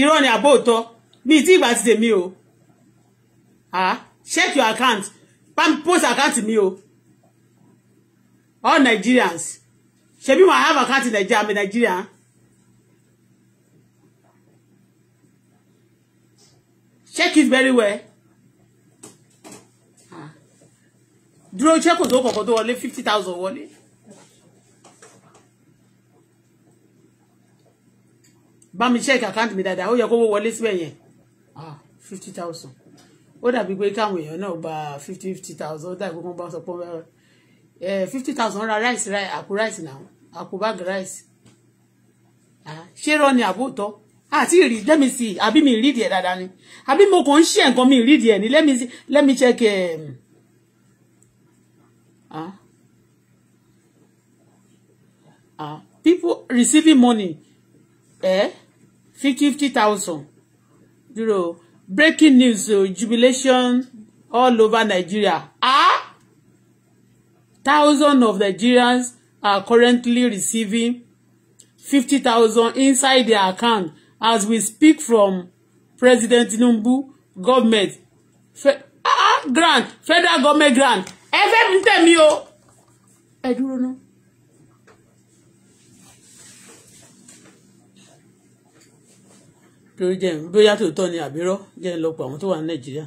irọ́ ni àbóòtọ́ bíi tí ìgbà ti tèmi o check your account post account mi o all Nigerians ṣebí mo have account in Nigeria mi Nigeria. check it very well dúró check òtò kọ̀ọ̀kan tó wọlé fifty thousand wọlé bá mi check account mi dáadáa ó yẹ kó wó wọlé síbẹ̀ yẹn ah, fifty thousand ó dàbí pé káwọn èèyàn náà gba fifty fifty thousand ó dàbí pé wọ́n bá sọ pé fifty thousand ra rice ra àpò rice náà àpò bag rice ah, ṣé rọ ni àbótọ́ àti ìrì let me see. àbí mi ìrìdì ẹ̀ dáadáa ni àbí mo kàn ń ṣe nǹkan mi ìrìdì ẹ̀ ni lẹ́mi sí lẹ́mi check um, Ah, uh, people receiving money. Eh? fifty thousand dúró breaking news o oh, jubilation all over Nigeria ah thousands of Nigerians are currently receiving fifty thousand inside their account as we speak from President Tinubu government ah, ah grant federal government grant ẹ fẹ́ mi tẹ̀mí o ẹ dúró náà. lórí jẹ́ bóyá tòótọ́ ni àbírọ́ jẹ́ lọ́pọ̀ àwọn tó wà ní nàìjíríà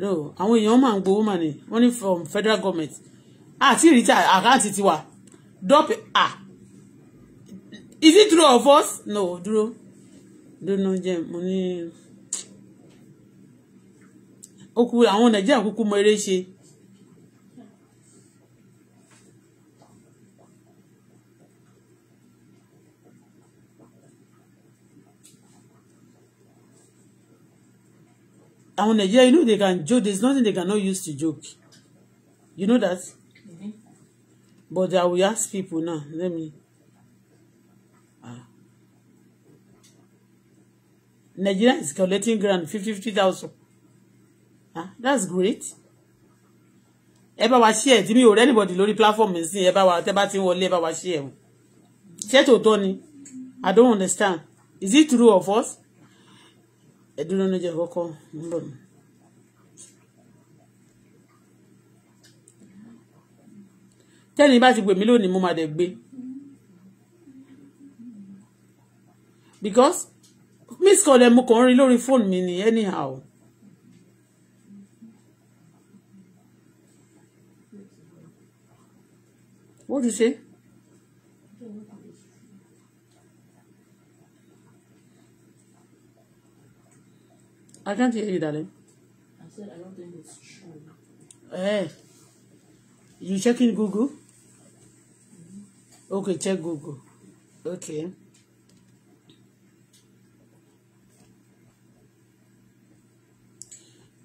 ló àwọn èèyàn máa ń gbowó mà ní wọ́n ní from federal government àti ìrìtà àkáǹtì tiwa drop ah is it true of us no dúró dúró jẹ́ mo ní okùn àwọn nàìjíríà kúkú mọ eré ṣe àwọn Nigeria you know they can joke there's nothing they cannot use to joke you know that mm-hmm. but I will ask people now let me ah Nigeria is collecting grand fifty fifty thousand ah that's great ẹ bá wa share tí mi ò anybody lórí platform is sí ẹ bá wa tẹ́ bá share o ṣé tòótọ́ I don't understand is it true of us ẹdún náà jẹ́ kọ́kọ́ ń bọ̀ mí. tẹ́ni bá ti pè mí lónìí mo máa dẹ̀ gbé because miss call ẹ̀ mo kàn ń rí lórí fóònù mi ni anyhow. What do you say? I can't hear you, darling. I said I don't think it's true. Hey, eh. you checking Google? Mm-hmm. Okay, check Google. Okay.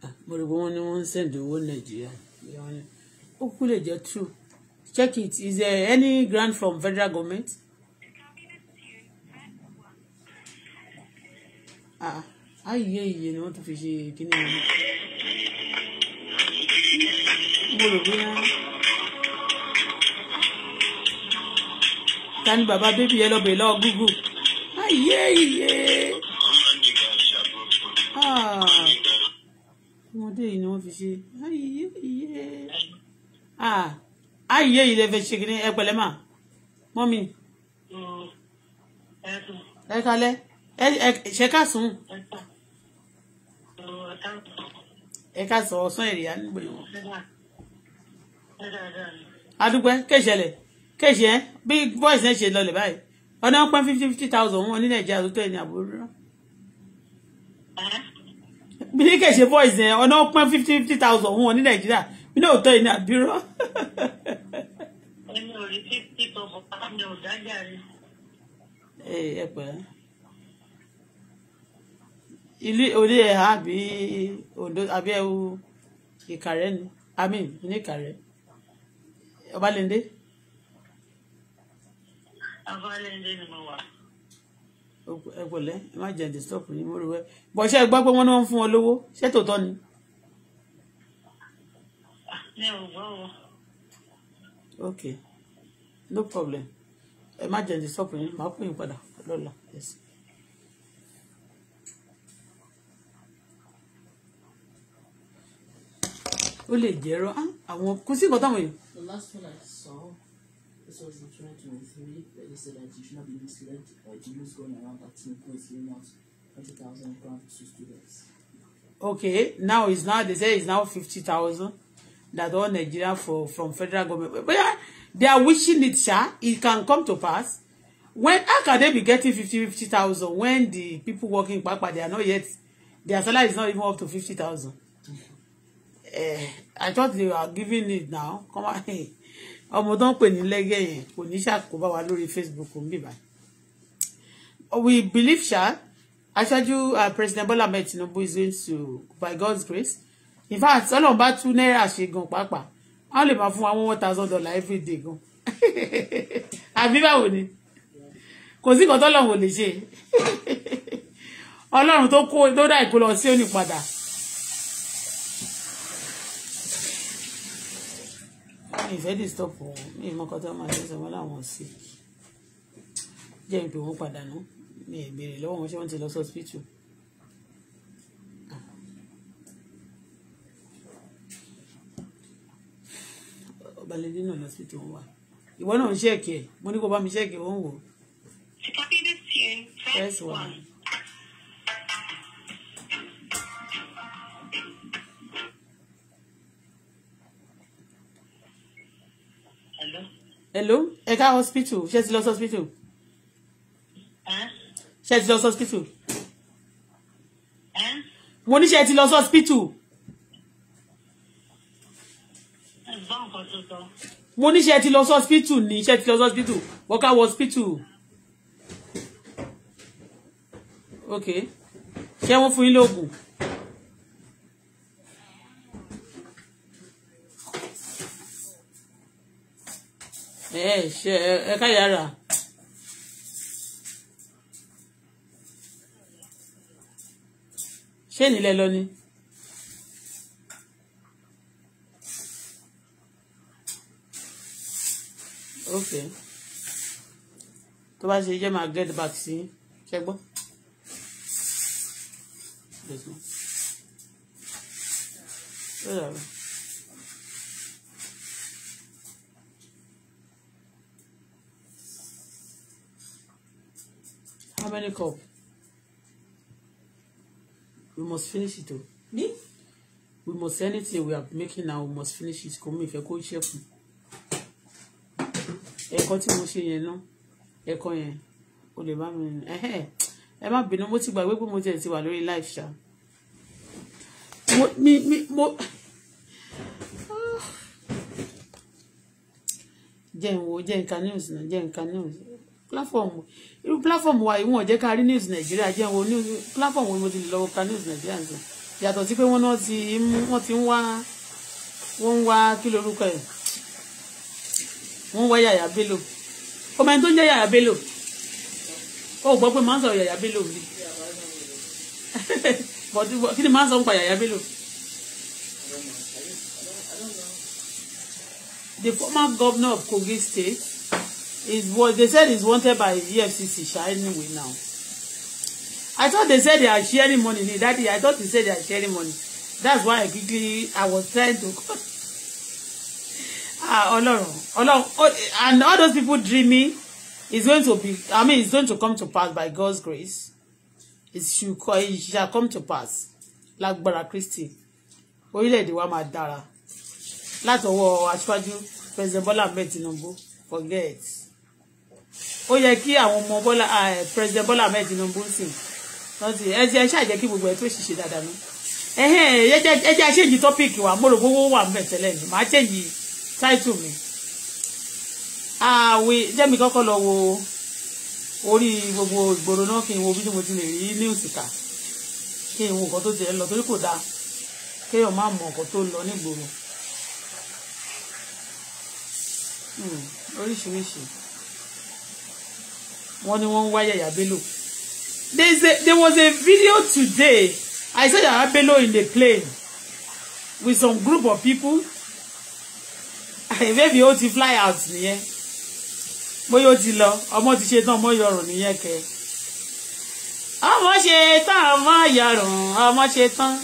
Ah, mo rò pé wọ́n ní wọ́n ń send owó Nàìjíríà it true check it is there any grant from federal government? Ah. Uh-uh ayé iye ni wọ́n tún fi ṣe kíní yẹn mo rò bóyá ta ni bàbá bébí ẹ lọ́bẹ̀ lọ́ọ́ Google ayé iye ah. ọmọdé yìí ni wọ́n fi ṣe ayé iye ah. ayé yìí lè fẹ́ ṣe kíní ẹ pẹ̀lẹ́ mà mọ́mí ẹ kalẹ́ ẹ ṣe ká sùn ẹ ká sọ ọsán èrè àdúgbò yìí wọn. adúpẹ́ kéṣẹlẹ̀ kéṣẹ bí bọ́ọ̀sì ẹ̀ ṣe lọlẹ̀ báyìí ọdún wọn pẹ́ fifty fifty thousand wọn ní nàìjíríà tó tẹ̀ ní àbúrò bí ní kèsè voice yẹn ọ̀nà pín fifty fifty thousand wọn ní nàìjíríà bí náà tọ́ ìní àbírọ́. ẹni ò rí fifty bọ̀bọ̀ bá mi ò dájà rí. ẹ ẹ ilé òde ẹ̀há àbí òdo àbí ẹ̀wù ìkàrẹ́ ni amin ní ìkàrẹ́ ọbalẹ̀ndé. ọbalẹ̀ndé ni mo wà. ẹ pẹ̀lẹ́ ẹ má jẹ́ disturb ní mo rò wẹ́ bọ́ ṣe gbọ́ pé wọ́n ní wọ́n fún ọ lówó ṣé tòótọ́ ni. mi ò gbọ́ ok no problem ẹ má jẹ́ disturb ní màá pè yín padà lọ́la. Yes. ó lè jẹ́rọ ah, àwọn kò sí nǹkan táwọn èèyàn. The last one I saw this was in 2023 where they said that you should not be misled by the news going around acting crazy amount 20,000 grant to students. Okay, now it's now they say it's now 50,000 that all Nigeria for from federal government. But yeah, they are wishing it, sir, It can come to pass. When how can they be getting 50, 50,000 when the people working back, but they are not yet, their salary is not even up to 50,000? eh, I thought they were giving it now come on ọmọ tó ń pè ní lẹ́gẹ̀ yẹn kò ní ṣàkóbá wa lórí Facebook ń bì we believe ṣá aṣáájú uh, President Bola Ahmed Tinubu is going to by God's grace in fact ọlọ́run bá tú náírà ṣe gan pàápàá wọ́n lè máa fún wa one thousand dollar every day gan àbí báwo ni kò sí nǹkan tọ́lọ́run ò lè ṣe ọlọ́run tó kó tó dá ìkó lọ sí òní mi ìfẹ́ disturb wọn mi ìmọ̀ máa ṣe sọ láwọn sí jẹ́ ìpè wọn padà nù mi ì lọ́wọ́ wọn ṣé wọ́n ti lọ sí hospital. Ah. balẹ̀dé náà lọ́sibítù wọn wà ìwọ náà ń ṣẹ́ẹ̀kì ẹ̀ mo ní kó bá mi ṣẹ́ẹ̀kì wọn wò. Yes, one. hello ẹ̀ka hospital ṣé ti lọ hospital. ṣé ti lọ sí hospital. mo ní ṣé ti lọ sí hospital. mo ní ṣé ti lọ sí hospital ní ṣé ti lọ sí hospital wọ́ká wọ hospital. ok ṣé wọ́n fún yín lóògùn. ẹ ṣe ẹ ká yàrá. ṣé nílẹ̀ lọ ni. ok tó bá ṣe jẹ́ máa get back sí ṣẹ́gbọ́n. Thank How many cup? We must finish it o. Me? We must anything we are making now we must finish it Come mí ìfẹ́ kó ṣe kù. Ẹ̀kọ́ tí mo ṣe yẹn náà ẹ̀kọ́ yẹn o lè bá mi rìn. Ẹ má bínú mo ti gbàgbé pé mo tiẹ̀ ti wà lórí live ṣá. Mo mi mi mo. Jẹ́ n wo jẹ́ n news náà jẹ́ n news platform irú platform wa ìwọ̀n jẹ́ ká rí news nàìjíríà jẹ́ wọn news platform wo ni mo ti lè lọ ka news nàìjíríà ń sọ yàtọ̀ sí pé wọ́n náà ti wọ́n ti ń wá wọ́n ń wá kí lorúkọ ẹ̀ wọ́n ń wá yàyà bello ọmọ ẹni tó ń jẹ́ yàyà bello ó gbọ́ pé máa ń sọ̀rọ̀ yàyà bello mi kí ni máa ń sọ nípa yàyà bello. The former governor of Kogi State Is what they said is wanted by EFCC sha anyway now. I thought they said they are sharing money. Daddy, I thought they said they are sharing money. That's why I quickly I was trying to ah Ọlọ́run Ọlọ́run oh, and all those people dreaming is going to be I mean it's going to come to pass by God's grace. It should shall come to pass. like Brother Lágbára Christi. Orílẹ̀-èdè wa máa dára. Látọwọ́ aṣáájú President Bola Ahmed Tinubu forget ó yẹ kí àwọn ọmọ bọ́lá president bọ́lá ahmed tinubu sìn lọ́tì ẹ ti ẹ ṣàjẹ́ kí gbogbo ẹ tó ṣiṣẹ́ dáadáa ní. ẹ jẹ́ ẹ ṣèjì tọ́pìkì wa mo rò gbogbo wà ń bẹ̀ tẹ́lẹ̀ ni màá ṣèjì táìtù mi. àwì jẹ́mi kọ́kọ́ lọ wo orí gbogbo ìgboro náà kí n wo bí mo ti lè rí news kà kí n wo nǹkan tó ti ẹ lọ torí kò dáa kéèyàn má mọ nǹkan tó lọ nígboro hmm, oríṣiríṣi wọ́n ní wọ́n ń wá Yaya Bello there a there was a video today I saw Yaya Bello in the plane with some group of people maybe ó ti fly out nìyẹn bóyá ó ti lọ ọmọ ti ṣe tán ọmọ yọrùn nìyẹn kẹ ọmọ ṣe tán ọmọ yọrùn ọmọ ṣe tán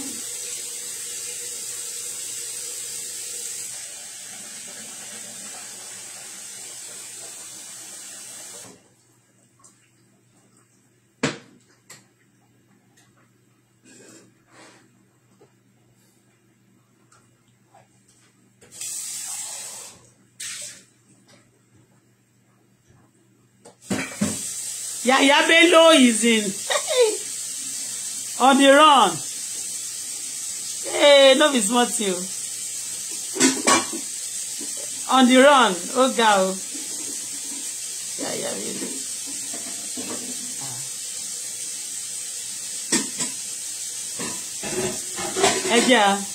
Yaya Bello is in on the run. Hey, no be small On the run, oh girl. Yaya Bello. Ah. Ẹ jẹ́ a.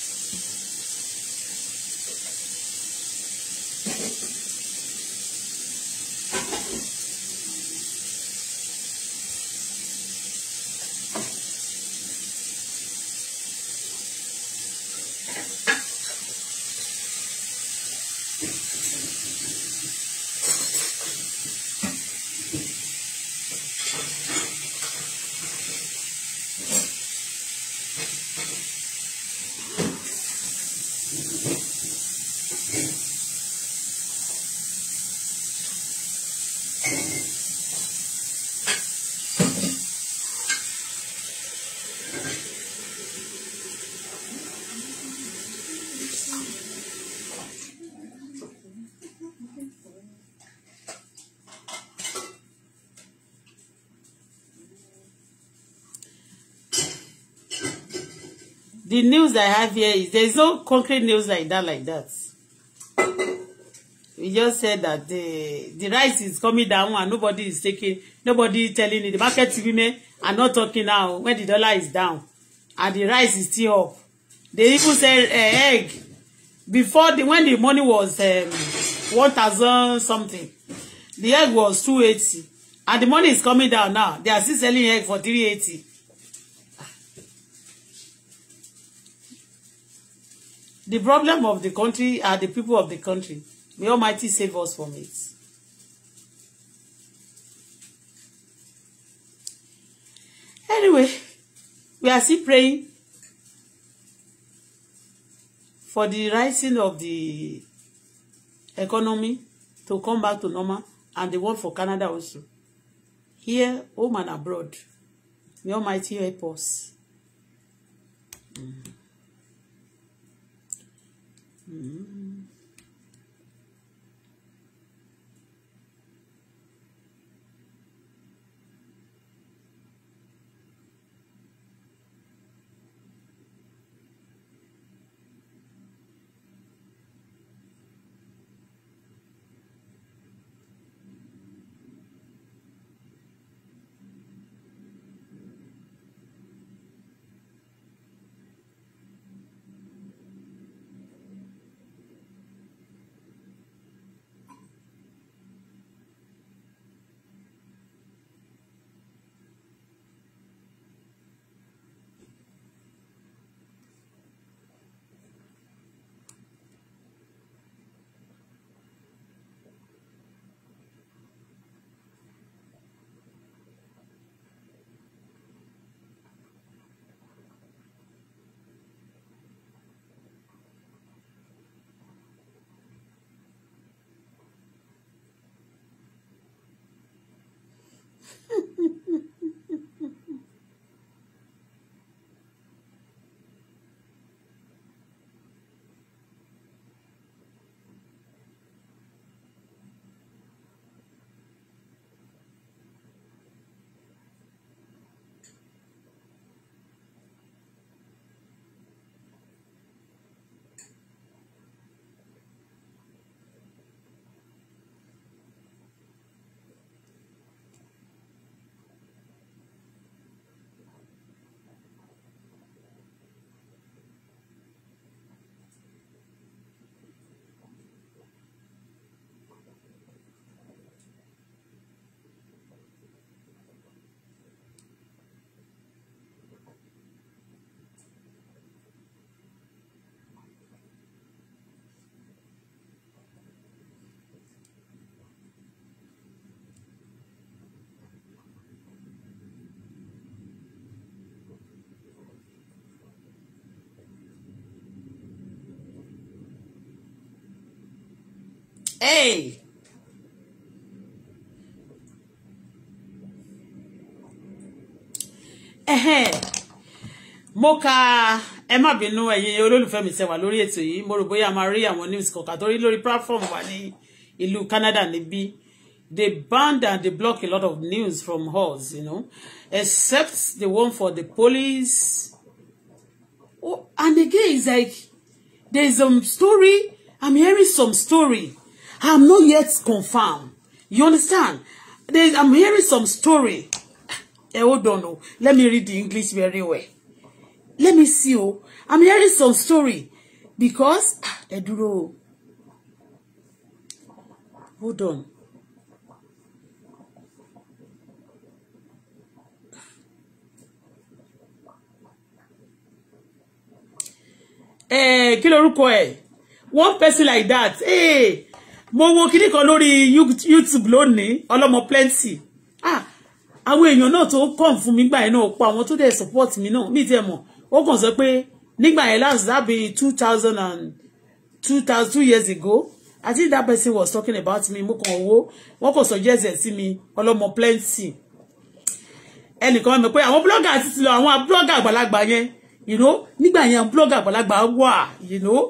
the news I have here is there's no concrete news like that, like that. We just said that the the rice is coming down and nobody is taking, nobody telling it. The market women are not talking now when the dollar is down and the rice is still up. They even sell uh, egg before the when the money was um, one thousand something. The egg was two eighty and the money is coming down now. They are still selling egg for three eighty. The problem of the country are the people of the country. May Almighty save us from it. Anyway, we are still praying for the rising of the economy to come back to normal and the world for Canada also. Here, home and abroad. May Almighty help us. Mm-hmm. Mm-hmm. Hey. Ẹ̀hẹ́n. Mo ka ẹ má bínú ẹ̀yin olólùfẹ́ mi ṣe wà lórí ètò yìí mo rò bóyá a máa rí àwọn news kọ̀ọ̀kan torí lórí platform wa ní ìlú Canada níbí they banned and they block a lot of news from us you know except the one for the police oh, and again it's like there's some story I'm hearing some story I'm not yet confirmed. You understand? They, I'm hearing some story. Hey, eh, hold on, oh. Let me read the English very well. Let me see, oh. I'm hearing some story because I don't know. Hold on. Eh, kill a ẹ? One person like that. Hey. Eh, mo wo kinní kan lórí YouTube lónìí ọlọ́mọ plenty ah àwọn èèyàn náà tó kàn fún mi gbà yẹn náà pa àwọn tó dẹ̀ support mi náà mi tiẹ̀ mọ̀ ó kàn sọ pé nígbà yẹn last that be two thousand and two thousand two years ago I think that person was talking about me mo kàn owó wọ́n kò suggest ẹ̀ sí mi ọlọ́mọ plenty ẹnìkan mọ̀ pé àwọn blogger ti ti lọ àwọn blogger àgbàlagbà yẹn you know nígbà yẹn blogger àgbàlagbà wà you know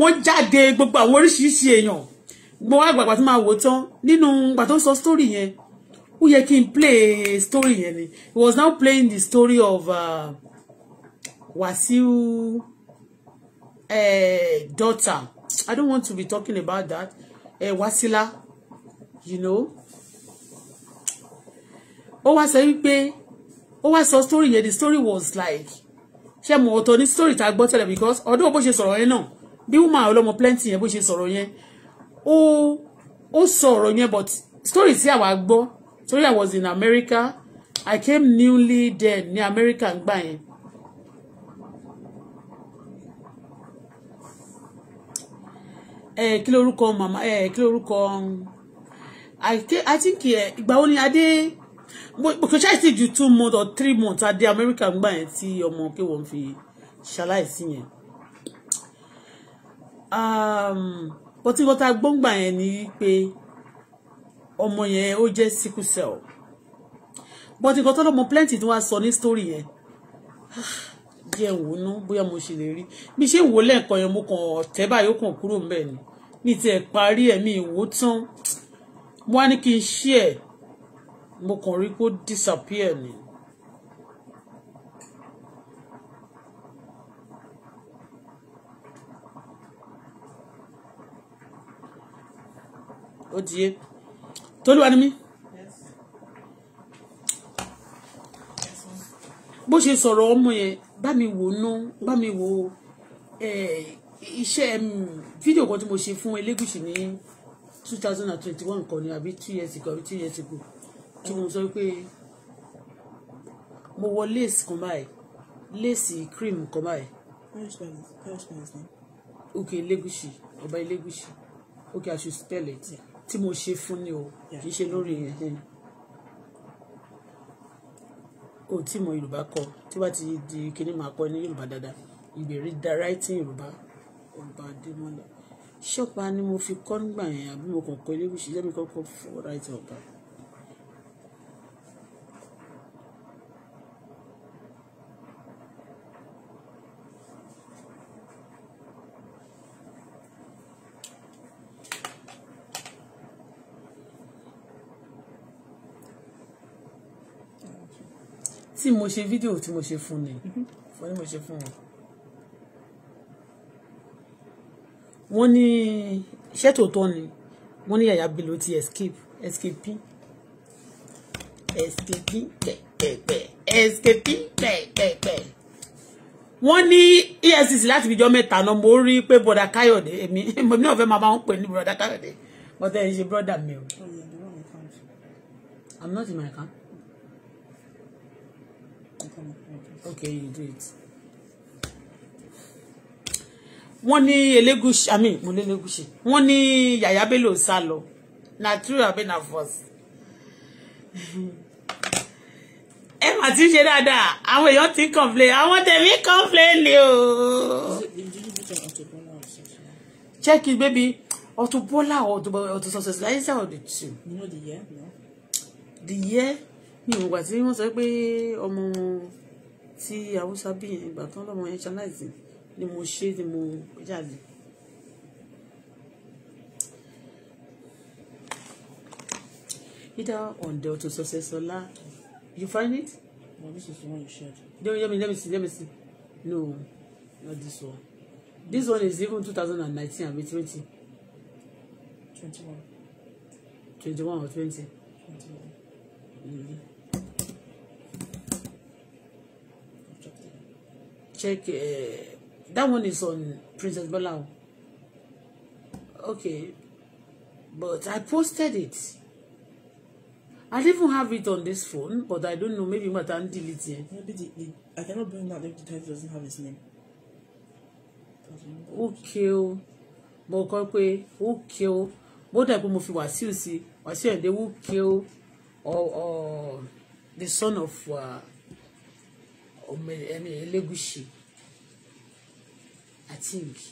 wọ́n jáde gbogbo àwọn oríṣiríṣi èèyàn mo wá gbàgbà tí máa wò tán nínú gbà tó ń sọ story yẹn ó yẹ kí n play story yẹn ni he was now playing the story of uh, Wasiu uh, daughter I don't want to be talking about that uh, Wasila you know ó wá sọ wípé ó wá sọ story yẹn the story was like ṣé mo ọ̀tọ̀ ní story tá a gbọ́ tẹ́lẹ̀ because ọdún bó ṣe sọ̀rọ̀ yẹn náà bí woman ọlọ́mọ plenty yẹn bó ṣe sọ̀rọ̀ yẹn ó ó sọ ọ̀rọ̀ yẹn but story tí àwa gbọ́ torí I was in America I came newly then ní America ngbà yẹn ẹ kí lorúkọ mama. ẹ kí lorúkọ I I think ìgbà wo ni adé kò ṣáà sì ju two months or three months adé America ngbà yẹn tí ọmọ kí wọ́n fi ṣaláìsí yẹn. Um, bó tí wọ́n ta gbóngbà yẹn ni pé ọmọ yẹn ó jẹ́ sickle cell bọ́n ti kọ́ tọ́lọ́ mọ plenty tí wọ́n á sọ ní story yẹn díẹ̀ wò ná bóyá mo ṣe lè rí bí ṣe wò lẹ́ẹ̀kan yẹn mo kàn ọ̀tẹ́ báyìí ó kàn kúrò ń bẹ̀ ni ní tiẹ̀ parí ẹ̀mí ìwò tán wọ́n á ní kí n ṣí ẹ̀ mo kàn rí kó disappear ni ó ti yé tolúwa ni mí bó ṣe sọ̀rọ̀ ọmọ yẹn bá mi wò ná bá mi wò iṣẹ́ fídíò kan tí mo ṣe fún Elégùṣì ní two thousand and twenty one kan ni àbí two years ago àbí two years ago tí mo sọ pé mo wọ lace kan báyìí lace cream kan báyìí. okay Elégùṣì ọba Elégùṣì okay I should spell it. Yeah tí mo ṣe fún ni o kì í ṣe lórí ẹ̀hìn o tí mo Yorùbá kọ tí wàá ti di kíní máa kọ ní Yorùbá dáadáa ìbéèrè da writing Yorùbá Yorùbá Adémọ́lá ṣọ́pa ni mo fi kọ́ nígbà yẹn àbí mo kàn kọ́ ilé ìwé ṣiṣẹ́ mi kọ́kọ́ fọ́ writing ọ̀bá. tí mo ṣe fídíò tí mo ṣe fún ni mhm. fún ni mo ṣe fún wọn. wọ́n ní iṣẹ́ tòótọ́ ni wọ́n ní Yaya Bello ti escape escape escape pẹ̀pẹ̀pẹ̀ escape pẹ̀pẹ̀pẹ̀ wọ́n ní EFCC láti fi jọ mẹ́ta náà mo rí pé bọ̀dà Káyọ̀dé èmi èmi náà fẹ́ máa bá wọn pè ní bọ̀dà Káyọ̀dé wọ́n tẹ́ ẹ ṣe bọ́dà mi o I'm not in my account okay you do it. wọ́n ní elégùsì i mean mo ní elégùsì wọ́n ní yàyà bello sá lọ na true abi na false. ẹ mà ti ṣe dáadáa àwọn èèyàn ti complain àwọn tèmi complain ni o. check it baby Auto Bola or Auto Success. I said the two. You know the year, no? The year ní ìwọ̀n ìgbà tí wọ́n sọ pé ọmọ tí haúsá bí ìgbà tán lọ́mọ yẹn ni mo ṣe ni mo jáde. Either on the Auto Success you find it? No, this is the one you shared. No, let me, let me see, let me see. No, not this one. This one is even two thousand and nineteen and twenty twenty one. Twenty one or twenty. Twenty one. Mm-hmm. check uh, that one is on Princess Bola. Okay, but I posted it. I even have it on this phone, but I don't know. Maybe my time delete it. Maybe the, the, I cannot bring that if the title doesn't have his name. Okay, o mo kọ pé okay o mo dẹ̀ pé mo fi Wàsíù sí Wàsíù ẹ̀dẹ̀ okay o or the son of. Uh, ọmọ ẹni Elégùṣì àti ìgbì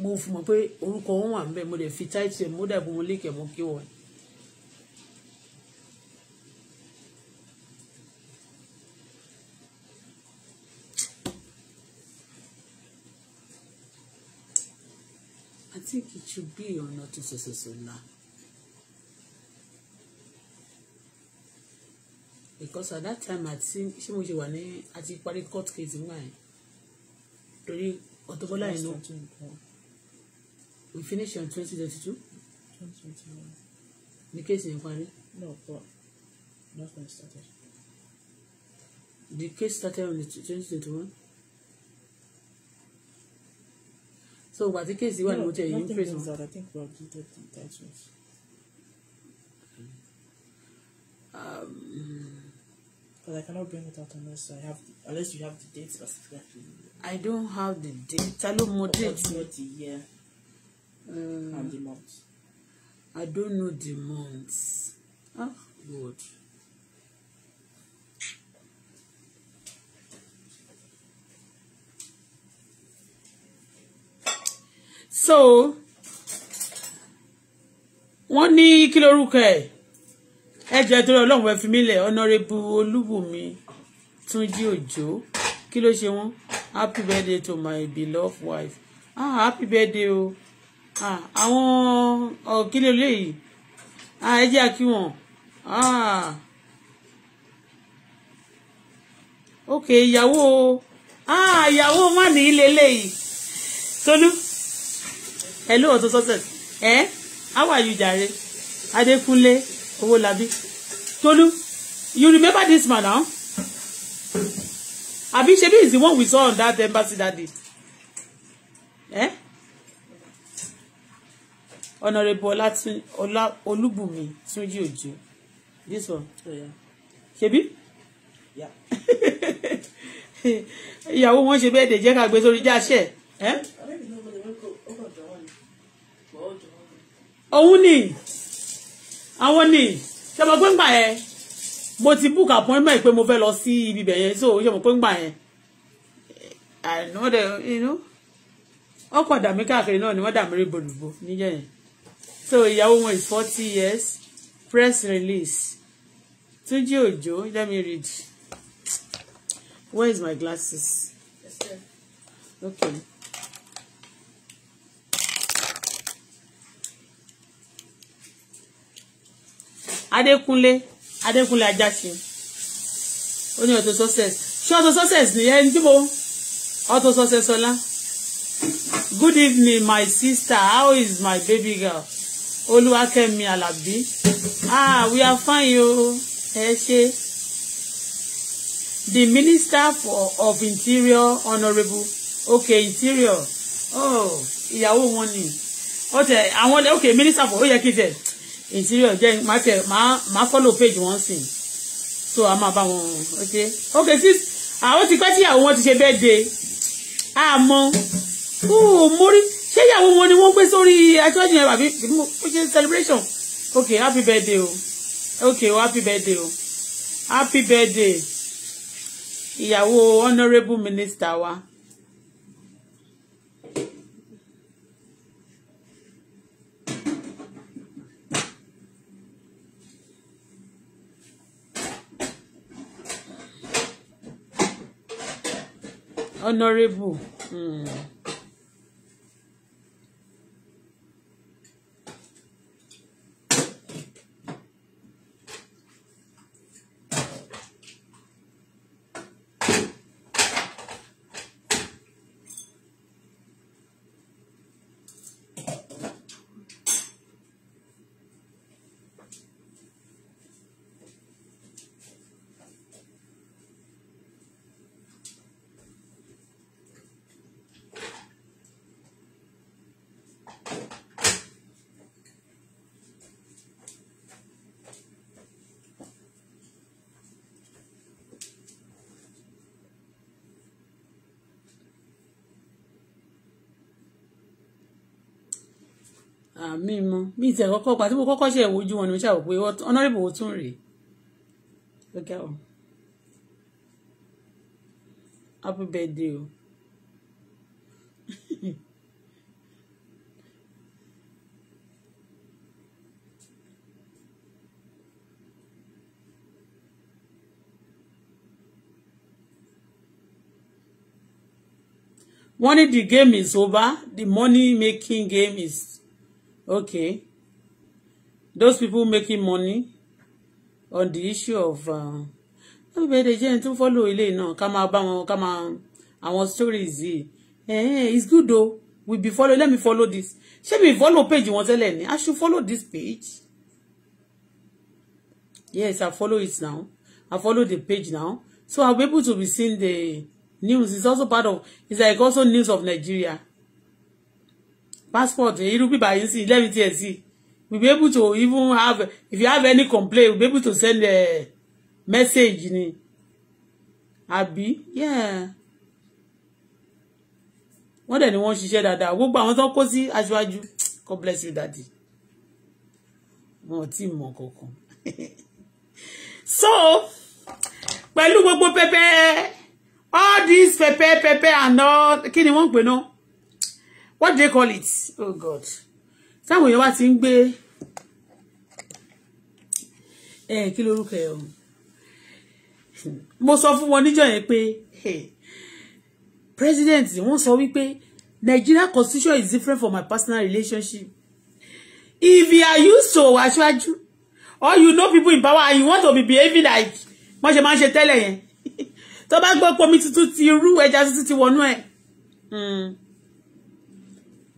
mo fi mọ̀ pé orúkọ wọn wà níbẹ̀ mo lè fi táìtì ẹ̀ mo dàbí mo lékè mo kí wọn. I think it should be or not so so so now. because at that time àti ṣé mo ṣe wà ní àti parí court case nígbà yẹn torí ọtọbọlá yẹn ló we finish on twenty twenty two the case yẹn parí. no but not when it started. the case started on the twenty twenty one. so ìgbà tí case wà ní mo tẹ yìí in prison. I think we are guilty of the Um, But I cannot bring it out unless I have the, unless you have the date specifically. I don't have the date. Tell them what Not the year uh, and the month. I don't know the months. Ah, God. So, one ní kí lórúkọ ẹ jẹ́ torí ọlọ́run ẹ fi mí lẹ̀ ọ̀nàrẹ́bù túnjí òjò kí ló ṣe wọ́n happy birthday to my beloved wife ah happy birthday o ah àwọn ọ̀kílẹ̀ oh, lẹ́yìn ah ẹ kí wọ́n ah ok ìyàwó ah ìyàwó má ní ilé lẹ́yìn tolú hello Auto Success ẹ how are you jàre Adékúnlé. Owolabi. Tolu, you remember this man now? Abi Shebi is the one we saw on that embassy that day. Eh? Honorable Olatunji Ola Olubumi Tunji oju, This one. Oh, yeah. Shebi? Yeah. Ìyàwó wọn ṣe bẹ́ẹ̀ dè jẹ́ ká gbé sórí jáṣẹ́. Eh? Òun ni àwọn ni ṣe mọ̀ pé ń gbà yẹn mo ti book appointment pé mo fẹ́ lọ sí ibi bẹ̀ yẹn so ṣe mọ̀ pé ń gbà yẹn àná dẹ̀ inú ọkọ̀ dàmí káàkiri náà ni wọ́n dàmí rí bòlùbò níjẹ́ yẹn so ìyàwó wọn is forty years press release túnjí òjò let me read where is my glasses okay. Adékúnlé Adékúnlé Ajásin ó ní Auto Success ṣé Auto Success ni ẹni tí mo Auto Success ọlá good evening my sister how is my baby girl Olúwakẹ́mi Àlàbí ah we are fine o ẹ ṣe the minister for of interior honourable okay interior oh ìyàwó wọn ni ó tẹ àwọn ok minister for ó yẹ kí n tẹ interior jẹ́ máa tẹ̀ ma, máa follow page wọn sìn so a máa bá wọn ok ok sis àwọn ti pẹ́ tíyàwó wọn ti ṣe birthday àmọ́ mórí ṣé ìyàwó wọn ni wọ́n gbé sórí atúwájú yẹn àbí ó ṣe celebration ok happy birthday o ok o happy birthday o happy birthday ìyàwó honourable minister wa honourable. Mm. àmì mọ bí ìtẹ̀ kọ́kọ́ gbà tí mo kọ́kọ́ ṣe ìwojú wọn ni mo ṣàwò pé honourable wo tún rèé lọ́gà o happy birthday o wọ́n ní the game is over the money making game is Okay. Those people making money on the issue of ẹbí bẹ́ẹ̀ de jẹ́ ẹni tó ń fọ́lò ilé náà ká máa bá wọn ká stories yìí eh, it's good o we be follow let me follow this ṣé mi follow page wọn tẹ́lẹ̀ ni I should follow this page yes I follow it now I follow the page now so I'll be able to be seeing the news it's also part of it's like also news of Nigeria passport irú bíbá yìí sí lẹ́mi tiẹ̀ sí we be able to even have if you have any complaint we be able to send a eh, message ni àbí wọ́n dẹ̀ ni wọ́n ṣiṣẹ́ dáadáa gbogbo àwọn tó kó sí aṣáájú God bless you daddy wọn ò tí ì mọ̀ kankan so pẹ̀lú gbogbo pẹpẹ all this pẹpẹ pẹpẹ and all kí ni wọ́n pè náà what do they call it oh god táwọn èèyàn bá ti ń eh? ẹ kí lorúkọ ẹ o mo sọ fún wọn níjọ́ yẹn pé president wọ́n sọ wípé Nigeria constitution is different from my personal relationship if you are used to aṣáájú or you know people in power and you want to be behaving like wọ́n ṣe máa ń ṣe tẹ́lẹ̀ yẹn tó bá gbọ́ pé omi tuntun ti rú ẹja tuntun ti wọnú ẹ̀. Mm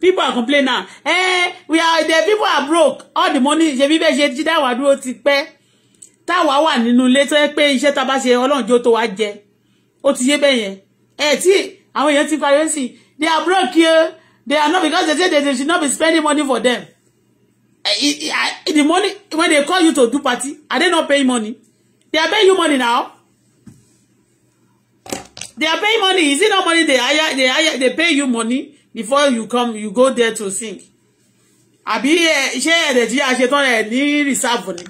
people are complaining now eh we are the people are broke all the money ṣe bí bẹ́ẹ̀ ṣe jí dáwà dúró ti pẹ́ táwa wà nínú ilé tó yẹ pé iṣẹ́ tá a bá ṣe ọlọ́run jó tó wá jẹ ó ti yé bẹ́ẹ̀ yẹn ẹ tí àwọn èèyàn ti parí sí they are broke here they are not because they say they, they should not be spending money for them eh, I, I, the money when they call you to do party are they not paying money they are paying you money now they are paying money is it not money they hire they hire they pay you money before you come you go there to sing àbí ṣé ẹ̀rẹ̀ tí a ṣe tán ẹ̀ ní rìsáàfù ni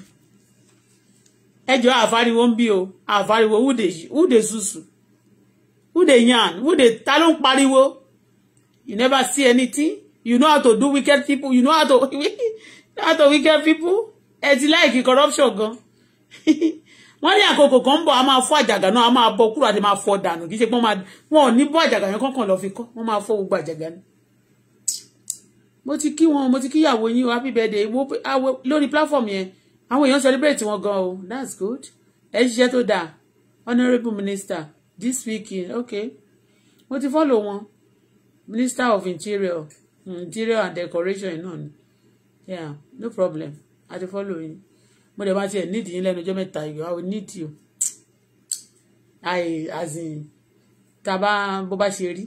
ẹjọ́ àfáriwo ń bí o àfáriwo wúde wúde sùsù wúde yan wúde ta ló ń pariwo you never see anything you know how to do wicked people you know how to how to wicked people ẹ ti láìkí corruption gan wọ́n ní àkókò kan ń bọ̀ a máa fọ́ àjàgà náà a máa bọ́ kúrò àti máa fọ́ dànù kì í ṣe pé wọ́n ò ní bọ́ àjàgà yẹn kọ́kàn lọ fi kọ́ wọ́n máa fọ́ gbogbo àjàgà ni. mo ti kí wọn mo ti kí ìyàwó yín o happy birthday mo lórí platform yẹn àwọn èèyàn celebrate wọn gan o that's good ẹ ṣiṣẹ́ tó dáa honourable minister this weekend okay mo ti follow wọn minister of interior interior and decoration náà ni yeah no problem i dey follow yín mo dẹ̀ máa tiẹ̀ nídìí yín lẹ́nu ọjọ́ mẹ́ta yìí I will need you I as in tàbá bó bá ṣe rí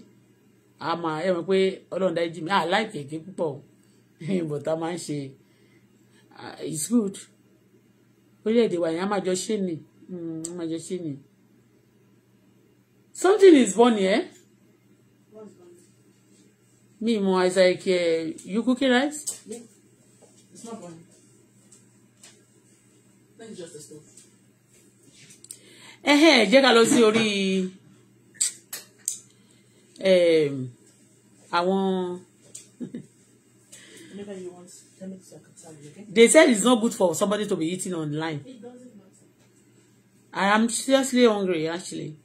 a máa ẹ mọ̀ pé ọlọ́run dájú mi ah láì kéèké púpọ̀ but a máa ń ṣe it's good orílẹ̀-èdè wa yẹn a máa jọ ṣe ni hmm, a máa jọ ṣe ni something is born here. Eh? Me more is like uh, you cooking rice? Yeah. It's not born you just explain. ẹ̀hẹ́n ká lọ sí orí àwọn. want, They said it's not good for somebody to be eating online. I am seriously hungry, actually.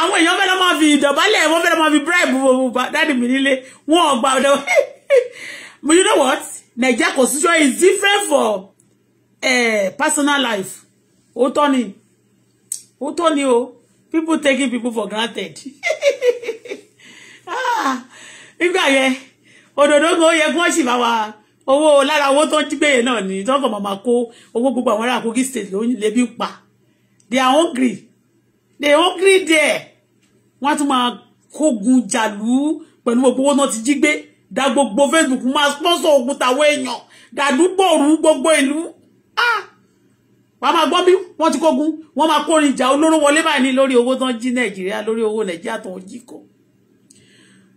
àwọn èèyàn fẹ́ lọ́ máa fi ìdọ̀bálẹ̀ wọ́n fẹ́ lọ́ máa fi bribe dáàdì mi nílé wọn ò gbà ọ̀dọ̀ but you know what Nigeria constitution is different for uh, personal life O Tony, O Tony, oh, people taking people for granted Ah, if òdòdó gan ó yẹ go wọ́n sì máa wá owó lára owó tó ń jí gbèyẹ ni tó ń mama ko kó owó gbogbo àwọn ará Kogi state ló ń lebi pa they are hungry they hungry there wọ́n á ma kogun jalu? jàlú pẹ̀lú gbogbo owó náà ti jí da gbogbo facebook máa sponsor ogun tàwọn èèyàn dàdúgbò òru gbogbo ìlú ah! wà máa gbọ́ bí wọ́n ti kógun wọ́n máa kórin ìjà olóró wọlé báyìí ní lórí owó tán jí nàìjíríà lórí owó nàìjíríà tó ń jí kó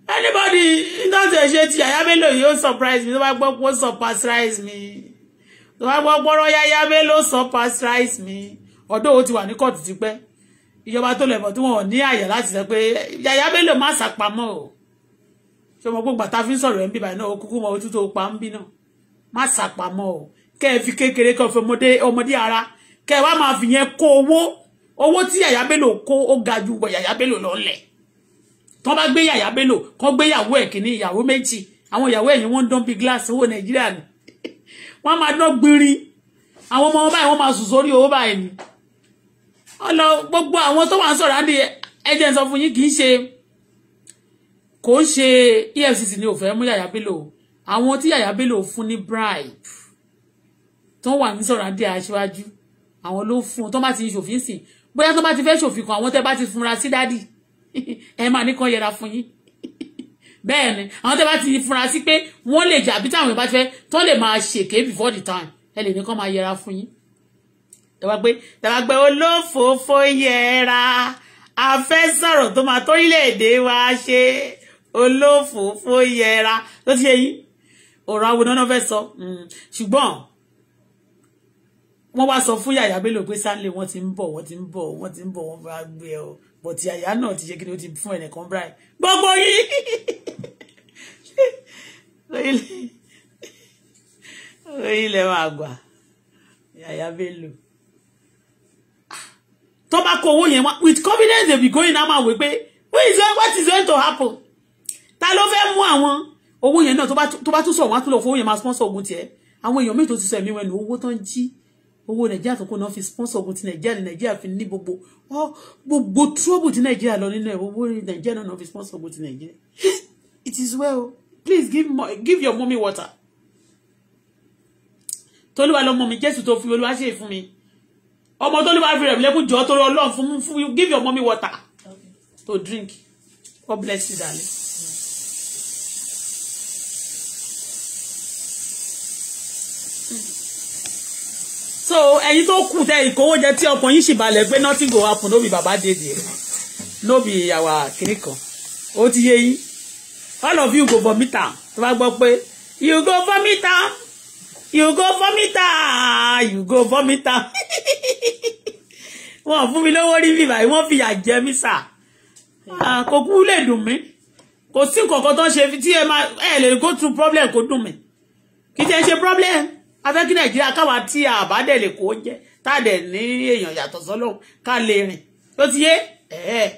anybody nítorí ṣe ti yàyà mélòó yìí surprise me tó bá gbọ́ pé surprise me tó bá gbọ́ pọ́rọ́ yàyà mélòó surprise me ọ̀dọ́ owó ti wà ní kóòtù tipẹ́ ìjọba tó lẹ̀bọ̀ tí wọ́n ní àyè láti sọ pé yàyà mélòó má sàpamọ́ o ṣé ọmọ gbogbo àtàfi ń sọ̀rọ̀ ẹ̀ ń bíbà náà ó kúkú mọ ojú tó pa ń bí náà má sàpamọ́ o kẹ́ ẹ fi kékeré kẹ́ ẹ fi ọmọdé ara kẹ́ ẹ wá máa fi yẹn kó owó owó tí yàyà bello kó ó ga ju wọ yàyà bello lọ́lẹ̀ tó bá gbé yàyà bello kó gbé yàwó ẹ̀ kìíní ìyàwó méjì àwọn ìyàwó ẹ̀yìn wọ́n ń dán bí gíláàsì owó nàìjíríà ni wọ́n máa dán gbinrin àwọn ọmọ wọn báyìí wọ́n máa sùn sórí owó báyìí ni ọlọ gbogbo àwọn tó wà ń sọ̀rọ̀ á di ẹjẹ̀ sọ fún yín kì í ṣe kò ń ṣe EFCC ni ò fẹ́ mú Yàyà Bello àwọn tí Yàyà Bello fún ní bribe tó wà ní sọ̀rọ̀ àdé aṣíwájú àwọn ló fún tó bá ti ṣòfin sìn bóyá tó bá ti fẹ́ ṣòfin kan àwọn tẹ́ bá ti funra sí dádì ẹ máa ní kan yẹra fún yín bẹ́ẹ̀ ni àwọn tẹ́ bá ti funra sí pé wọ́n lè jà bí táwọn ìbá ti fẹ́ tó lè máa ṣèké before the time ẹ lè ní kan máa yẹra fún yín tẹ́wá pé tẹ́wá pé olófòófó yẹra a fẹ́ sọ̀rọ̀ tó máa torílẹ̀-èdè wa ṣe olófòófó yẹra ló ti yẹ yí ọ̀rọ̀ àwọn náà fẹ́ sọ hmm. ṣùgbọ́n wọ́n wá sọ fún yàyà Bello pé Stanley wọ́n ti ń bọ̀ wọ́n ti ń bọ̀ wọ́n ti ń bọ̀ wọ́n bá gbé ọ bọ̀tì àyà náà ti ṣe kí ni ó ti fún ẹnìkan brian gbogbo yìí ilẹ̀ máa gbà yàyà Bello tó bá kó owó yẹn wá with confidence they be going now ma wí pé what is going to happen ta ló fẹ́ mú àwọn owó yẹn náà tó bá tún sọ wọn á tún lọ fowó yẹn máa sponsor ogun tiẹ̀ àwọn èèyàn méjì tó ti sọ ẹ̀mí wẹ̀nu owó tó ń jí owó nàìjíríà tó kó náà fi sponsor ogun ti nàìjíríà ní nàìjíríà fi ní gbogbo ọ gbogbo trouble ti nàìjíríà lọ nínú ẹ owó nàìjíríà náà fi sponsor ogun ti nàìjíríà it is well please give, give your mommy water tolúwa lọmọ mi jésù tó fi olúwa ṣe fún mi ọmọ tolúwa fi rẹ̀ lẹ́kùn jọ́ torí ọlọ́run fún mi give your mommy water to drink God bless you darling. so ẹ̀yin tó kù tẹ ìkówó jẹ tí ọkàn sì balẹ̀ pé nothing go happen no be baba dey no be àwa kìnnì kan ó ti yé yín all of you go vomit am tó bá gbọ́ pé you go vomit am you go vomit am you go vomit am wọn fún mi lówó rí bíbá yìí wọn fìyà jẹ mí sà ah, kò kú lè dùn mí kò sí nǹkan kan tó ń ṣe tí ẹ lè go through problem kò dùn mí kì í ṣe ṣe problem a fẹ́ kí nàìjíríà káwa tí a bá dẹ̀ lè kó jẹ́ tá a dẹ̀ ní èèyàn yàtọ̀ sọ́lọ́hún ká lè rìn tó ti yé ẹ̀ẹ́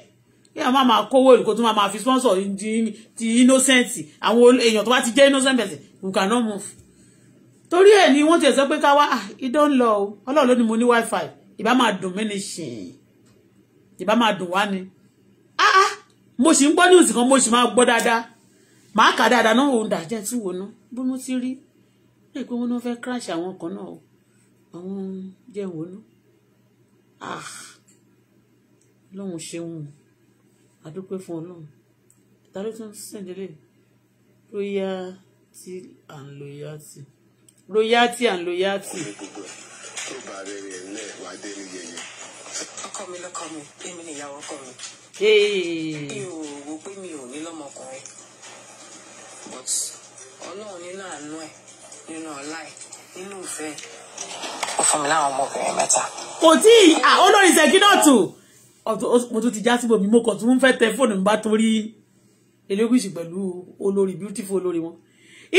kí àwọn máa kówó ìlú kó tún máa fi sponsor ti innocent àwọn èèyàn tó bá ti jẹ́ innocent person we cannot move torí ẹ̀ ni wọ́n ti sọ pé káwa ah, idán lọ o ọlọ́run ló ní mo ní wifi ìbá máa dùn mí ni ṣìn ìbá máa dùn wá ni ah, ah. mo sì ń gbọ́ news kan mo sì máa gbọ́ dáadáa màá kà dáadáa náà òun dà jẹ́ tí wo ná bí mo ti rí lè pé wọ́n náà fẹ́ crash àwọn kan náà àwọn jẹ̀wọ́ náà ah! ọlọ́run ṣeun àdúpẹ́ fún ọlọ́run ta ló tún sẹ̀dẹ̀lẹ̀ royalty and loyalty royalty and loyalty. tó bá rẹ̀ rẹ̀ lẹ̀ wá ọkọ mi lọkọ mi èmi nìyàwó ọkọ mi. mi ò wò pé mi ò ní lọ́mọkùnrin but ọlọ́run nínú àánú ẹ̀ nínú ọlá ẹ nínú ìfẹ́. ó fún mi láwọn ọmọbìnrin mẹ́ta. kò tí ì olórí Sekinat mo tún ti já síbò mi mo kàn tún fẹ́ tẹ fóònù mi bá torí elégùsì pẹ̀lú olórí beautiful olórí wọn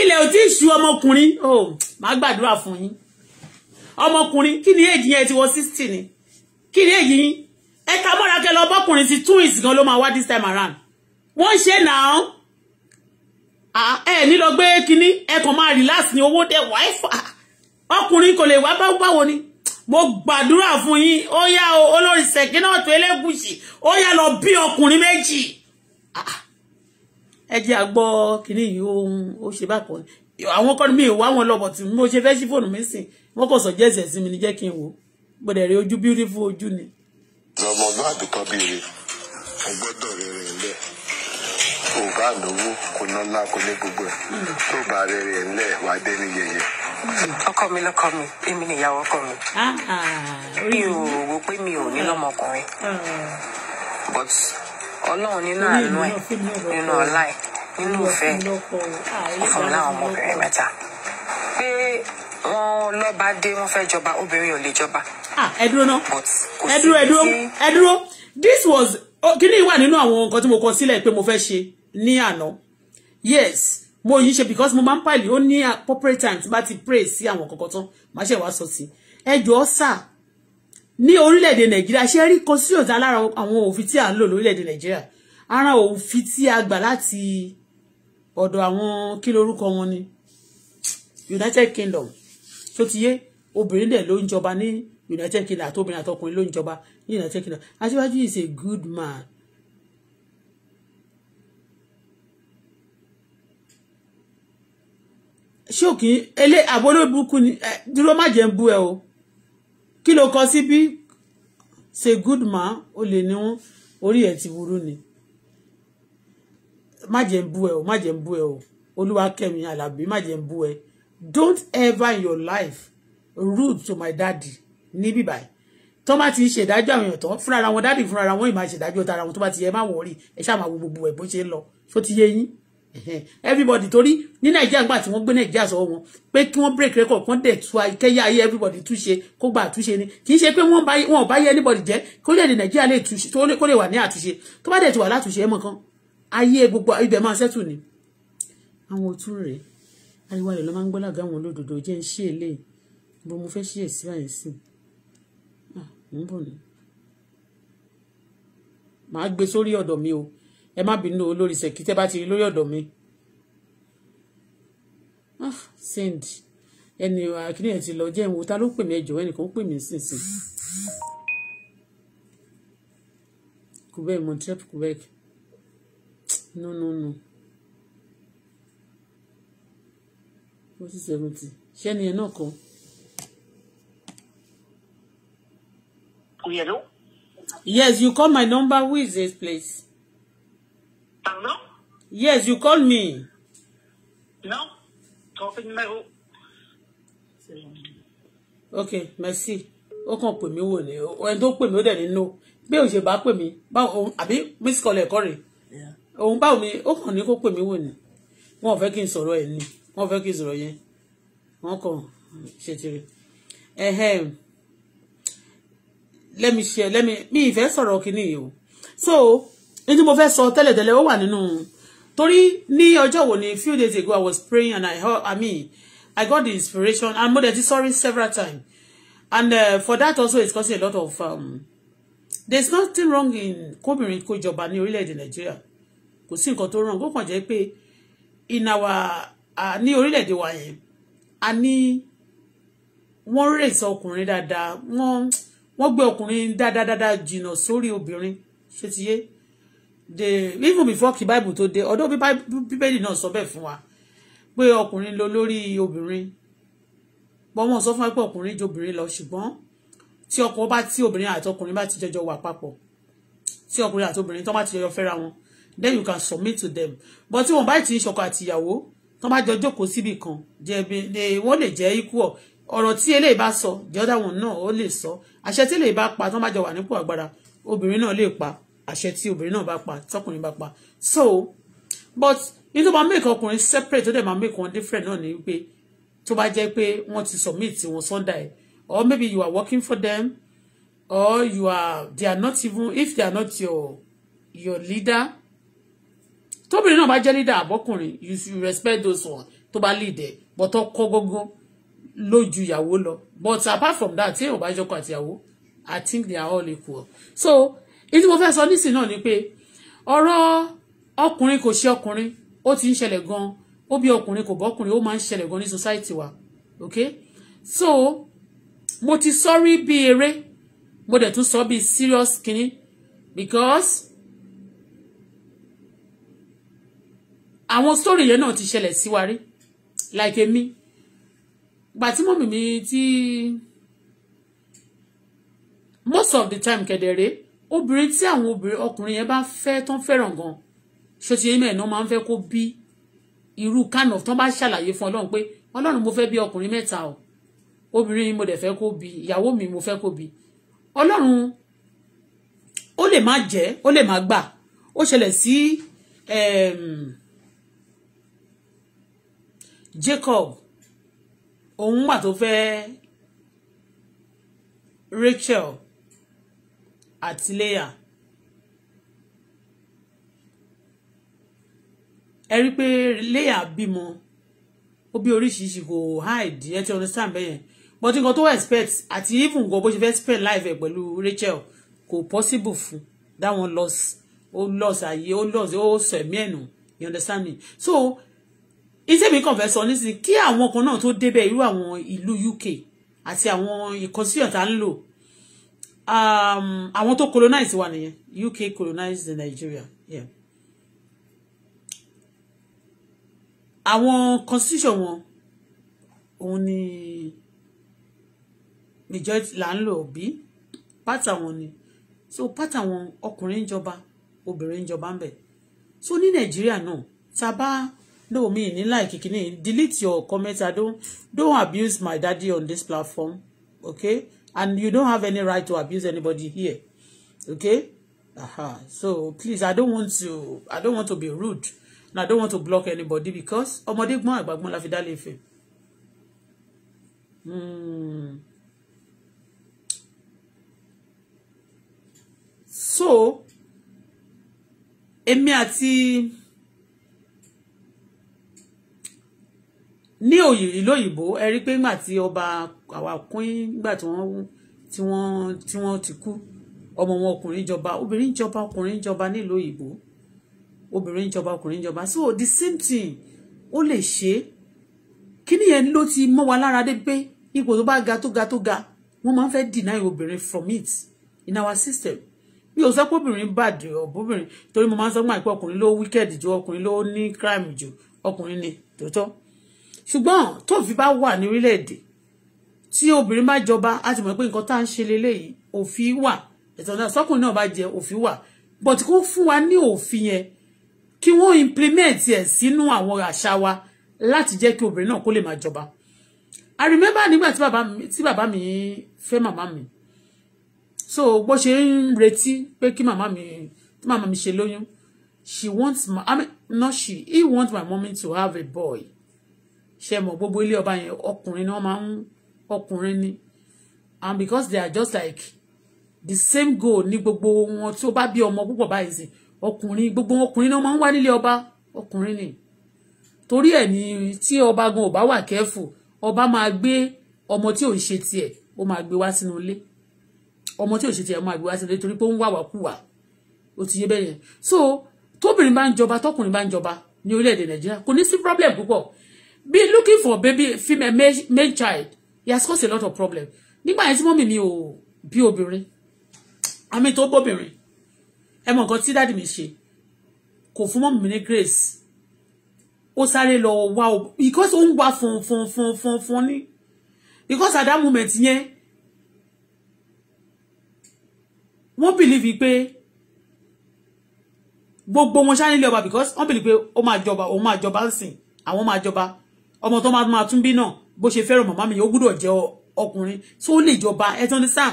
ilẹ̀ ò tí ì ṣú ọmọkùnrin o máa gbàdúrà fún yín ọmọkùnrin kí ni èjì yẹn ti wọ sixty ni kí ni èjì yín ẹ ká mọ́ra kẹ lọ bọ́kùnrin sí twins gan ló máa wá this time around wọ́n ṣe náà. Ah, ẹ ní lọ gbé kínní ẹ kàn máa relax ní owó dẹ wáyé fà ọkùnrin kò lè wá báwo ni mo gbàdúrà fún yín ó yá olórí ṣèkí náà tó elégùsì ó yá lọ bí ọkùnrin méjì ah, ẹ jẹ́ àgbọ́ kínní yìí ohun ó ṣe bákan àwọn kọ́ni mi ìwà wọn lọ́bọ̀ tí mo ṣe fẹ́ sí fóònù mi sìn wọ́n kò sọ jẹ́sẹ̀ sí mi ní jẹ́ kí n wò gbọ́dẹ̀ rí ojú beautiful ojú ni. ọmọlúwàbí kan bíire ẹ gbọ́dọ̀ rẹ̀ rẹ̀ ń o bá lówó kò nọ́lá kò ní gbogbo ẹ̀ tó bá rẹ̀ rẹ̀ wà á dé ní yẹyẹ. ọkọ mi lọkọ mi èmi nìyàwó ọkọ mi ah, ah. mi ò wò pé mi ò ní lọmọkùnrin mm. but ọlọ́run nínú àánú ẹ̀ nínú ọlá ẹ̀ nínú ìfẹ́ ó láwọn ọmọbìnrin mẹ́ta pé wọ́n lọ́ba dé wọ́n fẹ́ jọba obìnrin ò lè jọba. ẹ ah, náà ẹ dúró ẹ this was oh, kíní wà nínú àwọn nǹkan tí mo kọ sílẹ̀ pé mo fẹ́ ṣe ní àná yes mo yìí ṣe because mo máa ń pàìlì ó ní appropriate time tí bá ti pray sí àwọn kọ̀ọ̀kan tán màá ṣe wá sọ sí ẹ jọ̀ọ́ sà ní orílẹ̀-èdè nàìjíríà ṣe rí constitution tí alára àwọn òfin tí à ń lò lórílẹ̀-èdè nàìjíríà ara òfin tí a gbà láti ọ̀dọ̀ àwọn kí lorúkọ wọn ni united kingdom tó ti yé obìnrin dẹ̀ ló ń jọba ní united kingdom àti obìnrin àtọkùnrin ló ń jọba ní united kingdom aṣíwájú is a good man ṣókì elé àbólóbùkù ni dúró má jẹ́ ń bú ẹ o kí ló kọ síbí ṣe good man ó lè ní wọn orí ẹ ti burú ni má jẹ́ ń bú ẹ o má jẹ́ ń bú ẹ o Olúwakẹ́mi Àlàbí má jẹ́ ń bú ẹ don't ever in your life rude to my daddy níbí báyìí tó bá ti ṣèdájọ́ àwọn èèyàn tán fúnra wọn dáàdì fúnra wọn ìmọ̀ ṣèdájọ́ tara wọn tó bá ti yẹ má wọrí ẹ ṣáà máa wo gbogbo ẹ̀ bó ṣe ń lọ ṣó ti yé yín everybody torí ní nàìjíríà nígbà tí wọ́n gbé nàìjíríà sọ́wọ́ wọn pé kí wọ́n break record kan dẹ̀ to kẹ́yà ayé everybody túnṣe kó gba àtúnṣe ni kì í ṣe pé wọ́n ò bá yẹ anybody jẹ́ kó lè nàìjíríà lè túnṣe kó lè wà ní àtúnṣe tó bá dẹ̀ ti wà látúnṣe ẹ̀mọ̀ kan ayé gbogbo ibẹ̀ máa ṣẹ́tù ni. àwọn òtún rèé ariwo ayọ̀ ló máa ń gbọ́ lága àwọn olódodo jẹ́ ń ṣe èlé bó mo fẹ́ ṣe èsì báyìí sí ah, mò ń bọ̀ ni màá gbé sórí ọ̀dọ̀ mi o ẹ má bínú olórí ṣèkí tẹ́ bá ti rí lórí ọ̀dọ̀ mi ah, send ẹni akíní ẹ̀ ti lọ jẹ́ ìwò ló pè mí ẹjọ́ ẹnìkan ó pè mí sínsìn Quebec Montreal Quebec no no no forty seventy ṣẹ́ni ẹ̀ náà kan. Hello? Yes, you call my number. Who is this, please? Pardon? Yes, you call me. Non, trompé okay, numéro. Ok, merci. Ó kàn pè mí wò ni, ẹni tó pè mí ó dẹ̀ nínú. Bí òun ṣe bá pè mí, báwo òun àbí miss call ẹ̀kọ́ rẹ̀. Òun báwo ni ó kàn ní kó pè mí wò ni. Wọ́n fẹ́ kí n sọ̀rọ̀ ẹ̀ ni, wọ́n fẹ́ kí n sọ̀rọ̀ yẹn. let me share let me mi ìfẹ́ sọ̀rọ̀ kìíní yìí o. So ní tí mo fẹ́ sọ tẹ́lẹ̀tẹ́lẹ̀ ó wà nínú torí ní ọjọ́ wo ni few days ago I was praying and I heard I mean I got the inspiration and mo dẹ̀ sorry several times and uh, for that also it's causing a lot of um, there's nothing wrong in kóbìnrin kó jọba ní orílẹ̀-èdè Nàìjíríà kò sí nǹkan tó wrong ó kàn jẹ́ pe. in our uh, ní orílẹ̀-èdè wa yẹn a ní wọ́n rèsọ ọkùnrin dáadáa wọ́n wọ́n gbé ọkùnrin dáadáa dáadáa jìnnà sórí obìnrin ṣé ti yé they even before kí bible tó dé ọdún bíbélì náà sọ bẹ́ẹ̀ fún wa pé ọkùnrin ló lórí obìnrin bọ́n wọn sọ fún wa pé ọkùnrin ju obìnrin lọ ṣùgbọ́n tí ọkọ bá tí obìnrin àti ọkùnrin bá ti jọjọ wa papọ̀ tí ọkùnrin àti obìnrin tó bá ti jọjọ fẹ́ra wọn then you can submit to them but tí wọn bá ti ṣọkọ àtìyàwó tó bá jọ jókòó síbì kan jẹbi wọn lè jẹ ikú ọ ọ̀rọ̀ tí eléyìí bá sọ the other one náà ó lè sọ àṣẹ tí eléyìí bá pa tó bá jọ wà nípò agbára obìnrin náà lè pa àṣẹ tí obìnrin náà bá pa tọkùnrin bá pa so but ní tó bá make ọkùnrin separate tó dẹ̀ máa make one different náà ni wípé tó bá jẹ́ pé wọ́n ti submit wọn sunday or maybe you are working for them or you are they are not even if they are not your your leader tóbìnrin náà bá jẹ́ leader àbọ́kùnrin you should respect those ones tó bá lead ẹ̀ but ọkọ gógó lójú ìyàwó lọ but apart from that tí èèyàn bá jọkọ àtìyàwó I think they are all equal so èyí tí mo fẹ́ sọ nísìn náà ni pé ọ̀rọ̀ ọkùnrin kò ṣe ọkùnrin ó ti ń ṣẹlẹ̀ gan-an ó bí ọkùnrin kò bọ́kùnrin ó máa ń ṣẹlẹ̀ gan-an ní society wa ok so mo ti sọ rí bí eré mo dẹ̀ tún sọ bí serious kinní because àwọn story yẹn náà ti ṣẹlẹ̀ sí wa rí like èmi gbà tí mọ̀mí mi ti most of the time kẹ̀dẹ̀ rèé obìnrin tí àwọn obìnrin ọkùnrin yẹn bá fẹ́ tán fẹ́ràn gan ṣòtì yẹn mẹ́ẹ̀ẹ́nà máa ń fẹ́ kó bí irú kind of tán bá ṣàlàyé fún ọlọ́run pé ọlọ́run mo fẹ́ bí ọkùnrin mẹ́ta o obìnrin mo dẹ̀ fẹ́ kó bí ìyàwó mi mo fẹ́ kó bí ọlọ́run ó lè má jẹ́ ó lè má gbà ó ṣẹlẹ̀ sí ehm, Jacob òun wà tó fẹ́ Rachel àti layer ẹ rí pé layer bímọ ó bí oríṣiríṣi kò hide ẹ ti understand bẹ́ẹ̀ yẹn but nǹkan tó expect àti even nǹkan bó ṣe fẹ́ spend life ẹ̀ pẹ̀lú Rachel kò possible fún that one loss ó loss ayé ó loss ó sẹ̀mí ẹ̀nù you understand me so ìtẹ̀mí kan fẹ́ sọ nísìnyí kí àwọn kan náà tó débẹ̀ irú àwọn ìlú UK àti àwọn ìkọsíyàn tá ń lò um, àwọn tó colonize wà nìyẹn UK colonize Nigeria yeah. àwọn constitution wọn òun ni majority là ń lò bí pátá wọn ni so pátá wọn ọkùnrin jọba obìnrin jọba ń bẹ so ní Nàìjíríà náà tá bá no mean. ní like kìíní delete your comment I don't don't abuse my daddy on this platform okay and you don't have any right to abuse anybody here okay uh-huh. so please i don't want to i don't want to be rude and i don't want to block anybody because ọmọdé gbọ́n àgbà gbọ́n la fi hmm. so èmi àti. ní ìlú òyìnbó ẹ rí pé ńgbà tí ọba àwa queen ńgbà tí wọ́n tí wọ́n tí wọ́n ti kú ọmọ wọn ọkùnrin jọba obìnrin jọba ọkùnrin jọba nílùú òyìnbó obìnrin jọba ọkùnrin jọba so the same thing ó lè ṣe kíní yẹn ló ti mọ́ wa lára dé pé ipò tó bá ga tó ga tó ga wọ́n máa ń fẹ́ deny obìnrin from it in our system mi ò sọ pé obìnrin bad ọ̀bọ̀bìnrin torí mo máa ń sọ pé ọkùnrin ló wicked ju ọkùnrin ló ní crime ju ọkùnrin ni tòótọ́ ṣùgbọ́n tóun fi bá wà ní orílẹ̀-èdè tí obìnrin bá jọba a ti mọ̀ pé nǹkan tá à ń ṣe leléyìí òfin wà ẹ̀tọ́ náà sọ́kùnrin náà bá jẹ òfin wà but kó fún wa ní òfin yẹn kí wọ́n implement ẹ̀ sínú àwọn àṣà wa láti jẹ́ kí obìnrin náà kó lè máa jọba I remember nígbà tí bàbá mi tí bàbá mi fẹ́ màmá mi so bó ṣe ń retí pé kí màmá mi tí màmá mi ṣe lóyún she wants my I mean not she he wants my mommy to have a boy ṣe mọ̀ gbogbo ilé ọba yẹn ọkùnrin ni wọ́n máa ń ọkùnrin ni and because they are just like the same goal ni gbogbo wọn tí ó bá bí ọmọ púpọ̀ báyìí sí ọkùnrin gbogbo ọkùnrin ni wọ́n máa ń wá nílé ọba ọkùnrin ni torí ẹ̀ ní tí ọba gan ò bá wà kẹ́fù ọba máa gbé ọmọ tí ò ń ṣe tiẹ̀ ó máa gbé wá sínú ilé ọmọ tí ò ń ṣe tiẹ̀ ó máa gbé wá sínú ilé torí pé ó ń wàwákùwà ó ti yé bẹ́ẹ̀ yẹn so tóbìnrin bá ń jọba tọkùnrin bá ń jọba ní orílẹ̀-èdè nàìjíríà kò ní sí problem púpọ̀ be looking for baby female male, male child he has caused a lot of problem nígbà yẹn tí mọ́mì mi ò bí obìnrin àmì tó bóbìnrin ẹ mọ̀ nǹkan tí dáàdì mi ṣe kò fún mọ́mì mi ní grace ó sáré lọ wá o because ó ń wá fọnfọnfọnfọn ní because at that moment yẹn wọ́n believe pé gbogbo wọn ṣáà nílé ọba because wọ́n believe pé ó máa jọba òun máa jọba ń sìn àwọn máa jọba ọmọ tó máa tún bí náà bó ṣe fẹ́ràn màmá mi ó gbúdọ̀ jẹ́ ọkùnrin tó lè jọba ẹ tán ní sáà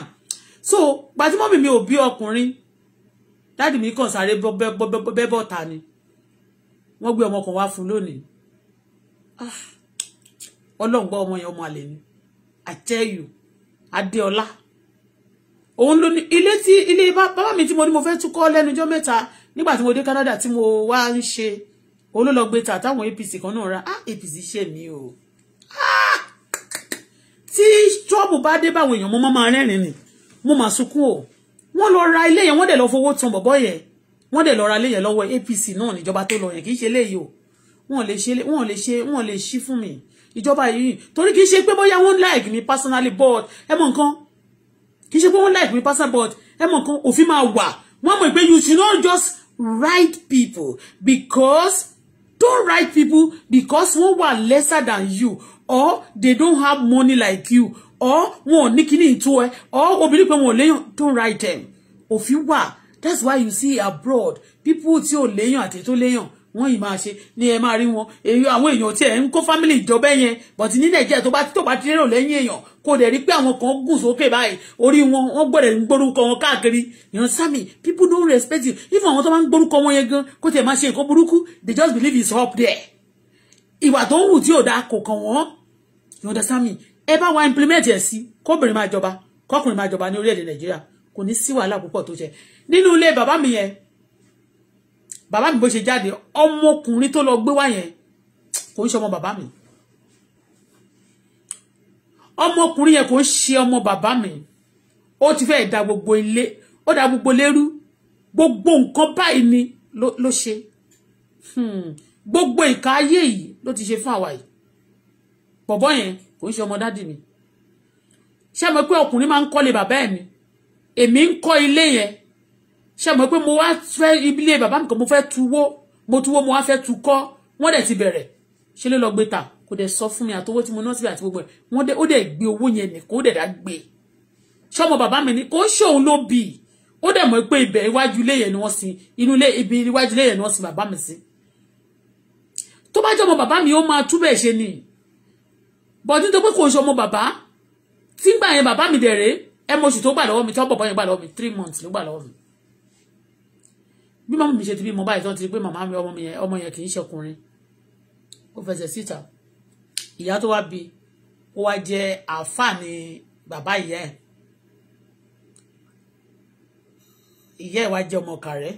so gbajúmọ̀ mi mi ò bí ọkùnrin dáàdì mi kàn sáré bẹ́bọ̀ta ni wọ́n gbé ọmọ kan wá fún lónìí ah, ọlọ́run gbọ́ ọmọ yẹn ọmọ àlè ni I tell you adéọlá òun ló ní ilé tí ilé bàbá mi tí mo ní mo fẹ́ tún kọ́ lẹ́nujọ́ mẹ́ta nígbà tí mo dé Canada tí mo wá ń ṣe òun ló lọ gbé ta táwọn APC kan náà ra ah APC ṣe mí o ah tí trọ́bù bá dé báwọn èèyàn mo máa rẹ́rìn ni mo máa sunkún o wọ́n lọ ra ilé yẹn wọ́n dẹ̀ lọ fowó tan bọ̀bọ́ yẹn wọ́n dẹ̀ lọ ra ilé yẹn lọ́wọ́ APC náà níjọba tó lọ yẹn kì í ṣe léyìí o wọ́n lè ṣe wọ́n lè ṣe wọ́n lè ṣí fún mi ìjọba yìí torí kì í ṣe pé bóyá wọ́n like mi personally but ẹ mọ̀ nǹkan kì í ṣe pé wọ́n like mi personally but ẹ mọ̀ nǹkan òfin máa wà wọ́n mọ̀ pé you should not just write people because don't write people because one wà lesser than you or they don't have money like you or one ò ní kíní ìtú or obìnrin pé don't write them òfin wà that's why you see abroad people tí ò léyàn àti tó léyàn wọ́n yìí máa ṣe ní ẹ máa rí wọn èyí àwọn èèyàn tí ẹ̀ ń kó fámìlì jọ yẹn but ní nàìjíríà tó bá tó bá ti rérò lẹ́yìn èèyàn kò dẹ̀ rí pé àwọn kan gùn sókè báyìí orí wọn wọ́n gbọ́dẹ̀ ń gbórúkọ wọn káàkiri yan sami people don't respect you even àwọn tó máa ń gbórúkọ wọn yẹn gan kó tiẹ̀ máa ṣe nǹkan burúkú they just believe it's up there ìwà tó ń wù tí ò dáa kò kàn wọ́n yan ọ̀dà sami ẹ bá wa implement ẹ̀ sí kóbìnrin máa jọba kọkùnrin máa jọba ní orílẹ̀-èdè nàìjíríà kò ní sí wàhálà púpọ̀ tó ṣe nínú ilé bàbá mi yẹn bàbá mi bó ṣe jáde ọmọkùnrin tó lọ gbé wá yẹn kò ń ṣe ọmọ bàbá mi ọmọkùnrin yẹn kò ń ṣe ọmọ bàbá mi ó ti fẹ́ da gbogbo ilé ó da gbogbo lérú gbogbo nǹkan báyìí ni ló ṣe hmm. gbogbo ìka ayé yìí ló ti ṣe fún àwa yìí bọ̀bọ́ yẹn kò ń ṣe ọmọ dádì mi ṣé mo pé ọkùnrin máa ń kọ́lé bàbá ẹ̀ mi èmi ń kọ́ ilé yẹn ṣe mo pé mo wá fẹ́ ilé bàbá mi kan mo fẹ́ tuwo mo tuwo mo wá fẹ́ tukọ́ wọ́n de ti bẹ̀rẹ̀ ṣe ló lọ gbé ta kò dẹ̀ sọ fún mi àtowó tí mo ná síbi àti gbogbo ẹ̀ wọ́n dẹ̀ ó dẹ̀ gbé owó yẹn nìkan ó dẹ̀ dá gbé ṣọmọ bàbá mi ni kò ń ṣòun ló bì í ó dẹ̀ mọ̀ pé ibẹ̀ iwájú ilé ni wọ́n sin inú ilé ibi iwájú ilé yẹn ni wọ́n sin bàbá mi sí tó bá jẹ́ ọmọ bàbá mi o ma túbẹ̀ ṣe ni bọ́dún tó pé kò ń ṣe ọmọ baba tí ń gbà yẹn mi dere e mo si oṣù tó gbà mi tí wọ́n bọ̀ bọ́ yẹn mi three months ló gbà lọ́wọ́ mi bí màmá mi ṣe ti bí mo báyìí tán ti pé màmá mi ọmọ yẹn ọmọ yẹn kì í ṣọkùnrin ó fẹsẹ̀ síta ìyá tó wá bí ó wá jẹ́ àáfàá ni bàbá ìyá ẹ̀ ìyá ẹ̀ wá jẹ́ ọmọ kàrẹ́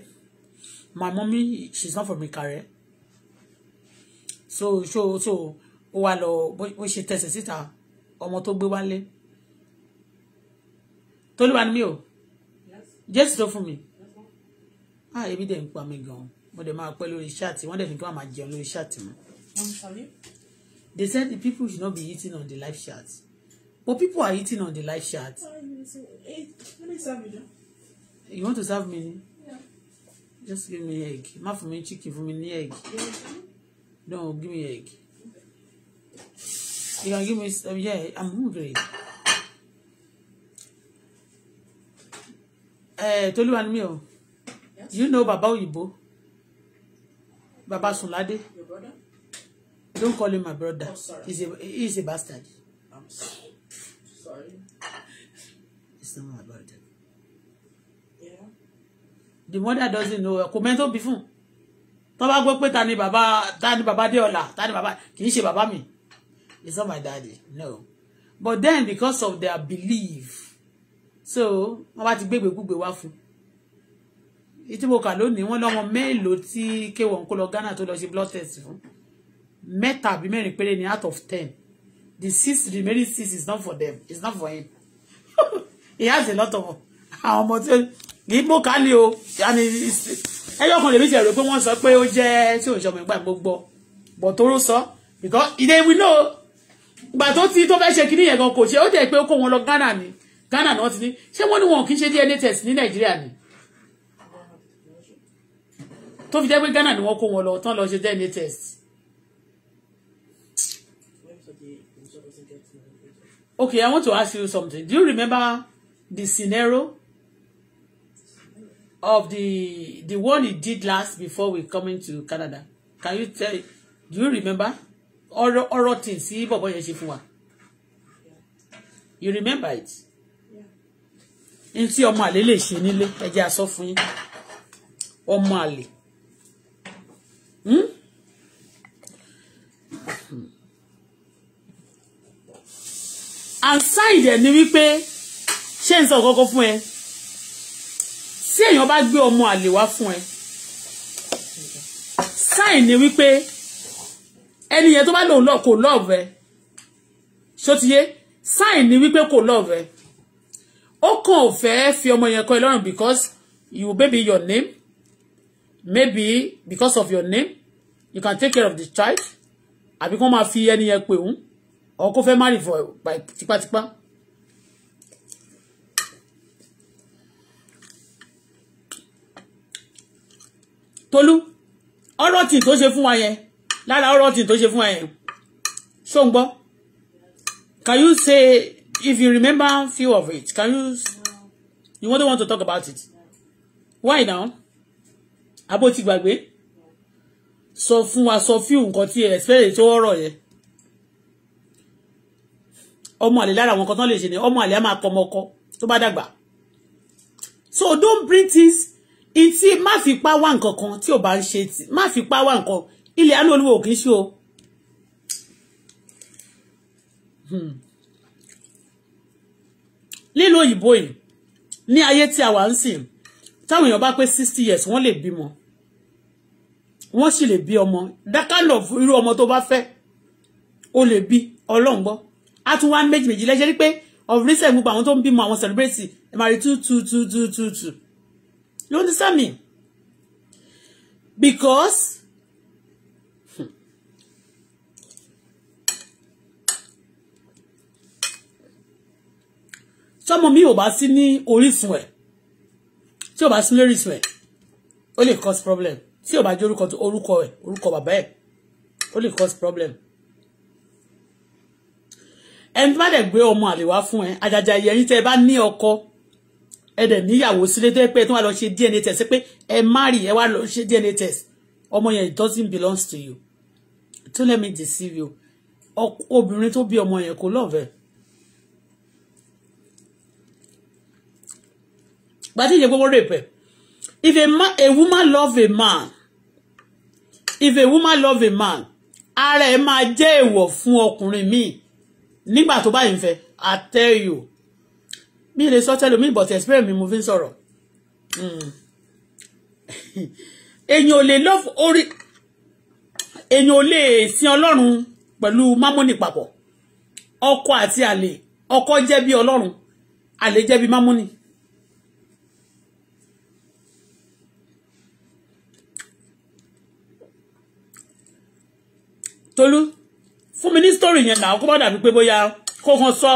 my mommy, she's not from Ìkàrẹ́ so so so ó wá lọ bó ṣe tẹsẹ̀ síta ọmọ tó gbé wálé Tolúwa ni mí o Jésù tó fún mi. Yes á ah, ebi dẹ̀ ń pa mi gan mo dẹ̀ máa pẹ́ lórí ṣáàtì wọ́n dẹ̀ ní kí wọ́n máa jẹun lórí ṣáàtì mu. they said the people should not be eating on the live chat but people are eating on the live chat. Eh, you want to serve me? Yeah. just give me egg má fún mi chicken fún mi ní egg no give me egg you can give me some um, yeah I'm hungry. Eh, Tolúwa ni mi o. Yes. You know Baba Oyibo? Baba Sunlade? Your brother? Don't call him my brother. Oh, sorry. He's a he's a bastard. I'm sorry. It's not my brother. Yeah. The mother doesn't know. Kò mẹ́tò bí fún. Tó bá gbọ́ pé ta ni bàbá ta ni bàbá Déọlá ta ni bàbá mi. It's not my daddy. No. But then because of their belief. So, wọ́n bá ti gbégbé gbúgbé wá fún un ìtí lónìí wọ́n lọ́mọ mélòó tí kéwọ̀n kó lọ Ghana tó lọ ṣe blood test fún mẹ́ta àbí mẹ́rin péré ni out of ten the six remaining six is not for them it's not for him he has a lot of àwọn ọmọ tí kì í mú o ẹyọ kan lèmi ti rò pé wọ́n sọ pé ó jẹ́ tí òun ṣọmọ ìgbà gbogbo bọ̀ tó ró sọ because ìdè we know gbà tó ti tó fẹ́ ṣe kíní yẹn gan kò ṣe ó dẹ̀ pé ó kó wọn lọ Ghana ni Ghana ni wọ́n ti ní ṣé wọ́n ní wọn kì í ṣe DNA test ní Nàìjíríà ni tó fi jẹ́ pé Ghana ni wọ́n kó wọn lọ tán lọ ṣe DNA test. Okay, I want to ask you something. Do you remember the scenario of the the one he did last before we coming to Canada? Can you tell? Do you remember? ọ̀rọ̀ ọ̀rọ̀ tí sí bọ̀bọ̀ yẹn ṣe fún wa you remember it n tí ọmọ àlè lè ṣe nílé ẹ jẹ́ a sọ fún yín ọmọ Hmm. sign dẹ̀ ni wípé ṣé n sọ kọ́kọ́ fún ẹ tí èèyàn bá gbé ọmọ àlè wá fún ẹ sign ni wípé ẹni yẹn tó bá lòun lọ kò love ẹ ṣó ti yé sign ni wípé kò love ẹ ó kàn ò fẹ́ fi ọmọ yẹn kọ́ ẹ lọ́rùn because you baby your name maybe because of your name you can take care of the child àbí kó máa fi ẹni yẹn pè òun or kó fẹ́ marry for by tipátipá. Tolú ọ̀rọ̀ tí tó ṣe fún wa yẹn lára ọ̀rọ̀ tí tó ṣe fún wa yẹn ṣó ń gbọ́ can you say if you remember few of it can you you won't want to talk about it why now abó ti gbàgbé sọ fún wa sọ fíù nǹkan tí ẹ ẹ̀sìpẹ́rẹ̀ tó ọ̀rọ̀ yẹn ọmọ àlè lára àwọn nǹkan tán lè ni ọmọ àlè á máa kọ ọmọ ọkọ tó bá so don't bring things ìtì má fi pa wá nǹkan kan tí ò bá ń ṣe má fi pa wá nǹkan ilẹ̀ àánú olúwo kì í ṣe o. nílùú hmm. òyìnbó yìí ní ayé tí a wà ń sìn táwọn èèyàn bá pé sixty years wọ́n lè bímọ wọ́n sì lè bí ọmọ that kind of irú ọmọ tó bá fẹ́ o lè bí ọlọ́run gbọ́ a tún wá méjì méjì lẹ́sẹ̀ rí pé of recent gbogbo àwọn tó ń bímọ àwọn celebrate ẹ máa rí two two two two two two you understand me because tọmọ mi ò bá sí ní orísun ẹ tí ò bá sí lórísun ẹ ó lè cause problem tí ò bá jẹ́ orúkọ orúkọ ẹ̀ orúkọ bàbá ẹ̀ ó lè cause problem. ẹni tó bá dẹ̀ gbé ọmọ àlè wá fún ẹ àjàjà ìyẹn tẹ́ ẹ bá ní ọkọ ẹ dẹ̀ níyàwó sílé tó yẹ pé tó wà lọ ṣe DNA test pé ẹ marry ẹ wá lọ ṣe DNA test ọmọ yẹn it doesn't belong to you tó let me deceive you obìnrin tó bí ọmọ yẹn kò love ẹ. gbàdíje gbogbo rape if a, man, a woman love a man if a woman love a man ara ẹ̀ máa jẹ́ èèwọ̀ fún ọkùnrin míì nígbà tó bá yìí fẹ́ I tell you mi lè sọ tẹ́lẹ̀ mi but experience mi mo fi ń sọ̀rọ̀ hmm. èyàn ò lè love orí èyàn ò lè sin ọlọ́run pẹ̀lú mámúnì papọ̀ ọkọ àti àlè ọkọ jẹ́ bí ọlọ́run àlè jẹ́ bí mámúnì Tolu, fún mi ní story yẹn náà kó bá dàbí pé bóyá kó kàn sọ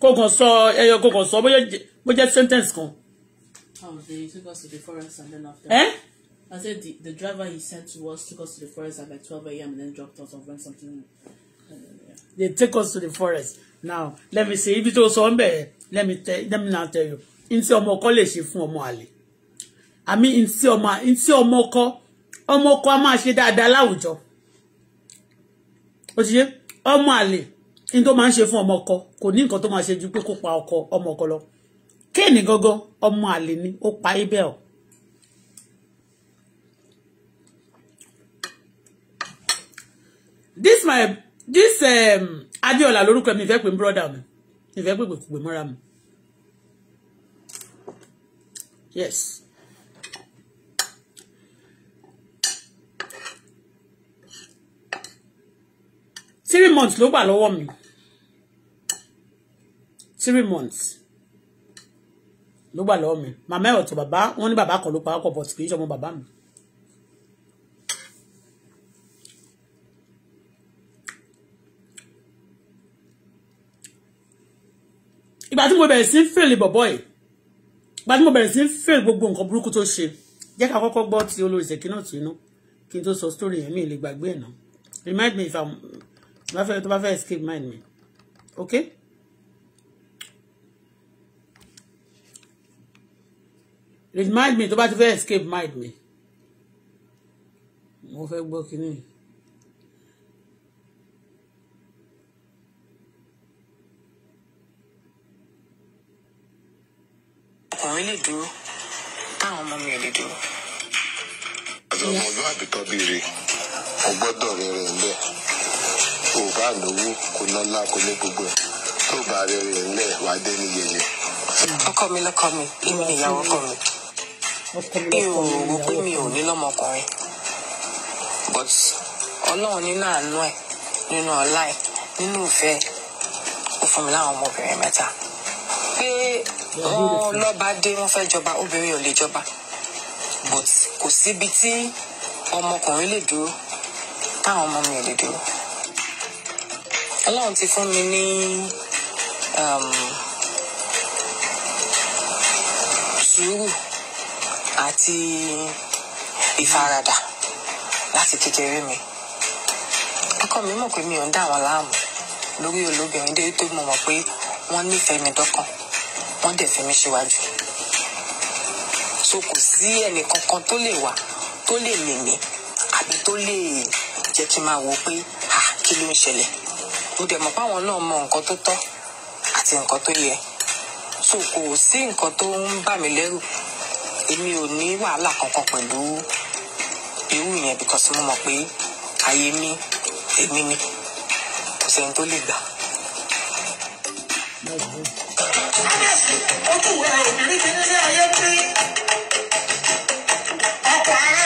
kó kàn sọ ẹyọ kó kàn sọ bóyá bóyá sentence kan. Oh, they took us to the forest and then after. Eh? I said the, the driver he sent to us took us to the forest at like 12 a.m. and then dropped us off when something. Then, yeah. They take us to the forest. Now, let me see. If it was somewhere, let me tell let me now tell you. In tí ọmọ ọkọ lè ali. I mean, in tí ọmọ in tí omo ọkọ ọmọ ọkọ a máa ṣe dáadáa ó ọmọ àlè ní tó máa ń ṣe fún ọmọ ọkọ kò ní nǹkan tó máa ṣe ju pé kó pa ọkọ ọmọ ọkọ lọ kéènì gangan ọmọ àlè ni ó pa ibẹ̀ o. this my this um, Adéọlá lórúkọ mi ìfẹ́ pè ń brọ́dà mi ìfẹ́ pè pè kò pè mọ́ra mi yes. three months ló gbà lọ́wọ́ mi three months ló gbà lọ́wọ́ mi màmá ẹ̀ ọ̀tọ̀ bàbá wọn ní bàbá kan ló pawọ́pọ̀ bọ̀ kì í ṣọmọ bàbá mi. ìgbà tí mo bẹ̀rẹ̀ sí fèrè bọ̀bọ̀ yìí ìgbà tí mo bẹ̀rẹ̀ sí fèrè gbogbo nǹkan burúkú tó ṣe jẹ́ ká kọ́kọ́ gbọ́ ti olórí ṣèkínà tìǹú kí n tó sọ sórí yẹn mi ì lè gbàgbé ẹ̀ náà remind me if i'm tó bá fẹ́ tó bá fẹ́ escape mind mi ok. remind me tó bá ti fẹ́ escape mind mi mo fẹ́ gbọ́ kínní. ọkùnrin lè dúró táwọn ọmọ mi ò lè dúró. àjọ ọmọlúwàbí tó bí re mo gbọ́dọ̀ rẹ̀ rẹ̀ ń bẹ̀ ò bá lówó kò nọ́lá kò ní gbogbo ẹ̀ tó bá rẹ̀ rẹ̀ ńlẹ̀ wá dé ní yẹyẹ. ọkọ mi lọkọ mi èmi nìyàwó ọkọ mi mi ò rò pé mi ò ní lọ́mọkùnrin but ọlọ́run nínú àánú ẹ̀ nínú ọlá ẹ̀ nínú ìfẹ́ ó fún mi láwọn ọmọbìnrin mẹ́ta pé wọ́n lọ́ba dé wọ́n fẹ́ jọba obìnrin ò lè jọba but kò síbi tí ọmọkùnrin lè dúró táwọn ọmọ mi ò lè dúró ọlọ́run ti fún mi ní um, sùúrù àti ìfaradà láti kékeré mi ọkọ mi mọ̀ pé mi ò ń dà wọ́n láàmú lórí olóbìnrin dé tó mọ̀ mọ̀ pé wọ́n nífẹ̀ẹ́ mi dọ́kàn wọ́n dẹ̀ fẹ́ mi ṣíwájú so kò sí ẹnì kankan tó lè wà tó lè lè mí àbí tó lè jẹ́ kí n máa wò ó pé kí ló ń ṣẹlẹ̀ mo dẹ̀ mọ̀ páwọn náà mọ nǹkan tó tọ́ àti nǹkan tó yẹ so kò sí nǹkan tó ń bà mí lẹ́rù èmi ò ní wàhálà kankan pẹ̀lú irú yẹn because mo mọ̀ pé ayé mi èmi ni kò sẹ́ni tó lè gbà. ó kù wá obìnrin kìíní ní ayé pé ọkọ̀ ara.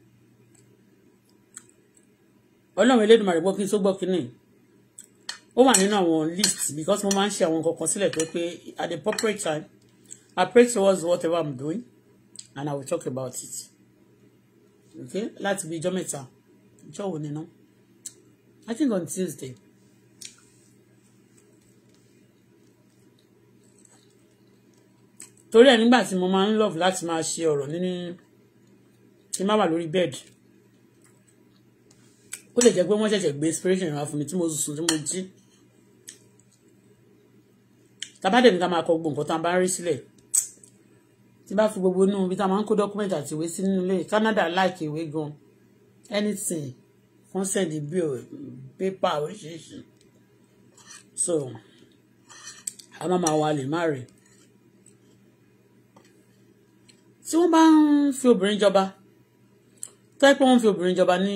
ọlọ́run elédùnmarè gbọ́ kí n tó gbọ́ kínní ó wà nínú àwọn list because mo máa ń ṣe àwọn nǹkan kan sílẹ̀ tó pé at the appropriate time I pray towards whatever I'm doing and I will talk about it okay láti bí ijọ́ mẹ́ta ijọ́ wo nínú I think on Tuesday. torí ẹ nígbà tí mo máa ń love láti máa ṣe ọ̀rọ̀ nínú kí n má wà lórí bẹ́ẹ̀dì ó lè jẹ́ pé wọ́n ṣẹ̀ṣẹ̀ gbé inspiration ìran fún mi tí mo sùn tí mo jí tabadẹ̀ ní ká máa kọ gbogbo nǹkan tá a bá rí sílẹ̀ tí bá fi gbogbo inú ibi tá a máa ń kó document àti ìwé sínú ilé Canada like ìwé gan anything consent bill paper oríṣiríṣi so a máa máa wà lè má rè tí wọ́n bá ń fi obìnrin jọba tó yẹ pé wọ́n fi obìnrin jọba ní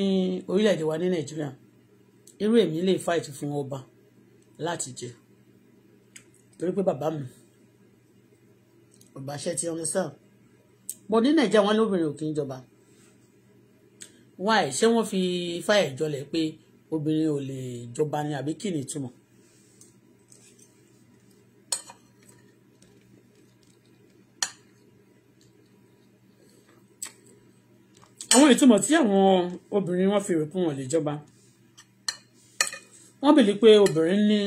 orílẹ̀-èdè wa ní nàìjíríà irú èmi lè fight fún ọba láti jẹ torí pé bàbá mi ọba ṣe ti ọmọ sáà bọ ní nàìjíríà wọn lóbìnrin ò kì í why ṣé wọ́n fi fáyà ìjọlẹ̀ pé obìnrin ò lè jọba ni àbí kí ni ìtumọ̀ àwọn ìtumọ̀ tí àwọn obìnrin wọn fi rò pé wọn lè jọba wọ́n bèlè pé obìnrin ní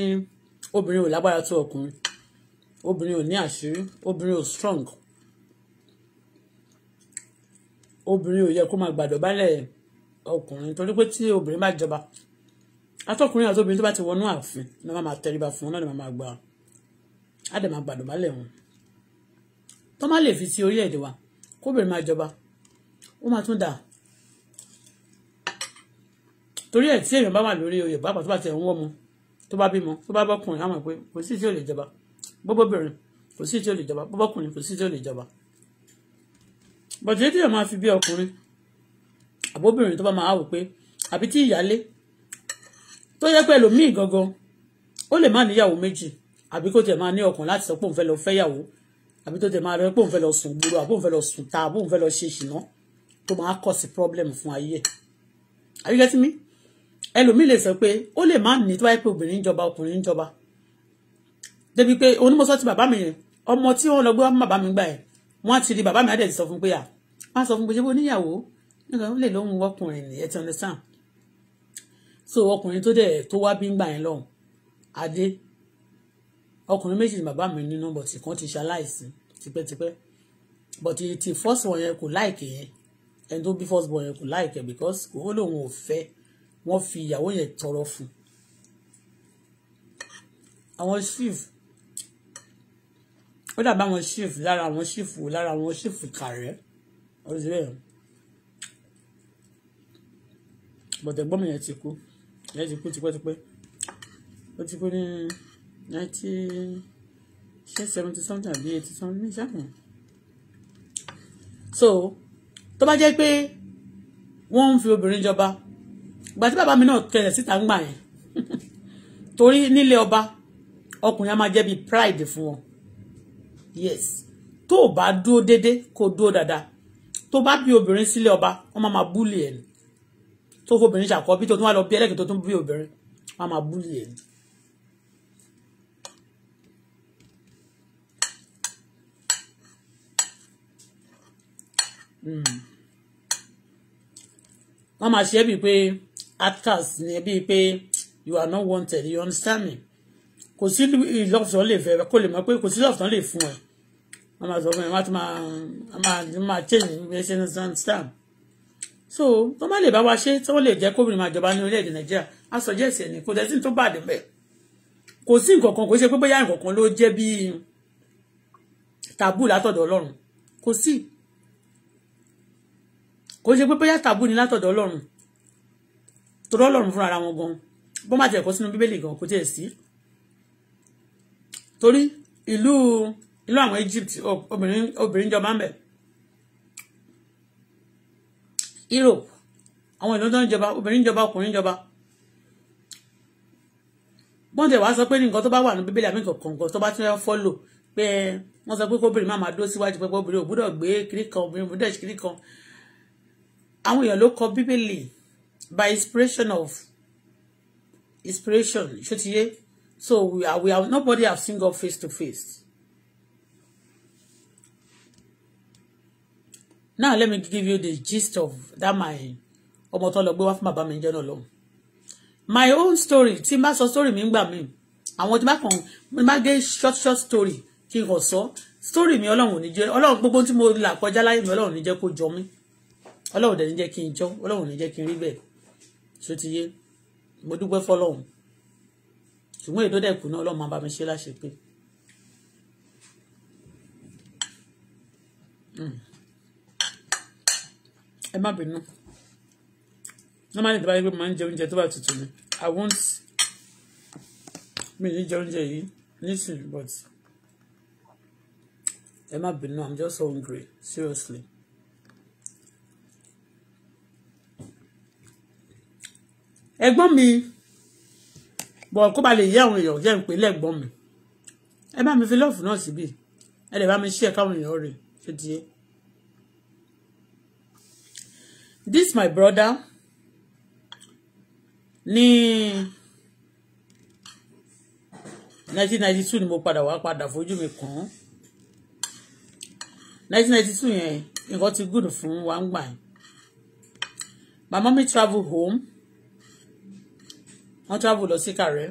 obìnrin ò lágbára tó ọkùnrin obìnrin ò ní àṣírí obìnrin ò strong obìnrin ò yẹ kó máa gbàdọ̀ bálẹ̀ ọkùnrin torí pé tí obìnrin bá jọba atọ́kùnrin àti obìnrin tó bá ti wọnú ààfin ni wọ́n máa tẹríba fún wọn náà ni wọ́n máa gbà á dẹ̀ máa gbàdọ̀ bálẹ̀ wọn tó má lè fi ti orílẹ̀-èdè wa kóbìnrin máa jọba ó máa tún dà torí ẹ̀ tí èèyàn bá wà lórí oyè bàbá tó bá tẹ̀ ń wọ́ mu tó bá bímọ tó bá bọ́kùnrin á mọ̀ pé kò sí tí ò lè jọba bọ́bọ́bìnrin kò sí tí ò lè jọba bọ́bọ́kùnrin kò sí tí ò lè jọba bọ̀dé tí yóò máa fi bí ọkùnrin àbóbìnrin tó bá máa wò pé àbí tí ìyálé tó yẹ pé ẹlòmíì gangan ó lè má níyàwó méjì àbí kó tẹ̀ máa ní ọkàn láti sọ pé òun fẹ́ lọ fẹ́yàwó àbí tó tẹ̀ máa rẹ pé òun fẹ́ lọ sùn gbúrò àbí òun fẹ́ lọ sùn ta àbí òun fẹ́ lọ ṣe ṣìnà To máa cause problem fún ayé are you getting me ẹlòmíì lè sọ pé ó lè má ní to bá yẹ pé obìnrin ń jọba ọkùnrin ń jọba débi pé onímọ̀sọ́ ti bàbá mi yẹn ọmọ tí wọ́n lọ gbé wá fún bàbá mi gbà yẹn wọ́n á ti di bàbá mi á dẹ̀ ti sọ fún pé à wọ́n á sọ fún pé ṣé bó níyàwó nígbà ó lè lóhun ọkùnrin ni you ti understand so ọkùnrin tó dẹ̀ tó wá bí ń gbà yẹn lọ́hùn adé ọkùnrin méjì ni mi nínú bọ̀tì kan ti ṣaláìsí tipẹ́tipẹ́ bọ̀tì ti fọ́ọ̀sì wọn yẹn kò láìkè yẹn ẹni tó bí first born yẹn kò láìkẹ́ because owó lòun ò fẹ́ wọ́n fi ìyàwó yẹn tọrọ fún àwọn chief ó dàbí àwọn chief lára àwọn chief lára àwọn chief kàrẹ́ ọdún bẹ́ẹ̀ bọ̀dẹ̀ gbọ́mọ yẹn ti kú yẹn ti kú tipẹ́tipẹ́ ó ti kú ní nineteen seventy something àbí eighty something ṣáà so tó bá jẹ́ pé wọ́n ń fi obìnrin jọba ìgbà tí bàbá mi náà kẹlẹ̀ síta ń gbà yẹn torí nílé ọba ọkùnrin á máa jẹ́ bíi pride fún wọn yes tó o bá dúró déédé kó o dúró dáadáa tó o bá bí obìnrin sílé ọba wọ́n máa máa búlì ẹ̀ tó o fobìnrin ṣàkọ́bí tó tún wá lọ bí ẹlẹ́kìn tó tún bí obìnrin wọ́n máa búlì ẹ̀ ni. Mm wọ́n máa ṣe é bíi pé outcast ni ẹ bíi pé you are not wanted you understand me kò sí ìlọ́fọ̀tán lè fẹ́ kó lè mọ̀ pé kò sí ìlọ́fọ̀tán lè fún ẹ wọ́n máa sọ fún ẹ wọ́n á tún máa máa change ẹ ṣe understand so tó má lè bá wa ṣe tí wọ́n lè jẹ́ kóbìnrin máa jọba ní orílẹ̀-èdè nàìjíríà á sọ jẹ́ ẹ̀sẹ̀ ni kò dẹ̀ sí tó bá dé bẹ́ẹ̀ kò sí nǹkan kan kò ṣe pé bóyá nǹkan kan ló jẹ́ bíi tàbú látọ̀dọ̀ ọlọ́run kò sí kò ṣe pé bóyá tàbú ni látọ̀dọ̀ ọlọ́run torí ọlọ́run fúnra ara wọn gan bó má tiẹ̀ kọ́ sínú bíbélì gan kò tiẹ̀ sí torí ìlú ìlú àwọn Egypt obìnrin obìnrin jọba ń bẹ Europe àwọn ìlú tó ń jọba obìnrin jọba ọkùnrin jọba wọ́n tẹ̀ wá sọ pé nǹkan tó bá wà ní bíbélì àmì kọ̀ọ̀kan tó bá tún fẹ́ fọ́lò pé wọ́n sọ pé kóbìnrin máa máa dó síwájú pé kóbìnrin gbé kiri kan obìnrin ò kiri kan àwọn èèyàn ló kọ bíbélì by inspiration of inspiration ṣòtíyé so we are we are nobody have seen God face to face. now let me give you the gist of that my ọmọ tó lọ gbé wá fún bàbá mi jẹ́ náà lọ́wọ́ my own story tí n bá sọ story mi ń gbà mí àwọn tí n bá kàn mo máa gé short short story kí n kàn sọ story mi ọlọ́run ò ní jẹ́ ọlọ́run gbogbo tí mo là kọjá láyé mi ọlọ́run ò ní jẹ́ kó jọ mí ọlọ́run dẹ̀ ní jẹ́ kí n jọ ọlọ́run ní jẹ́ kí n rí bẹ́ẹ̀ ṣó ti yé mo dúpẹ́ fọlọ́run ṣùgbọ́n èdè dẹ̀kù náà ọlọ́run máa bá mi ṣe láṣepé. Hmm. ẹ má bínú normally ìdíbàyẹ pé mo máa ń jẹ oúnjẹ tó bá tutù ni i won't mi ní jẹ oúnjẹ yìí nísìnyí but ẹ má bínú i'm just hungry seriously. ẹ̀gbọ́n mi bọ̀ kó ba lè yé àwọn èèyàn jẹ́ ìpè lẹ́gbọ́n mi ẹ bá mi fi lọ́ọ̀fù náà síbí ẹ lè bá mi ṣí ẹ̀ka àwọn èèyàn rè ṣe tiẹ̀. this my brother ní 1992 ni mo padà wá padà fojú mi kàn án 1992 yẹn nǹkan ti gùn fún wa ń gbà yẹn my mommy travel home wọ́n travel lọ sí kàrẹ́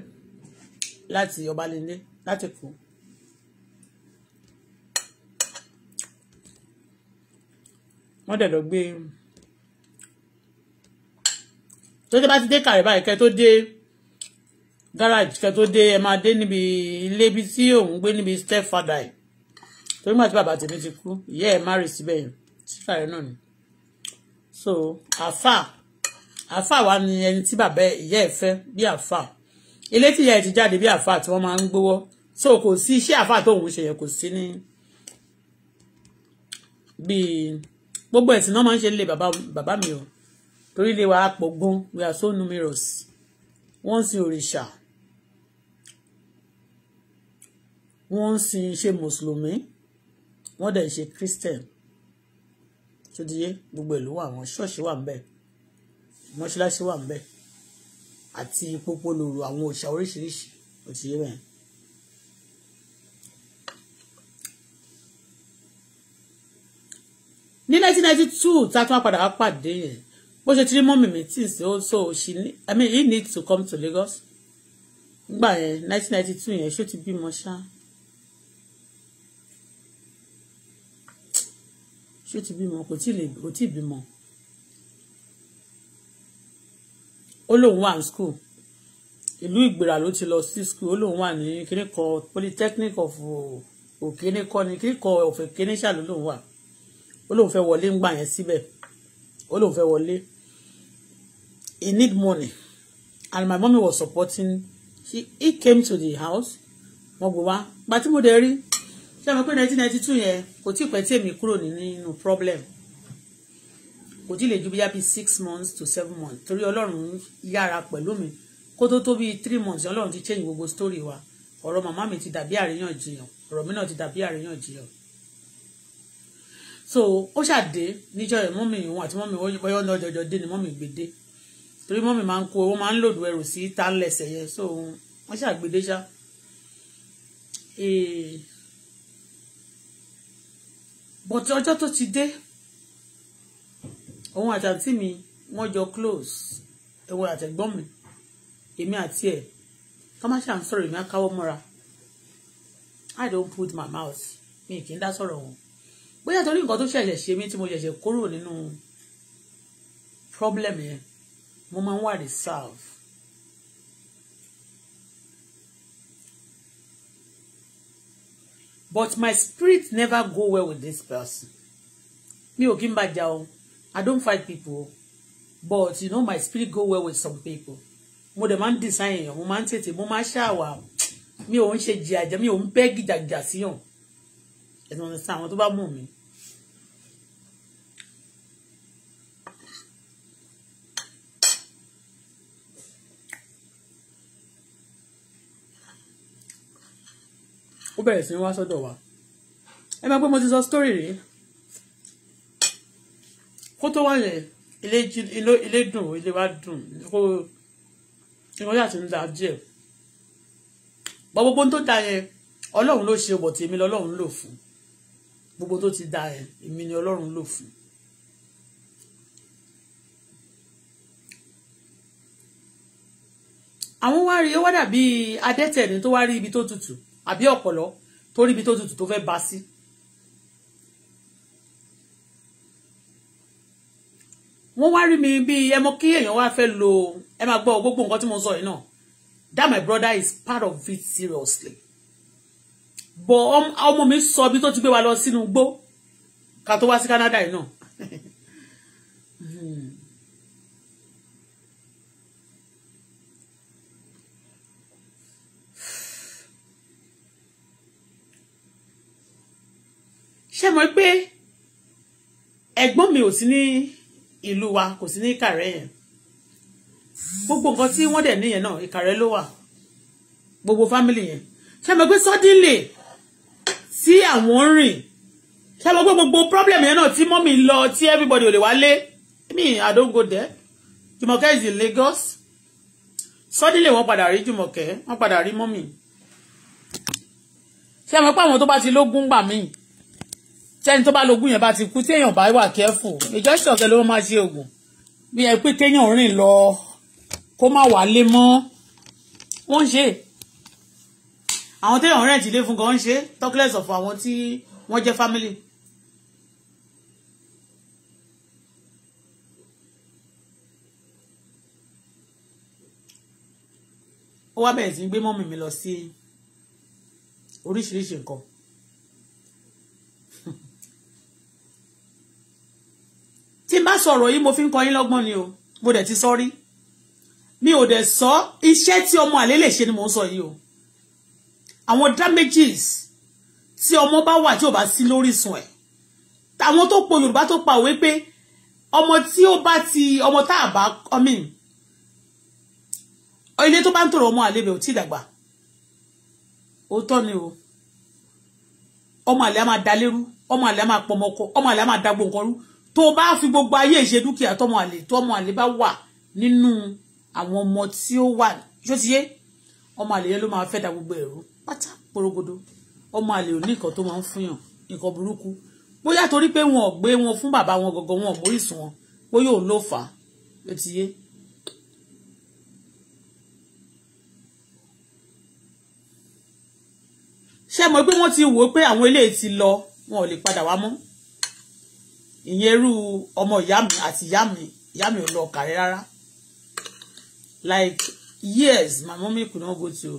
láti ọbalẹ́lé láti kú. wọ́n dẹ̀ lọ gbé tó dé bá ti dé kàrẹ́ báyìí kẹ́ tó dé garage kẹ́ tó dé ẹ máa dé níbi ilé ibi tí òun gbé níbi stepfather ẹ̀ torí màá tí bàbá tèmi ti kú ìyá ẹ̀ má síbẹ̀ yẹn sí kàrẹ́ náà ni so àfà àáfà wa ni ẹni tí bàbá ìyá ẹ̀ fẹ́ bí àáfà ilé tí ìyá ẹ̀ ti jáde bí àáfà tí wọ́n máa ń so kò sí iṣẹ́ àáfà tó òun ṣe yẹ kò sí ní bíi gbogbo ẹ̀sìn náà máa ń ṣe lè bàbá mi o torí lè wàá pọ̀ we are so numerous Once sin òrìṣà wọ́n sin ṣe mùsùlùmí wọ́n dẹ̀ christian So di yé gbogbo ìlú wà àwọn ṣọ́ọ̀ṣì wà ń mọ́ṣáláṣí wà ńbẹ̀ àti pópó lòrò àwọn òòṣà oríṣiríṣi òtí yé ní nineteen two tá a tún padà wá pàdé yẹn bó ṣe ti rí mọ́mì mi tí ìsìn so she i mean he need to come to Lagos nígbà yẹn nineteen ninety two yẹn ṣó ti bímọ ṣá ṣó ti bímọ kò tí ì bímọ. ó lóun wà ní school ìlú ìgbéra ló ti lọ sí school ó lóun wà ní kíní kan polytechnic of òkíní kọ́ ni kíní kan ọ̀fẹ́ kíní ṣà ló lóun wà ó lóun fẹ́ wọlé ń gbà yẹn síbẹ̀ ó lóun fẹ́ wọlé he need money and my mommy was supporting she he came to the house wọ́n gbé wá gba tí mo dé rí ṣé o mọ̀ pé nineteen ninety two yẹn kò tí ì pẹ́ tí èmi kúrò nínú problem kò tí ì lè ju bí yàbí six months to seven months torí ọlọ́run yára pẹ̀lú mi kó tó tó bíi three months ọlọ́run ti change gbogbo story wa ọ̀rọ̀ màmá mi ti dàbí àríyànjiyàn ọ̀rọ̀ mi náà ti dàbí àríyànjiyàn so ó ṣàdé níjọ́ yẹn mọ́mì òun àti mọ́mì bọ́yọ́ ní ọjọ́jọ́ dé ni mọ́mì gbèdé torí mọ́mì máa ń kó owó máa ń lòdù ẹrù sí tánlẹ̀sẹ̀ yẹn so wọ́n ṣàgbédé ṣá bọ̀tí ọjọ́ tó ti dé òun àti àǹtí mi wọ́n jọ close ẹ̀wọ̀n àtẹ̀gbọ́n mi èmi àti ẹ̀ tọ́máṣà ń sọ̀rọ̀ èmi á káwọ́ mọ́ra I don't put my mouth mi kì í dá sọ̀rọ̀ wọn bóyá torí nǹkan tó ṣẹ̀ṣẹ̀ ṣe mí tí mo ṣẹ̀ṣẹ̀ kúrò nínú problem yẹn mo máa ń wà reserve but my spirit never go well with this person mi ò kí n bá jà o I don't fight people but you know my spirit go well with some people mo the man design èèyàn mo máa ń mo máa ń ṣàwà mi ò ń ṣe jìyàjẹ mi ò ń bẹ́ gìjàgìjà síyàn ẹ̀sùn ọ̀sán àwọn tó bá mọ̀ mí. ó bẹ̀rẹ̀ sí wá sọ́dọ̀ wa ẹ máa gbé mo ti sọ story rèé kó tó wà yẹn ilé dùn ilé wa dùn kó ìwọ́n yà ti ń da díẹ̀ bọ́ gbogbo tó da yẹn ọlọ́run ló ṣe bọ̀ tèmi lọ́lọ́run lò fún gbogbo tó ti da yẹn èmi ni ọlọ́run lò fún. àwọn wá rí ó wá dàbí adẹ́tẹ̀ tó wá rí ibi tó tutù àbí ọ̀pọ̀lọ́ tó rí ibi tó tutù tó fẹ́ bá sí. Si wọ́n wá rí mi bíi ẹmọ kí èèyàn wá fẹ́ lo ẹ máa gbọ́ gbogbo nǹkan tí mo sọ yìí that my brother is part of it seriously but ọmọ mi sọ bí to ti gbé wa lọ sínú igbó ká tó wá sí Canada yìí náà hmm. ṣé mo pé ẹ̀gbọ́n mi ò sí ní ìlú wa kò sí ní Ìkàrẹ́ yẹn gbogbo nǹkan tí wọ́n dẹ̀ níyẹn náà Ìkàrẹ́ ló wà gbogbo fámìlì yẹn ṣe mọ̀ pé suddenly tí àwọn ń rìn ṣe mọ̀ pé gbogbo problem yẹn náà tí mọ́mì lọ tí everybody ò lè wálé mi I don't go there Jùmọ̀kẹ́ is in Lagos suddenly wọ́n padà rí Jùmọ̀kẹ́ wọ́n padà rí mọ́mì ṣe mọ̀ pé àwọn tó bá ti lógún gbà míì tẹ́ni tó bá lógún yẹn bá ti kú téèyàn bá wà kẹ́fù ìjọsìn ọ̀tẹ̀ ló máa ṣe oògùn bí ẹ pé téèyàn rìn lọ kó má wà lé mọ́ wọ́n ṣe àwọn téèyàn rẹ̀ ti lé fún gan ṣe talkless of àwọn tí wọ́n jẹ́ family. ó wá bẹ̀rẹ̀ sí gbé mọ́mì mi lọ sí oríṣiríṣi nǹkan tí n bá sọ̀rọ̀ yìí mo fi ń kọ́ yín lọ́gbọ́n ni o mo dẹ̀ ti sọ rí mi ò dẹ̀ sọ iṣẹ́ tí ọmọ àlè lè ṣe ni mò ń sọ yìí o àwọn damages tí ọmọ bá wà tí ò bá sí lórísun ẹ̀ àwọn tó po Yorùbá tó pa òwe pé ọmọ tí ó bá ti ọmọ tá a bá ọmọ ilé tó bá ń tòrò ọmọ àlè mi ò tí ì dàgbà òótọ́ ni o ọmọ àlè á máa dalérú ọmọ àlè á máa pọmọkọ ọmọ àlè á máa dagbo nǹkan rú tó bá fi gbogbo ayé ìṣe dúkìá tọmọ àlè tọmọ àlè bá wà nínú àwọn ọmọ tí ó wà ṣó ti yé ọmọ àlè yẹn ló máa fẹ́ da gbogbo ẹ̀rú pátá porogodo ọmọ àlè ò ní nǹkan tó máa ń fúnyàn nǹkan burúkú bóyá torí pé wọn ò gbé wọn fún bàbá wọn gọgọ wọn ò mórísùn wọn bóyá òun ló fà á ló ti yé. ṣé mo pé wọ́n ti wò ó pé àwọn ti lọ wọn ò lè padà wá mọ́ ìyẹn irú ọmọ ìyá mi àti ìyá mi ìyá mi ò lọ kàrí rárá like years my mommy could not go to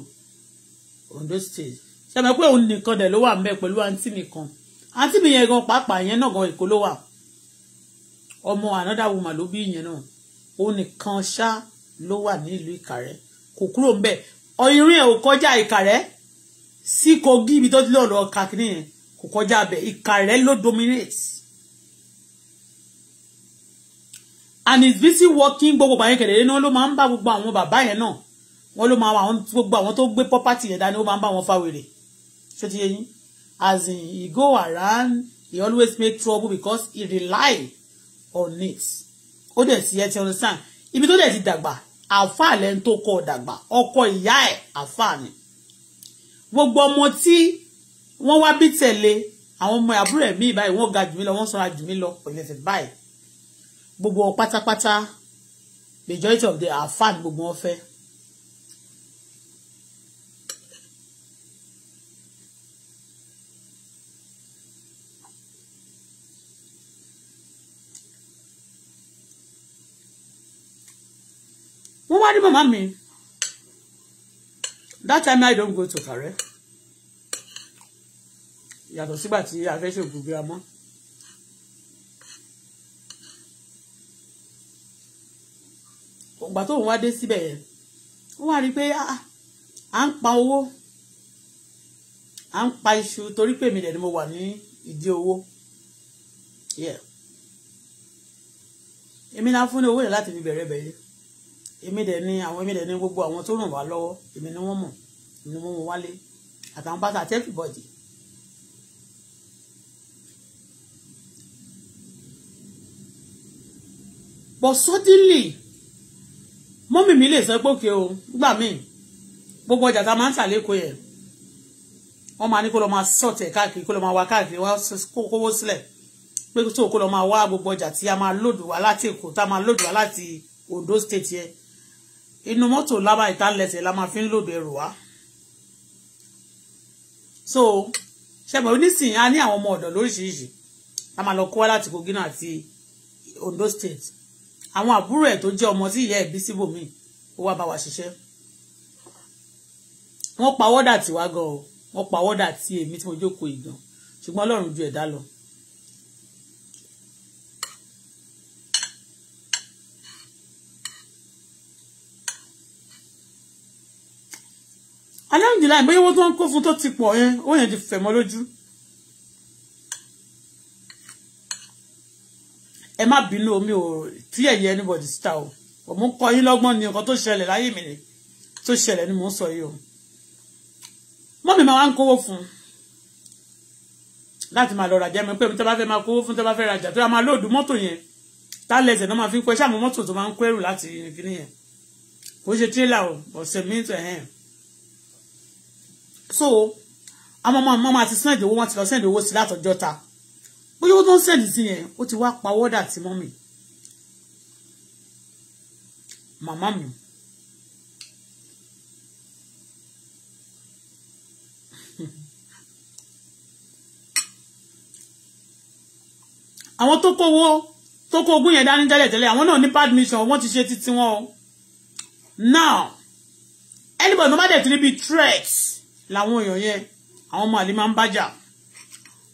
Ondo state ṣe mọ̀ pé òun nìkan dẹ̀ ló wà ń bẹ̀ pẹ̀lú àǹtí mi kan àǹtí mi yẹn gan pàápàá yẹn náà gan Èkó ló wà ọmọ another woman ló bí yẹn náà òun nìkan ṣá ló wà ní ìlú Ìkàrẹ́ kò kúrò ń bẹ̀ ọyìnrín ẹ̀ ò kọjá Ìkàrẹ́ sí Kogi ibi tó ti lọ́ọ́ lọ́ọ́ kakínì yẹn kò kọjá bẹ̀ Ìkàrẹ́ ló dominate and is busy working gbogbo bàyẹn kẹ̀lẹ́ náà ló máa ń bá gbogbo àwọn bàbá yẹn náà wọ́n ló máa àwọn gbogbo àwọn tó gbé property yẹn dání ó máa ń bá wọn fa wèrè ṣé ti yẹ yín as in he go around he always make trouble because he rely on it ó dẹ̀ sí ẹ ti understand ibi tó dẹ̀ ti dàgbà àáfàá lẹ́nu tó kọ́ dàgbà ọkọ ìyá ẹ̀ àáfàá ni gbogbo ọmọ tí wọ́n wá bí tẹ̀lé àwọn ọmọ àbúrò ẹ̀ míì báyìí wọ́n ga jù mí lọ wọ́n sanra jù mí lọ pẹ̀lẹ́fẹ̀ báyìí gbogbo wọn pátápátá majority of the Afan ni gbogbo wọn fẹ́. wọ́n wá ní màmá mi that time I don't go to kare yàtọ̀ sígbà tí a fẹ́ ṣe ògùn gbéra mọ́. ìgbà tóun wá dé síbẹ̀ yẹn wọ́n wá rí i pé ah, ah, à ń pa owó à ń pa iṣu torí pé èmi dẹ̀ ni mo wà ní ìdí owó èmi náà fún ní owó yẹn láti fi bẹ̀rẹ̀ bẹ̀rẹ̀ èmi dẹ̀ ni àwọn èmi dẹ̀ ni gbogbo àwọn tó ràn wá lọ́wọ́ èmi ni wọ́n mọ̀ ni wọ́n mọ̀ wálé àtàwọn bàtà tẹ́fì bọ̀dì. but suddenly mọ́mì mi lè sọ pé òkè o gbà míì gbogbo ọjà tá a máa ń tà lẹ́kọ̀ọ́ yẹn wọ́n máa ní kó lọ máa sọ̀tẹ̀ káàkiri kó lọ máa wá káàkiri wá kówó sílẹ̀ pé tó kó lọ máa wá gbogbo ọjà tí a máa lòdù wá láti Èkó tá a máa lòdù wá láti Ondo state yẹn inú mọ́tò lábá ìtàlẹ́sẹ̀ la máa fi ń lòdù ẹrù wá. so ṣẹ̀bọ̀ onísìnyí a ní àwọn ọmọ ọ̀dọ̀ lóríṣiríṣi a máa lọ kó wá láti Kogi náà àti Ondo state àwọn àbúrò ẹ̀ tó jẹ́ ọmọ tí ìyá ẹ̀ bí síbòmí ó wá bá wa ṣiṣẹ́ wọ́n pa wọ́dà tí wá gan o wọ́n pa wọ́dà tí èmi tí mo jókòó ìgbọ̀n ṣùgbọ́n ọlọ́run ju ẹ̀dá lọ. alhamdulilayi bóyá owó tó ń kó fún tó ti pọ̀ yẹn ó yẹn ti fẹ̀ lójú. ẹ má bínú omi ò tí ẹ̀yẹ anybody síta o ọmọ kọ yín lọ́gbọ́n ni nǹkan tó ṣẹlẹ̀ láyé mi ni tó ṣẹlẹ̀ ni mò ń sọ yìí o mọ́mí máa ń kówó fún láti máa lọ rajà mi pé mi tó bá fẹ́ máa kówó fún tó bá fẹ́ rajà tó bá máa lóòdù mọ́tò yẹn tá náà máa fi ń pẹ́ ṣáà mọ́ mọ́tò tó máa ń kó ẹrù láti ìrìnkiri yẹn kò ṣe tírélà o ọ̀sẹ̀ mi tó ẹ̀hẹ́n so àwọn ọmọ ọmọ àti sẹ́ǹdì owó wọn ti lọ sẹ́ǹdì owó sí látọjọ́ ta bóyá ó tó ń sẹ́ẹ̀dì sí yẹn ó ti wá pa wọ́dà tí mọ́ mi màmá mi. àwọn tó kówó tó kó ogún yẹn dání tẹ́lẹ̀ tẹ́lẹ̀ àwọn náà ní permission wọ́n ti ṣe títí wọn o now anybody no matter three bíi threats làwọn èèyàn yẹn àwọn ọmọ àlè máa ń bájà.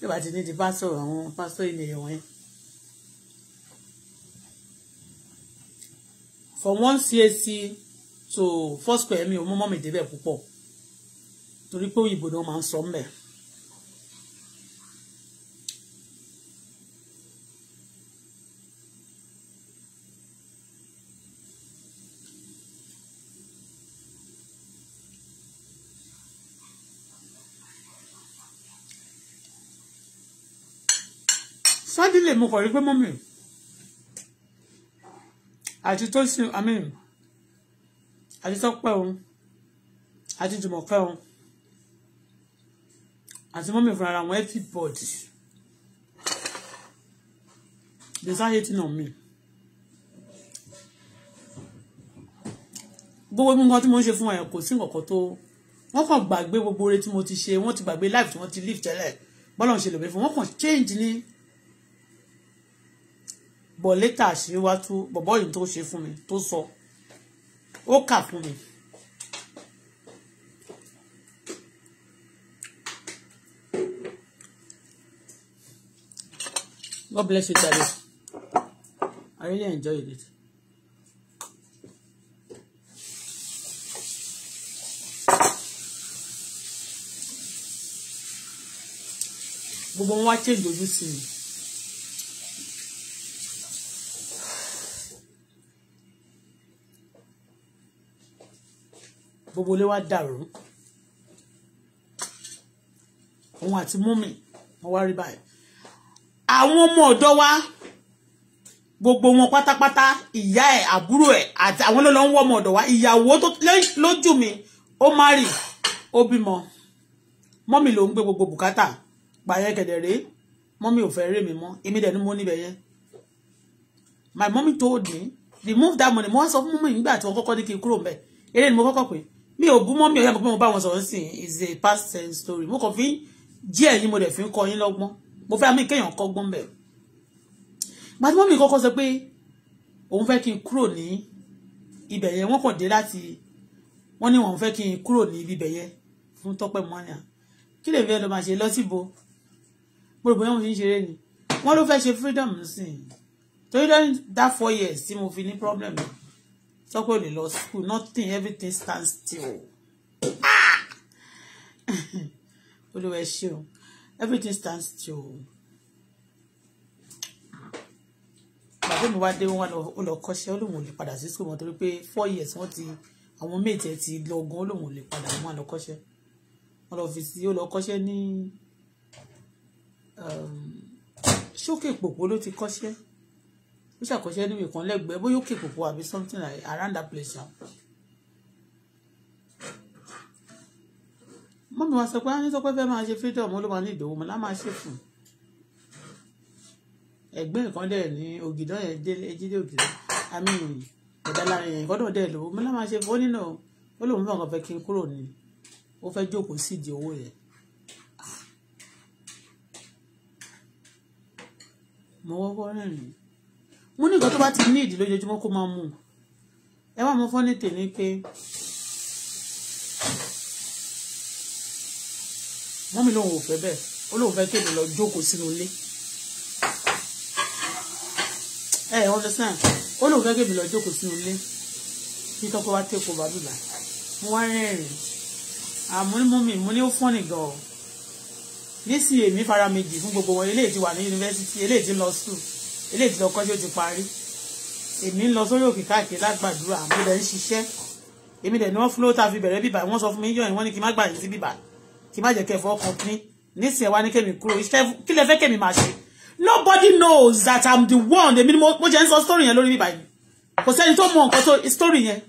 tí wàá ti ní di pásítọ̀ àwọn pásítọ̀ ènìyàn wọ̀nyẹn. from one CAC to Foursquare mi ò mú mọ́mì débẹ̀ púpọ̀ torí pé òyìnbó ni wọ́n máa ń sọ mbẹ̀. suddenly mo kọ̀ rí pé mọ́mì àti tó sin i mean àti tó pẹ́ òun àti jùmọ̀pẹ́ òun àti mọ́mì fúnra ra wọn everybody they start hating on me. gbogbo nǹkan tí mo ń ṣe fún ẹ kò sí nǹkan tó wọ́n kàn gbàgbé gbogbo oore tí mo ti ṣe wọ́n ti gbàgbé life tí wọ́n ti live tẹ́lẹ̀ bọ́lá ń ṣe lòbẹ́ fún wọ́n kàn change ní but later àṣírí wá tú bọ̀bọ́ yìí tó ṣe fún mi tó sọ ó kà fún mi. God bless you, Daddy. I really enjoyed it. gbogbo wọn wá change ojú sí mi. gbogbo ilé wa dàrú òun àti mọ́mì wọ́n wá rí báyìí àwọn ọmọ ọ̀dọ́ wa gbogbo wọn pátápátá ìyá ẹ̀ àbúrò ẹ̀ àti àwọn lọ́lọ́ ń wọ́ ọmọ ọ̀dọ̀ wa ìyàwó lójú mi ó má rì ó bímọ mọ́mì ló ń gbé gbogbo bùkátà pààyẹ kẹ̀dẹ̀ rèé mọ́mì ò fẹ́ rè mí mọ́ èmi dẹ̀ ni mo níbẹ̀ yẹn my mommy told me remove that money mo wá sọ fún mọ́mì nígbà tí wọ́n kọ́kọ́ ní kí n kúrò mbẹ̀ eré ni mo kọ́kọ́ pè é mi ò bú mọ́ mi ò yá mo pé mo bá wọn sọ̀rọ̀ sí is a past tense story mo kàn fi díẹ̀ ni mo dẹ̀ fi ń kọ́ yín lọ́gbọ́n mo fẹ́ àmì kéèyàn kọ́gbọ́n bẹ̀. gbàtí mọ́mí kọ́kọ́ sọ pé òun fẹ́ kí n kúrò ní ibẹ̀ yẹn wọ́n kàn dé láti wọ́n ní wọ́n fẹ́ kí n kúrò ní ibibẹ̀ yẹn fún tọ́pẹ́ mọ́nìyà kí lè fi ẹnu ṣe lọ síbo mo rò bóyá mo fi ń ṣeré ni wọ́n ló fẹ́ ṣe freedom sí i torí lẹ́yìn that four years tí mo fi ní problem yìí sọ pé ò lọ school nothing everything stand still ah! olùwà ẹ ṣeun everything stand still bàbá mi wá dé wọn lọ kọ́ṣẹ́ olóhùn ò lè padà sí school mọ́ torí pé four years wọ́n ti àwọn méje ẹ̀ ti lọ gan olóhùn ò lè padà wọn lọ kọ́ṣẹ́ wọn lọ fi sí ó lọ kọ́ṣẹ́ ní um, ṣókè pòpó ló ti kọ́ṣẹ́ ó ṣàkóso níbi kan lẹ́gbẹ̀ẹ́ bóyá ó kè kòkó àbí something like around that place yẹn. mọ́mí wa sọ pé á ní sọ pé fẹ́ máa ṣe freedom ló máa ní ìdòwò mọ́ lá máa ṣe fún un ẹgbẹ́ nǹkan dẹ̀ ní ògìdán yẹn dé ejídé ògìdán àmì ọ̀dàlárin yẹn gbọ́dọ̀ dẹ̀ lówó mi láwọn ṣe fún nínà ó lóun fún ọkàn fẹ́ kí n kúrò ní ó fẹ́ jókòó sídìí owó yẹn. Ah. mo wọ́wọ́ rẹ̀rìn mo ní nǹkan tó bá ti ní ìdí lójoojúmọ́ kó máa mú un ẹ wá mọ fọ́n ní tèmi pé wọ́n mi lòun ò fẹ́ bẹ́ẹ̀ ó lòun fẹ́ kéde lọ jókòó sínú ilé ẹ ẹ wọ́n fẹ́ sàn ó lòun fẹ́ kéde lọ jókòó sínú ilé bí tọ́pẹ́ wá tẹ́kọ̀ọ́ bàbá mo wá rẹ́rìn àmọ́ ní mọ́mì mo ní ó fọ́nì gan-an nísìnyí èmi fara mi jì fún gbogbo wọn eléyìí ti wà ní yunifásitì eléyìí ti lọ sùn eléyìí ti lọ kọ́ṣẹ́ ti parí èmi ń lọ sórí òkè káàkiri lágbàdúrà mo dẹ̀ ń ṣiṣẹ́ èmi dẹ̀ ni wọ́n fún lóòótá fi bẹ̀rẹ̀ bíbà wọ́n sọ fún mi yọ̀ ẹ̀ wọ́n ní kí n má gbà yín sí bíbà kí n má jẹ́ kẹ́ ọkàn pín nísìnyẹ wá ní kẹ́mi kúrò iṣẹ́ kí lẹ fẹ́ kẹ́mi máa ṣe nobody knows that i'm the one èmi ni mo jẹ́ ń sọ story yẹn lórí bíbà yìí kò sẹ́ni tó mọ nǹkan tó story yẹn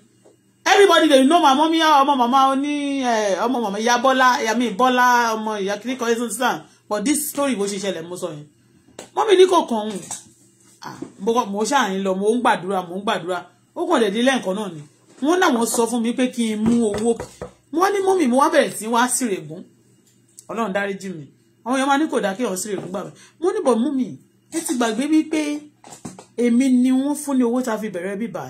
everybody dey know my mommy ọmọ mama oní ọmọ mama ìyá bọ́lá ìyá mi bọ́lá ọmọ ìyá kìnnìkan ẹ̀sùn sàn but this story bó ṣe ṣẹlẹ̀ mo sọ yẹn mọ́mí ní kò kàn ń mo ṣáà ń lọ mo ń gbàdúrà mo ń gbàdúrà ó kàn dẹ̀dí lẹ́ǹkan náà ni wọ́n náwọn sọ fún mi pé kí n mú owó wọ́n ní mọ́mì mo wá bẹ̀rẹ̀ sí wá sírègún ọlọ́run dáríjì mi àwọn èèyàn máa ní kò dá kí ọ̀hún sírègún gbà mí mo ní bọ̀ mọ́mì ẹ ti gbàgbé wípé èmi ni wọ́n fún ní owó tá a fi bẹ̀rẹ̀ bíbà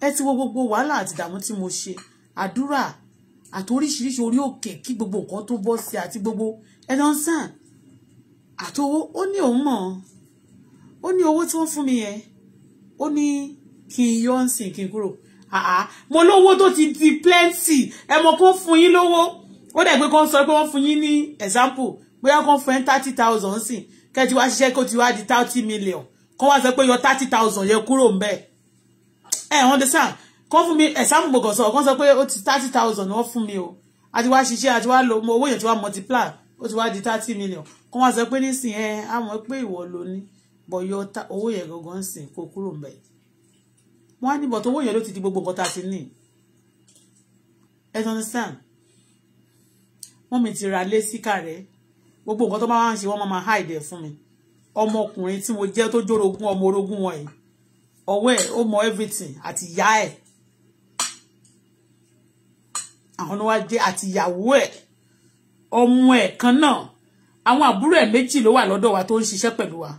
ẹ ti wo gbogbo wàhálà àti ìdààmú tí mo ṣe àdúrà àti oríṣiríṣi orí òkè kí gbogbo nǹkan tó bọ́ sí àti gbogbo ẹ̀dán sàn àtowó ó ní òun mọ̀ ó ní owó tí wọ́n fún mi yẹn ó ní kí n yọ ń sìn kí n kúrò mo lówó tó ti di plenty ẹ mọ̀ kó fún yín lówó ó dẹ̀ pé kó sọ pé wọ́n fún yín ní example bóyá kó fún yín thirty thousand sìn kẹ́ẹ̀tì wá ṣiṣẹ́ kó ti wá di thirty million kó wá sọ pé yọ thirty thousand yẹ kúrò ń bẹ̀ ẹ understand kó fún mi example gbogbo sọ kó sọ pé ó ti thirty thousand wọ́n fún mi o àti wá ṣiṣẹ́ àti wá lo owó yẹn ti wá multiply ó ti wá di thirty million kó wá sọ pé nísìnyẹn á mọ̀ pé ìwọ ló ní but yọ owó yẹn gangan sìn kó kúrò mbẹ wọn á ní but owó yẹn ló ti di gbogbo nǹkan tá a ti ní ẹ tó ń sàn wọn mi ti ra lé síkà rẹ gbogbo nǹkan tó bá wà ń ṣe wọn máa hide ẹ fún mi ọmọkùnrin tí mo jẹ́ tó jórogún ọmọ orogún wọn yìí ọwọ́ ẹ̀ ó mọ everything àti ìyá ẹ̀ àwọn ni wàá jẹ́ àti ìyàwó ẹ̀ ọmọ ẹ̀ kan náà àwọn àbúrò ẹ̀ méjì ló wà lọ́dọ̀ wa tó ń ṣiṣẹ́ pẹ̀lú wa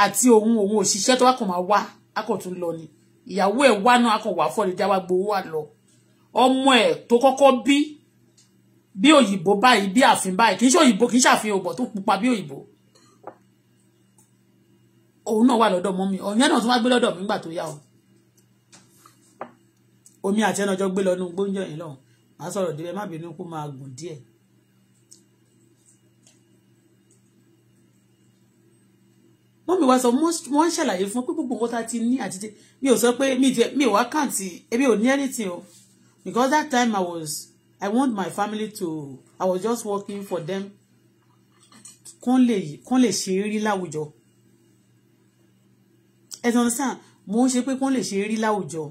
àti òun òun òṣìṣẹ́ tó wá kàn máa wá akọ̀ tún lọ ni ìyàwó ẹ̀ wá náà akọ̀ wá fọ́ ni jáwá gbowó wà lọ ọmọ ẹ̀ tó kọ́kọ́ bí bí òyìnbó báyìí bí àfin báyìí kì í ṣe òyìnbó kì í ṣàfihàn òbọ̀ tó pupa bí òyìnbó òun náà wà lọ́dọ̀ mọ́ mi ọ̀yàn náà tún wá gbé lọ́dọ̀ mi nígbà tó yá o omi àti ẹnu ọjọ́ gbé lọ gbóúnjẹ yìí lọ́hùn má sọ̀rọ̀ dé má bínú kó máa gùn díẹ̀ mọ́mí wa sọ wọ́n ń ṣàlàyé fún pé gbogbo nǹkan tá a ti ní àti mi ò sọ pé mi ò wá kàǹtì èmi ò ní anything o because that time I was I want my family to I was just working for them kán lè kán lè ṣe é rí láwùjọ ẹ ti understand mo ń ṣe pé kán lè ṣe é rí láwùjọ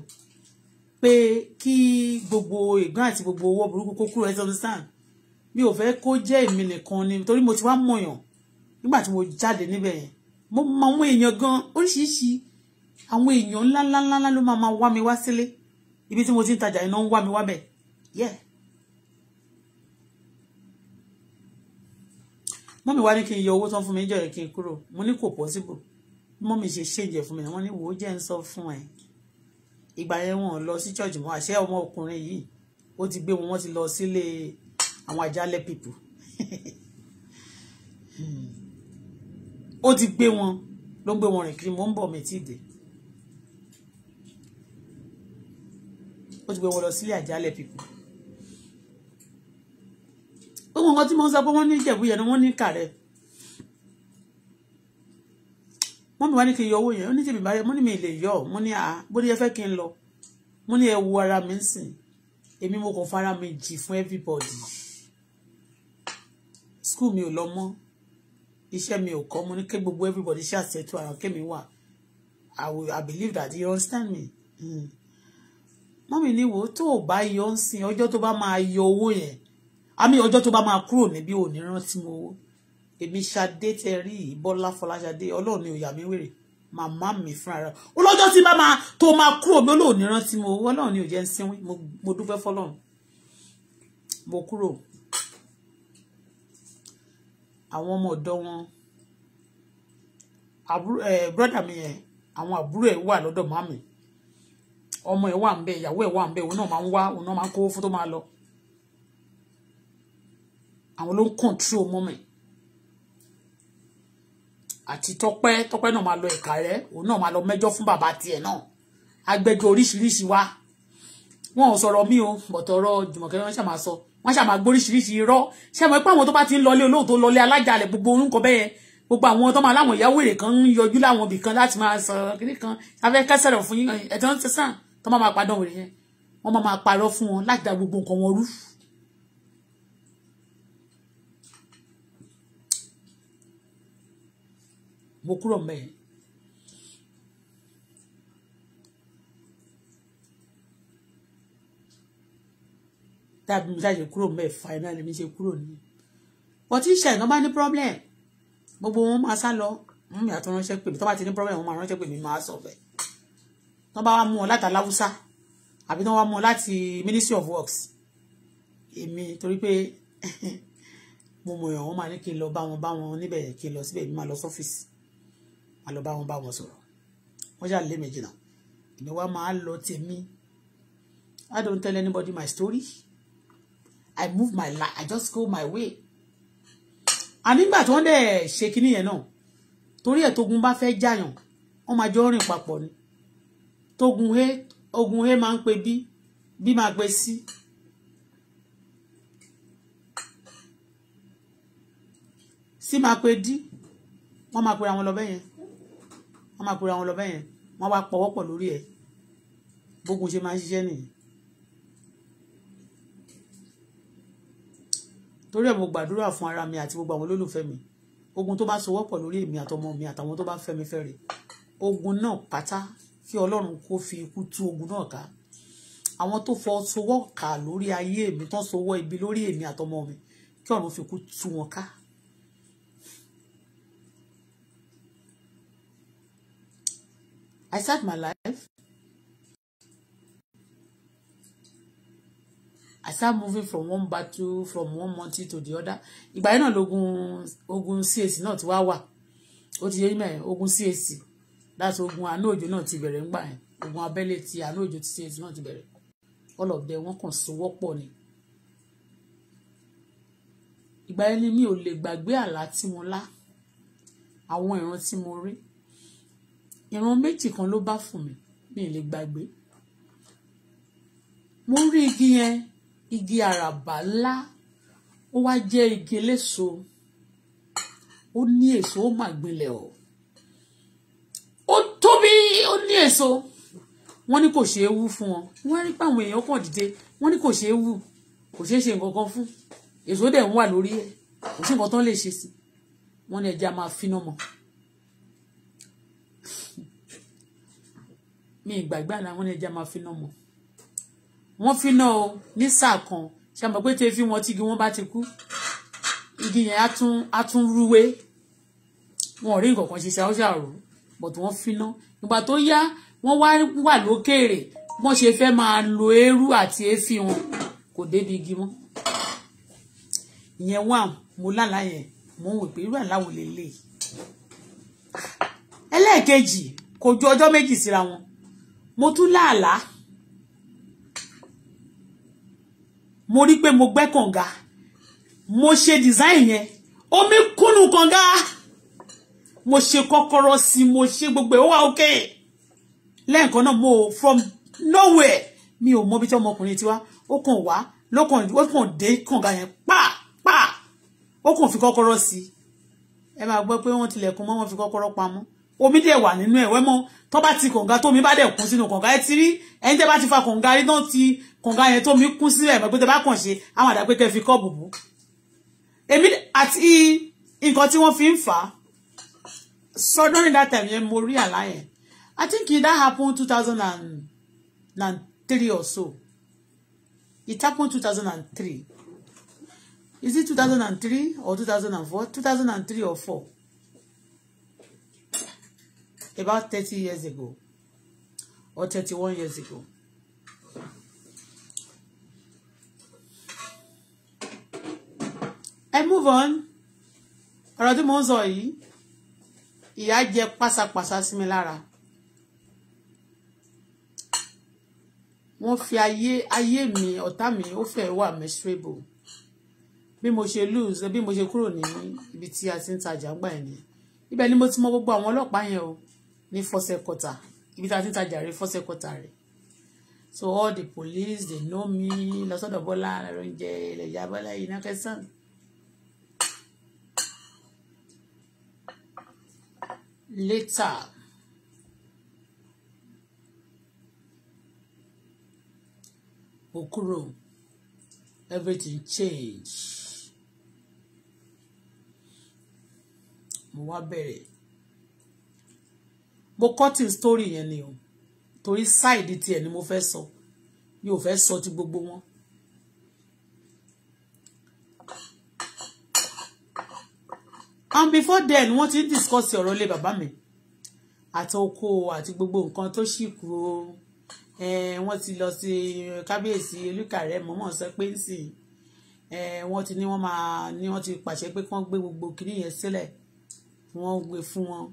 pé kí gbogbo ìgbọ́n àti gbogbo owó burúkú kó kúrò ẹ ti understand mi ò fẹ́ kó jẹ́ èmi nìkan ni torí mo ti wá mọ̀yàn nígbà tí mo jáde níbẹ̀ yẹn mo mọ àwọn èèyàn gan oríṣiríṣi àwọn èèyàn ńláńláńlá ló máa máa wá mi wá sílé ibi tí mo ti ń tajà iná ń wá mi wá bẹ̀ yeah. mọ́mí wá ní kí n yọ owó tán fún mi níjọ́ yẹn kí n kúrò mo ní kò possible bí mọ́mí ṣe ṣèǹjẹ fún mi wọ́n ní wò ó jẹ́ ń sọ fún ẹ̀ ìgbà yẹn wọn lọ sí church mọ́ àṣẹ ọmọ ọkùnrin yìí ó ti gbé wọn wọ́n ti lọ sílé àwọn àjálẹ̀ people. hmm ó ti gbé wọn ló ń gbé wọn rìn kiri mò ń bọ̀ mẹ́tì dé ó ti gbé wọn lọ sílé àjálẹ̀ pípọ̀ ó mọ̀ nǹkan tí mo ń sọ pé wọ́n ní ìjẹ̀bú yẹn ni wọ́n ní kàrẹ́ wọ́n mi wá ní kí n yọ owó yẹn ó ní tèmi bá yẹ mo ní mi lè yọ mo ní à bó ní ẹ fẹ́ kí n lọ mo ní ẹ wo ara mi ń sìn èmi mo kàn fara mi jì fún everybody school mi ò lọ mọ́ iṣẹ́ mi ò kọ́ mo ní kí gbogbo everybody ṣe àṣetú ara kémi wà i will i believe that you understand me. Mm. mọ́mì ní wo tó o bá yọ ń sin ọjọ́ tó bá máa yọ owó yẹn àmì ọjọ́ tó bá máa kúrò níbí ò ní rántí mi owó èmi ṣadé tẹ rí bọ́lá fọláṣadé ọlọ́run ni òyà mi wèrè màmá mi fúnra rẹ olọ́jọ́ tí bá máa tó máa kúrò mi olóòní rántí mi owó ọlọ́run ni ò jẹ́ ń sinwín mo dúpẹ́ fọlọ́run mo kúrò àwọn ọmọ ọ̀dọ́ wọn àbúrò ẹ brọ́dà mi yẹn àwọn àbúrò ẹ̀ wà lọ́dọ̀ màmí ọmọ ẹ̀ wà ń bẹ ìyàwó ẹ̀ wà ń bẹ òun náà máa ń wá òun náà máa ń kówó fún tó máa lọ àwọn ló ń kọ̀ǹtró mọ́mì àti tọ́pẹ́ tọ́pẹ́ náà máa lọ ẹ̀ka rẹ̀ òun náà máa lọ mẹ́jọ́ fún bàbá tiẹ̀ náà agbẹjọ́ oríṣiríṣi wá wọn ò sọ̀rọ̀ mí o bọ̀tọ̀ ọ̀rọ̀ jùmọ̀kẹ́ wọn sọ. So wọ́n ṣàmà gbóríṣiríṣi irọ́ ṣe mọ̀ pé àwọn tó bá ti ń lọlé olóòótọ́ lọlé alájàlẹ̀ gbogbo orúkọ bẹ́ẹ̀ gbogbo àwọn tó máa láwọn ìyàwó èrè kan ń yọjú láwọn ibì kan láti máa sọ̀rọ̀ kiri kan afẹ́ kẹsẹ̀rọ̀ fún yín ẹ̀tọ́ ń sẹ́sàn tó máa máa padà wèrè yẹn wọ́n máa máa parọ́ fún wọn láti da gbogbo nǹkan wọn rú. mo kúrò mẹ́rin tàbí mo ṣàṣe kúrò mẹ́ finally mi ṣe kúrò ní. wọ́n ti ń ṣe ìná bá ní problem gbogbo wọn máa sá lọ wọn mi àtúnránṣẹ́ pè mí tó bá ti ní problem wọn máa ránṣẹ́ pè mí máa sọ bẹ́ẹ̀. tó bá wá mú ọ láti aláwùsá àbí tó wá mú ọ láti ministry of works èmi torí pé mo mọ̀ èèyàn wọn máa ní kí n lọ bá wọn bá wọn níbẹ̀ kí n lọ síbẹ̀ mi máa lọ sọ́fíìsì máa lọ bá wọn bá wọn sọ̀rọ̀ wọ́n ṣáà lé mi jìnnà èmi máa lọ tèmi I don't tell anybody my story I move my life I just go my way and in tí one day, ṣe kinní yẹn náà torí ẹ̀ tógun bá fẹ́ On wọ́n máa jọ rìn papọ̀ ni tógun he ogun he máa ń pe bí bí máa pe sí. sí máa pe dí wọ́n máa pera wọn lọ bẹ́yẹn wọ́n máa pera wọn lọ bẹ́yẹn wọ́n wá pọ̀wọ́pọ̀ lórí ẹ̀ bógun ṣe máa ń ṣiṣẹ́ nìyẹn. torí ẹ̀ mo gbàdúrà fún ara mi àti gbogbo àwọn olólùfẹ́ mi ogun tó bá sowọ́pọ̀ lórí èmi àtọmọ mi àtàwọn tó bá fẹ́ mi fẹ́ ogun náà pátá kí ọlọ́run kó fi ikú tú ogun náà ká àwọn tó fọ sowọ́ kà lórí ayé mi tán sowọ́ ibi lórí èmi àtọmọ mi kí ọ̀run fi ikú tú wọn ká. I start my life I start moving from one battle from one mountain to the other ìgbà yẹn náà lógun ogun CAC náà ti wá wà ó ti yé mẹ́rin ogun CAC That ogun àánú òjò náà ti bẹ̀rẹ̀ ńgbà yẹn ogun abẹ́lé ti àánú òjò ti CAC náà ti bẹ̀rẹ̀ all of them wọ́n kàn sowọ́ pọ̀ ni ìgbà yẹn ni mi ò lè gbàgbé àlá tí mo lá àwọn ìran tí mo rí ìran méjì kan ló bá fún mi mi ò lè gbàgbé mo rí igi yẹn igi àràbà ńlá ó wá jẹ́ igi eléso ó ní èso ó mà gbilẹ̀ o ó tóbi ó ní èso wọ́n ní kò ṣeé wú fún wọn wọ́n rí pé àwọn èèyàn kàn dìde wọ́n ní kò ṣeé wú kò ṣeé ṣe nǹkan kan fún èso dẹ̀ ń wà lórí ẹ̀ kò sí nǹkan tán lè ṣe sí wọ́n ní ẹja máa finá mọ́ mi ìgbàgbà làwọn ẹja máa finá mọ́ wọ́n fi náà o ní sáà kan ṣe mọ̀ pé tẹ́fí wọn tígi wọn bá ti kú igi yẹn á tún rúwé wọn ò rí nǹkan kan ṣe ṣàṣàrò but wọ́n fi náà ìgbà tó yá wọ́n wá wà lókèèrè wọ́n ṣe fẹ́ máa lo eérú àti èéfín wọn kò débi igi mọ́ ìyẹn wà mo lálá yẹn mo ń wò pé irú àláwò lélẹ̀ ẹlẹ́ẹ̀kejì kò ju ọjọ́ méjì síra wọn mo tún láàlá mo rí pé mo gbẹ́ kànga mo ṣe design yẹn omi kúnnù kànga mo ṣe kọ́kọ́rọ́ sí mo ṣe gbogbo ẹ̀ òkè lẹ́ẹ̀kan náà mo from nowhere mi ò mọ bí tí ọmọkùnrin ti wá ó kàn wá lọ́kàn ó kàn dé kànga yẹn pa pa ó kàn fi kọ́kọ́rọ́ sí ẹ máa gbọ́ pé wọ́n tilẹ̀kùn mọ́ wọ́n fi kọ́kọ́rọ́ pamọ́ omi dẹ̀ wà nínú ẹ̀ wẹ́mọ́ tó bá ti kànga tómi bá dẹ̀ kún sínú kànga ẹ ti rí ẹni tẹ́ bá ti fa kànga rí náà ti kànga yẹn tómi kún sílẹ̀ mọ̀ pé bá kàn ṣe àwọn àdàpé kẹ́ fi kọ́ọ̀bù bù èmi àti nǹkan tí wọ́n fi ń fà á so during that time yẹn mo rí àlá yẹn I think that happened two thousand and three or so it happened two thousand and three is it two thousand and three or two thousand and four two thousand and three or four about 30 years ago or 31 years ago. I move on. ọ̀rọ̀ tí mo ń sọ yìí ìyá jẹ pásápásá sí mi lára wọ́n fi ayé ayé mi ọ̀tá mi ó fẹ́ wà mo ṣe lose bi mo ṣe kúrò ní ibi tí a ti ń tajà ń gbà yẹn ni ibẹ̀ ni mo ti mọ gbogbo àwọn ọlọ́pàá yẹn o ní fọ́sẹ̀ kọta ibi tí a ti ń tajà rí fọ́sẹ̀ kọta rí so all the police they know me lọ́sọ̀dọ̀ bọ́lá oúnjẹ ẹlẹ́yà bọ́lá yìí náà kẹsàn-án. later mo kúrò everything change mo wá bẹ̀rẹ̀ mo cutting story yẹn ni o torí side tiẹ̀ ni mo fẹ́ sọ mi ò fẹ́ sọ ti gbogbo wọn. and before then wọ́n ti discuss ọ̀rọ̀ ilé bàbá mi àti oko àti gbogbo nǹkan tó sì kúrò wọ́n ti lọ sí kábíyèsí olùkàrẹ́ mọ́mọ́ sọ pé ń sìn wọ́n ti ní wọ́n máa ní wọ́n ti pàṣẹ pé kí wọ́n gbé gbogbo kinní sílẹ̀ wọ́n gbé fún wọn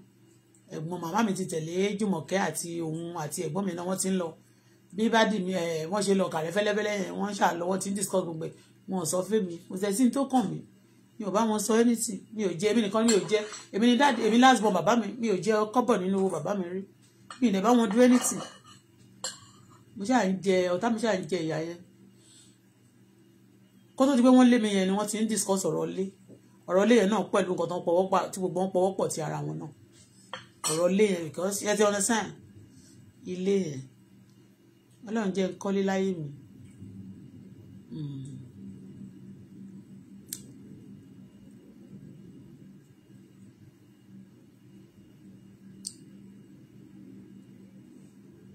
ẹ̀gbọ́n màmá mi ti tẹ̀lé Jùmọ̀kẹ́ àti òun àti ẹ̀gbọ́n mi náà wọ́n ti ń lọ bí bá dì mí ẹ̀ eh, wọ́n ṣe lọ kàrẹ́ fẹ́lẹ́fẹ́lẹ́ yẹn eh, wọ́n ṣà lọ́wọ́ tí ń discuss gbogbo ẹ̀ wọn ò sọ fún mi kò sẹ́sí tó kàn mí mi ò bá wọn sọ anything mi ò jẹ èmi nìkan mi ò jẹ èmi ni dad èmi last born bàbá mi mi ò jẹ kọ́bọ̀ nínú owó bàbá mi rí mi ì dẹ̀ bá wọn do anything mo ṣáà ń jẹ ọ̀tá mi ṣáà ń jẹ ìyá yẹn kó tó di pé wọ́n lé mi yẹn ni wọ́n ti ń discuss ọ̀rọ̀ lé ọ̀rọ̀ lé yẹn náà pẹ̀lú nǹkan tó ń pọ̀wọ́pọ̀ tí gbogbo wọn pọ̀wọ́pọ̀ ti ara wọn náà ọ̀rọ̀ ilé yẹn because ẹ ti understand ilé yẹn ọlọ́run jẹ́ nkọ́lé láyé mi hmm.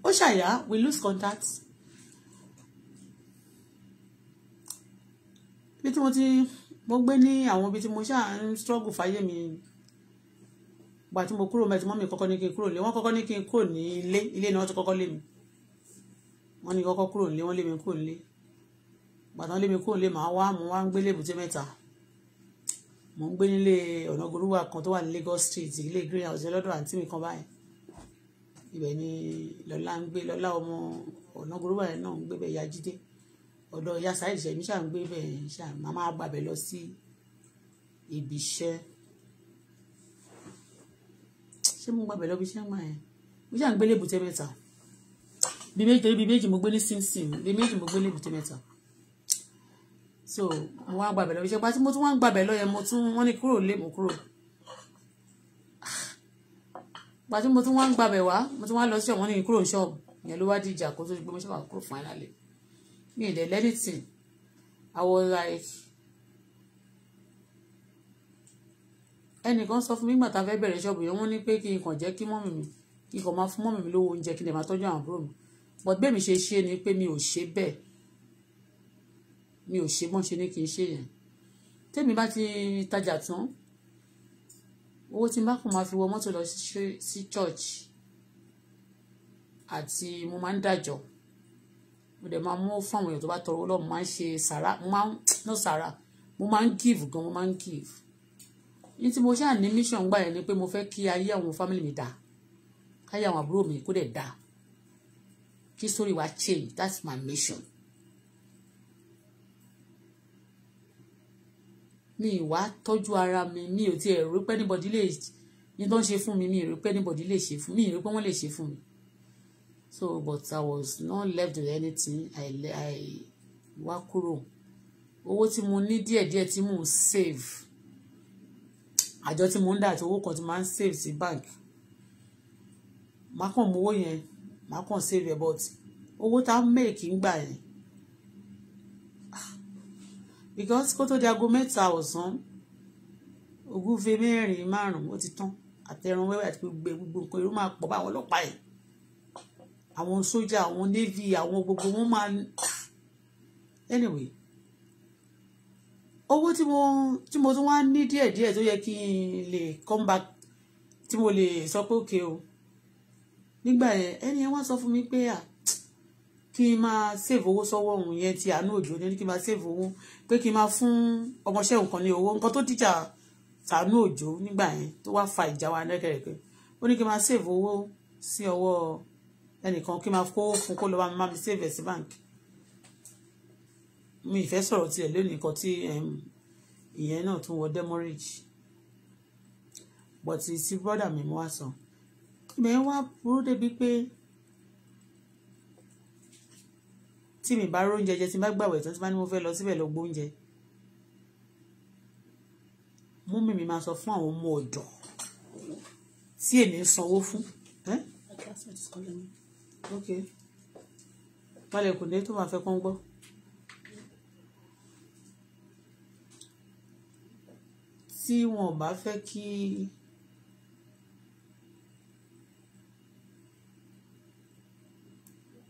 ó ṣàyà we lose contact bí tí mo ti mo gbé ní àwọn ibi tí mo ṣáà ń struggle fáyé mi gbà tí mo kúrò mẹ́tí mọ́mí kọ́kọ́ ní kí n kúrò lé wọ́n kọ́kọ́ ní kí n kúrò ní ilé ilé ni wọ́n ti kọ́kọ́ lé mi wọ́n ní kọ́kọ́ kúrò nílé wọ́n lé mi kúrò nílé gbàtàn lé mi kúrò nílé màá wá mo wá ń gbé lébùté mẹ́ta mo ń gbé nílé ọ̀nà gorúwà kan tó wà ní Lagos Street ilé green house lọ́dọ̀ àǹtí mi kan báyìí ibẹ̀ ni lọ́lá ń gbé lọ́lá ọmọ ọ̀nà gorúwà yẹn náà ń gbé bẹ́ẹ̀ ya jíde ọ̀dọ̀ ìyá sáyẹ̀dì ṣẹ̀mí ṣà ń gbé bẹ́ẹ̀ ṣà lọ sí ibi iṣẹ́ ṣé mo gbàgbẹ́ lọ́bi ṣé ń gbà yẹn mo ṣáà ń gbélé èbúté mẹ́ta bí méjì torí bí méjì mo gbé ní simsim bí méjì mo gbé ní mẹ́ta so mo wá gbàgbẹ́ lọ́bi ṣé pa tí mo tún wá ń gbàgbẹ́ lọ́yẹ mo tún wọ́n ní kúrò lé mo kúrò pa tí mo tún wá ń gbàgbẹ́ wá mo tún wá lọ sí ọ̀wọ́n ní kúrò ṣọ́ọ̀bù ìyẹn ló wá di kó tó ti gbé mo ṣe wà kúrò fún ẹ̀ lálẹ́ mi ì ẹnìkan sọ fún mi nígbà tá a fẹ́ bẹ̀rẹ̀ ṣọ́ọ̀bù yẹn wọ́n ní pé kí n kàn jẹ́ kí mọ́mì mi kí n kàn máa fún mọ́mì mi lówó oúnjẹ kí n lè máa tọ́jú àwọn àbúrò mi but bẹ́ẹ̀ mi ṣe ṣe ni pé mi ò ṣe bẹ́ẹ̀ mi ò ṣe bọ́n ṣe ni kì í ṣe yẹn tèmi bá ti tajà tán owó tí n bá kàn máa fi wọ mọ́tò lọ sí church àti mo máa ń dàjọ́ mo dẹ̀ máa mú fún àwọn èèyàn tó bá tọrọ lọ́mọ máa ń ṣe sàrà mo máa ń no sàrà mo máa ń give gan mo máa ń give ní tí mo ṣáà ní mission gbà yẹn ni pé mo fẹ́ kí ayé àwọn family mi dá káyé àwọn àbúrò mi kó dẹ̀ dá kí story wa change that's my mission. mi ìwà tọ́jú ara mi mi ò tiẹ̀ rí pé anybody lè ní tó ń ṣe fún mi mi rí pé anybody lè ṣe fún mi rí pé wọ́n lè ṣe fún mi so but I was not left with anything I I wá kúrò owó tí mo ní díẹ̀díẹ̀ tí mò ń save àjọ tí mo ń dà àti owó kan tí máa ń save sí bank máa kàn mú owó yẹn máa kàn save ẹ but owó tá make ń gbà yẹn ah, because kó tó di aago mẹ́ta ọ̀sán ogúnfe mẹ́rin márùn-ún ó ti tán àtẹrun wẹ́wẹ́ àti gbogbo nǹkan irú máa pọ̀ bá àwọn ọlọ́pàá yẹn àwọn sójà àwọn navy àwọn gbogbo wọn máa ah, anyway owó tí mo tí mo tún wá ní díẹ̀díẹ̀ tó yẹ kí n lè come back tí mo lè sọ pé òkè o nígbà yẹn ẹni yẹn wá sọ fún mi pé à kí n máa save owó sọ́wọ́ òun yẹn ti àánú òjò ní kí n máa save owó pé kí n máa fún ọmọọṣẹ́ nǹkan ní owó nǹkan tó tíjà tàánú òjò nígbà yẹn tó wá fa ìjà wa lẹ́kẹ̀rẹ̀kẹ́ ó ní kí n máa save owó sí ọwọ́ ẹnìkan kí n máa kó fún kó lọ́ọ́ bá mi save ẹ̀ sí báǹkì mi ìfẹ́ sọ̀rọ̀ tiẹ̀ lónìí kan tí ìyẹn náà tún wọ demorage but ti brother mi mú wá sàn mi wá burú débi pé tí mi bá róúnjẹ jẹ tí mi bá gbàwẹ̀ tán tí bá ní mo fẹ́ lọ síbẹ̀ lọ gbóúnjẹ mú mi mi máa sọ fún àwọn ọmọ ọ̀dọ́ tí èmi ń sanwó fún. Okay. Balẹ̀ kò ní tó máa fẹ́ kán gbọ́. tí wọn bá fẹ́ kí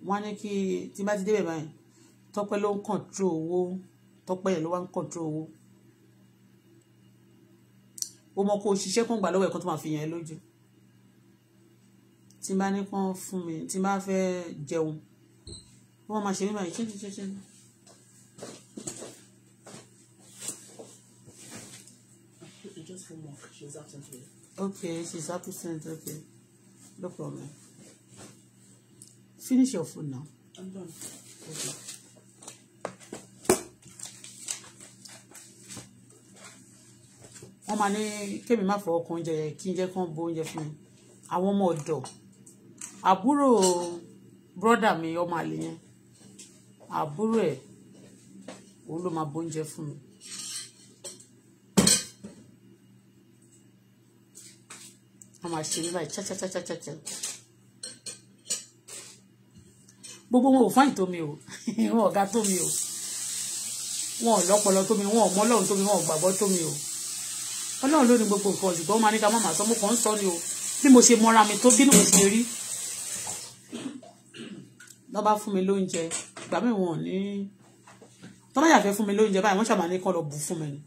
wọ́n ní kí tí bá ti débẹ̀ báyìí tọ́pẹ́ ló ń kọ̀ǹtró owó tọ́pẹ́ yẹn ló wá ń kọ̀ǹtró owó ó mọ kó o ṣiṣẹ́ kó ń gbà lọ́wọ́ ẹ̀kọ́ tó máa fi yàn ẹ́ lójú tí bá ní kán fún mi tí bá fẹ́ jẹun wọ́n máa ṣe mí báyìí ṣe ṣe ṣe. full month. She was absent today. Okay, she's absent. Okay, no problem. Finish your food now. I'm done. Okay. wọ́n máa ní kémi má fọwọ́ kan oúnjẹ yẹn kí n jẹ́ kán bó oúnjẹ fún mi àwọn ọmọ ọ̀dọ̀ àbúrò bọ́dà mi ọmọ àlè yẹn àbúrò ẹ̀ òun ló máa bó oúnjẹ fún mi. wọ́n máa ṣe bíbá ìchẹ́chẹ́chẹ́chẹ́chẹ́ gbogbo wọn ò fáìn tó mi o wọn ò ga tó mi o wọn ò lọ́pọlọ wọn ò mọ wọn ò gbàgbọ́ o ọlọ́run ló ní gbogbo nǹkan ṣùgbọ́n máa ní ká máa sọ mo kàn ń sọ ni o bí mo ṣe mọra mi tó bí mo ṣe rí lọ́ fún mi lóúnjẹ ìgbà mi wọn ò ní tọ́ bá fún mi lóúnjẹ báyìí wọ́n ṣàmà ní kọ́ lọ bù fún mi ni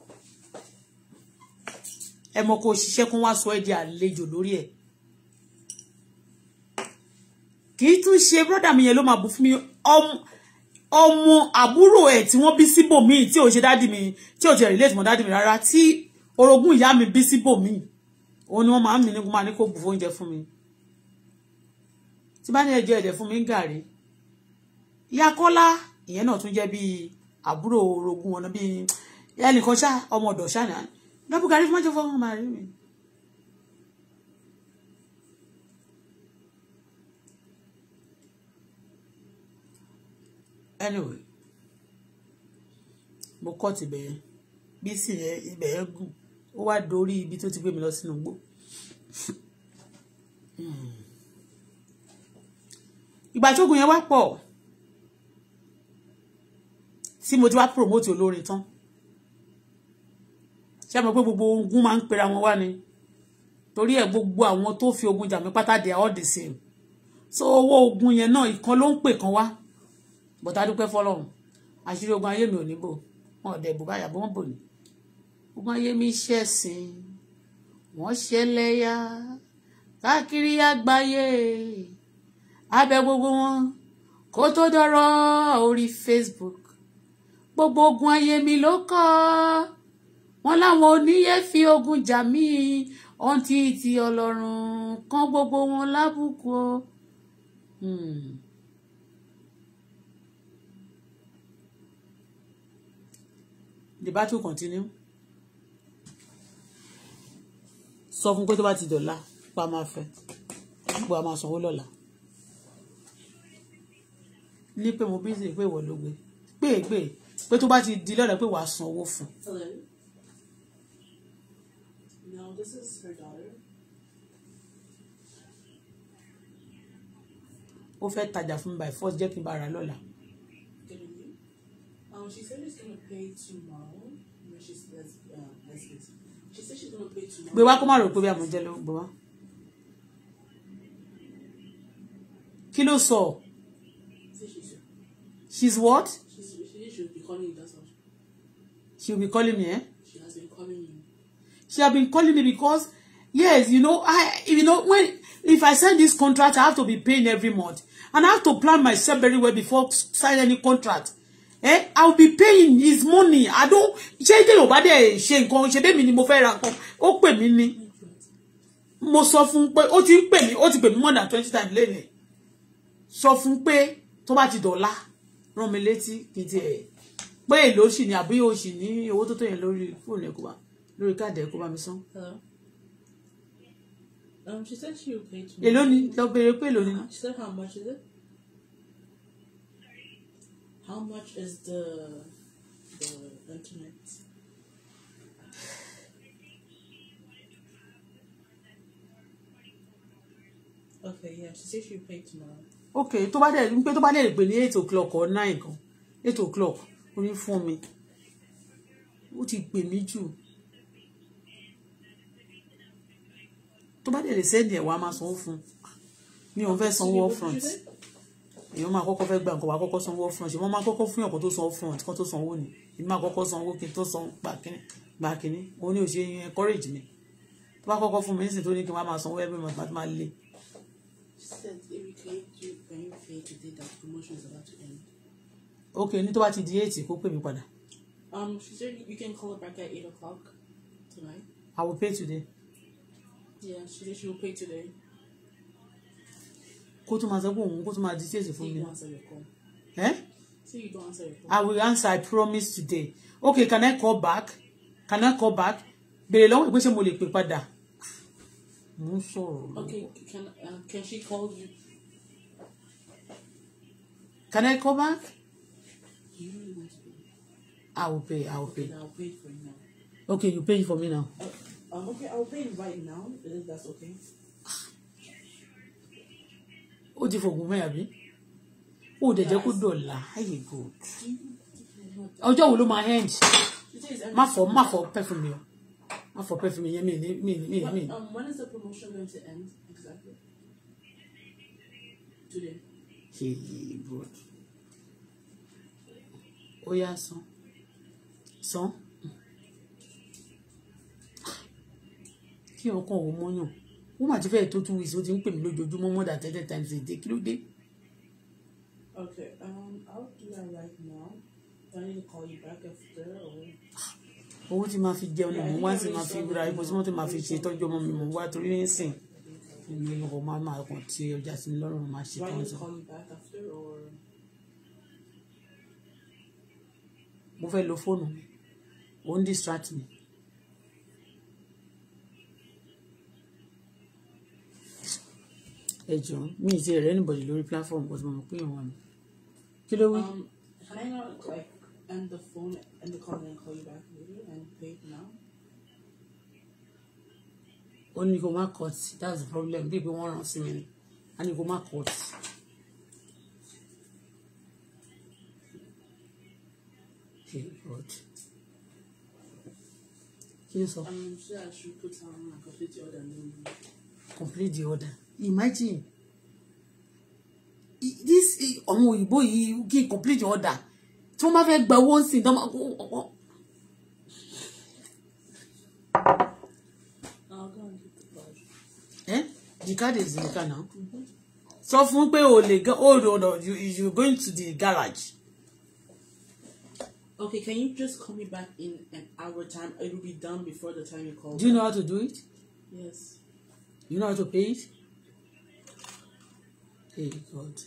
ẹ mọ kó ṣiṣẹ́ kó wá sọ ẹ́ di àlejò lórí ẹ̀ kì í tún ṣe brọ́dà mi yẹn ló máa bù fún mi ọmọ àbúrò ẹ̀ tí wọ́n bí síbò míì tí ò ṣe dádì mi tí ò ti relate mọ́ dádì mi rárá tí orogún ìyá mi bí síbò míì òun ni wọ́n máa ń mi nígun máa ní kó bù oúnjẹ fún mi tí bá ní ẹjọ́ ẹ̀dẹ̀ fún mi ń gàrí ìyá Kọ́lá ìyẹn náà tún jẹ́ bíi àbúrò orogún wọn bíi ẹnìkan ṣá ọmọ ọ̀dọ̀ ṣáà bẹ́ẹ̀ Bùkárí fún mọ́jọ́ fọwọ́ máa rí mi. anyway mo kọ́ ti bẹ̀yẹn bí sì yẹn ibẹ̀ yẹn gùn ó wá dorí ibi tó ti gbé mi lọ sínú igbó. ìgbà tógun yẹn wá pọ̀ tí mo ti wá promote olórin tán ṣé mo pé gbogbo ogun máa ń pera wọn wá ni torí ẹ̀ gbogbo àwọn tó fi ogun jà mí pátá dé all the same so owó ogun yẹn náà ìkan ló ń pè kan wá bọ̀tá dúpẹ́ fọlọ́run àṣírí ogun ayé mi ò ní bò wọn ò dẹ̀ bò báyà bó wọn bò ní ogun ayé mi ṣẹ̀sìn wọ́n ṣẹlẹ́yà káàkiri àgbáyé abẹ gbogbo wọn kó tó dọ̀rọ̀ orí Facebook gbogbo ogun ayé mi ló kọ́ ọ́ wọ́n láwọn oníyẹ fi ogun jà mí ọtí ti ọlọ́run kan gbogbo wọn lábùkù o. Hmm. The battle continue. Sọ fún pé tó bá ti dọ̀la pa máa fẹ́ gbogbo a máa sanwó lọ́la. Ní pé mo bí sí pé ìwọ ló gbé pé pé pé tó bá ti di lọ́la pé wàá sanwó fún un this is her daughter. ó fẹ́ tajà fún by force jẹ́ kí n bá ra lọ́la. Um, she said she's gonna pay tomorrow. No, she's that's uh, that's it. She said she's gonna pay tomorrow. Gbé wá kó má rò pé bí àmọ́jẹ́ ló ń gbé wá. Kí ló sọ? She's what? She's, she should be calling you, that's all. will be calling me, eh? She has been calling you. She have been calling me because, yes, you know, I, you know, when, if I sign this contract, I have to be paying every month. And I have to plan myself very well before sign any contract. Eh? I will be paying his money. I don't, ṣé tí yóò bá dẹ̀ ṣe nǹkan, ṣe bẹ́ẹ̀ mi ni mo fẹ́ ra nǹkan, ó pè mí ni. Mo sọ fún pé, ó ti ń pè mí, ó ti pè mí more than twenty times lẹ́nìí. Sọ fún pé, tó bá ti dọ̀la, rán mi létí kìí tiẹ̀. Pé èlò ṣì ni àbí o ṣì ní owó tó tó yẹn lórí fóònù ẹ̀kọ́ wa lórí káàdì ẹ̀ kó bá mi san. Uh, um, she said she would pay to me. Èló ni lọ béèrè pé èló ni. Uh, she said how much is it? How much is the the internet? Okay, yeah, she said she would pay tomorrow. Okay, tó bá dẹ̀ ń pé tó bá dẹ̀ lè pè ní eight o'clock or nine kan eight o'clock orí fún mi ó ti pè mí jù. tó bá dẹ̀ lè sẹ́ndì ẹ̀ wá máa sanwó fún un mi fẹ́ sanwó upfront èèyàn máa kọ́kọ́ fẹ́ gba nǹkan wá kọ́kọ́ sanwó upfront ṣùgbọ́n máa kọ́kọ́ fún ọ̀kan tó san upfront kan tó sanwó ni èmi máa kọ́kọ́ sanwó kí n tó san gbà kínní òun ni òṣèré yẹn encourage mi tó bá kọ́kọ́ fún mi nísìnyí tó ní kí n wá máa sanwó every month máa lé. ok ní tó bá ti di eight kó pè mí padà. Um, she said you can call back at eight o'clock tonight. I will pay today. Yeah, she she will pay today. Kó tó máa sọ pé òun kó tó máa dictate fún mi. Eh? Say you don't answer your call. I will answer, I promise today. Okay, can I call back? Can I call back? Béèrè lọ́wọ́ ìgbésẹ̀ mo lè pè padà. Mo ń sọ̀rọ̀. Okay, can, uh, can she call you? Can I call back? You really want I will pay, I will pay. Okay, I will pay for you now. Okay, you pay for me now. Okay. Um, okay, I'll pay you right now, if that's okay. ó ti fògùn mẹ́rin àbí ó dẹ̀ jẹ́ kó dọ̀là good ọjọ́ wo ló máa end um, má fọ má fọ perfume yẹn má fọ perfume yẹn mi ni mi ni mi ni mi um, When is the promotion going to end exactly? Today. Hey, good. ó yá san san. kí ọkọ òun mọ́yàn ó mà ti fẹ́ẹ̀ tó two weeks ó ti ń pè mí lójoojúmọ́ more than thirty times a day kí ló dé. okay um, I'll do that right now I need to call you back after or owó tí máa fi jẹun ni mò ń wá sí máa fi ra ibo tí wọ́n ti máa fi ṣe ìtọ́jú ọmọ mi mò ń wá torí ní sìn ní ọkọ̀ máa máa kàn tí ọjà sí ní lọ́rùn máa ṣe tán sọ. mo fẹ́ lo fóònù ó ń distract mi. ẹ mi ì ti rẹ anybody lórí platform but mo mọ pé ìwọ ni kí ló wí. Um, can I not like end the phone and the call and call you back later and pay now? ó ní kó má cut that's the problem bí pé wọ́n rán sí mi ni a ní kó má cut. Okay, God. Kí um, ló order? Complete the order imagine this àwọn òyìnbó yìí kí n complete your order tí wọ́n bá fẹ́ gba owó ń sìn dán máa kó. the card is in the car now mm-hmm. sọ fún pé o lè hold on oh, you going to the garage. Okay, can you just call me back in an hour time? It will be done before the time you call. Do you know how to do it? Yes. You know how to pay it? Hey God.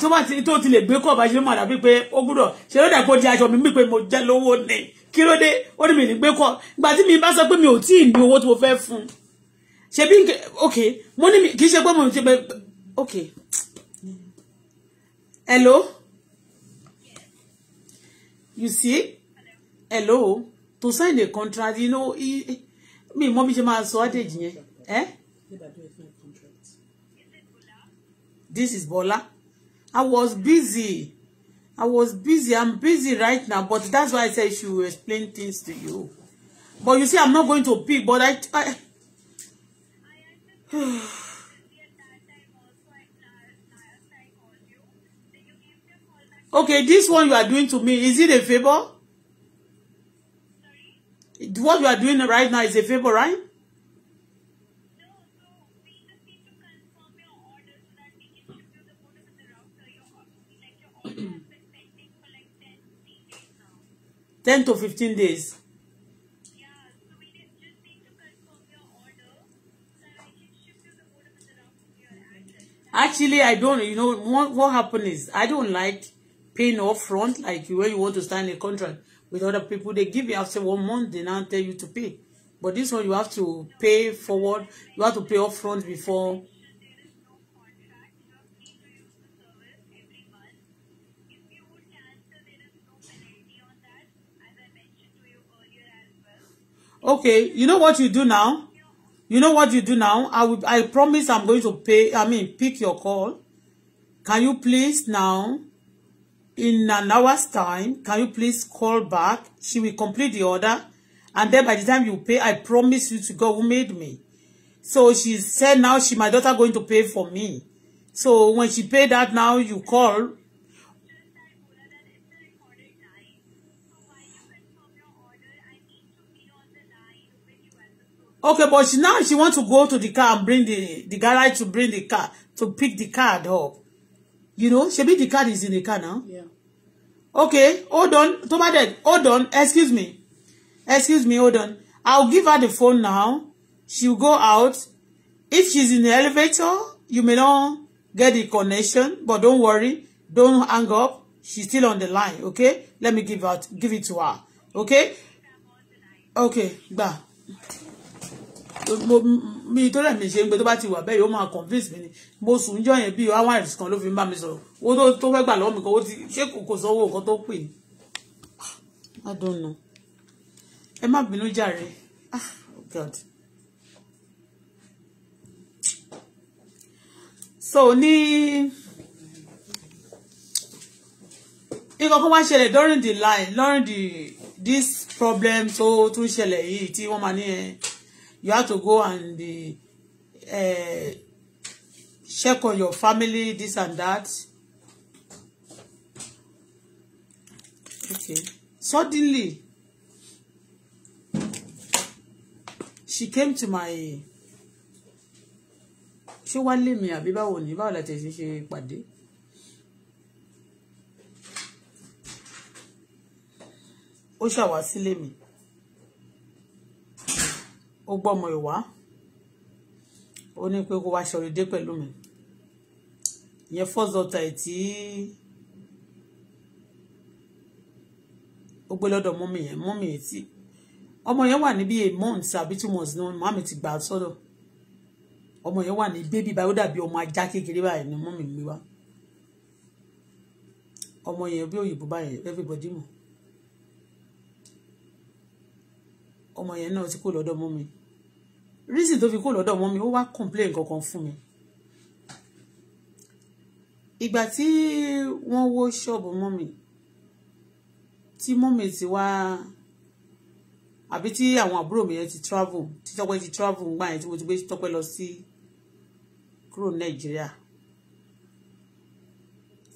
tó bá ti tó ti lè gbé kọ́ bá ṣe mọ̀ dàbí pé ó gbúdọ̀ ṣe ló dàgbò di aṣọ mi mí pé mo jẹ́ lówó ni kí ló dé ó ní mi ní gbé kọ́ ìgbà tí mi bá sọ pé mi ò tí ì ní owó tí mo fẹ́ fún un ṣe bí ok mo ní kì í ṣe pé mo ti pé ok hello you see hello to sign a contract you know mi mọ bí ṣe máa sọ adage yẹn eh. This is Bola. I was busy. I was busy. I'm busy right now, but that's why I said she will explain things to you. But you see, I'm not going to pick, but I... I okay, this one you are doing to me, is it a favor? Sorry? What you are doing right now is a favor, right? ten to fifteen days. Yeah, so we just need to confirm your order so I can ship you the order with the address. Actually, I don't, you know, what, what happened is I don't like paying upfront, like when you want to sign a contract with other people, they give you after one month, they now tell you to pay. But this one, you have to pay forward, you have to pay upfront before okay you know what you do now you know what you do now i will i promise i'm going to pay i mean pick your call can you please now in an hour's time can you please call back she will complete the order and then by the time you pay i promise you to go. who made me so she said now she my daughter going to pay for me so when she pay that now you call Okay, but she, now she wants to go to the car and bring the, the garage to bring the car, to pick the card up. You know, shebi the card is in the car now. Yeah. Okay, hold on. Tomadek, hold on. Excuse me. Excuse me, hold on. I'll give her the phone now. She'll go out. If she's in the elevator, you may not get the connection, but don't worry. Don't hang up. She's still on the line, okay? Let me give out give it to her. Okay? Okay, bye mi tó rẹ̀ mi ṣe ń gbé tó bá ti wà bẹ́ẹ̀ yóò máa convince mi ni mo sùn jọ yẹn bíi hours kan ló fi ń bá mi sọ̀rọ̀ owó tó tó fẹ́ gbà lọ́wọ́ mi kan ó ti ṣé kò sanwó nǹkan tó pè ní. I don't know ẹ má bínú jàre ah oh God so ní nǹkan kan wá ṣẹlẹ̀ during the line during the this problem tó tún ṣẹlẹ̀ yìí tí wọ́n máa ní ẹ you have to go and uh, check on your family this and that okay suddenly she came to my She wá lé mi àbí báwo ni báwo la ti ṣe ṣe pàdé. ó ṣàwá mi ó gbọ́mọ ìwá ó ní pé kó wá ṣe ọ̀rẹ́dẹ́ pẹ̀lú mi ìyẹn first daughter ẹ̀ tí ó gbé lọ́dọ̀ mọ́mì yẹn mọ́mì yẹn tí ọmọ yẹn wà ní a month àbí two months ni màmí ti gbà sọ́dọ̀ ọmọ yẹn wà ní bébí báyìí ó dàbí ọmọ ajá kékeré báyìí ni mọ́mì mi wá ọmọ yẹn bí òyìnbó báyìí everybody mọ̀ ọmọ yẹn náà ti kó lọ́dọ̀ mọ́ mi reason tó fi kó lọ́dọ̀ mọ́ mi ó wá complain kankan fún mi ìgbà tí wọ́n wó ṣọ́ọ̀bù mọ́ mi tí mọ́ mi ti wá àbí tí àwọn àbúrò mi yẹn ti travel tí tọ́pẹ́ ti travel gbà yẹn tí mo ti gbé tọ́pẹ́ lọ sí kúrò ní nàìjíríà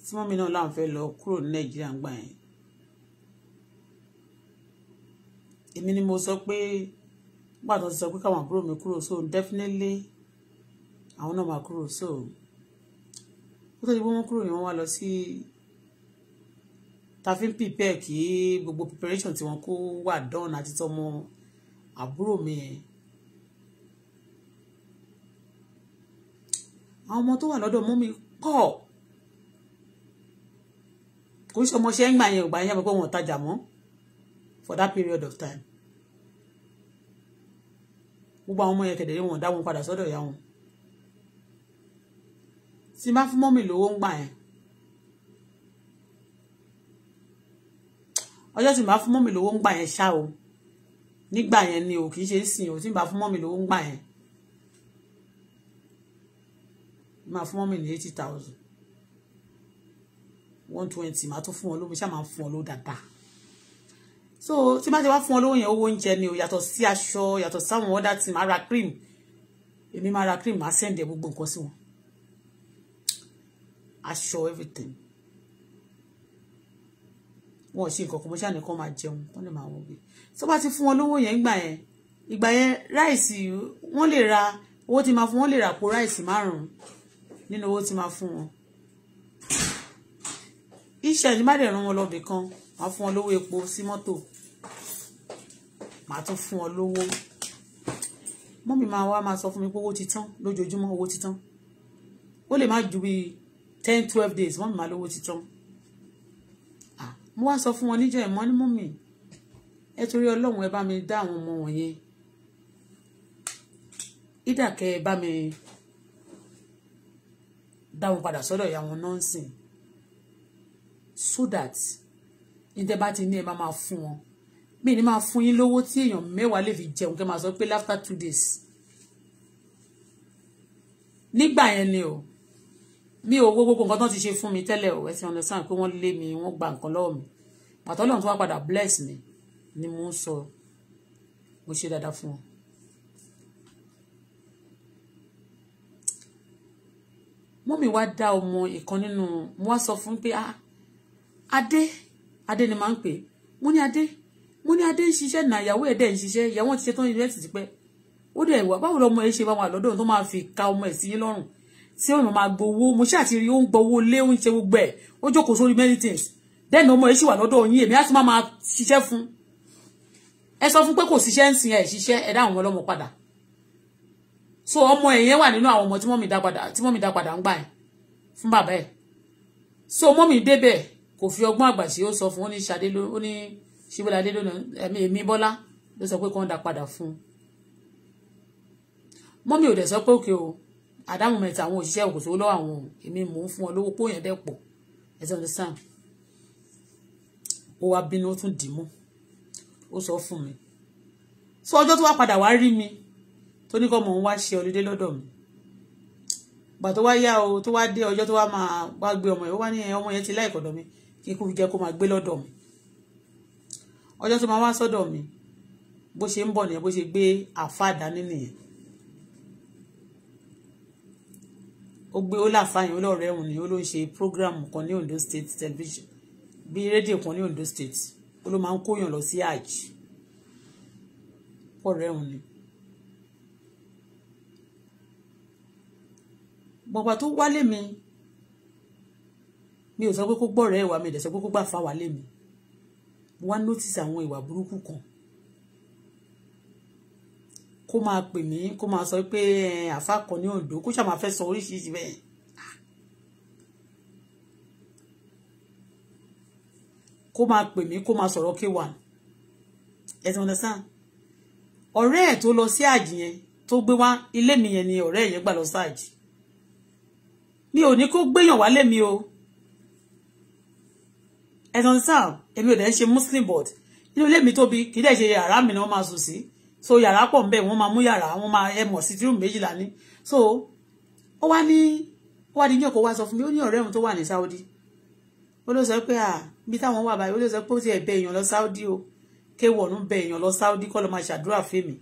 tí mọ́ mi náà láwọn fẹ́ lọ kúrò ní nàìjíríà gbà yẹn èmi ni mo sọ pé nígbà tó ti sọ pé káwọn àbúrò mi kúrò so definitely àwọn náà máa kúrò so kó tó di pé wọ́n kúrò ni wọ́n wá lọ sí ta fi ń prepare kí gbogbo preparation tí wọ́n kó wà dán àti tọmọ àbúrò mi yẹn àwọn ọmọ tó wà lọ́dọ̀ mú mi pọ̀ kò ń ṣe ọmọ ṣe ń gbà yẹn ò gbà yẹn bọ́ wọn tajà mọ́ for that period of time gbogbo àwọn ọmọ yẹn kẹ̀dẹ̀ wọn dá wọn padà sọ́dọ̀ ìyá wọn tí má fún mọ́mì lówó ń gbà yẹn ọjọ́ tí má fún mọ́mì lówó ń gbà yẹn ṣá o nígbà yẹn ni o kì í ṣe sìn o tí má fún mọ́mì lówó ń gbà yẹn má fún mọ́mì ní eighty thousand one twenty má tún fún ọ ló bí ṣá má fún ọ ló dáadáa so tí bá ti wá fún ọ lówó yẹn owó oúnjẹ ni o yàtọ̀ sí aṣọ yàtọ̀ sáwọn ọ̀dà tí máa ra cream èmi máa ra cream máa sẹ́ǹdẹ̀ gbogbo nǹkan sí wọn aṣọ everything wọn ò ṣe nǹkan kan mo ṣáà nìkan máa jẹun wọn lè máa wọn gbé tó bá ti fún wọn lówó yẹn gbà yẹn ìgbà yẹn ráìsì wọn lè ra owó tí máa fún wọn lè rà po ráìsì márùn-ún nínú owó tí máa fún wọn iṣẹ́ ẹ̀yìn má dẹ̀ ràn wọn lọ bìkan màá fún ọ lówó epo sí mọ́tò màá tún fún ọ lówó mọ́mí máa wá máa sọ fún mi pé owó ti tán lójoojúmọ́ owó ti tán ó lè má ju bíi ten twelve days mọ́mí máa lówó ti tán mo wá sọ fún wọn níjọ́ ẹ̀mọ́ ní mọ́mí ẹ torí ọlọ́run ẹ bá mi dá àwọn ọmọ wọ̀nyẹn ìdàkẹ́ ẹ bá mi dá wọn padà sọ́dọ̀ ìyá wọn nọ́ọ̀sìn so that ní tẹ́ bá ti ní ẹ máa máa fún wọn mi ní máa fún yín lówó tí èèyàn mẹ́wàá lè fi jẹun kẹ́ máa sọ pé after two days nígbà yẹn ni o mi ò wo gbogbo nǹkan tó ti ṣe fún mi tẹ́lẹ̀ o ẹ ti understand pé wọ́n lé mi wọ́n gba nǹkan lọ́wọ́ mi pàtó lọ́run tó wá padà bless mi ni mo ń sọ mo ṣe dáadáa fún wọn. mọ́mì wá dá ọmọ ìkan nínú mo wá sọ fún pé ah adé adé ni máa ń pè mo ní adé mo ní adé ń ṣiṣẹ́ nà ìyàwó ẹ̀ dẹ̀ ń ṣiṣẹ́ ìyàwó ti ṣe tán yunifásitì ti pẹ́ ó dẹ̀ wà báwo lọmọ ẹ ṣe bá wà lọ́dọ̀ tó máa fi ka ọmọ ẹ̀ sí yín lọ́rùn tí ó máa gbowó mo ṣáà ti rí ó ń gbowó lé ó ń ṣe gbogbo ẹ̀ ó jókòó sórí many things then ọmọ ẹ ṣì wà lọ́dọ̀ yín èmi á sì máa máa ṣiṣẹ́ fún ẹ sọ fún pé kò ṣiṣẹ́ ń sin ẹ̀ ṣiṣẹ́ ẹ̀ dá àwọn ọlọ́mọ padà so ọmọ ẹ̀ yẹn wà nínú àwọn ọmọ tí mọ́mì dá padà ń gbà ẹ̀ fún bàbá ẹ̀ so mọ́mì débẹ̀ kò fi ọgbọ́n àgbà ṣe ó sọ fún ó ní ṣadé ló ó ní ṣíbọ́ládé ló ẹ̀mí èmi bọ́lá ló sọ pé kó ń da padà fún un mọ́mí ò dẹ̀ sọ pé òkè o àdámù mẹ́ta àwọn òṣìṣẹ́ òkòtò lọ́wọ́ àwọn èmi mò ń fún ọ lówó póyàn dẹ̀ pọ̀ ẹ ti understand ó wá bínú ó tún dì mú ó sọ fún mi sọ ọjọ́ tó wá padà wá rí mi tó ní kọ́ mò ń wá ṣe ọlídé lọ́dọ̀ mi gbà tó wá yá o tó wá dé ọjọ́ tó wá máa wá gbé ọmọ yẹn ó wá ní ọmọ yẹn ti láìkọ̀dọ̀ mi kí kú jẹ́ kó máa gbé lọ́dọ̀ mi ọjọ́ tó máa wá sọ́dọ̀ mi bó ṣe ń bọ̀ nìyẹn bó ṣe gbé àáfàá nìyẹn ó gbé ó láàfáà yẹn ó lọ rẹ́hùn ni ó ló ń ṣe prógráàmù kan ní Ondo State television bí rédíò kan ní Ondo State ó ló máa ń kóyàn lọ sí hajj pọ̀ rẹ́hùn ni. bọ̀gbà tó wálé mi mi ò sọ pé kó gbọ́rọ̀ ẹ̀wà mi ò dẹ̀ sọ pé kó gbà fà wálé mi mo wá notice àwọn ìwà burúkú kan kó máa pè mí kó máa sọ pé àfa kan ní Oǹdó kó ṣàmà fẹ́ sọ oríṣiríṣi bẹ́ẹ̀. kó máa pè mí kó máa sọ̀rọ̀ k1 ẹ ti ọ̀rẹ́ ẹ̀ tó lọ sí àjì yẹn tó gbé wá ilé mi yẹn ni ọ̀rẹ́ yẹn gbà lọ sí àjì mi ò ní kó gbéyàn wálé mi o ẹ̀sán sáà èmi ò dẹ̀ ń ṣe muslim board inú ilé mi tóbi kì í dẹ̀ ṣe yàrá mi ni wọ́n máa sùn sí so yàrá pọ̀ ńbẹ̀ wọ́n máa mú yàrá wọ́n máa ẹ mọ̀ sí tírùm méjìlá ní so ó wá ní ó wá ní ní ọkọ̀ wá sọ fún mi ó ní ọ̀rẹ́ òun tó wà ní Saudi ó ló sọ pé à bí táwọn wà báyìí ó ló sọ pé ó ti ẹ̀ bẹ èèyàn lọ Saudi o kéwọ̀nù bẹ èèyàn lọ Saudi kọ́ ló máa ṣàdúrà fèmí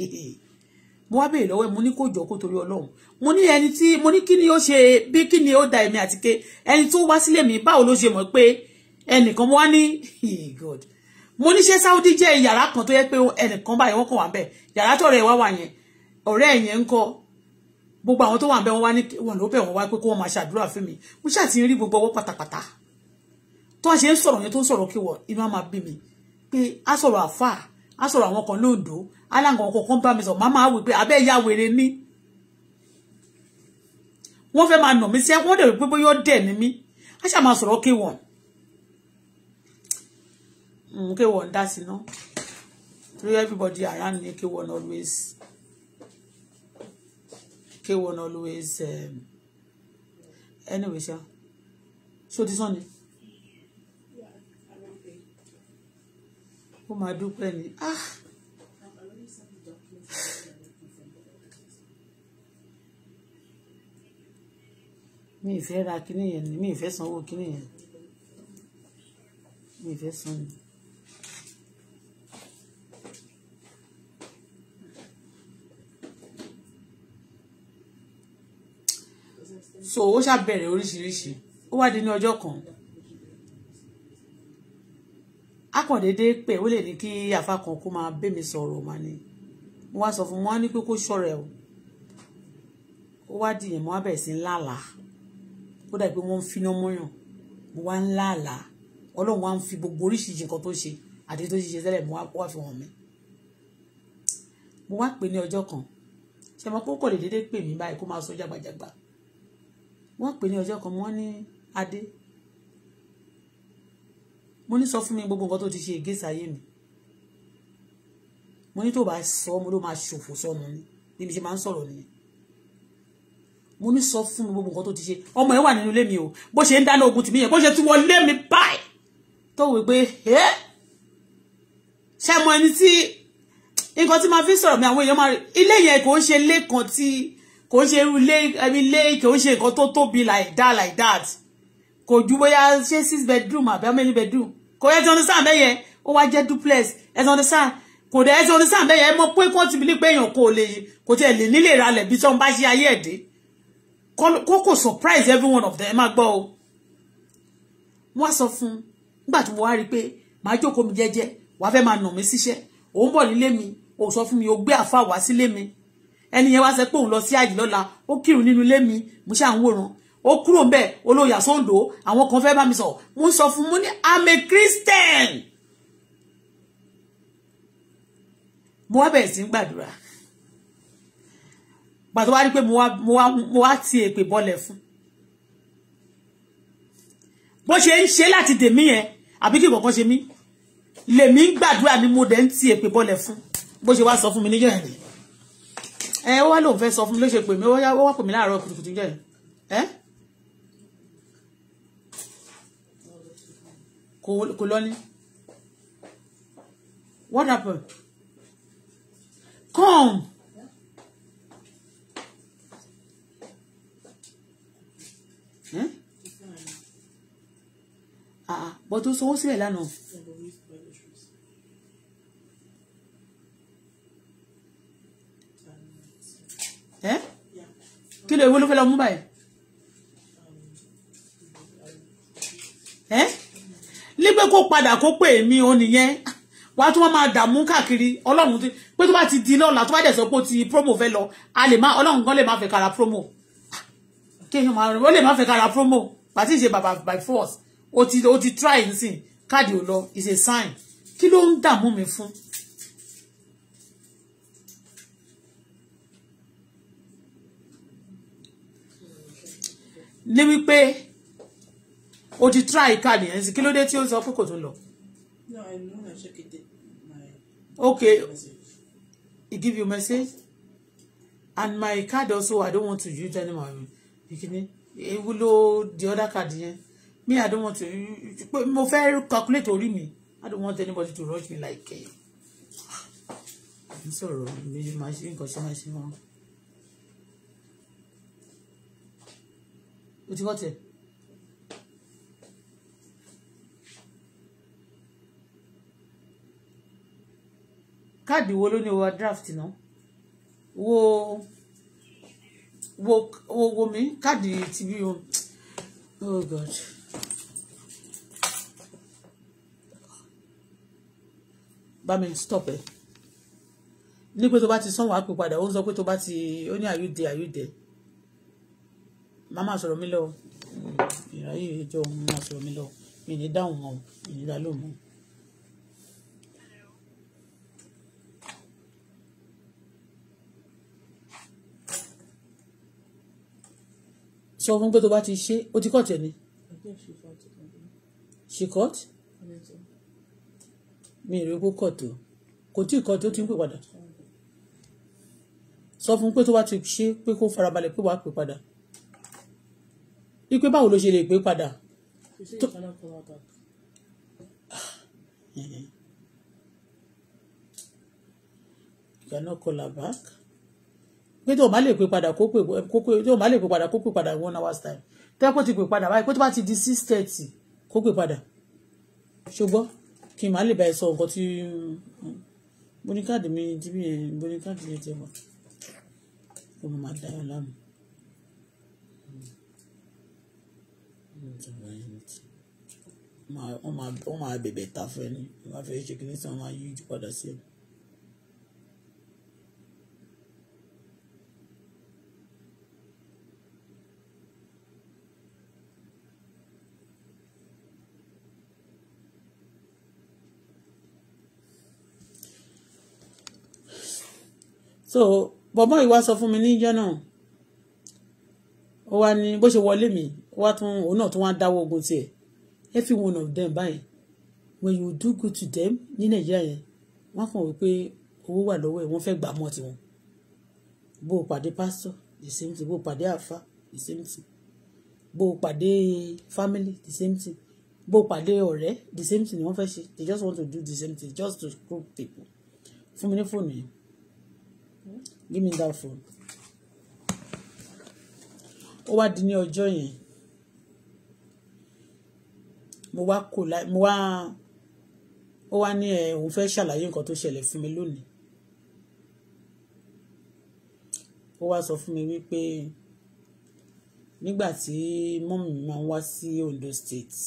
mo wá béèrè lọ́wọ́ ẹ̀ mo ní kó jọ kó torí ọlọ́run mo ní ẹni tí mo ní kí ni ó ṣe bí kí ni ó da èmi àti ké ẹni tó wá sílé mi báwo ló ṣe mọ̀ pé ẹnìkan mo wá ní god mo ní ṣé Saudi jẹ́ yàrá kan tó yẹ pé ẹnìkan báyìí wọ́n kàn wá bẹ́ẹ̀ yàrá tó ọ̀rẹ́ ẹ̀ wá wà yẹn ọ̀rẹ́ ẹ̀ yẹn ń kọ́ gbogbo àwọn tó wà bẹ́ẹ̀ wọ́n wá ní wọn ló bẹ̀ wọ́n wá pé kó wọ́n máa ṣàdúrà fún mi mo ṣáà ti rí gbogbo ọwọ́ pátápátá tó wọ́n ṣe ń sọ̀rọ̀ yẹn tó ń sọ̀rọ̀ kí wọ́n inú á máa bí mi pé á sọ̀rọ̀ àfà á sọ̀rọ̀ àwọn kan lóòdó aláǹgọ̀ ọkọ̀ kan bá mi sọ̀rọ̀ máa wí pé abẹ́ ìyá wèrè ni wọ́n fẹ́ máa nà mí sí wọ́n dẹ̀ rò pé bóyá ó dẹ̀ ni mí á ṣáà máa sọ̀rọ̀ kí wọ́n Nkewon, that's you know. Through everybody around me, Nkewon always. Nkewon always. Um, anyways, yeah. So this one. ó máa dúpẹ́ ni ah mi ìfẹ́ ra kíní yẹn ni mi ìfẹ́ sanwó kíní yẹn mi ìfẹ́ san so ó ṣàbẹ̀rẹ̀ oríṣiríṣi ó wá di ní ọjọ́ kan akọ̀dédé pé ó lè ní kí àfa kan kó máa bẹ́ mi sọ̀rọ̀ mà ní mo wá sọ fún wọn ní pé kó ṣọ́rẹ̀ o ó wá di yẹn mo wá bẹ̀rẹ̀ sí ńláàlá ó dàbí pé wọ́n ń finá mọ́yàn mo wá ńláàlá ọlọ́run wá ń fi gbogbo oríṣiríṣi nǹkan tó ṣe àti tó ṣiṣẹ́ tẹ́lẹ̀ mo wá fi hàn mí mo wá pè ní ọjọ́ kan ṣe mọ́ pé ó lè déédéé pè mí báyìí kó máa sọ jágbajàgba wọ́n pè ní ọjọ́ kan wọ́n ní adé mo ní sọ fún mi gbogbo nǹkan tó ti ṣe ègéṣà ayé mi mo ní tó bá sọ mo ló máa ṣòfò sọnù ni níbi ṣe máa ń sọ̀rọ̀ nìyẹn mo ní sọ fún mi gbogbo nǹkan tó ti ṣe ọmọ ẹ wà nínú ilé mi o bó ṣe ń dáná ogun tì mí yẹn bó ṣe ti wọlé mi báyìí tó wí pé ẹ ṣe mọ ẹni tí nǹkan tí máa fi sọ̀rọ̀ mi àwọn èèyàn máa ilé yẹn kò ń ṣe lẹ́ẹ̀kan tí kò ń ṣe ilé ilé kò ń ṣe nǹkan tó tóbi like that like that kò ju bóyá ṣe six bedroom àbí how many bedroom kò yẹ ti understand bẹ́ẹ̀ yẹn ó wá jẹ́ duplex ẹ ti understand kò dẹ̀ ẹ ti understand bẹ́ẹ̀ yẹn mọ pé kó ti bílí pé èèyàn kò lè kò tiẹ̀ lè nílé ìralẹ̀ bí tọ́n bá ṣe ayé ẹ̀dẹ́ kó kò surprise every one of them ẹ máa gbọ́ o wọ́n sọ fún un nígbà tí mo wá rí i pé màá jókòó mi jẹ́jẹ́ wàá fẹ́ máa nà mí síṣẹ́ òun bọ̀ nílé mi ò sọ fún mi ò gbé àfa wá sílé mi ẹni yẹn wá sọ pé òun lọ sí àjì lọ́la ó kírun nínú ilé mi mo ṣáà ń wòran ó kúrò ńbẹ̀ olóyà sóńdò àwọn kan fẹ́ bá mi sọ mo ń sọ fún mo ní i'm a christian mo wá bẹ̀rẹ̀ sí ń gbàdúrà gbàtọ́ wá rí pé mo wá ti èpè bọ́lẹ̀ fún bó ṣe ń ṣe láti dèmí yẹn àbí kí kankan ṣe mí lèmi ń gbàdúrà ni mo dẹ̀ ń ti èpè bọ́lẹ̀ fún bó ṣe wá sọ fún mi níjọ́ yẹn ẹ eh, ó wá lóun fẹ́ sọ fún mi ló ṣe pè mí ó wá pè mí láàárọ̀ kùtùkùtù jẹ́ ẹ́ eh? kò lọ ní what happened come ẹ́ eh? ah, ah bọ́ tó sanwó sílẹ̀ lánàá. ẹ eh? kí ló ewé ló fẹ́ lọ mú báyìí ẹ eh? nígbà kó padà kó pè mí o nìyẹn wà á tún wọn máa dààmú káàkiri ọlọ́run pé tó bá ti di lọ́la tó bá dẹ̀ sọ pé ó ti promo fẹ́ lọ a lè má ọlọ́run gan lè má fẹ́ kára promo kéèyàn máa rìn ó lè má fẹ́ kára promo pàtí ìṣe bàbà by force ó ti ó ti try nsìn káàdì ò lọ is a sign kí ló ń dààmú mi fún ní wípé o ti try card yẹn sí kí ló dé tí ó sọ pé kò tún lọ. No, I know I check it. Okay. He give you message. And my card also, I don't want to use anymore. Ìkíní, ewu ló the other card yẹn. Me, I don't want to. Mo fẹ́ calculate orí mi. I don't want anybody to rush me like. Ah, Sọ̀rọ̀ mi máa ṣe nǹkan ṣe máa ṣe wọn. o ti gbọ́ tiẹ̀. káàdì wo ló ní overdraft náà wo wo wo wo mi káàdì ti bí o oh god. bá mi stop ẹ ní pé tó bá ti sanwó àpò padà ó ń sọ pé tó bá ti ó ní àyùdẹ àyùdẹ màmá sọ̀rọ̀ mi lọ ìráyè ìjọ òun máa sọ̀rọ̀ mi lọ mi ní dáhùn wọn mi ní dá lóhùn wọn. sọ fún pé tó bá ti ṣe ó ti kọ̀ tẹ̀ ni. she cut. mi ò rí owó kọ̀ tó kò tí ì kọ́ tó ti ń pè padà sọ fún pé tó bá ti ṣe pé kó farabalẹ̀ pé wàá pè padà wípé báwo ló ṣe lè pé padà. ìyànà kọlà back pé tó o bá lè pè padà kó pè tó o bá lè pè padà kó pè padà one hour time tẹ́ ti pè padà báyìí kó tó bá ti di six thirty kó pè padà ṣùgbọ́n kí n má lè bá ẹ sọ nǹkan tí mm, bóníkáàdì mi díbí bóníkáàdì yẹn ti wà ó máa dá yọ láàmú. wọ́n máa bẹ̀bẹ̀ ta fún ẹni wọ́n máa fẹ́ ṣe kí ní sàn máa yí ìjú padà sí ẹni. so bọ́bọ́ ìwà sọ fún mi níjọ́ náà ó wá ní bó ṣe wọlé mi ó wá tún òun náà tún wá dáwọ́ ogun tiẹ̀ every one of them báyìí when you do good to them ní nàìjíríà yẹn wọ́n kàn wí pé owó wà lọ́wọ́ ẹ̀ wọ́n fẹ́ gbà mọ́ tiwọn bó o pàdé pásítọ̀ the same thing bó o pàdé àfa the same thing bó o pàdé family the same thing bó o pàdé ọ̀rẹ́ the same thing wọ́n fẹ́ ṣe they just want to do the same thing just to group people fún mi ní fóònù yẹn give me that phone ó wá di ní ọjọ́ yẹn mo wá kò láì mo wá ó wá ní ẹ òun fẹ́ ṣàlàyé nǹkan tó ṣẹlẹ̀ fún mi lónìí ó wá sọ fún mi wípé nígbà tí mọ́mì máa ń wá sí Ondo State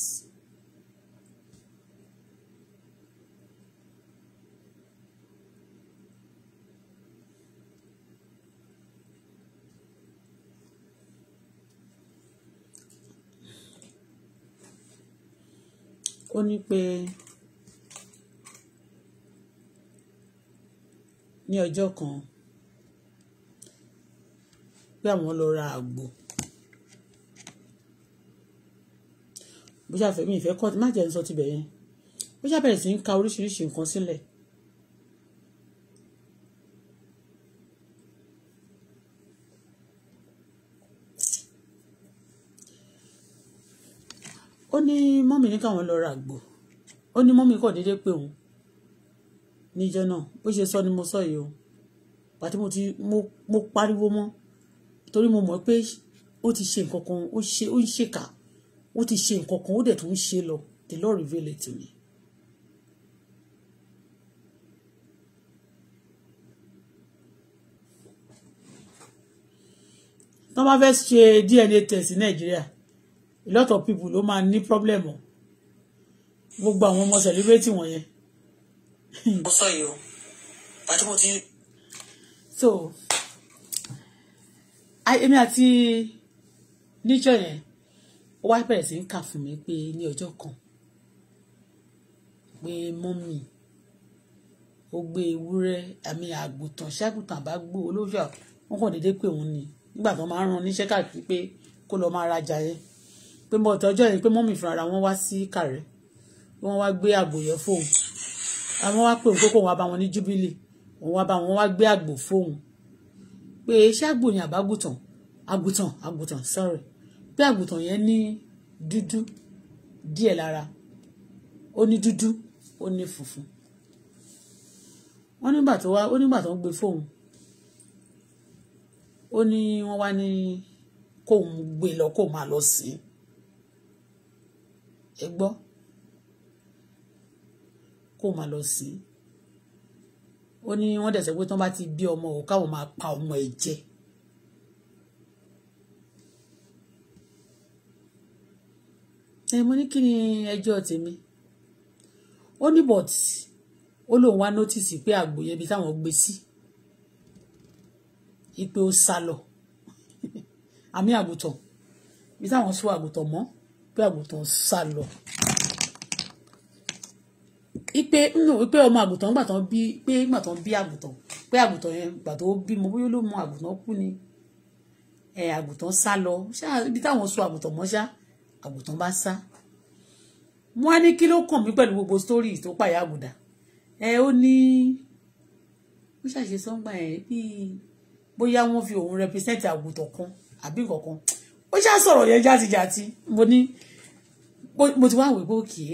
ó ní pé ní ọjọ́ kan pé àwọn lọ ra àgbò bó ṣàfẹ́ mi ìfẹ́ kọ́ má jẹ́ ń sọ tibẹ̀ yẹn bó ṣàbẹ̀rẹ̀ sí ń ka oríṣiríṣi nǹkan sílẹ̀. Si ó ní mọ́mì ní káwọn lọ ra àgbò ó ní mọ́mì kọ̀ déédéé pé òun níjọ́ náà bó ṣe sọ ni mo sọ yìí o pàtí mo ti mo pariwo mọ́ torí mo mọ̀ pé ó ti ṣe nǹkan kan ó ṣe ó ń ṣèkà ó ti ṣe nǹkan kan ó dẹ̀ tún ń ṣe lọ the Lord reveal it to me. wọ́n bá fẹ́ ṣe DNA test ní Nàìjíríà a lot of people ló máa ní problem o gbogbo àwọn ọmọ celebrate wọ̀nyẹn. mo sọ yìí o pàtó mo ti. so èmi àti níjọ yẹn ó wá bẹ̀rẹ̀ sí ń kà fún mi pé ní ọjọ́ kan pé mọ́mì ó gbé ewúrẹ́ àmì àgùntàn ṣàgùntàn bá gbó olóṣù àwọn kan déédéé pé òun ni nígbà tó máa ń ran níṣẹ́ káàkiri pé kó lọ́ọ́ máa rajà yẹn pé mo tọjọ́ yìí pé mọ́mì fúnra wọn wá sí kàrẹ́ wọ́n wá gbé àgbò yẹn fóun àwọn wá pè òun pé kóun wá bá wọn ní júbílì òun wá bá wọn wá gbé àgbò fóun pé iṣẹ́ àgbò ni àbágùtàn àgùtàn àgùtàn sorry pé àgùtàn yẹn ní dúdú díẹ̀ lára ó ní dúdú ó ní funfun wọ́n nígbà tó wá ó nígbà tó ń gbé fóun ó ní wọ́n wá ní kóun gbé lọ kóun máa lọ sí i ẹ gbọ́ kó máa lọ sí i ó ní wọ́n dẹ̀ sọ pé tí wọ́n bá ti bí ọmọ òun káwọn máa pa ọmọ ẹ̀ jẹ. ẹ mo ní kí ni ẹjọ́ tèmi ó ní but ó lóun wá nọ́tìsì pé àgbòye ibi táwọn gbé sí ipe ó sá lọ àmì àgùntàn ibi táwọn sún àgùntàn mọ́ pé àgùntàn sá lọ ipe nù ipe ọmọ àgùntàn gbà tán bí pé gbà tán bí àgùntàn pé àgùntàn yẹn gbà tó bímọ bóyá ló mọ àgùntàn kú ni ẹ àgùntàn sá lọ ṣáà ibi táwọn so àgùntàn mọ́ ṣá àgùntàn bá sá mo á ní kí ló kàn mí pẹ̀lú gbogbo sítórì tó pààyà àgùdà ẹ ó ní ó ṣàṣe sọ́ngbà ẹ̀ bíi bóyá wọ́n fi òun rẹpísẹ́ǹtì àgùntàn kan àbí nǹkan kan ó ṣáà sọ̀rọ̀ yẹn játijàti mo ní mo ti wá àwẹ̀ gòkè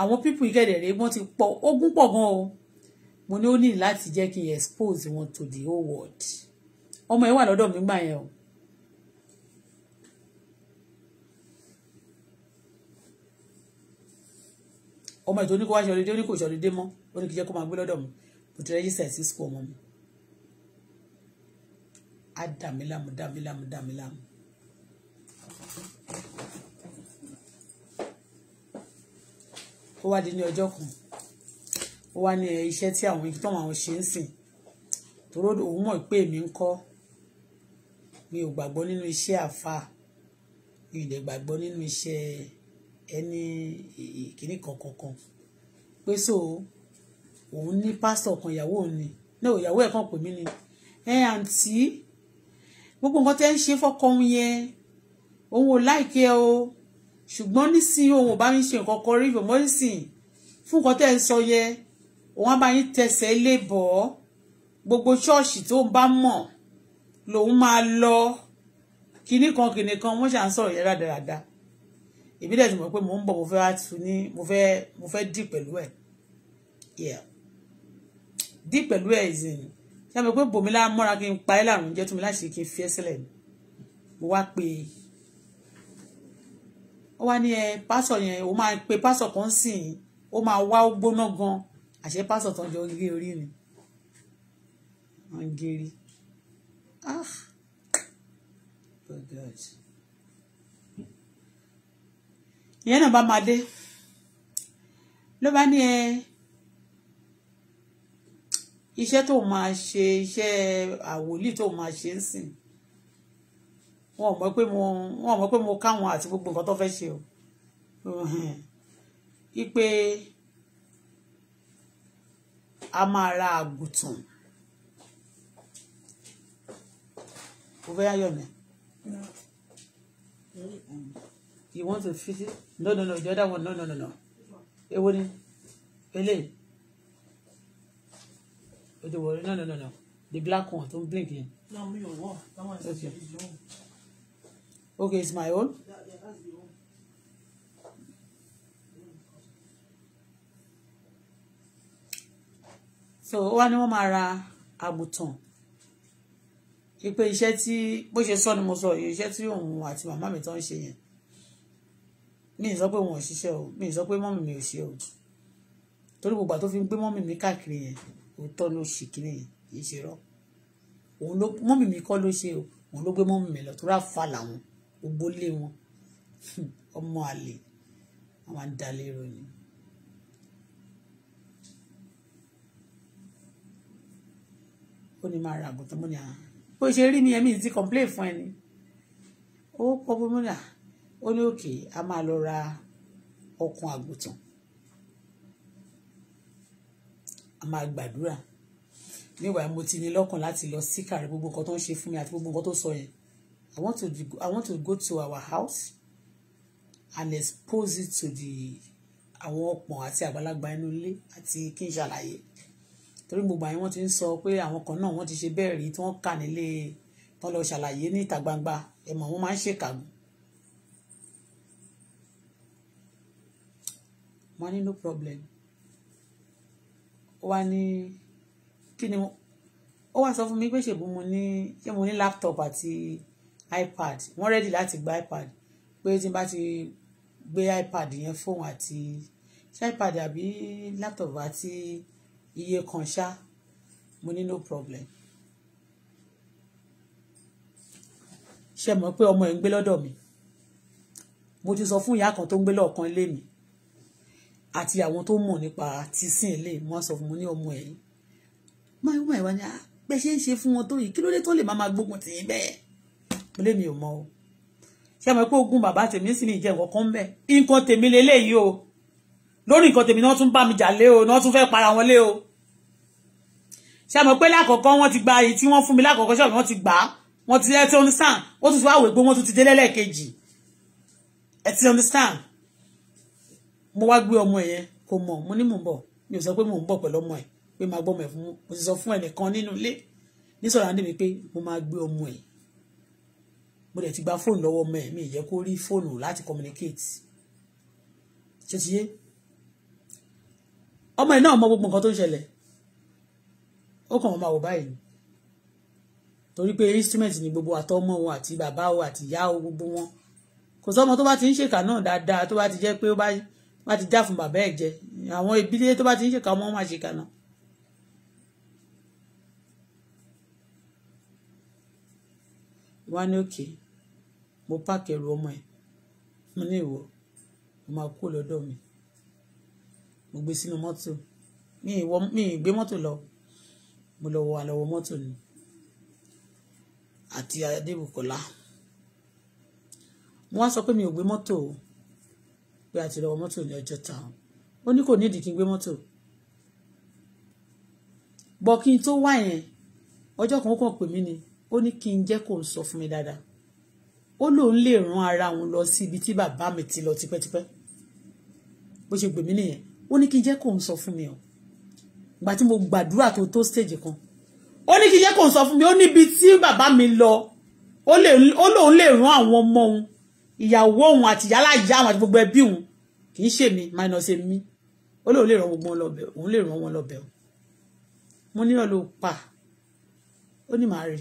àwọn pípù ìkẹ̀dẹ̀ rẹ̀ wọ́n ti pọ̀ ogún pọ̀ gan o mo ní ó ní láti jẹ́ kí n expose wọn to the whole world ọmọ ẹ wà lọ́dọ̀ mi gbà yẹn o. ọmọ ètò oníkó wá ṣọlídé oníkó ṣọlídé mọ́ oníkìjẹ́ kó máa gbé lọ́dọ̀ mi mo ti rẹ́jísà sí sùkú ọmọ mi á dàmí lámú dàmí lámú dàmí lámú ó wá di ní ọjọ́ kan ó wá ní iṣẹ́ tí àwọn ibi táwọn àwọn ṣe ń sìn tòró òun mọ̀ pé èmi ń kọ́ mi ò gbàgbọ́ nínú iṣẹ́ àfà mi ò dẹ̀ gbàgbọ́ nínú iṣẹ́ ẹni kìíní kankan pé so òun ní pásítọ̀ kan ìyàwó òun ni náà ìyàwó ẹ̀ kan pè mí ni ẹ àǹtí gbogbo nǹkan tẹ́ ń ṣe fọ́kọ́ yẹn òun ò láìkí ẹ o ṣùgbọ́n nísìnyí òun ò bá mi ṣe nǹkan kan rí ìbò mọ́sìn fún nǹkan tẹ́ ń sọ yẹ òun á bá yín tẹsẹ̀ lè bọ̀ ọ́ gbogbo ṣọ́ọ̀ṣì tó bá mọ̀ lòun máa lọ kinní kan kinní kan wọ́n ṣà ń sọ̀rọ̀ yẹn rádaràda èmi dẹ̀ ti mọ̀ pé mò ń bọ̀ mo fẹ́ wá tu ní mo fẹ́ mo fẹ́ dì pẹ̀lú ẹ̀ dì pẹ̀lú ẹ̀ ìsìn ṣàmì pé bòmílà mọ́ra kí n pa ẹ́ làrùn jẹ́ tún mi láṣìí kí n fi ẹ́ sílẹ̀ mo wá pe ó wá ní ẹ pásọ yẹn ó máa pe pásọ kan sìn yín ó máa wá ó gbóná gan àṣẹ pásọ tó ń jọ gé orí ni wọn ń gérí ah oh God ìyẹn náà bá máa dé ló bá ní ẹ iṣẹ́ tó máa ṣe iṣẹ́ àwòlí tó máa ṣe ń sìn wọn ò pé mo wọn ò pé mo káwọn àti gbogbo nǹkan tó fẹ́ ṣe o ipe a máa ra àgùntàn o fẹ́ yáyọ̀ mi. You want to fit it? No, no, no. The other one, no, no, no, no. Èwo ni? Eléyìí. Oh, the one. No, no, no, no. The black one. Don't blink yẹn. No, mi ò wọ̀. That one is okay. Okay, it's my own. So wá ní wọ́n máa ra àgùntàn pípé iṣẹ́ tí bó ṣe sọ ni mo sọ yìí iṣẹ́ tí òun àti màmá mi tó ń ṣe yẹn mi ì sọ pé òun ò ṣiṣẹ́ o mi ì sọ pé mọ́mì mi ò ṣe o torí gbogbo àti tó fi ń gbé mọ́mì mi káàkiri yẹn òótọ́ ló ṣì kiri yẹn kì í ṣe rọ́ òun ló mọ́mì mi kọ́ ló ṣe o òun ló gbé mọ́mì mi lọ tó rà fà làwọn gbogbo lé wọn hmm, ọmọ àlè wọn máa ń da lérò ni. ó ní máa ra àgùntàn mọ́ni àwọn ah. bó ṣe rí ni ẹ̀mí ti complain fún ẹ ni ó pọ̀ bó mọ́ni à ah. ó ní òkè a máa lọ ra ọkàn àgùntàn a máa gbàdúrà níwàá mo ti ní lọ́kàn láti lọ sí kàrí gbogbo nǹkan tó ń ṣe fún mi àti gbogbo nǹkan tó sọ yẹn I want to I want to go to our house and expose it to the àwọn ọ̀pọ̀n àti àgbàlagbà inú ilé àti kí n ṣàlàyé torí gbogbo àyẹn wọ́n ti ń sọ pé àwọn kan náà wọ́n ti ṣe bẹ́ẹ̀ rí tí wọ́n kà nílé wọ́n lọ ṣàlàyé ní ìta gbangba ẹ̀mọ̀ wọ́n máa ń ṣèkàgùn. wọ́n ní no problem ó wá ní kí ni ó wá sọ fún mi pé ṣèbú mo ní ṣé mo ní laptop àti. Àti ipad wọ́n rẹ́dì láti gba ipad pé tí n bá ti gbé ipad yẹn fóun àti ṣé ipad àbí laptop àti iye kan ṣá mo ní no problem ṣe mọ̀ pé ọmọ ẹ̀ ń gbé lọ́dọ̀ mi mo ti sọ fún ìyá kan tó ń gbé lọ́ọ̀kan ilé mi àti àwọn tó mọ̀ nípa tìsín ilé mo sọ fún mo ní ọmọ ẹ̀ yìí máa ń wọ̀ ẹ̀ wá ní ah, bẹ́ẹ̀ ń ṣe fún wọn tó yìí kí ló dé tó lè máa máa gbógun tì í bẹ́ẹ̀ mo lé mi ò mọ o ṣé mo pé ogun bàbá tèmi sì ní ìjẹ nǹkan kan mbẹ nǹkan tèmi lélẹyìí o lórí nǹkan tèmi náà tún bá mi jà lé o náà tún fẹ́ para wọn lé o ṣé mo pé lákọ̀ọ́kọ́ wọ́n ti gba èyí tí wọ́n fún mi lákọ̀ọ́kọ́ ṣé wọ́n ti gbà á wọ́n ti ẹ ti understand wọ́n tún ti wá wèé pé wọ́n tún ti dé lẹ́lẹ́kejì ẹ ti understand mo wá gbé ọmọ yẹn kò mọ̀ mo ní mò ń bọ̀ mi ò sọ pé mò ń bọ̀ pẹ̀lú ọmọ ẹ̀ pé máa gbọ́ ọmọ fún mo ti sọ fún ẹnìkan nínú ilé nísọ̀rọ̀ àndé pé mo máa gbé ọmọ ẹ̀ mo dẹ̀ ti gba fóònù lọ́wọ́ ọmọ mi ì jẹ́ kó rí fóònù láti communicate ṣé ti yé ọmọ ẹ̀ náà mọ gbogbo nǹkan tó ń ṣẹlẹ̀ ó kàn wọ́n máa wò báyìí torí pé instrument ni gbogbo àtọmọ wọn àti bàbá wọn àti ìyá wọn gbogbo wọn kò sọ́mọ tó bá ti ń ṣèkà náà dáadáa tó bá ti jẹ́ pé ó bá bá ti já fún bàbá ẹ̀ jẹ àwọn ìbílẹ̀ tó bá ti ń ṣèkà ọmọ wọn máa ṣèkà náà. wá ní òkè. Okay mo páàkì ẹrù ọmọ ẹ̀ mo ní ìwọ mo máa kú lọ́dọ̀ mi mo gbé sínú mọ́tò mi ìwọ mi ìgbé mọ́tò lọ mo lọ wọ àlọwọ mọ́tò ni àti Adébùkọ́lá mo wá sọ pé mi ò gbé mọ́tò o pé àti lọ́wọ́ mọ́tò ní ọjọ́ ta ó ní kò nídìí kí n gbé mọ́tò bọ́ kí n tó wá yẹn ọjọ́ kan ó kàn pè mí ni ó ní kí n jẹ́ kó n sọ fún mi dáadáa ó lóun lè ran ara òun lọ sí ibi tí bàbá mi ti lọ tipẹ́tipẹ́ bó ṣe gbèmí nìyẹn ó ní kí n jẹ́ kóun sọ fún mi o ìgbà tí mo gbàdúrà tó tó stage kan ó ní kí n jẹ́ kóun sọ fún mi ó níbi tí bàbá mi lọ ó lóun lè ran àwọn ọmọ òun ìyàwó òun àti ìyálà ìyá àwọn àti gbogbo ẹbí òun kì í ṣèmi minus èmi ó lóun lè ran gbogbo wọn lọbẹ òun lè ran wọn lọbẹ o mo ní ọlọ́pàá ó ní màá rí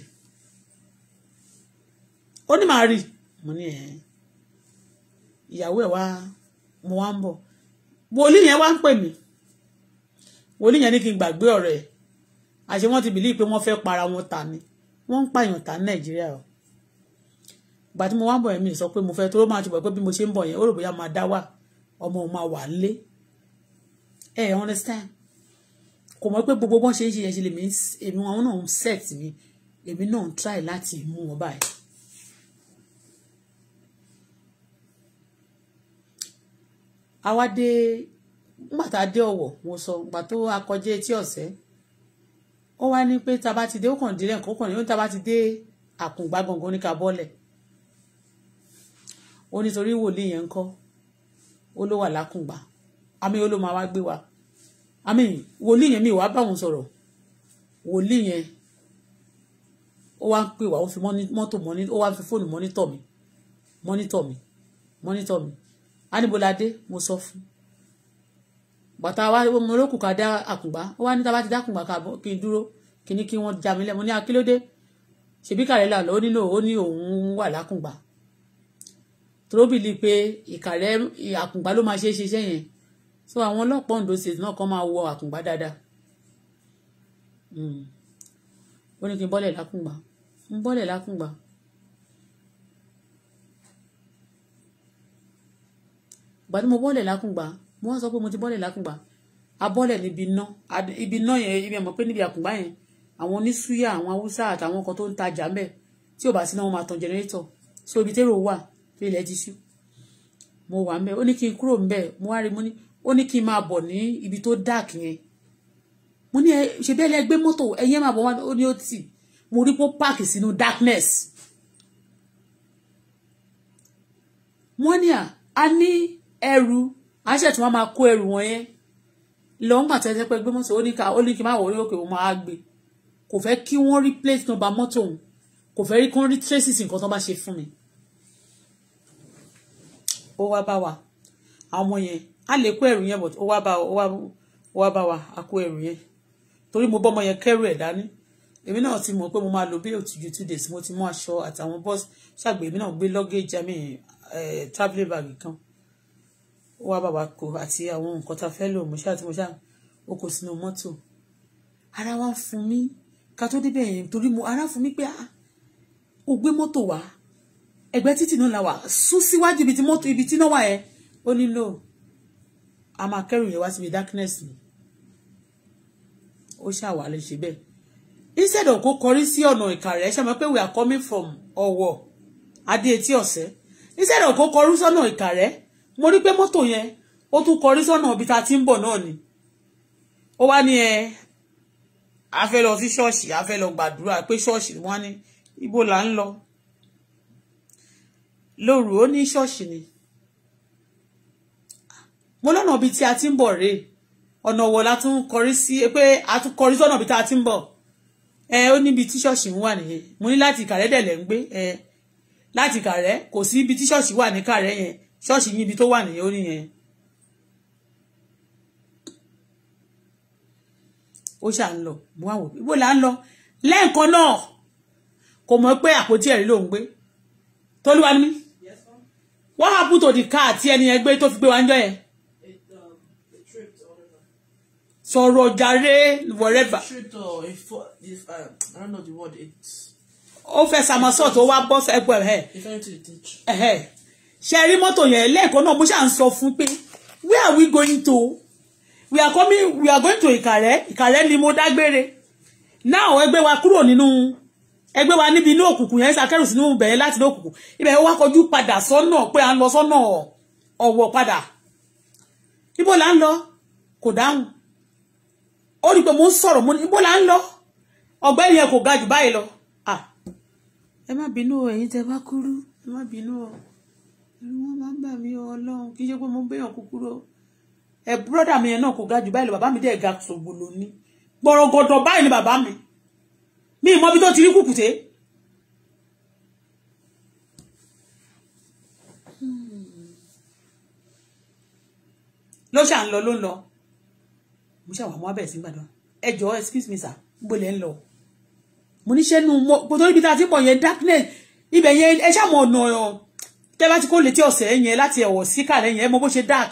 ó ní màá rí mo ní ẹ̀ ìyàwó ẹ̀ wá mo wá ń bọ̀ wòlíì yẹn wá ń pè mí wòlíì yẹn ní kí n gbàgbé ọ̀rẹ́ ẹ̀ àṣé wọ́n ti bìlí pé wọ́n fẹ́ para wọn ta ni wọ́n ń pààyàn ta ní nàìjíríà o ìgbà tí mo wá ń bọ̀ yẹn mi sọ pé mo fẹ́ tó ló máa ti bọ̀ pé bí mo ṣe ń bọ̀ yẹn ó rò bóyá máa dá wà ọmọ òun máa wà lé ẹ ẹ understand kò mọ̀ pé gbogbo bọ́n ṣe ń ṣe yẹn ṣe lèmi èmi wọn náà ń set mi èmi náà ń try láti mú wọn báyìí Awade, dé nígbà tá a dé ọ̀wọ̀ mo sọ nígbà tó akọjá etí ọ̀sẹ́ ó wá ní pé tá a bá ti dé ó kàn dé lẹ́ǹkan ó kàn ní ó tá a bá ti dé àkùngbà gbọ̀ngàn ní ká bọ́lẹ̀ ó nítorí wòlíì yẹn ń kọ́ ó ló wà lákùngbà àmì ó ló máa wá gbé wa àmì wòlíì yẹn mi wàá bá òun sọ̀rọ̀ wòlíì yẹn ó wá ń pè wá ó fi mọ́tò mọ́nítọ̀ mi mọ́nítọ̀ mi mọ́nítọ̀ mi anibolade mo sọ fún bàtà wa mo lókùn ká dá àkùngbá ó wá ní tá a bá ti dá àkùngbá ká kí n dúró kí ni kí wọ́n já mi lẹ́mu ní akílódé ṣèbí kàrẹ́là ló nílò ó ní òun wà lákùngbà tróbìlì pé ìkàrẹ́ àkùngbá ló máa ṣe é ṣiṣẹ́ yẹn so àwọn ọlọ́pàá Ondo state náà kàn máa wọ àkùngbá dáadáa hmm. ó ní kí n bọ́lẹ̀ lákùngbà ń bọ́lẹ̀ lákùngbà ìgbà tí mo bọ́lẹ̀ lákùngbà mo wá sọ pé mo ti bọ́lẹ̀ lákùngbà abọ́lẹ̀ níbi iná ibi iná yẹn ibi àmọ́ pé níbi àkùngbà yẹn àwọn oníṣúyà àwọn haúsá àtàwọn kan tó ń tajà mbẹ tí ò bá sí náà wọn máa tan jẹnẹrétọ̀ so ibi tẹ́rọ wà tó ilẹ̀ ti ṣú mo wà mbẹ ó ní kí n kúrò mbẹ mo wá rí mo ní ó ní kí n máa bọ̀ ní ibi tó dark yẹn mo ní ṣe bẹ́ẹ̀ lẹ gbé mọ́tò ẹyẹ máa bọ̀ wá ó ní ó tì mo rí pó páàkì sínú darkness wọ́n ní à á ní ẹrù àṣẹ tí wọ́n máa kó ẹrù wọn yẹn lọ ń gbà tó ẹ pé gbé mọ́tò ó ní ká ó ní kí n má wọ̀ ní òkè òun máa gbé kò fẹ́ kí wọ́n rí plate number mọ́tò òun kò fẹ́ rí kí wọ́n rí traces nǹkan tó bá ṣe fún mi. ó wá bá wa àwọn yẹn á lè kó ẹrù yẹn bọ̀ ó wá bá wa ó wá bá wa á kó ẹrù yẹn torí mo bọ́mọ yẹn kẹ́rù ẹ̀ dání èmi náà ti mọ̀ pé mo máa lo bí òtújú two days mo ti mú aṣọ àtàwọn bọ́ọ̀sì ṣàgbé èmi náà gbé luggage àmì eh, travelling bag kan ó wá bàbá kó àti àwọn nǹkan tá fẹ́ lò mo ṣáà tí mo sínú mọ́tò ara wa fún mi ká tó débẹ̀ yẹn torí mo ara fún mi pé ah gbé mọ́tò wá ẹgbẹ́ títì náà la wà sún síwájú ibi tí mọ́tò ibi tí náà wà yẹn ó nílò a máa kẹ́rù yẹn wá síbi darkness ni ó ṣàwà lè ṣe bẹ́ẹ̀ instead of kó kọrí sí ọ̀nà ìka rẹ̀ ṣe mọ̀ pé we are coming from ọ̀wọ̀ adé etí ọ̀sẹ̀ instead of kó kọrí sọ́nà ìka rẹ̀ mo rí pé mọ́tò yẹn ó tún kọrí sọ́nà ibi tá a ti ń bọ̀ náà ni ó wá ní ẹ a fẹ́ lọ sí ṣọ́ọ̀ṣì a fẹ́ lọ gbàdúrà pé ṣọ́ọ̀ṣì wọ́n ní ibo là ń lọ lóru ó ní ṣọ́ọ̀ṣì ni mo lọ́nà ibi tí a ti ń bọ̀ rèé ọ̀nà wo la tún kọrí sí pé a tún kọrí sọ́nà ibi tá a ti ń bọ̀ ẹ ó níbi tí ṣọ́ọ̀ṣì ń wà nìyẹn mo ní láti Ìkàrẹ́ dẹ̀ lẹ̀ ń gbé ẹ láti Ìkàrẹ́ kò sí ibi tí ṣọ́ọ̀ṣì wà ní Ìkàrẹ́ yẹn ṣọ́ọ̀ṣì yín ibi tó wà nìyẹn ó nìyẹn ó ṣà ń lọ bó àwọn òbí bó là ń lọ lẹ́ẹ̀kan náà kò mọ̀ pé àpótí ẹ̀rí ló ń gbé tolúwa ní wọ́n á put the car àti ẹni ẹgbẹ́ tó fi gbé wa ń jọ yẹn um, sọ̀rọ̀ jàre wherever. Uh, uh, ó fẹ́ samasọ́ọ̀tì ó wá bọ́ ẹ̀pọ̀ ẹ̀ ẹ̀. ṣe rí mọ́tò yẹn lẹ́ẹ̀kan náà mo ṣáà ń sọ fún pé where are we going to we are to Ìkàrẹ́ ni mo dágbére now ẹgbẹ́ wa kúrò nínú ẹgbẹ́ wa níbi inú òkùnkùn yẹn ṣàkẹ́rù sínú bẹ̀rẹ̀ láti inú òkùnkùn ibẹ̀ wá kọjú padà sọ́nà pé à ń lọ sọ́nà ọ̀wọ̀ padà ibo là ń lọ kò dáhùn ó rí pé mo ń sọ̀rọ̀ mo ní ibo là ń lọ ọ̀gbẹ́ni yẹn kò ga jù báyìí lọ ẹ má ọ. ẹ̀rù wọn máa ń bà mí ọlọ́run kì í ṣe pé mo ń béèyàn kúkúrú ẹ búrọ́dà mi yẹn náà kò ga jù báyìí lọ bàbá mi dẹ̀ ga sògbòlò ni gbọ̀rọ̀gọ̀dọ̀ báyìí ni bàbá mi mi ì mọbi tó ti rí kùkùté. ló ṣà ń lọ ló ń lọ mo ṣàwà mọ́ abẹ́ẹ̀ sí gbàdúrà ẹ jọ̀ọ́ excuse me sir gbogbo lẹ́ ń lọ mo níṣẹ́ nu mo torí ibi tá a ti pọ̀ yẹn darkness ibẹ̀ yẹn ẹ ṣàmọ̀ ọ̀nà tẹ́ bá ti kó létí ọ̀sẹ̀ yẹn láti ẹ̀wọ̀ síkà lẹ́yìn ẹ mọ bó ṣe dark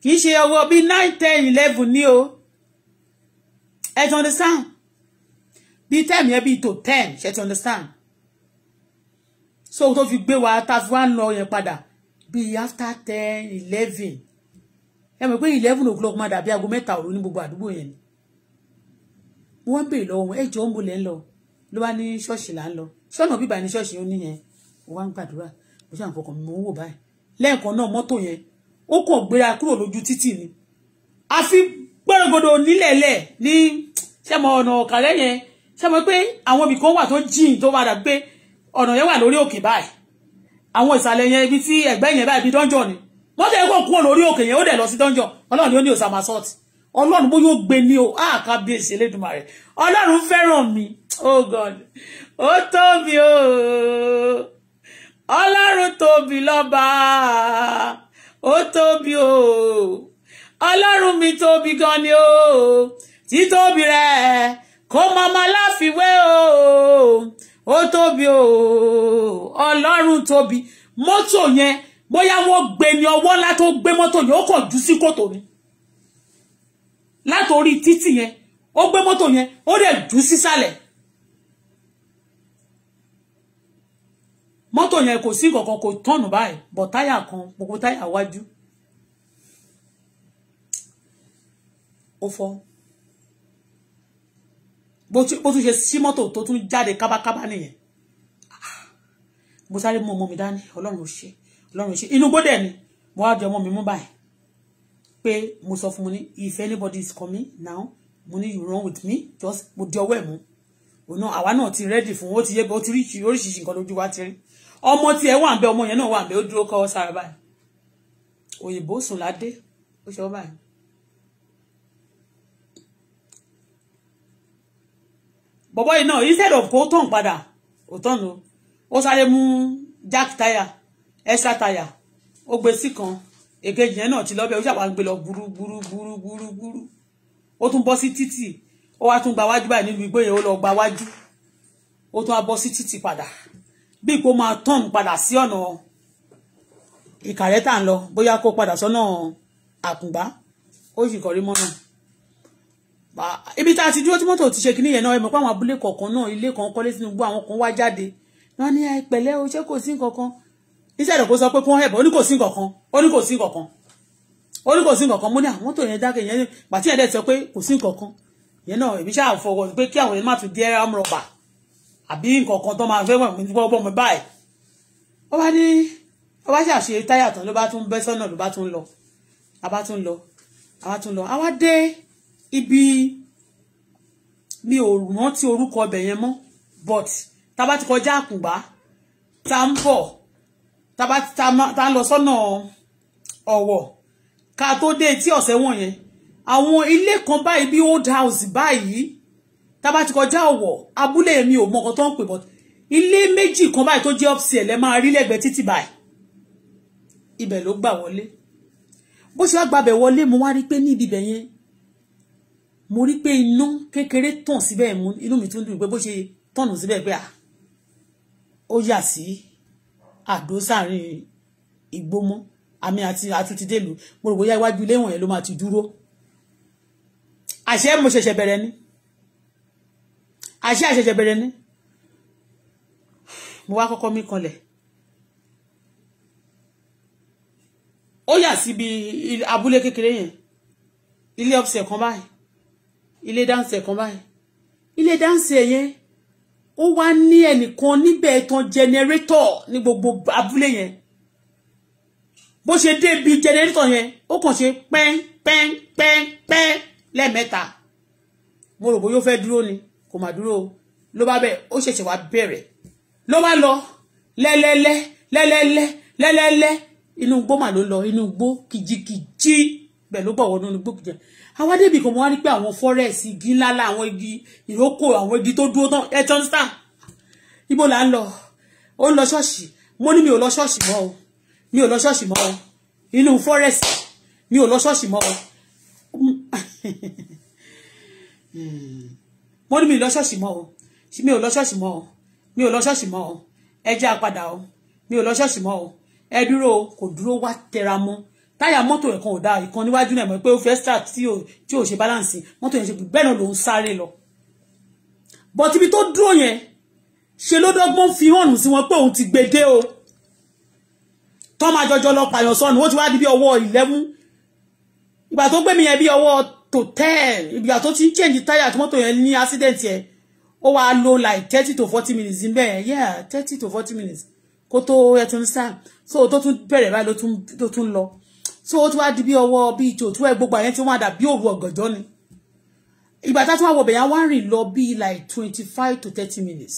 kì í ṣe ọwọ́ bíi nine ten eleven ní o ẹ ti understand bíi ten yẹn bíi tó ten ṣe ti understand so tó fi gbé wa tá a fi wá ń lọ yẹn padà after ten eleven ẹ mọ̀ pé eleven o'clock máa dàbí aago mẹ́ta òru ní gbogbo àdúgbò yẹn ni wọ́n ń bèèrè lọ́wọ́ wọn ẹ̀jọ̀ ń bolẹ̀ ń lọ ló bá ní ṣọ́ọ̀ṣì là ń lọ ṣọ́ọ̀nà bíbá ní ṣọ́ọ̀ṣì ó níyẹn wọ́n wá mo ṣáà fọkàn mi mo wò báyìí lẹ́ẹ̀kan náà mọ́tò yẹn ó kàn gbéra kúrò lójú títì ni àfi gbọ́dọ̀gbọ́dọ̀ nílẹ̀lẹ̀ ní sẹ́mọ ọ̀nà ọ̀kàlẹ́ yẹn sẹ́mọ pé àwọn ibì kan wà tó jìn tó padà pé ọ̀nà yẹn wà lórí òkè báyìí àwọn ìsàlẹ̀ yẹn ibi tí ẹ̀gbẹ́ yẹn báyìí bí dọ́njọ́ ni mọ́tò yẹn kò kúrò lórí òkè yẹn ó dẹ̀ lọ sí dọ́njọ́ ọlọ́run ni ó ní òsàmà sọ́ọ̀tì ọlọ́run bó yóò gbé ní o àkábíyèsí elédùnmarè ọlọ́run fẹ́ràn mi oh god ó tó mi o. Oh ọlọ́run tóbi lọ́ba ó tóbi o ọlọ́run mi tóbi gan ni o títóbi rẹ̀ kó mọ́mọ́ láfiwé o ó tóbi o ọlọ́run tóbi mọ́tò yẹn bóyá wọ́n gbé ní ọwọ́ ńlá tó gbé mọ́tò yẹn ó kàn jù sí kòtò ni látòrí títì yẹn ó gbé mọ́tò yẹn ó dẹ̀ jù sísàlẹ̀ Moto yẹn kò sí kankan kò tọ̀nù báyìí bọ̀ táyà kan gbogbo táyà wájú ó fọ́ bó tún ṣe sí mọ́tò tó tún jáde kábákábá nìyẹn mo sáré mú ọmọ mi dání ọlọ́run ò ṣe ọlọ́run ò ṣe inú gbọ́dẹ̀ ni mo wá di ọmọ mi mú báyìí pé mo sọ fún mi ní if anybody is coming now mo ní you run with me just mo di ọwọ́ ẹ̀ mú òun náà àwa náà ti rẹ́dì fún ó ti yé bó ti rí oríṣiríṣi nǹkan lójú wa ti rí ọmọ tí ẹ wà ń bẹ ọmọ yẹn náà wà ń bẹ ó dúró kọ́wọ́ sára báyìí òyìnbó sùn ládé ó ṣe ọ báyìí. bọ̀bọ́ yìí náà instead of kó tán padà ó tán lọ ó sáré mú jack tire extra tire ó gbé sí kan èkejì yẹn náà ti lọ́bẹ̀ ó ṣàwọn gbé lọ gbúrúgbúrúgbúrúgbúrú ó tún bọ́ sí títì ó wá tún gba wájú báyìí nínú igbó yẹn ó lọ gba wájú ó tún wá bọ́ sí títì padà bí kò máa tọ́n padà sí ọ̀nà ìkàrẹ́ tà ń lọ bóyá kó padà sọ́nà àkùngbá ó sì kọrí mọ́nà ibi tá a ti dúró tí mọ́tò ti ṣe kínní yẹn náà ẹ mọ̀ pé àwọn abúlé kọ̀ọ̀kan náà ilé kan kọ́lé sínú gbọ́ àwọn kan wá jáde wọn ní ìpẹ̀lẹ́ o ṣé kò sí nǹkan kan iṣẹ́ ìdọ̀kọ́ sọ pé kí wọ́n hẹ̀bọ̀ ó ní kò sí nǹkan kan ó ní kò sí nǹkan kan ó ní kò sí nǹkankan mo ní àwọn ah, tó yẹn dákẹ́ yẹn pàtí yẹn dẹ̀ sọ pé kò sí nǹkankan yẹn náà èmi ṣáà fọwọ́ pé kí àwọn yẹn má tún di ẹ̀rọ rọ̀bà àbí nǹkan kan tó máa fẹ́ wọ̀n mi gbọ́ bọ́mọ báyìí ó bá ní ó bá ṣàṣe táyà tán ló bá tún bẹ́ sọ́nà ló bá tún lọ a bá tún lọ a bá tún lọ a wá dé ibi mi ò rántí orúkọ ọbẹ̀ yẹn mọ́ but tá a bá ti kọjá àkùngbá tá a ń bọ̀ tá a bá tá a ń lọ sọ́nà ọ̀wọ̀ ká tó dé etí ọ̀sẹ̀ wọ̀nyẹn àwọn ilé kan báyìí bí old house báyìí tábà ti kọjá ọ̀wọ̀ abúlé mi ò mọ nǹkan tó ń pè bọ́ ilé méjì kan báyìí tó jẹ́ ọ́fíìsì ẹ̀ lẹ́ máa rí lẹ́gbẹ̀ẹ́ títì báyìí ibẹ̀ ló gbà wọlé bó ṣe wá gbàbẹ̀ wọlé mo wá rí pé ní ibi ibẹ̀ yẹn mo rí pé iná kékeré tàn síbẹ̀ inú mi tún dùn pé bó ṣe tọ̀nù síbẹ̀ pé à ah, ó yà sí àdó sáàrin ìgbómọ́ àmì àti àtúntìdélù mo rò bóyá iwájú ilé wọ̀nyẹn ló máa ti dúró àṣẹ mo ṣẹ̀ṣẹ̀ bẹ̀rẹ̀ ni àṣé àṣẹ̀ṣẹ̀ bẹ̀rẹ̀ ni mo wá kọ́kọ́ mi kanlẹ̀ ó yà síbi abúlé kékeré yẹn ilé ọ̀sẹ̀ kan báyìí ilé dáńsẹ̀ kan báyìí ilé dáńsẹ̀ yẹn ó wá ní ẹnìkan níbẹ̀ tán jẹnẹrétọ̀ ní gbogbo abúlé yẹn bó ṣe dé ibi jẹnẹrétọ̀ yẹn ó kàn ṣe pẹ́ńpẹ́ńpẹ́ńpẹ́ lẹ́ẹ̀mẹ́ta mo rò bóyá ó fẹ́ dúró ni kò mà dúró ló bá bẹ́ẹ̀ ó ṣẹ̀ṣẹ̀ wá bẹ̀rẹ̀ ló bá lọ lẹ́lẹ́lẹ́ lẹ́lẹ́lẹ́ lẹ́lẹ́lẹ́ inú igbó mà ló lọ inú igbó kìjikìji bẹ́ẹ̀ ló bọ̀ wọnú inú igbó kìjikìji àwọn adébì kan wọ́n rí pé àwọn fọ́rẹ́ẹ̀sì igi ńlá la àwọn igi ìrókò àwọn igi tó dúró tán ẹ̀tọ́ ń ibo là ń lọ ó ń lọ ṣọ́ọ̀ṣì mo ní mi ò lọ ṣọ́ọ̀ṣì mọ́ o mi ò lọ ṣọ́ọ̀ṣì mọ́ o inú fọ́rẹ́ẹ̀sì mi ò lọ ṣọ́ọ̀ṣì mọ́ o. Hmm mo ní mi lọ ṣọ́ọ̀ṣì mọ́ o mi ò lọ ṣọ́ọ̀ṣì mọ́ o mi ò lọ ṣọ́ọ̀ṣì mọ́ o ẹ jẹ́ apadà o mi ò lọ ṣọ́ọ̀ṣì mọ́ o ẹ dúró o kò dúró wá tẹra mọ́ táyà mọ́tò ẹ̀ kan ò dáa ìkan níwájú náà mọ̀ pé ó fẹ́ start tí ò tí ò ṣe balance mọ́tò yẹn ṣe bẹ́ẹ̀ náà ló ń sáré lọ but ibi tó dúró yẹn ṣe ló dọ́gbọ́n fi hàn sí wọn pé òun ti gbede o tọ́ máa jọjọ lọ pààyàn sọnù ó ti wá di bí ọwọ́ eleven ìgbà tó gbé mi yẹn bí ọwọ́ to ten ìgbà tó ti ń change tire. tí mọ́tò yẹn ní accident yẹn ó wàá lo like thirty to forty minutes níbẹ̀ yẹn yeah thirty to forty minutes kó tó ẹ tún sàn so tó tún bẹ̀rẹ̀ báyìí ló tún lọ so ó tún wá di bí ọwọ́ bí ìjò tó ẹ gbogbo àyẹn tí wọ́n dà bí òru ọ̀gànjọ́ ni ìgbà tá a tún wá wọ̀ bẹ̀yà wá rìn lọ bí like twenty five to thirty minutes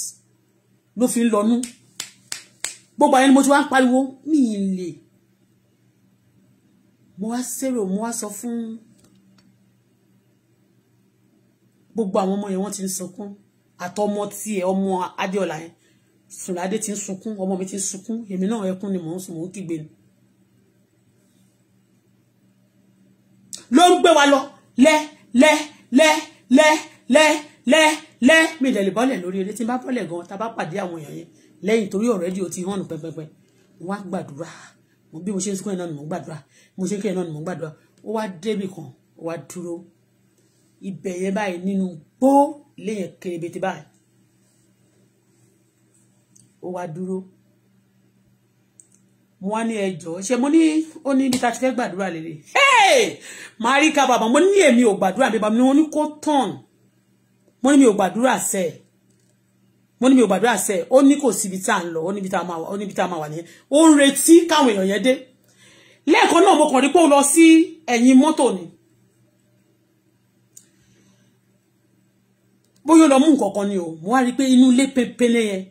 ló fi ń lọnú gbogbo àyẹn ni mo ti wá ń pariwo mi ì lè mo wá sẹ́rò mo wá sọ fún gbogbo àwọn ọmọ yẹn wọ́n ti ń sunkún àtọmọ tiẹ̀ ọmọ adéọlá yẹn sùnládé ti ń sunkún ọmọ mi ti ń sunkún èmi náà ẹkún ni mò ń sùn mò ń kígbe ni. ló ń gbé wa lọ lẹ lẹ lẹ lẹ lẹ lẹ lẹ mi ìdẹ̀lẹ̀ bọ́lẹ̀ lórí eré tí n bá bọ́lẹ̀ gan ta bá pàdé àwọn èèyàn yẹn lẹ́yìn torí ọ̀rẹ́ di o ti hàn nù pẹ́pẹ́pẹ́ wọ́n á gbàdúrà bí mo ṣe ń sunkún ẹ̀ náà ni mò gbàdúrà bí mo ṣe ń kẹ́ náà ni mò gbàdúrà ó wá débì kan ó wá dúró ibẹ̀ yẹn báyìí nínú gbó ilé yẹn kerebete báyìí ó wá dúró mo wá ní ẹjọ́ ṣe mo ní ó ní ibi tá a ti fẹ́ gbàdúrà lélẹ máa rí ká bàbá mo ní èmi ò gbàdúrà mi bàbá mi ní kó tàn mo ní mi ò gbàdúrà sẹ mo ní mi ò gbàdúrà sẹ ó ní kò síbi tá à ń lọ ó níbi tá a máa wà ó níbi tá a máa wà nìyẹn ó ń retí káwọn èèyàn yẹn dé lẹ́ẹ̀kan náà mo kàn rí pé ó lọ sí ẹ̀yìn mọ́tò ni bóyá lọ mú nǹkan kan ni o mo wá rí i pé inú ilé pépélé yẹn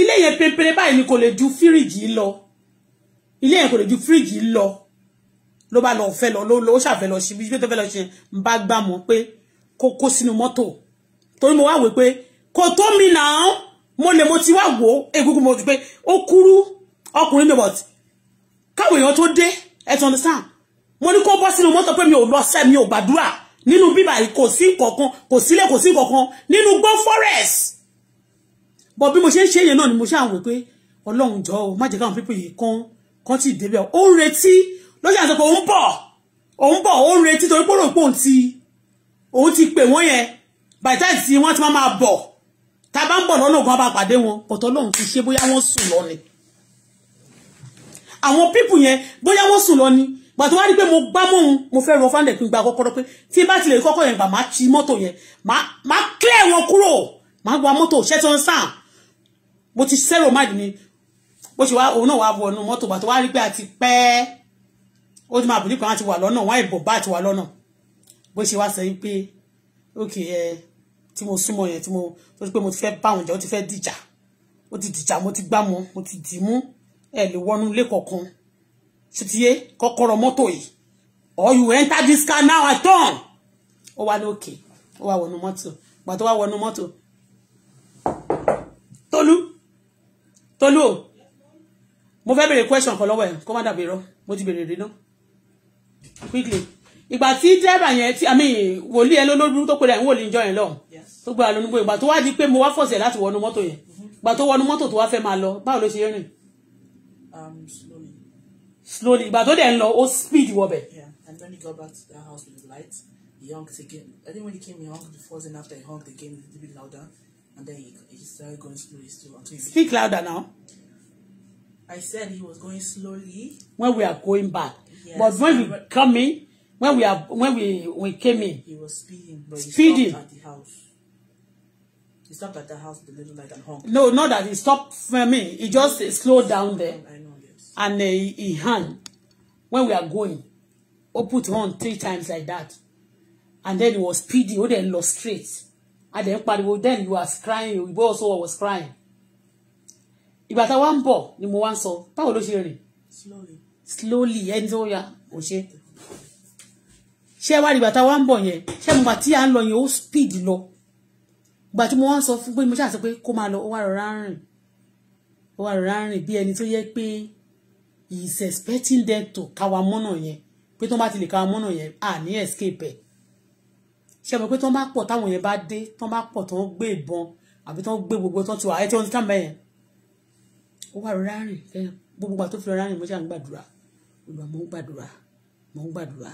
ilé yẹn pépélé báyìí ni kò lè ju fíríjì lọ ilé yẹn kò lè ju fíríjì lọ ló bá lọ fẹ́ lọ ló ló ṣàfẹ́ lọ sí bí tó fẹ́ lọ ṣe ń bá gbà mọ́ pé kó kó sínú mọ́tò torí mo wá wò pé kò tó mi náà mo lè mo ti wá wò ó mo ti pé ó kúrú ọkùnrin mi but káwọn èèyàn tó dé ẹ ti understand mo ní kó bọ́ sínú mọ́tò pé mi ò lọ sẹ́ mi ò gbàdúrà nínú bíbà kò sí kankan kò sílé kò sí kankan nínú gbọ́ forest bọ̀ bí mo ṣe ń ṣe yẹn náà ni mo ṣe àwọn pé ọlọ́run jọ o má jẹ́ káwọn pípọ̀ yìí kan kan ti débẹ̀ ó ń retí lọ́jọ́ àti pé òun bọ̀ òun bọ̀ ó ń retí torí pé òun ti òun ti pè wọ́n yẹn bàtà tí wọ́n ti máa máa bọ̀ tá bá ń bọ̀ lọ́nà ògùn abá pàdé wọn pọ̀tọ́ lóun ti ṣe bóyá wọ́n sùn lọ ni àwọn pípù yẹn bóyá wọ́n sùn lọ ni gbà tó wá rí pé mo gbá mọ́ òun mo fẹ́ rọ fáńdẹ̀ pín gba kọ́kọ́rọ́ pé tí bá tilẹ̀ kọ́kọ́ yẹn gbà máa ti mọ́tò yẹn máa clear wọn kúrò máa gba mọ́tò ṣẹ́tọ́ sàn mo ti sẹ́rò má dì ní bó ṣe wá òun náà wá wọnú mọ́tò gbà tó wá rí pé àti pẹ́ ó ti máa bù nípa wọn ti wà lọ́nà wọn ìbò bá ti wà lọ́nà bó ṣe wá sọ yìí pé ókè ẹ tí mo súnmọ́ yẹn tí mo tó ti pé mo ti fẹ́ bá òun jà ó ti fẹ́ dìjà ó ti dìjà mo ti gbá mọ́ mo ti dì mú ẹ lè wọnú ilé kọ̀ọ̀kan ṣe ti yé kọ́kọ́rọ́ mọ́tò or you enter this car now at dawn ó wá ní òkè ó wá wọnú mọ́tò gbà tó wá wọnú mọ́tò tolú tolú o mo fẹ́ bèrè question kan lọ́wọ́ ẹ̀ kó má dàbí irọ́ mo ti bèrè rí náà quickly ìgbà tí dẹ́rẹ́bà yẹn tí àmì wòlíì ẹ lólóbúrú tó pe rẹ̀ ń enjoy ìjọ yẹn lọ tó gbà lónúgbò ìgbà tó wá di pé mo wá fọ̀sẹ̀ láti wọnú mọ́tò yẹn ìgbà tó wọnú mọ́tò to wá fẹ́ máa lọ báwo ló ṣe rìn slowly but tó dẹ̀ ń lọ ó speed wọbẹ̀. yeah and when he got back to the house with the lights. he honked again I think when he came he honked before and after he honked again a little bit louder and then he, he started going slowly still until he. speak louder now. I said he was going slowly. When we are going back. Yes. But when we come in, when we are when we we came in. He was speeding, but he stopped at the house. He stopped at the house with the little light and honked. No, not that he stopped for me. He just slowed down there. I know and uh, he hand when we are going ó put on three times like that and then he was speedy ó then lost straight and then pariwo then he was crying òyìnbó also was crying ìgbà tá a wá ń bọ̀ ni mo wá ń sọ báwo ló ṣe rìn slowly ẹni tó yà kò ṣe ṣé wá ìgbà tá a wá ń bọ̀ yẹn ṣé mo gbà tí à ń lọ yẹn ó speed lọ ìgbà tí mo wá ń sọ fún pé mo ṣàṣẹ pé kó máa lọ ó wá rọra ń rìn ó wá rọra ń rìn bí ẹni tó yẹ pé is expecting them to káwa mọ́nà yẹn pé tó bá ti lè káwa mọ́nà yẹn à ní escape ẹ̀ ṣe mọ̀ pé tó bá pọ̀ táwọn yẹn bá dé tó bá pọ̀ tó ń gbé ìbọn àbí tó ń gbé gbogbo tó ti wà ẹ̀ tí wọ́n ti tàn bẹ́yẹn ó wà rọra rìn fẹ́yàn gbogbo àti òfin rọra rìn mo ṣà ń gbàdúrà olùwà mo ń gbàdúrà mo ń gbàdúrà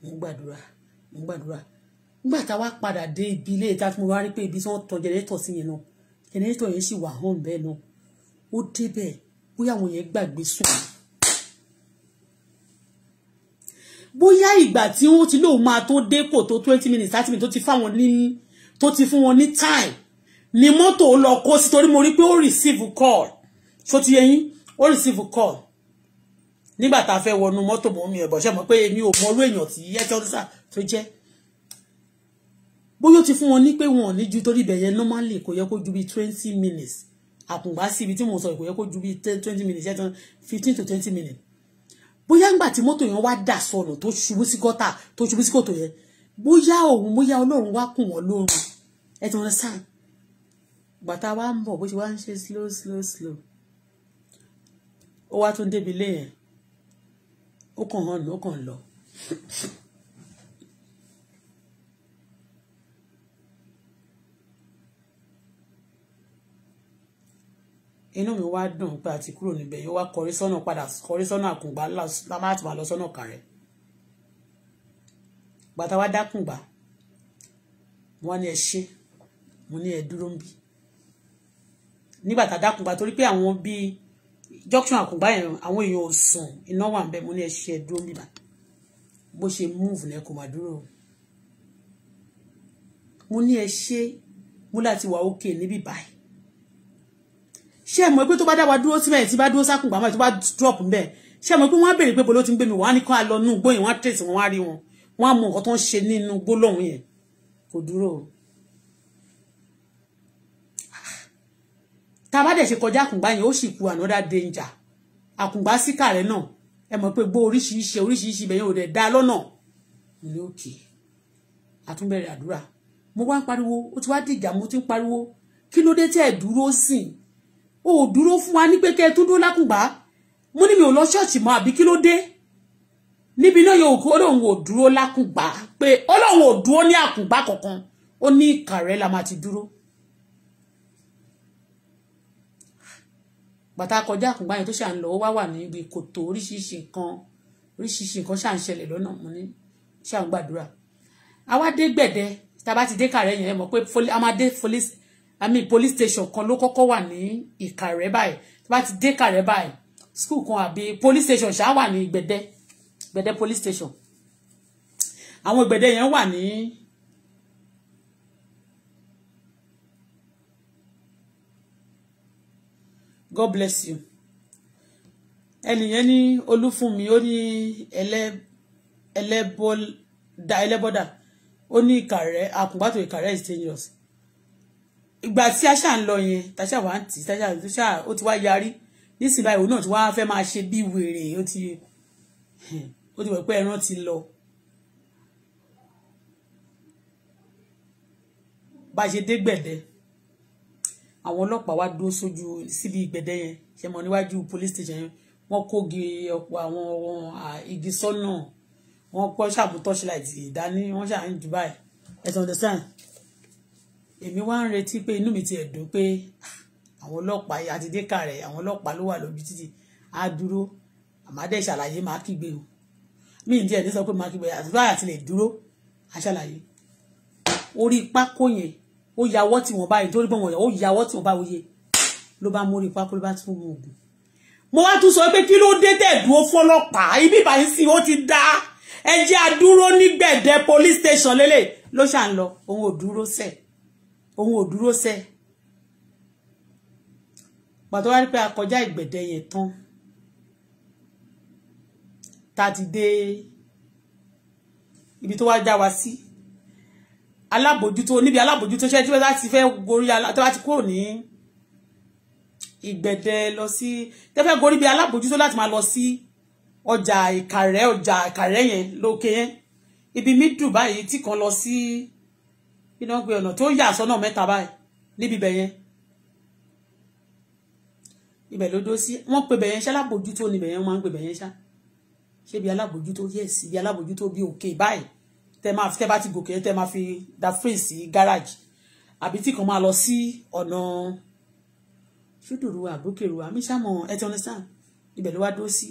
mo ń gbàdúrà mo ń gbàdúrà nígbà tá a wá padà dé ibi ilé ìta tí mo wá rí pé ibi tí wọ́n tan jẹnẹrétọ̀ sí yẹn náà jẹnẹrétọ̀ yẹn sì wà hàn bẹ́ẹ̀ náà ó débẹ̀ bóyá àwọn yẹn gbàgbé sùn bóyá ìgbà tí wọ́n ti lóun máa tó dé kò tó twenty minutes thirty minutes tó ti fáwọn ní tó ti fún wọn ní time ni mọ́tò lọ kó sí torí mo rí pé ó receive call So ti yẹyin ó receive call nígbà tá a fẹ́ wọnú mọ́tò mọ́ mi ẹ̀bọ̀ ṣe mọ̀ pé èmi ò mọ orú èèyàn tí yẹ́ tó sà tó jẹ́ bóyá ó ti fún wọn ní pé wọn ò ní ju torí ibẹ̀ yẹn normally kò yẹ kó ju bíi twenty minutes àpùngbà síbi tí mo sọ kò yẹ kó ju bíi twenty minutes yẹ́ tán fifteen to twenty minutes bóyá ńgbà tí mọ́tò yẹn wá dà sọnù tó ṣubú sí gọ́tà tó ṣubú sí kòtò yẹn bóyá òun bóyá ọlọ́run wá kùn wọ́n lóorun ẹ ti wọn sàn gbàtà wa ń bọ̀ bó ṣe wá ń ṣe slow slow slow ó wá tún débi lé yẹn ó kàn hàn ó kàn lọ. inú mi wá dùn pé àti kúrò níbẹ̀ yóò wá kọrí sọ́nà padà kọrí sọ́nà àkùngbà láti máa lọ sọ́nà kàrẹ́ gbàtà wá dákùngbà wọn ni ẹ ṣe mo ní ẹ dúró ń bì nígbà tá a dákùngbà torí pé àwọn bíi junction àkùngbà yẹn àwọn èèyàn ò sùn iná wà ń bẹ mo ní ẹ ṣe ẹ dúró ń bì bá bó ṣe move ní ẹ kò má dúró mo ní ẹ ṣe mo láti wà òkè níbí báyìí ṣé ẹ mọ̀ pé tó bá dá wa dúró síbẹ̀ tí bá dúró sákùn gbàmọ́ tó bá drop ń bẹ̀ ṣé ẹ mọ̀ pé wọ́n á béèrè pé bolo ti ń gbé mi wọ́n á ní kọ́ àlọ́ nù gbóyè wọ́n á tètè wọ́n á rí wọn wọ́n á mọ nǹkan tó ń ṣe nínú gbólóhùn yẹn kò dúró o. bá dẹ̀ ṣe kọjá àkùngbá yẹn ó sì ku another danger àkùngbá síkà rẹ̀ náà ẹ mọ̀ pé gbó oríṣiríṣi oríṣiríṣi ibẹ̀ yẹn ò dẹ̀ dá lọ́nà ìlú òkè kí ló dé tẹ́ ẹ̀ dúró sìn o dúró fún wa ní pé kẹ́ ẹ tún dúró lákùgbà mo ní mi ò lọ ṣọ́ọ̀ṣì mọ́ àbí kí ló dé níbi náà yóò kó olóhùn ò dúró lákùgbà pé olóhùn ò dúró ní àkùgbà kankan ó ní ìkàrẹ́ la máa ti dúró. bàtà kọjá àkùngbà yẹn tó ṣà ń lọ ó wá wà níbi kòtò oríṣiríṣi nǹkan oríṣiríṣi nǹkan ṣà ń mo ní ṣà ń gbàdúrà àwa dé gbẹ̀dẹ tá a ti dé kàrẹ́ yẹn mọ̀ pé a máa dé police àmì police station kan ló kọ́kọ́ wà ní Ìkàrẹ́ báyìí tó bá ti dé Ìkàrẹ́ báyìí school kan àbí police station ṣáà wà ní gbẹ̀dẹ́ gbẹ̀dẹ́ police station àwọn gbẹ̀dẹ́ yẹn wà ní. God bless you ẹnìyẹn ní olúfúnmi ó ní ẹlẹ́bọ̀dà ó ní Ìkàrẹ́ àkùngbàtò Ìkàrẹ́ is dangerous ìgbà tí aṣá ń lọ yẹn tàṣà wà ń tì tàṣà tàṣà ó ti wá yarí nísìnyí báyìí òun náà ti wá fẹ́ máa ṣe bí wèrè ó ti ó ti wẹ̀ pé ẹran ti lọ. bá a ṣe dé gbẹ̀dẹ̀ àwọn ọlọ́pàá wá dúró sójú síbi gbẹ̀dẹ̀ yẹn ṣe mọ̀ níwájú police station yẹn wọ́n kógi ọ̀pọ̀ àwọn igi sọ́nà wọ́n pọ́ ṣàbùtọ́ṣìláìtì ìdání wọ́n ṣàǹjú báyìí ẹ̀sán ọ̀dẹ̀sán èmi wá ń retí pé inú mi ti ẹ̀dùn pé ah, àwọn ọlọ́pàá àti dékà rẹ̀ àwọn ọlọ́pàá ló wà lójú títì á dúró àmàdé ṣàlàyé máa kígbe o mí ìdí ẹ̀dín sọ pé máa kígbe àti báyà ti lè dúró á ṣàlàyé orí pákó yẹn ó yàwọ́ tí wọ́n báyìí torí bọ́n ó yàwọ́ tí wọ́n bá wòye ló bá mórí pákó ló bá tún mú oògùn mo wá tún sọ pé kí ló dé tẹ̀ dúró fọlọ́pàá ibi ìbàyín sí ó ti dá ẹ jẹ́ àdúró ní gbẹ̀dẹ̀ police station lélẹ̀ ló ṣà ń lọ òun ò dúró sẹ́ẹ̀ òun ò dúró sẹ́ pàtó wá rí pé a kọjá ìgbẹ̀dẹ yẹn tán tá a ti dé ibi tó wá já wa sí alábòjútó níbi alábòjútó ṣe tí wọ́n ti fẹ́ gorí tó bá ti kúrò ní ìgbẹ̀dẹ lọ sí tẹ́fẹ́ gorí bí alábòjútó láti máa lọ sí ọjà ìkàrẹ́ ọjà ìkàrẹ́ yẹn lókè yẹn ibi mídùú báyìí tí kan lọ sí. Si, kí náà gbé ọ̀nà tó yà sọ́nà mẹ́ta báyìí níbi ibẹ̀ yẹn ibẹ̀ ló dó sí wọ́n pe ibẹ̀ yẹn ṣá alábòjútó ni ibẹ̀ yẹn máa ń pe ibẹ̀ yẹn ṣá ṣé bí alábòjútó yes bí alábòjútó bí òkè báyìí tẹ máa fi tẹ bá ti gòkè tẹ máa fi da free sí garage àbí tí kan máa lọ sí ọ̀nà ṣúdùrú àbúkèrú àmì sàmọ̀ ẹ ti understand ibẹ̀ ló wá dó sí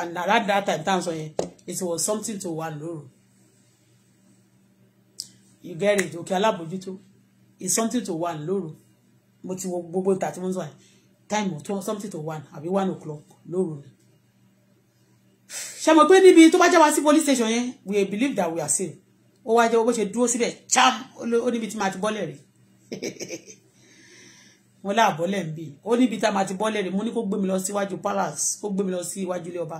and around that time tá à ń sọ yẹn it was something to one lóru you get it òkè alábòjútó is something to one lóru mo ti wo gbogbo ìta tí mo ń sọ time two something to one àbí one o'clock lóru ni ṣe mọ̀ pé níbi tó bá já wa sí police station yẹn we believe that we are safe ó wá jẹ́ bó ṣe dúró síbẹ̀ cham ó níbi tí màá ti bọ́lẹ̀ rí wọn láàbọ̀lẹ̀ ń bì ó níbi tá a máa ti bọ́lẹ̀ rí mo ní kó gbé mi lọ síwájú palace kó gbé mi lọ sí iwájú ilé ọba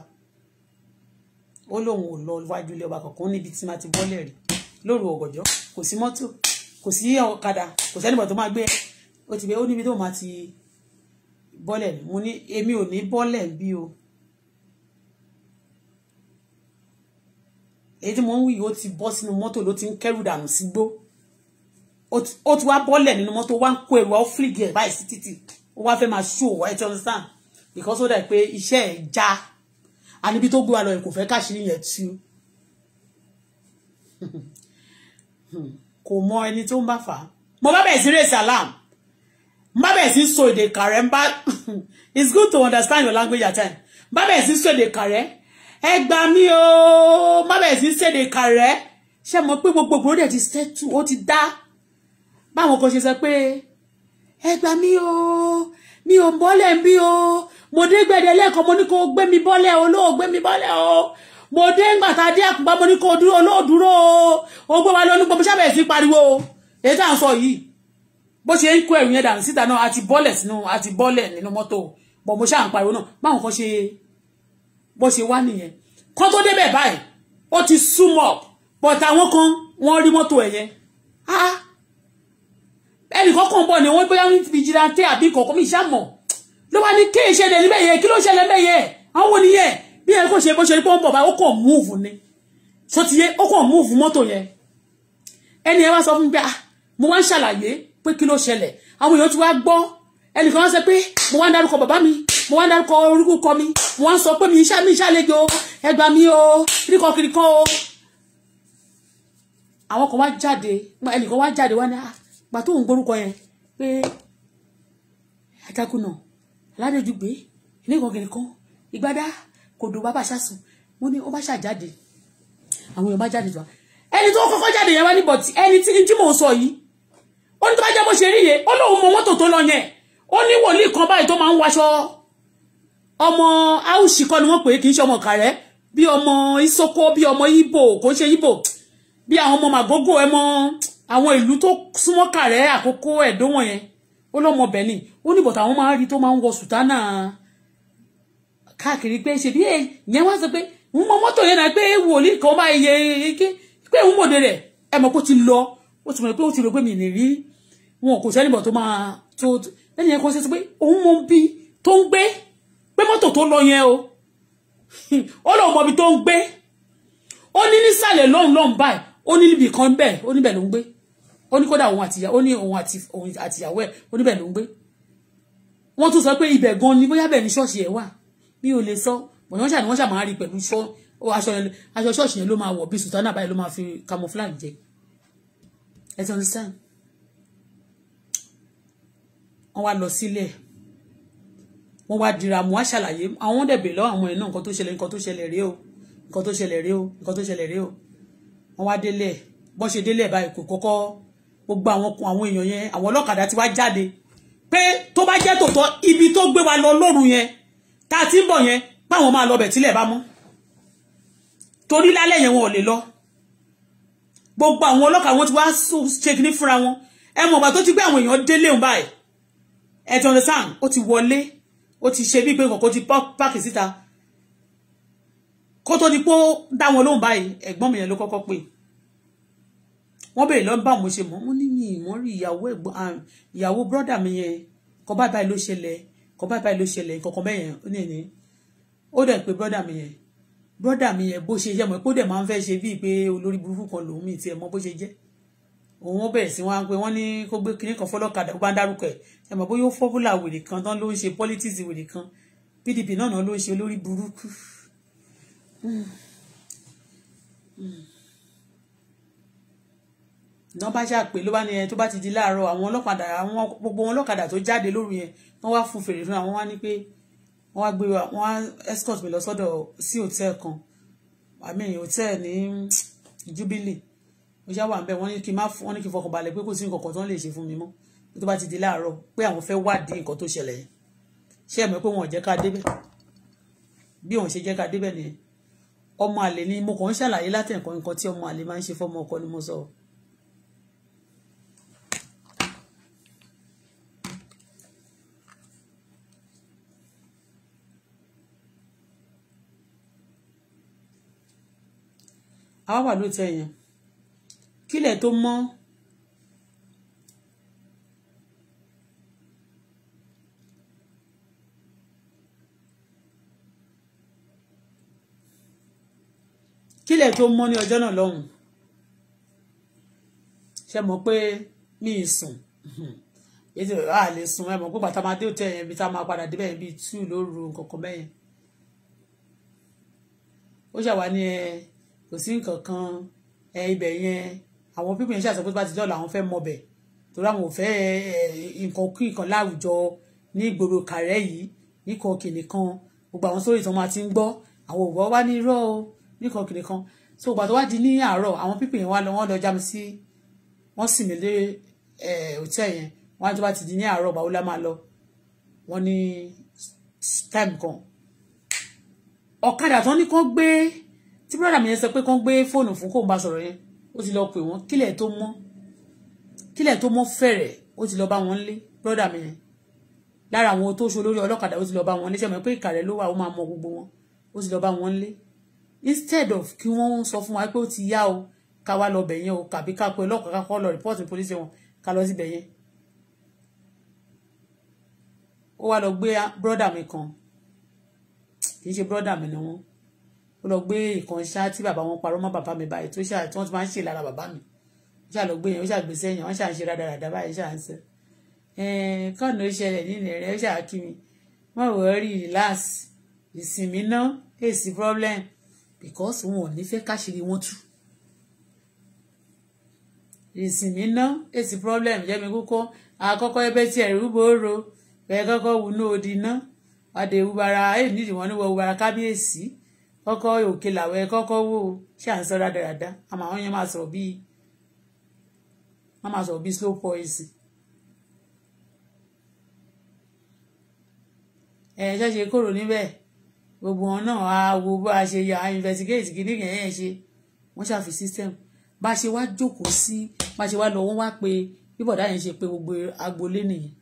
ó lóun ò lọ iwájú ilé ọba kankan ó níbi tí màá ti bọ́lẹ̀ rí lóru ọ̀gọ̀jọ́ kò sí mọ́tò kò sí ọ̀kadà kò sẹ́nìbọ̀ tó máa gbé ó ti bẹ ó níbi tó máa ti bọ́lẹ̀ mo ní èmi ò ní bọ́lẹ̀ bí o èyí tí mo ń wí ó ti bọ́ sínú mọ́tò ló ti ń kẹ́rù dànù sígbó ó ti wá bọ́lẹ̀ nínú mọ́tò wá ń kó ẹrù ọ́ fìlìgì báyìí sí títì ó wá fẹ́ máa ṣú òwò ẹ̀ tí understand because ó dà pé iṣẹ́ ẹ̀ já a níbi tó gbé wa lọ ẹ̀ kò fẹ́ káṣírí yẹn tú. kò mọ ẹni tó ń bá fà á mo bá bẹ̀rẹ̀ sí rè salam mo bá bẹ̀rẹ̀ sí so èdè kàrẹ́ ń bá it's good to understand your language at times mo bá bẹ̀rẹ̀ sí so èdè kàrẹ́ ẹ gbà mí o mo bá bẹ̀rẹ̀ sí so èdè kàrẹ́ ṣe mo pé gbogbo ògbóró dẹ̀ ti ṣẹ́tù ó ti dá báwọn kan ṣe sọ pé ẹ gbà mí o mi ò bọ́lẹ̀ ń o mo dé gbẹ̀dẹ̀ lẹ́ẹ̀kan mo ní kó gbé mi bọ́lẹ̀ o lóò gbé mi bọ́lẹ̀ o mo dé ńgbà tá a dé àkùngbà mo ní kó dúró olóòdúró o gbé wa lọ́nu gbogbo sábẹ̀ sí pariwo o èyí tá à ń sọ yìí bó ṣe ń kó ẹ̀rù yẹn dànù síta náà àti bọ́lẹ̀ sínú àti bọ́lẹ̀ nínú mọ́tò bọ̀ mo ṣáà ń pariwo náà báwọn kan ṣe bó ṣe wá nìyẹn kọ́ tó débẹ̀ báyìí ó ti súnmọ́ but àwọn kan wọ́n rí mọ́tò ẹ̀ yẹn ẹnì kọ́kàn bọ̀ ni wọ́n bóyá ń fi jìnnà tẹ́ àbí kọ̀ọ̀kan mi ṣàmọ̀ ló wá ní kéèṣẹ́ lẹ́nu bẹ́ẹ̀ yẹ kí ló ṣẹlẹ̀ bẹ́ẹ̀ yẹ àwọn wo nìyẹn bí ẹ kò ṣe bó ṣe rí pé ó ń bọ̀ báyìí ó kàn múùfù ni tó ti yé ó kàn múùfù mọ́tò yẹn ẹni ẹ wá sọ fún mi pé ah mo wá ń ṣàlàyé pé kí ló ṣẹlẹ̀ àwọn èèyàn ti wá gbọ́ ẹnìkan sọ pé mo wá ń dárúkọ bàbá mi mo wá ń dárúkọ orúkọ mi mo wá ń sọ pé mi iṣẹ́ mi ìṣàlejò ẹgbà mi o kíríkọ kíríkọ o àwọn kan wá jáde ẹnìkan wá jáde wá ní àgbà ah, tó ń gbórúkọ yẹn pé ajagunà aládéjúgbé ẹnìkan kìnìkan ìgbádá kò dùn bàbá ṣàṣùn wọ́n ní ó bá ṣàjáde àwọn èèyàn bá jáde jù wá ẹni tó kọ́kọ́ jáde yẹn wá ní bọ̀tì ẹni tí mò ń sọ yìí ó ní tó bá jẹ́ bó ṣe rí yẹn ó lóun mọ mọ́tò tó lọ yẹn ó ní wòlíì kan báyìí tó máa ń waṣọ ọmọ áùsì kọ́ ni wọ́n pè é kì í ṣe ọmọ kàrẹ́ bí ọmọ ìsoko bí ọmọ ibo kò ń ṣe ibo bí àwọn ọmọ màgógó ẹmọ àwọn ìlú tó súnmọ́ kàrẹ́ àkókò ẹ̀dọ́ wọ̀nyẹn ó lọ́mọ bẹ̀ni ó ní bọ̀tà àwọn máa ń rí tó máa ń wọ sùtánà káàkiri pé ṣe bí yẹn wá sọ pé ń mọ mọ́tò yẹn náà pé wòlíì kan máa yẹ ike pé òun mòde rẹ̀ ẹ mọ̀ kó ti lọ ó ti mọ̀ pé ó ti rò pé mi nìrí wọn kò sẹ́nìbọ̀ tó máa tó lẹ́nu yẹn kan ṣe sọ pé òun mọ bí tó ń gbé pé mọ́tò tó lọ yẹn o ó lóun mọ bí tó ń gbé ó ní nísàlẹ̀ lọ́hùn lọ́hùn báyìí ó ní níbi kan bẹ́ẹ̀ ó níbẹ̀ ló ń gbé ó ní kódà òun àtìyà ó ní òun àtìyàwó ẹ̀ ó níbẹ̀ ló ń gbé wọ́n tún sọ pé ibẹ̀ gan ni bóyá bẹ́ẹ̀ ni ṣọ́ọ̀ṣì ẹ̀ wà mi ò lè sọ bọ̀dọ̀ ṣáà ni wọ́n ṣáà máa rí pẹ̀lú aṣọ ṣọ́ọ̀ṣì yẹn ló máa wọ̀ bí sùtánà báyìí ló máa fi camouflage jẹ ẹ ti understand wọ́n wá lọ sílẹ̀ wọ́n wá dira mu wá ṣàlàyé àwọn dẹ̀ bèèrè lọ́wọ́ àwọn ẹ̀ náà nǹkan tó ṣẹlẹ̀ nǹkan tó ṣẹlẹ̀ rèé o nǹkan tó ṣẹlẹ̀ rèé o nǹkan tó ṣẹlẹ̀ rèé o wọ́n wá délẹ̀ bọ́n ṣe délẹ̀ báyìí kò kọ́kọ́ gbogbo àwọn àwọn èèyàn yẹn àwọn ọlọ́kadà ti wá jáde pé tó bá jẹ́ tòótọ́ ibi tó gbé wa lọ lọ́rùn yẹn tá a ti ń bọ̀ yẹn páwọn máa lọ bẹ̀ tílẹ̀ bá mọ́ torí lálẹ́ yẹn wọn ò lè lọ gbogbo àwọn ọlọ́kàá wọn ti wá ṣèkínní fúnra wọn ẹ mọ̀ ọ̀gbà tó ti gbé àwọn èèyàn délé òun báyìí ẹ ti understand ó ti wọlé ó ti ṣe bí pé kò ti páàkì síta kó tó di pé ó dá wọn lóhùn báyìí ẹ̀gbọ́n mi yẹn ló kọ́kọ́ pè wọ́n béèrè lọ́n bá òun ṣe mọ́ wọ́n ní mi ìmọ̀rí ìyàwó brọ́dà mi yẹn kọ́ báyìí báyìí ló ṣẹlẹ̀ kọ́ báyìí báyìí ló ṣẹlẹ̀ kankan bẹ́ẹ̀ yẹn ó ní ní ó dẹ̀ pé brọ́dà mi yẹn brọ́dà mi yẹn bó ṣe jẹ́ mọ́ pé ó dẹ̀ máa ń fẹ́ ṣe bíi pé olórí burúkú kan lòun mi tiẹ̀ mọ́ bó ṣe jẹ́ òun ó bẹ̀rẹ̀ sí wọn pé wọ́n ní kó gbé kinní kan fọ́lọ́kadà ó bá ń dárúkọ ẹ̀ ẹ mọ̀ bóyá ó fọ́bùlà wèrè kan tán ló ń ṣe politics wèrè kan PDP náà náà ló ń ṣe olórí burúkú. nọ́ọ́ bá ṣàpè ló bá ní ẹ tó bá ti di láàárọ̀ àwọn ọlọ́kadà àwọn gbogbo wọn ọlọ́kadà tó jáde lóru yẹn wọ́n wá fún fèrè fún àwọn wá ní pé wọ́n wá gbé wa wọ́n wá escort mi lọ sọ́dọ̀ sí hòtẹ́ẹ̀ kan I mean hòtẹ́ẹ̀ ní Jubilee mo ṣá wà ń bẹ̀ wọ́n ní kí n má wọ́n ní kí n fọkàn balẹ̀ pé kò sí nǹkan kan tó ń lè ṣe fún mi mọ́ tó bá ti di láàárọ̀ pé àwọn fẹ́ wádìí nǹkan tó ṣẹlẹ̀ yẹn ṣé ẹ mọ̀ pé wọn ò jẹ́ ká débẹ̀ bí òun ṣe jẹ́ ká débẹ̀ nìyẹn ọmọ àlè ni mo kàn ń ṣàlàyé látẹ̀kọ́ nǹkan tí ọmọ àlè máa ń ṣe fọ́mọ ọkọ ni mo sọ̀rọ̀ àwa wà lóòótọ́ yẹn kílẹ̀ tó mọ́ kílẹ̀ tó mọ́ ní ọjọ́ náà lọ́hùn ṣe mọ̀ pé mi ì sùn ètò a lè sùn ẹ mọ̀ pé bàtà máa dé òtẹ́ yẹn bí tá a máa padà débẹ̀ yẹn bíi two lóru nǹkan kan bẹ́yẹn ó ṣàwá ní ẹ kò sí nǹkan kan ẹ ibẹ̀ yẹn àwọn pípín iṣẹ́ àsọpọ̀ bá ti dọ́là àwọn fẹ́ mọbẹ̀ torí àwọn ò fẹ́ nǹkan kí nǹkan láwùjọ ní ìgboro kàrẹ́ yìí nìkan kìnì kan gbogbo àwọn sórí ìtàn máa ti ń gbọ́ àwọn òwò wá ní irọ́ o nìkan kìnì kan so ìgbà tó wá di ní àárọ̀ àwọn pípín yẹn wá lọ wọ́n lọ já mi sí wọ́n sì mí lé òtẹ́ yẹn wọ́n á tó bá ti di ní àárọ̀ báwo la máa lọ wọ́n ní time kan ọ̀kadà tán ní kán gbé tí brọ́dà mi yẹn sọ pé kán gbé fóònù fún kóun bá sọ̀rọ̀ yẹn ó ti lọ pè wọ́n kílẹ̀ tó mọ́ kílẹ̀ tó mọ́ fẹ̀rẹ̀ ó ti lọ bá wọn lé brọ́dà mi yẹn lára àwọn tó ṣe olórí ọlọ́kadà ó ti lọ bá wọn lé ṣe pé ìkàrẹ́ ló wà ó máa mọ gbogbo wọn ó ti lọ bá wọn lé instead of kí wọ́n sọ fún wa pé ó ti yá o ká wá lọ bẹ̀ yẹn o kàbí ká pe ọlọ́kàá kọ́ lọ rìpọ́ọ̀tì polisi wọn ká lọ síbẹ̀ yẹn ó wá lọ gbé brọ́dà mi kan kì í ṣe brọ́dà mi ni wọ́n ó lọ gbé nǹkan ṣá tí bàbá wọn parọ́ mọ́ bàbá mi báyìí tó ṣá tí wọ́n ti máa ń ṣe lára bàbá mi ṣá lọ gbé yẹn ó ṣá gbèsè yẹn wọ́n ṣá ń ṣe rádaràdà báyìí ṣá ń sẹ́ kọ́ọ̀nù ó ṣẹlẹ̀ nílẹ̀ rẹ̀ ó ṣá kí mi wọ́n wọ̀ rí relax ìsinmi náà èsì problem because wọn ò ní fẹ́ káṣírí wọn tú ìsinmi náà èsì problem jẹ́mi kúkọ́ àkọ́kọ́ ẹbẹ́ tí ẹ̀rú bòóró bẹ́ẹ̀ kọ́kọ́ wù ní odi náà adé wubara èyí nídìí wọn ní wọ wubara kábíyèsí. Si kọ́kọ́ òkè làwẹ̀ kọ́kọ́ wò ó ṣé à ń sọ rádaràda àmọ́ àwọn yẹn máa sọ̀rọ̀ bíi wọ́n máa sọ̀rọ̀ bíi slow poison. ẹ̀yìn ṣẹ́ṣe kúrò níbẹ̀ gbogbo wọn náà á wo bá a ṣe yà á investigate kìíní kìíní yẹn ṣe wọ́n ṣàfi system bá a ṣe wá jókòó sí bá a ṣe wá lọ wọ́n wá pé bí bọ̀dá yẹn ṣe pé gbogbo agboolé nìyẹn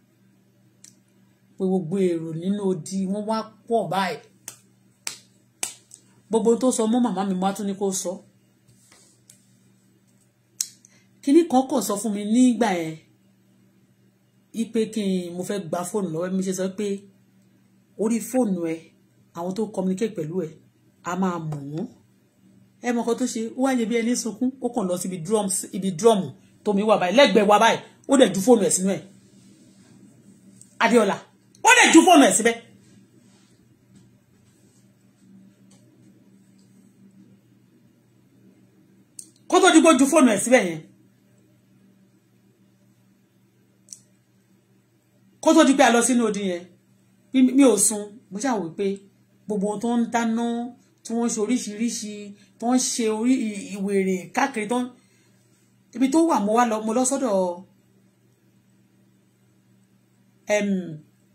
pé gbogbo èrò nínú odi wọ́n wá pọ̀ báyìí gbogbo tó sọ mọ́ màmá mi wá tún ní kó sọ kíní kan kàn sọ fún mi nígbà ẹ ipe kí n mo fẹ́ gba fóònù lọ́wọ́ mi ṣe sọ pé orí fóònù ẹ àwọn tó communicate pẹ̀lú ẹ a máa mọ̀ wọ́n ẹ mọ̀ kan tó ṣe ó wáyé bí ẹni sunkún ó kàn lọ sí ibi drum tómi wà báyìí lẹ́gbẹ̀ẹ́ wà báyìí ó dẹ̀ ju fóònù ẹ̀ sínú ẹ̀ Adéọlá ó dẹ̀ ju fóònù ẹ̀ síbẹ̀ kó tó dúpọ̀ ju fóònù ẹ̀ síbẹ̀ yẹn kó tó di pé a lọ sínú odi yẹn mi ò sun mo ṣàwò pé gbogbo ohun tó ń dáná tí wọ́n ń ṣe oríṣiríṣi tó ń ṣe orí ìwèrè káàkiri tó ń ibi tó wà mo wá lọ mo lọ sọ́dọ̀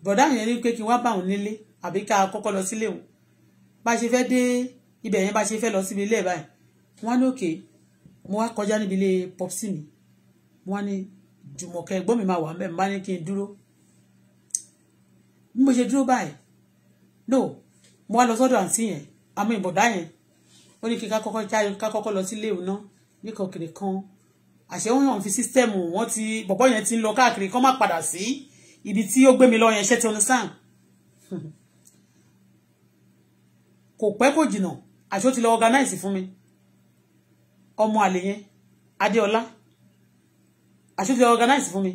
bọ̀dá yẹn ní pé kí n wá bá òun nílé àbí ká kọ́kọ́ lọ sílé òun bá ṣe fẹ́ dé ibẹ̀ yẹn bá ṣe fẹ́ lọ síbi ilé ẹ̀ báyìí wọ́n lókè mo wá kọjá níbi ilé popsi mi wọ́n ní jùmọ̀kẹ́ ẹ̀gbọ́n mi máa wà mẹ́rin bá ní kí n dúró mo ṣe dúró báyìí no mo wá lọ sọ́dọ̀ àǹtí yẹn àmọ́ ìbọ̀dá yẹn ó ní kí ká kọ́kọ́ jáde ká kọ́kọ́ lọ sílé ìwé náà ní kọ̀kiri kan àṣẹ wọn yàn fi sísítẹ́ẹ̀mù wọn ti bọ̀bọ̀ yẹn ti ń lọ káàkiri kán má padà sí ibi tí ó gbé mi lọ yẹn ṣẹ́ ti understand kò pẹ́ kò jìnnà àṣọ ti lọ organize fún mi ọmọ àlè yẹn adéọlá àṣùtì organize fún mi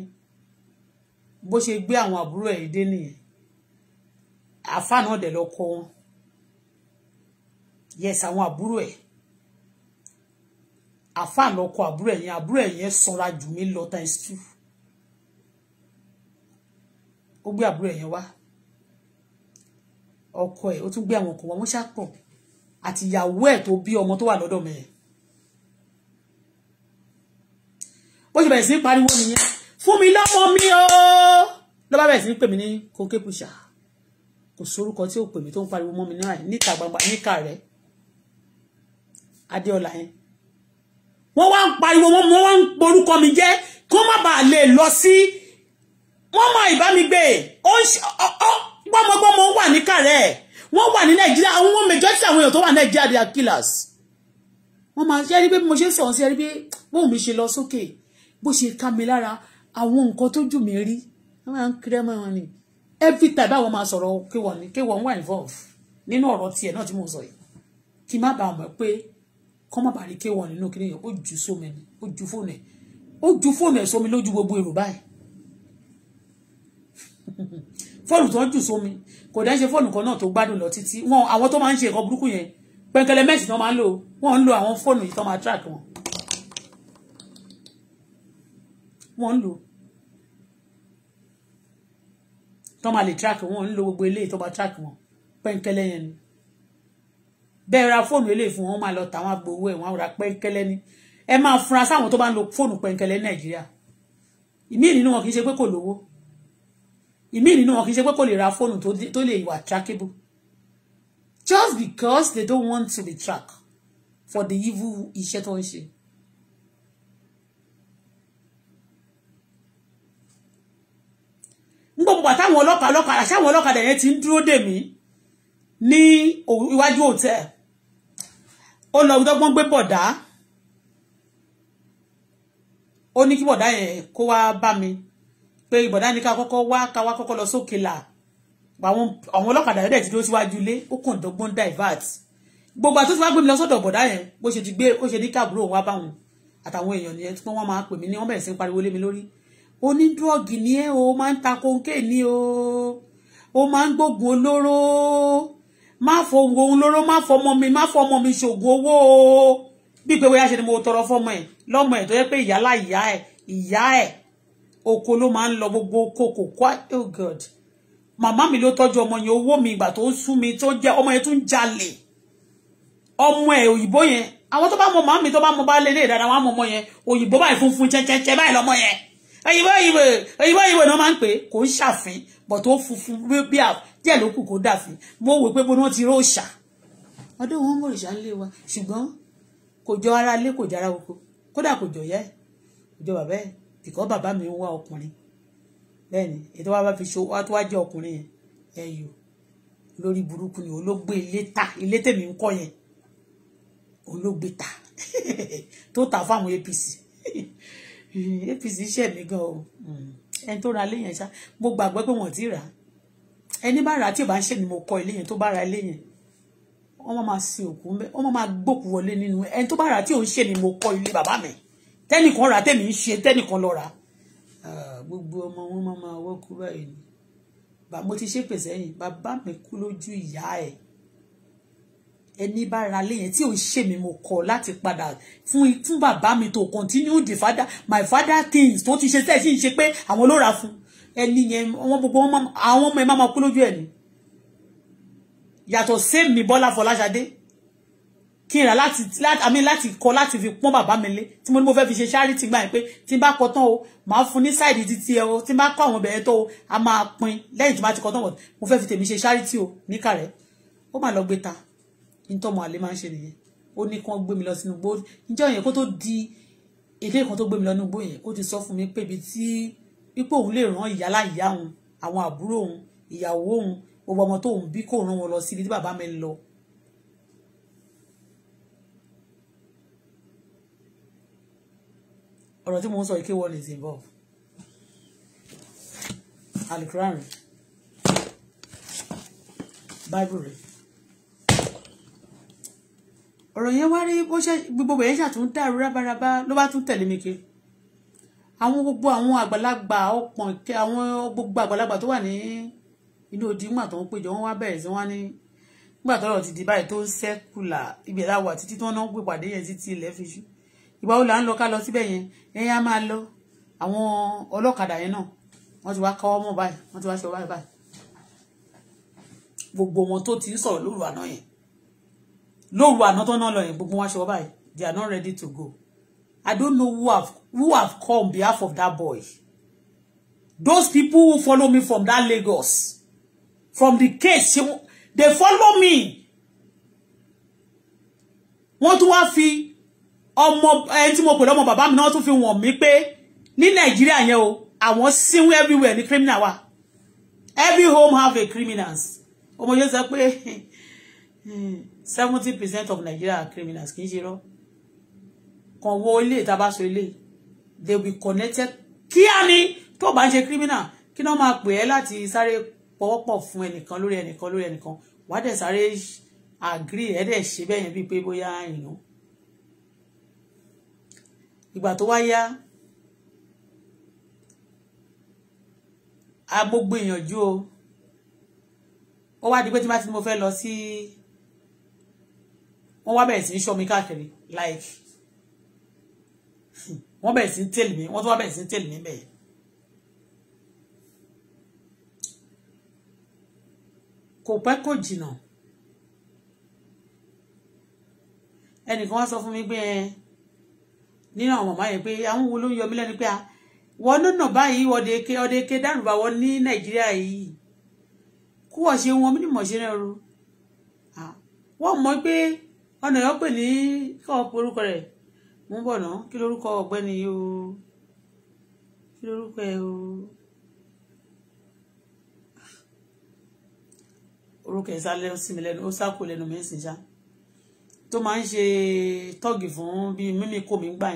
bó ṣe gbé àwọn àbúrò ẹ̀ dé nìyẹn àfa náà dẹ̀ lọ kọ wọn yes àwọn àbúrò ẹ̀ àfa lọ kọ àbúrò ẹ̀ yẹn àbúrò ẹ̀ yẹn sanra jù mí lọ times two ó gbé àbúrò ẹ̀ yẹn wá ọkọ ẹ̀ ó tún gbé àwọn ọkọ wa wọ́n ṣàpọ̀ àtìyàwó ẹ̀ tó bí ọmọ tó wà lọ́dọ̀ mẹ́rin ó sì bẹ̀rẹ̀ sí pariwo nìyẹn fún mi lọ́mọ mi o ló bá bẹ̀rẹ̀ sí pè mí ní kókè pùṣà kò sórúkọ tí ó pè mí tó ń pariwo mọ́ mi náà níta gbangba níka rẹ̀ adéọlá yẹn wọ́n wá ń pariwo mọ́ mi wọ́n wá ń porúkọ mi jẹ́ kó má bàa lè lọ sí wọ́n máa ìbá mi gbé ó ń ṣe ọ́ gbọ́mọgbọ́mọ wà níka rẹ̀ wọ́n wà ní nàìjíríà àwọn majority àwọn èèyàn tó wà ní nàìjíríà they are killers wọ́n máa ṣe é rí pé mo ṣe ń sọ̀rọ̀ sí ẹ rí pé bóun mi ṣe lọ sókè. Okay bó ṣe ká mi lára àwọn nǹkan tó jù mí rí wọ́n máa ń kiri ẹ̀ máa ní every time báwọn máa sọ̀rọ̀ kéwọ̀n ni kéwọ̀n wà involve nínú ọ̀rọ̀ tiẹ̀ náà tí mo sọ yìí kí má bàa mọ̀ pé kọ́ má bàa rí kéwọ̀n nínú kí nìyẹn ó ju sómi ẹ̀ ó ju fóònù ẹ̀ ó ju fóònù ẹ̀ sómi lójú gbogbo èrò báyìí fóònù tó ń jù sómi kò dẹ́ ṣe fóònù kan náà tó gbádùn lọ títí wọn àwọn tó máa ń ṣe nǹkan burúkú yẹn pẹ̀kẹ̀lẹ̀ mẹ́sì tó máa ń lò wọ́n ń lo àwọn fóònù yìí tó máa track wọn wọ́n ń lò tọ́ máa lè track wọn ń lo gbogbo eléyìí tó bá track wọn pẹ́ńkẹ́lẹ́ yẹn ni bẹ́ẹ̀ ra fóònù eléyìí fún wọn máa lọ tàwọn agbowó ẹ̀ wọ́n ra pẹ́ńkẹ́lẹ́ ni ẹ máa fura sáwọn tó bá ń lo fóònù pẹ́ńkẹ́lẹ́ ní nàìjíríà ìmíì nínú wọn kì í ṣe pé kò lówó ìmíì nínú wọn kì í ṣe pé kò lè ra fóònù tó lè wà trackable just because they don't want to be tracked for the evil iṣẹ́ tó ń ṣe. ń gbogbo pàtó àwọn ọlọ́pàá ọlọ́kadà ṣé àwọn ọlọ́kadà yẹn ti ń dúró dè mí ní iwájú hòtẹ́ẹ̀ ó lọ dọ́gbọ́n gbé bọ̀dá ó ni kí bọ̀dá yẹn kó wá bá mi pé bọ̀dá ní ká kọ́kọ́ wá ká wá kọ́kọ́ lọ sókè là àwọn ọlọ́kadà yẹn dẹ̀ ti dúró síwájú ilé ó kàn dọ́gbọ́n divert gbogbo àti tó ti wá gbé mi lọ sọ́dọ̀ bọ̀dá yẹn bó ṣe ti gbé ó ṣe ní káàbúrò wá bá wọn àtàwọn èèyàn yẹn tí wọ́n máa pè mí ní wọ́n bẹ̀rẹ̀ sí ń pariwo lé mi lórí onídúrọ́gì ni ẹ́ o máa ń ta kóńké ni o o máa ń gbógun olóró má fọ oògùn olóró má fọ ọmọ mi má fọ ọmọ mi ṣògùn owó o bí pé wíyá ṣe ni mo tọrọ fọmọ ẹ lọmọ ẹ tó yẹ pé ìyálà ìyá ẹ ìyá ẹ oko ló máa ń lọ gbogbo kòkò quite oh god màmá mi ló tọ́jú ọmọ yẹn owó mi ìgbà tó ń sún mi tó jẹ́ ọmọ yẹn tún jalè ọmọ ẹ òyìnbó yẹn àwọn tó bá mọ màmá mi tó bá mọ bá lé lé dáadáa wọn á mọ ọmọ yẹn òyìnbó báyìí funfun chẹ́chẹ́chẹ́ báyìí lọ́mọ yẹn ẹyìnbá ìwé ẹyìnbá ìwé náà máa ń pè é kò ń ṣàfin bọ̀ tó funfun bí à díẹ̀ ló kù kó dàfin mo wò pé bóná ti róòṣà ọdún wọn mọ òrìṣà ńlẹ wa ṣùgbọ́n kò jọ ara lé kò jára oko kódà kò jọ yẹ kò jọ bàbá ẹ bìkọ́ bàbá mi ń wá ọkùnrin bẹ́ẹ̀ ni ètò wa bá fi ṣo wá tó wá jẹ́ ọkùnrin yẹn ẹ̀yọ́ lórí burúkú ni olóògbé ilé ta ilé tèmi ń kọ́ yẹn olóògbé ta tó ta fáwọn APC APC ṣẹ̀ mí gan o ẹni tó ra ilé yẹn ṣá mo gbàgbọ́ pé wọ́n ti rà á ẹni bá rà á tí ò bá ń ṣe ni mo kọ́ ilé yẹn tó bá ra ilé yẹn wọ́n máa sin òkú ń bẹ́ wọ́n máa gbòkú wọlé nínú ẹni tó bá rà á tí ò ń ṣe ni mo kọ́ ilé bàbá mi tẹ́nìkan rà á tẹ́mi ń ṣe tẹ́nìkan lọ rà á gbogbo ọmọ wọn máa wọ́kú báyìí ni mo ti ṣépè sẹ́yìn bàbá mi kú lójú ìyá ẹ̀ ẹni bá ra lé yẹn tí òun ṣe mi mo kọ̀ láti padà fún fún bàbá mi tó continue the father my father things tó ti ṣe tẹ́ ẹ̀ sì ń ṣe pé àwọn ló ra fún ẹni yẹn wọn gbogbo àwọn ọmọ ẹ má máa kú lójú ẹ̀ ni yàtọ̀ sẹ́mi Bọ́lá Fọláṣadé kí n rà láti àmì láti kọ láti fi pọ́n bàbá mi lé tí mo ní mo fẹ́ fi ṣe charity gbà yín pé tí n bá kọ tán o màá fún ní sáìdì títí ẹ o tí n bá kọ àwọn obìnrin tó o a máa pín lẹ́yìn tí n bá ti kọ tán mo fẹ́ fi tèmi ṣe charity o níkà rẹ̀ ó mà lọ gbé ta ntọ́mọ àlè máa ń ṣe nìyẹn ó ní kí wọ́n gbé mi lọ sínú igbó níjọ́ yẹn kó tó di èdè kan tó gbé mi lọ sínú igbó yẹn ó ti sọ fún mi pé ibi tí wípé òun lè ràn ìyá láìyá òun àwọn àbúrò òun ìyàwó òun gbogbo ọmọ tóun bí kò ràn wọn lọ síbi tí bàbá mi ń lọ ọ̀rọ̀ tí mo ń sọ ike wọ́n is involved alukuran bible rẹ̀ ọ̀rọ̀ yẹn wá rí bó ṣe gbogbo yẹn ṣàtún dàrú rábàrábà ló bá tún tẹ̀lé mi kí àwọn gbogbo àwọn àgbàlagbà ọ̀pọ̀n kẹ àwọn gbogbo àgbàlagbà tó wà ní inú odi ńgbà tó ń péjọ wọn wá bẹ̀rẹ̀ sí wọn ní ńgbà tó lọ́ọ́ ti di báyìí tó ń sẹ́kùlà ibi ìlà wà títí tí wọ́n náà ń pè pàdé yẹn títí ilẹ̀ fi ṣú ìgbà wo là ń lọ ká lọ síbẹ̀ yẹn ẹ̀yìn á máa lọ àwọn ọlọ́kadà yẹn náà wọ́n ti wá káwọ́ mọ́ báyìí wọ́n ti wá ṣe báyìí báyìí gbogbo wọn tó ti ń sọ̀rọ̀ lóru àná yẹn No àná tó náà lọ yẹn gbogbo wọn aṣọ báyìí they are not ready to go i don't know who have who have come on behalf of that boy those people who follow me from that Lagos from the case they follow me wọ́n tún wá fi ọmọ ẹni eh, tí mo pè lọ́mọ bàbá mi náà tún fi wọ̀n mí pé ní nàìjíríà yẹn o àwọn sínwó everywhere ní criminal wa every home have a criminals ọmọ yóò sọ pé hmm, seventy percent of Nigeria are criminals kì í ṣe rọ kàn wo ilé ìtabáṣọ ilé they will be connected kíá ni tó bá ń ṣe criminal kí náà máa pè é láti sáré pọwọ́pọ̀ fún ẹnìkan lórí ẹnìkan lórí ẹnìkan wà á dẹ̀ sáré agree ẹ̀ dẹ̀ ṣe bẹ́ẹ̀ yẹn bíi pé bóyá ìyàn ìgbà tó wá yá agbógbó ìyànjú o ó wá di pé tí má ti mo fẹ́ lọ sí. Si, wọ́n wá bẹ̀rẹ̀ sí í ṣọ́ mi káàkiri like wọ́n bẹ̀rẹ̀ sí í tẹ̀lé mi wọ́n tún wá bẹ̀rẹ̀ sí í tẹ̀lé mi bẹ́ẹ̀. kò pẹ́ kò jìnnà ẹnìkan wá sọ fún mi pé ẹ nínú àwọn màmá yẹn pé àwọn wo ló ń yọ mí lẹ́nu pé a ah, wọ́n nọ̀nà báyìí ọ̀dẹ̀kẹ́ ọ̀dẹ̀kẹ́ dàrúbà wọ́n ní nàìjíríà yìí kú ọ̀ṣẹ́ wọn mínímọ̀ ṣe rẹ̀ ru ah, wọ́n mọ̀ pé ọ̀nà yọ pè ní kọ́ orúkọ rẹ̀ mú bọ̀ náà kí lórúkọ ọ̀gbẹ́ni o kí lórúkọ ẹ o orúkọ ẹ sá lẹ́nu lẹ́nu ó sáko lẹ́nu mi ń tó máa ń ṣe tọ́gì fún bí mímí kò mí gbà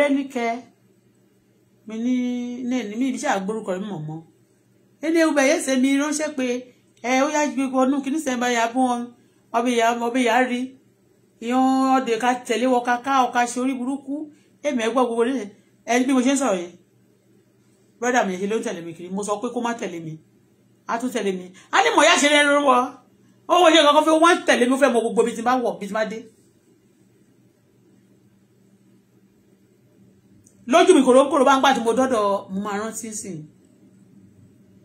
yẹn mi ní ní mi ìbíṣẹ́ àgbórúkọ rẹ̀ mọ̀ mọ́ ẹni ewúbẹ̀ yẹn ṣe mi ránṣẹ́ pé ẹ ó yá gbé wọnú kí ní sẹ́ńbà yà bọ́ ọbẹ̀ yà ọbẹ̀ yà rí ìyọ́n ọdẹ ká tẹ̀lé wọ ká ká ọ̀ka ṣe orí burúkú èmi ẹgbọ́ gbogbo rẹ̀ ẹni bí mo ṣe ń sọ̀rọ̀ yẹn brọ́dà mi ṣe ló ń tẹ̀lé mi kiri mo sọ pé kó má tẹ̀lé mi á tún tẹ̀lé mi á ní mọ̀ yá ṣe rẹ̀ lọ́wọ́ ó wọ́n ṣe kankan fẹ́ wọ́n tẹ̀lé mi fẹ́ mọ gbogbo bí ti bá wọ̀ bí ti bá dé lójú mi kòrókòrò bá ń gbà tí mo dọ́dọ̀ mo máa rántí sí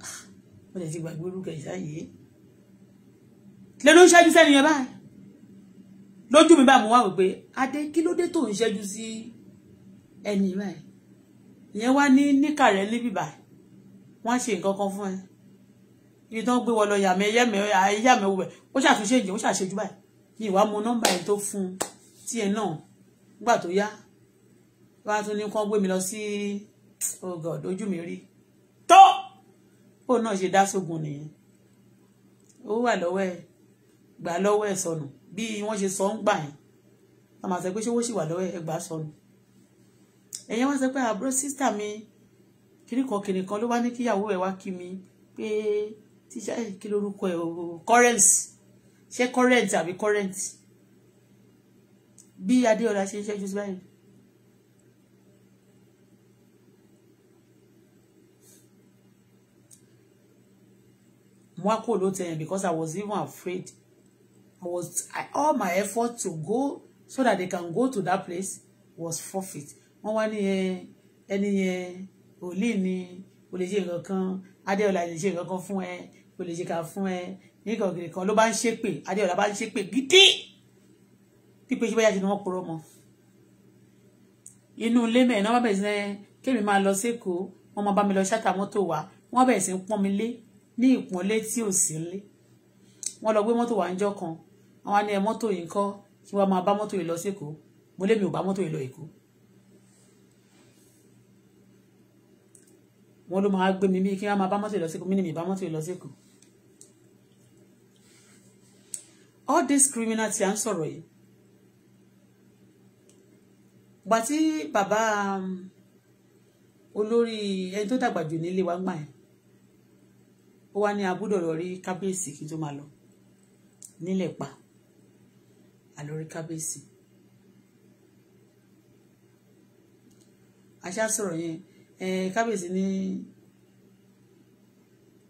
ah, mo lè ti gbàgbé orúkọ ìsáyé lẹ́nu ń ṣẹ́jú sẹ́ni yẹn báyìí lójú mi báyìí mo wá wò pé adé kí ló dé tó ń ṣẹ́jú sí ẹni báyìí ìyẹn wá ní níkà rẹ níbí báyìí wọ́n ṣe nǹkan kan fún ẹ ibi tó ń gbé wọn lọ yàmẹ ẹyẹmẹ ẹyàmẹ wẹ ó ṣàtúnṣe ìjẹ ó ṣàṣejú báyìí mi ìwà mo nọ́mbà ẹ tó fún tiẹ̀ náà nígbà tó yá wá tún ní kán gbé mi lọ sí oh god ojú mi rí tó bóun náà ṣe dá sógun nìyẹn ó wà lọ́wọ́ ẹ̀ gbà lọ́wọ́ ẹ̀ sọnù bí wọ́n ṣe sọ ń gbà yẹn a máa sọ pé ṣówó sì wà lọ́wọ́ ẹ̀ gbà sọnù ẹ̀yẹn wá sọ pé àbúrò ah, sísítà mi kìnnìkan kìnnìkan ló wá ní kíyàwó ẹ̀ wá kí mi pé tíṣà kí lórúkọ ẹ̀ o current ṣé current àbí current bí adéọlá ṣe ń ṣẹ́jú sí báyìí because I was even afraid I was I, all my effort to go so that they can go to that place was forfeit wọ́n wá ní eh, ẹni ni kò lè ṣe nǹkan kan Adéọlá lè ṣe nǹkan kan fún ẹ kò lè ṣe kà fún ẹ nígbà ògiri kan ló bá ń ṣépè Adéọlá bá ń ṣépè gidi pípé ṣe báyà ṣe ni wọ́n purọ́ mọ́ inú ilé mẹ́rin náà bẹ̀rẹ̀ sí kémi máa lọ sékòó wọ́n máa bá mi lọ ṣáta mọ́tò wá wọ́n bẹ̀rẹ̀ sí ń pọ́n mi lé ní ìpọ́nlé tí ò sí lé wọ́n lọ gbé mọ́tò wá ń jọ́ kan àwọn ni ẹ mọ́tò yìí kọ́ kí wọ́n máa bá mọ́tò yìí lọ sí èkó mo lé mi ò bá mọ́tò yìí lọ èkó wọ́n ló máa gbé mi bí kí wọ́n máa bá mọ́tò yìí lọ sí èkó ni mi bá mọ́tò yìí lọ sí all these criminal tí a ń sọ̀rọ̀ yìí gbà tí bàbá um, olórí ẹni tó dàgbà jù nílé wa ń gbà yẹn ó wá ní abúdọ̀ lọ rí kábíyèsí kí n tó máa lọ nílẹ̀ pa àlọ́rí kábíyèsí aṣá sọ̀rọ̀ yẹn kábíyèsí ní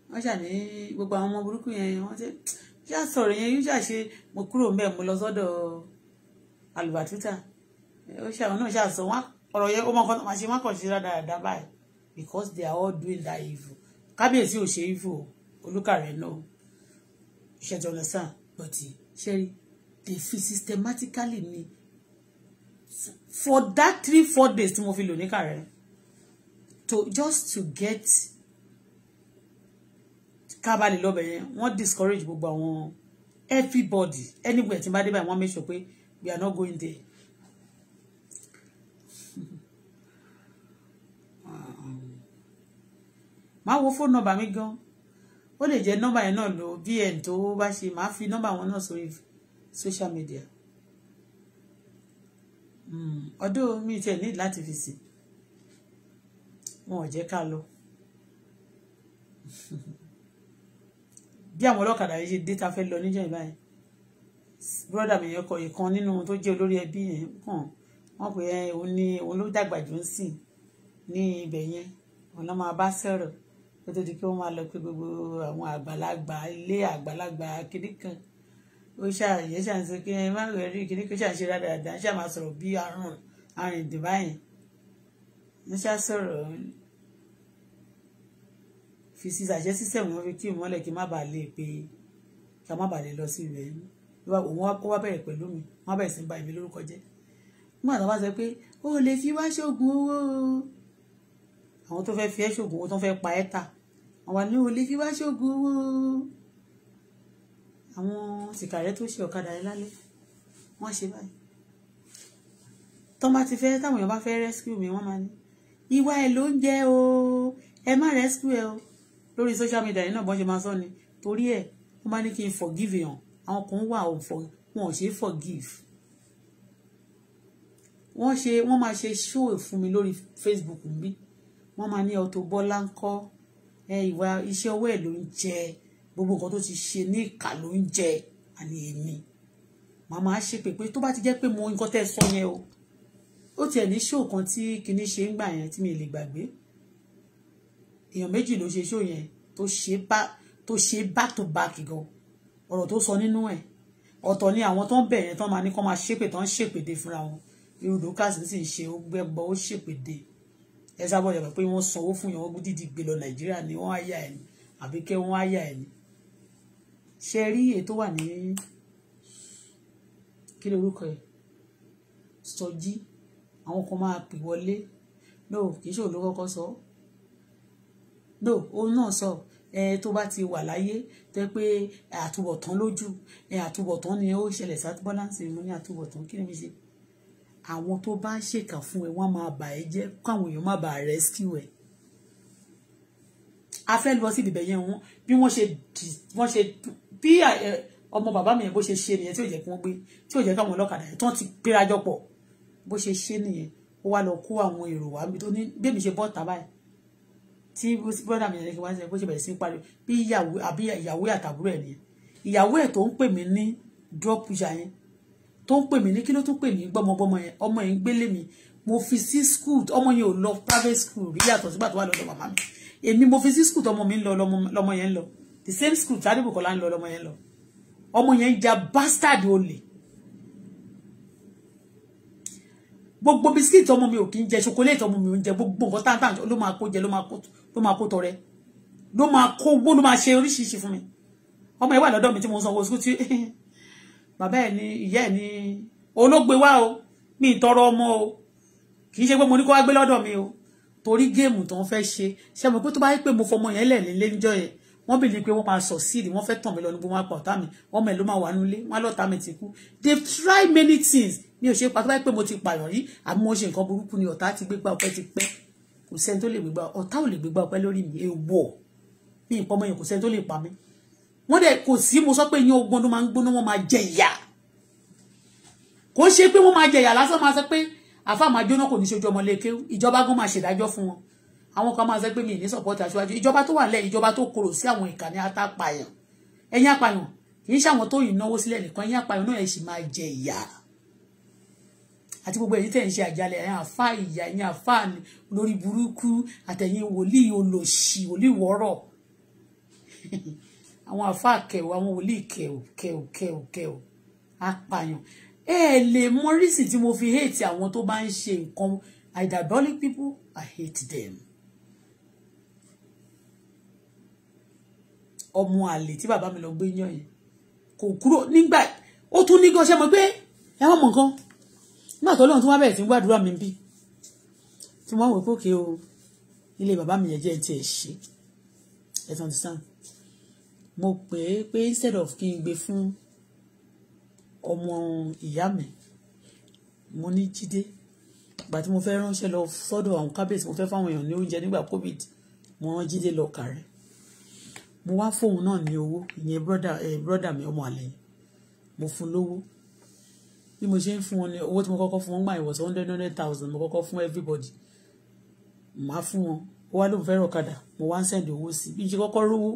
wọ́n ṣà ní gbogbo àwọn ọmọ burúkú yẹn wọ́n ṣe ṣá sọ̀rọ̀ yẹn yóò ṣà ṣe mo kúrò mbẹ́ mo lọ sọ́dọ̀ alùbàtútà ó ṣà wọn náà ṣà sọ wọn ọ̀rọ̀ yẹn ó mọ nǹkan máa ṣe wọn kàn ṣe dáadáa báyìí because they are all doing that evil kábíyèsí ò ṣe evil o olùkàrẹ náà ṣe ti understand but ṣe they fi systematically ni for that three four days tí mo fi lò ní to just to get kábàlì lọ́bẹ̀ yẹn wọ́n discourage gbogbo àwọn everybody anywhere tí n bá dé báyìí wọ́n make sure pé we are not going there. máa wo fóònù nọ́mbà mi gan ó lè jẹ́ nọ́mbà yẹn náà lọ bn tó bá ṣe máa fi nọ́mbà wọn náà sórí social media ọdún hmm, mi tiẹ̀ ní láti fi sí wọn ò jẹ́ ká lọ bí àwọn ọlọ́kadà yìí ṣe dé ta fẹ́ lọ níjọ́ ìbáyìí bírọ́dà mi yẹn kọ ìkan nínú tó jẹ́ olórí ẹbí yẹn kàn wọ́n pè é òun ni òun ló dàgbà jù ń sìn ní ibẹ̀ yẹn òun ló máa bá sọ̀rọ̀ kó tó di kí wọ́n máa lọ pé gbogbo àwọn àgbàlagbà ilé àgbàlagbà kìnnì kan ó ṣàyẹ ṣàǹṣe kí ẹ má rẹ̀ rí kìnnì kan ṣàǹṣe rádaràdà ṣà máa sọ̀rọ̀ bí àrùn àrùn ìdìbà yẹn wọ́n ṣá sọ̀rọ̀ fi sí àṣẹ sísẹ̀ wọn fi kí ìmọ́lẹ̀ kí má bàa lè pé ká má bàa lè lọ sí ibẹ̀ yìí òun ó wá bẹ̀rẹ̀ pẹ̀lú mi wọ́n á bẹ̀rẹ̀ sí ba èmi lórúkọ jẹ́ nígbà tó àwa ní olè kí wá ṣògo owó àwọn sìkàrẹ́ tó ṣe ọ̀kadà yẹn lálẹ́ wọ́n ṣe báyìí tọ́ bá ti fẹ́ táwọn èèyàn bá fẹ́ rescue mi wọ́n máa ní ìwà ẹ̀ ló ń jẹ́ o ẹ má rescue ẹ o lórí social media yìí náà bọ́n ṣe máa sọ ni torí ẹ̀ wọ́n bá ní kí n forgive èèyàn àwọn kan wà wọn ò ṣe forgive wọ́n ṣe wọ́n máa ṣe show fún mi lórí Facebook mi wọ́n máa ní Auto Bola ń ìwà iṣẹ́ ọwọ́ ẹ̀ ló ń jẹ gbogbo nǹkan tó ti ṣe ní ìkà ló ń jẹ àní èmi màmá ṣépè pé tó bá ti jẹ́ pé mo nǹkan tẹ́ sọ yẹn o ó tiẹ̀ ní ṣó kan tí kinní ṣe ń gbà yẹn tí mi lè gbàgbé èèyàn méjì ló ṣe ṣó yẹn tó ṣe bá tó ṣe back ọ̀rọ̀ tó sọ nínú ẹ̀ ọ̀tọ̀ ni àwọn tó ń bẹ̀rẹ̀ tán máa ní kán máa ṣépè tán ṣépèdè fúnra wọn irú dókàsì sì ń ṣe ó gbẹ́bọ ó ṣépèdè ẹ sábọ̀ yọ̀ pé wọ́n sanwó fún yẹn wọ́n dídì gbé lọ nàìjíríà ni wọ́n á yà ẹ̀ ni àbí kẹ́ wọ́n á yà ẹ̀ ṣe rí ètò wà ní kí ló orúkọ ẹ̀ sọjí àwọn kan máa pè wọlé no kì í ṣe òun ló kọ́kọ́ sọ no òun náà sọ ẹ tó bá ti wà láyé tẹ pé àtúbọ̀tán lójú ẹ àtúbọ̀tán ni ó ṣẹlẹ̀ sátúbọ́láǹsì mo ní àtúbọ̀tán kí ni mi ṣe àwọn tó bá ń ṣèkà fún ẹ wọ́n máa bà ẹ́ jẹ́ káwọn èèyàn má bàa rescue ẹ a fẹ́ lọ sí ibìbẹ̀ yẹn wọn bí wọ́n ṣe wọ́n ṣe bí ọmọ bàbá mi yẹn bó ṣe ṣe nìyẹn tí ò jẹ́ kí wọ́n gbé tí ò jẹ́ káwọn ọlọ́kadà yẹn tó ti gbérajọ pọ̀ bó ṣe ṣe nìyẹn ó wá lọ kó àwọn èrò wá mi tó ní bí èmi ṣe bọ́ ta báyìí tí bọ́dà mi yẹn ṣe wá ṣe bó ṣe bẹ̀rẹ̀ sí í pariwo bí ìyàwó àbí ìyàwó àtàbúrò ẹ̀ nìyẹn ìyàwó ẹ̀ tó ń pè mí ní drop yà tó ń pè mí ní kí ló tún pè mí gbọ́mọgbọ́mọ yẹn ọmọ yẹn ń gbélé mi mo fi sí school ọmọ yẹn ò lọ private school rí yàtọ̀ sígbà tó wà lọ́dọ̀ màmá mi èmi mo fi sí school tọmọ mi ń lọ lọmọ yẹn ń lọ the same school tí adébùkọ́lá ń lọ lọmọ yẹn ń lọ ọmọ yẹn ń ja bastard olè gbogbo bisikíìtì ọmọ mi ò kí ń jẹ ṣokoléètì ọmọ mi ò ń jẹ gbogbo nǹkan táǹtà ló máa kó jẹ ló máa kó tọrẹ ló máa kó gbó ló máa ṣe oríṣiríṣi fún mi ọmọ yẹn wà lọ́dọ̀ mi tí mo ń sanwó sukú tí bàbá ẹ̀ ní ìyá ẹ̀ ní olóògbé wá o mi ì tọrọ ọmọ o kì í ṣe pé mo ní kó wá gbé lọ́dọ̀ mi o torí géèmù tó ń fẹ́ ṣe ṣe mọ̀ pé tó bá yẹ pé mo fọmọ yẹn lẹ̀ nílé níjọ́ yẹn wọ́n bìí ní pé wọ́n máa sọ síìdì wọ́n fẹ́ tàn mí lọ níbo wọ́n pa ọ̀tá mi wọ́n mẹ́ ló máa wà nílé wọ́n lọ́ọ̀tá mi ti kú they've tried many things mi ò ṣe pa tó bá yẹ pé mo ti pààyàn rí àbí mo ṣe nǹkan burúkú ni ọ̀tá ti gbégbá ọpẹ́ ti pẹ́ kò sẹ́ni tó lè gbégbá ọ̀tá ò lè gbégbá ọpẹ́ lórí mi èèwọ̀ mi ìpọ́nmọ́ yẹn kò sẹ́ni tó lè pa mí wọ́n dẹ̀ kò sí mo sọ pé iyán ogbon ló máa ń gbóná wọ́n máa jẹ ìyà kò ṣe pé wọ́n máa jẹ ìyà lásán máa sọ pé àfa máa jóná kò ní ṣojú ọmọ leke ìjọba gan máa ṣèdájọ́ fún wọn àwọn kan máa sọ pé mi ní support aṣáájú ìjọba tó wà lẹ̀ ìjọba tó korò sí àwọn ìkànnì atápayàn ẹ̀yin apàyàn kì í ṣàwọn tó ìnáwó sílẹ̀ nìkan ẹ̀yin apàyàn náà ẹ̀ sì máa jẹ ìyà àti gbogbo ẹ̀yin tẹ̀ ń ṣe àjálẹ̀ ẹ̀yin àfa ìyà ẹ̀yin àfa lórí burúkú àtẹ̀yin wòlíì olòṣì wòlíì wọ́rọ̀ àwọn àfáà kẹwò àwọn wòlíì kẹwò kẹwò kẹwò kẹwò apààyàn ẹ lè mọ rísì tí mo fi hate àwọn tó bá ń ṣe nǹkan I diabolic people I hate them. ọmọ àlè tí bàbá mi lọ gbé yàn yẹn kò kúrò nígbà ó tún ní gan ṣe mọ pé ẹ wọ́n mọ̀ nǹkan nígbà tó lóun tún wá bẹ̀rẹ̀ tí ń gbàdúrà mi bí tí wọ́n wò pé òkè o ilé bàbá mi yẹn jẹ́ ti ẹ̀ ṣe ẹ̀ tán ti sáà mo pè é pé instead of kí n gbé fún ọmọ ìyá mi mo ní jíde ìgbà tí mo fẹ́ ránṣẹ́ lọ sọ́dọ̀ àwọn kábíyèsí mo fẹ́ fáwọn èèyàn ní oúnjẹ nígbà covid mo rán jíde lọ kàrẹ́ mo wá fóun náà ní owó ìyẹn brọ́dà mi ọmọ àlẹ́ mo fún lówó bí mo ṣe ń fún wọn ní owó tí mo kọ́kọ́ fún wọn gbà ìwọ̀sán hundred hundred thousand mo kọ́kọ́ fún everybody màá fún wọn ó wá lóun fẹ́ rọ̀kadà mo wá ń sẹ́ndì owó sí bí n ṣe kọ́kọ́ rówó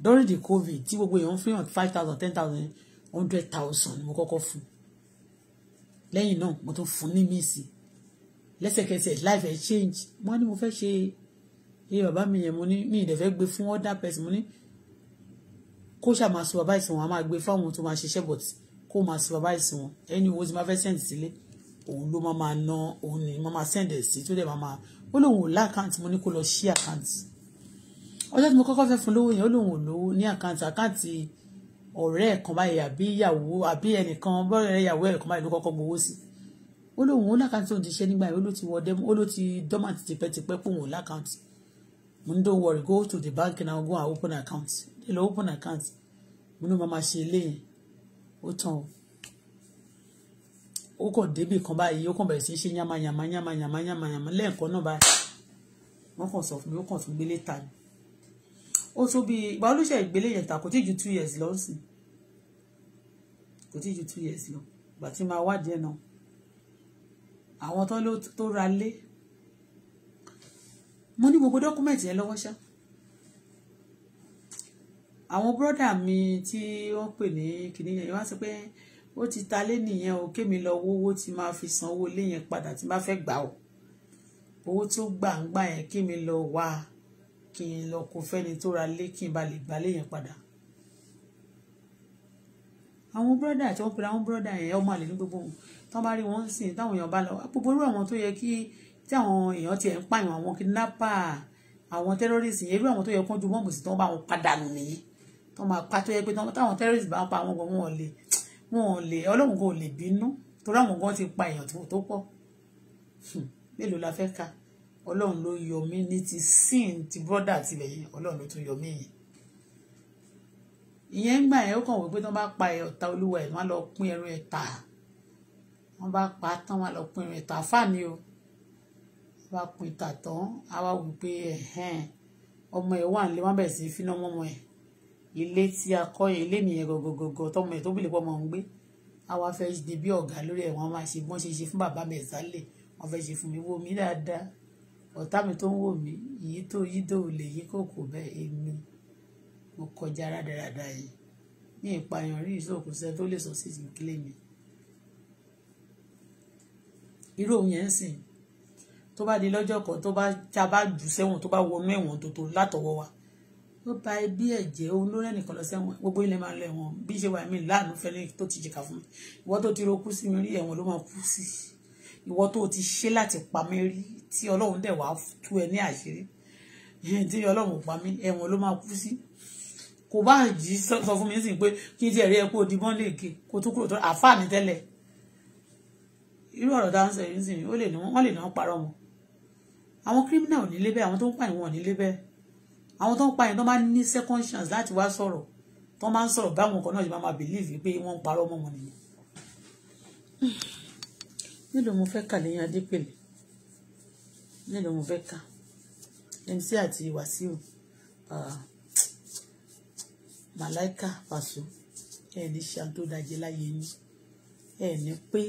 during the covid tí gbogbo èèyàn ń fihàn five thousand ten thousand hundred thousand ni mo kọ́kọ́ fún lẹ́yìn náà mo tún fún ní mísì lẹ́sẹ̀kẹsẹ̀ life ẹ̀ change mo ní mo fẹ́ ṣe iye bàbá mi yẹn mo ní mi ìdẹ̀fẹ́ gbé fún other person mo ní kó ṣàmà supervise wọn a máa gbé fáwọn tó máa ṣiṣẹ́ but kó máa supervise wọn ẹni wo ti máa fẹ́ send sílé òun ló máa máa ná òun ni máa máa send ẹ̀ sí tó dẹ̀ máa máa ó lóun ò lá àkáǹtì mo ní kó lọ ṣí àkáǹtì ọjọ́ tí mo kọ́kọ́ fẹ́ fún lówó yẹn ó lóun ò lówó ní àkáǹtì àkáǹtì ọ̀rẹ́ ẹ̀kan báyìí àbí ìyàwó àbí ẹnìkan bọ́ọ̀rẹ́ ìyàwó ẹ̀kan báyìí ló kọ́kọ́ gbowó sí ó lóun ó lákàntì òun ti ṣe nígbà yìí ó ló ti wọdẹ ó ló ti dormant tipẹ́tipẹ́ pòun ò lákàntì mo ní don't worry go to the bank now go and open account they lọ open account mo ní màmá ṣe eléyìí ó tán o ó kàn débì kan báyìí ó kàn bẹ̀rẹ̀ sí í ṣe yàmàyàmà yàmàyàmà yàmàyàmà lẹ́ẹ̀kan náà báyìí wọ́n kàn sọ fún mi ó kàn tún gbélé ta ni ó tó bíi ìgbà olóṣèlú ìgbélé yẹn ta kò tí ju two years lọ sí kò tí ju two years lọ ìgbà tí máa wádìí ẹ̀ náà àwọn tó ló tó ra lé mo ní gbogbo dọ́kúmẹ̀tì yẹn lọ́wọ́ ṣá àwọn bọ́dà mi tí wọ́n pè ní kìnìún yẹn wá sọ pé ó ti ta lé nìyẹn o kémi lọ wówó tí máa fi san owó lé yẹn padà tí máa fẹ́ gbà ó owó tó gbà ń gbà yẹn kémi lọ wá kí n lọ kó fẹ́ni tó ra lé kí n ba lè gbálé yẹn padà àwọn búrọ́dà àti wọn pèrè àwọn búrọ́dà yẹn ọmọ àlè ní gbogbo wọn tí wọn bá rí wọn sìn táwọn èèyàn bá lọ ah, gbogbo irú àwọn tó yẹ kí tí àwọn èèyàn tiẹ̀ ń pààyàn àwọn kidnapper àwọn terrorist yẹn irú àwọn tó yẹ kó ju bọ́ǹbù sí tí wọ́n bá wọn padà nìyí tí máa pa tó yẹ pé táwọn terrorist bá ń pa àwọn gan wọn lè wọn lè lè bínú ọlọ́run ló yọ mí ní ti sin ti brọ́dà tilẹ̀ yìí ọlọ́run ló tún yọ mí yìí ìyẹn ń gbà yẹn ó kàn wípé tí wọ́n bá pa ọ̀tá olúwa ẹ̀ wọ́n á lọ pín ẹran ẹ̀ tà wọ́n bá pa tán wọ́n lọ pín ẹran ẹ̀ tà fáàní o wọ́n bá pín tà tán á wá wù pé ọmọ ẹ̀ wà nílé wọ́n bẹ̀rẹ̀ sí í fínà mọ́mọ́ ẹ̀ ilé tí a kọ́ yẹn ilé nìyẹn gọ̀gọ̀gọ̀gọ̀ tọmọ ẹ̀ tó bìlẹ̀ pọ̀ mọ̀ ń gbé á wá fẹ́ di bí ọ̀gá lórí ẹ̀ wọ́n máa ṣe bọ́n ṣe ṣe fún bàbá mi ẹ̀ sálẹ̀ wọ́n fẹ́ ṣe fún mi wó mi dáadáa ọ̀tá mi tó ń wò mí yìí tó yí dò lè yí kòkò bẹ́ẹ̀ èmi mo kọjá rádaràda yìí ní ìpààyàn rí ìṣòkò sẹ tó lè sọ sí ìdílé mi irú òun yẹn ń sìn tó bá di lọ́jọ́ kan tó bá tá bá jù sẹ́wọ̀n tó bá wọnú ẹ̀wọ̀n tòótọ́ látọwọ́ wa ó ba ẹbí ẹ̀jẹ̀ òun ló lọ sẹ́wọ̀n gbogbo ilẹ̀ máa lọ ẹ̀wọ̀n bí ṣe wà mí láàánú fẹ́lẹ́ tó ti jìkà fún mi ìwọ tó ti rokú sí mi rí ẹ̀wọ̀n ló máa kú sí ìwọ tó ti ṣe láti pa mí rí tí ọlọ́run dẹ̀ wá tú ẹ ní àṣírí yẹn tí ọlọ́run pa mí ẹ̀wọ̀n ló máa kú sí kò bá yìí sọ fún mi sí pé kí n ti ẹ̀rí ẹ kó o di mọ́lẹ̀kì kó o tún kúrò tó àfáà mi tẹ́lẹ̀ irú ọ̀rọ̀ dáńsẹ̀ yìí sì ó lè ní wọ́n lè ní wọ́n parọ́ wọn àwọn kírímìnà ò ní lébẹ̀ àwọn tó ń pààyàn wọn ò ní lébẹ̀ àwọn tó ń pààyàn tó máa ń ní second chance láti wá sọ̀rọ̀ tó máa ń sọ̀rọ̀ báwọn kan náà ṣe máa máa believe pé wọ́n ń parọ́ mọ́ wọn nìyẹn nílò mo fẹ́ kàlẹ́yìn adépèlé nílò mo fẹ́ kà mc àti wàsíù màláìka pàṣọ ẹ ní ṣe àtò dajẹ láyé yín ẹ ní pé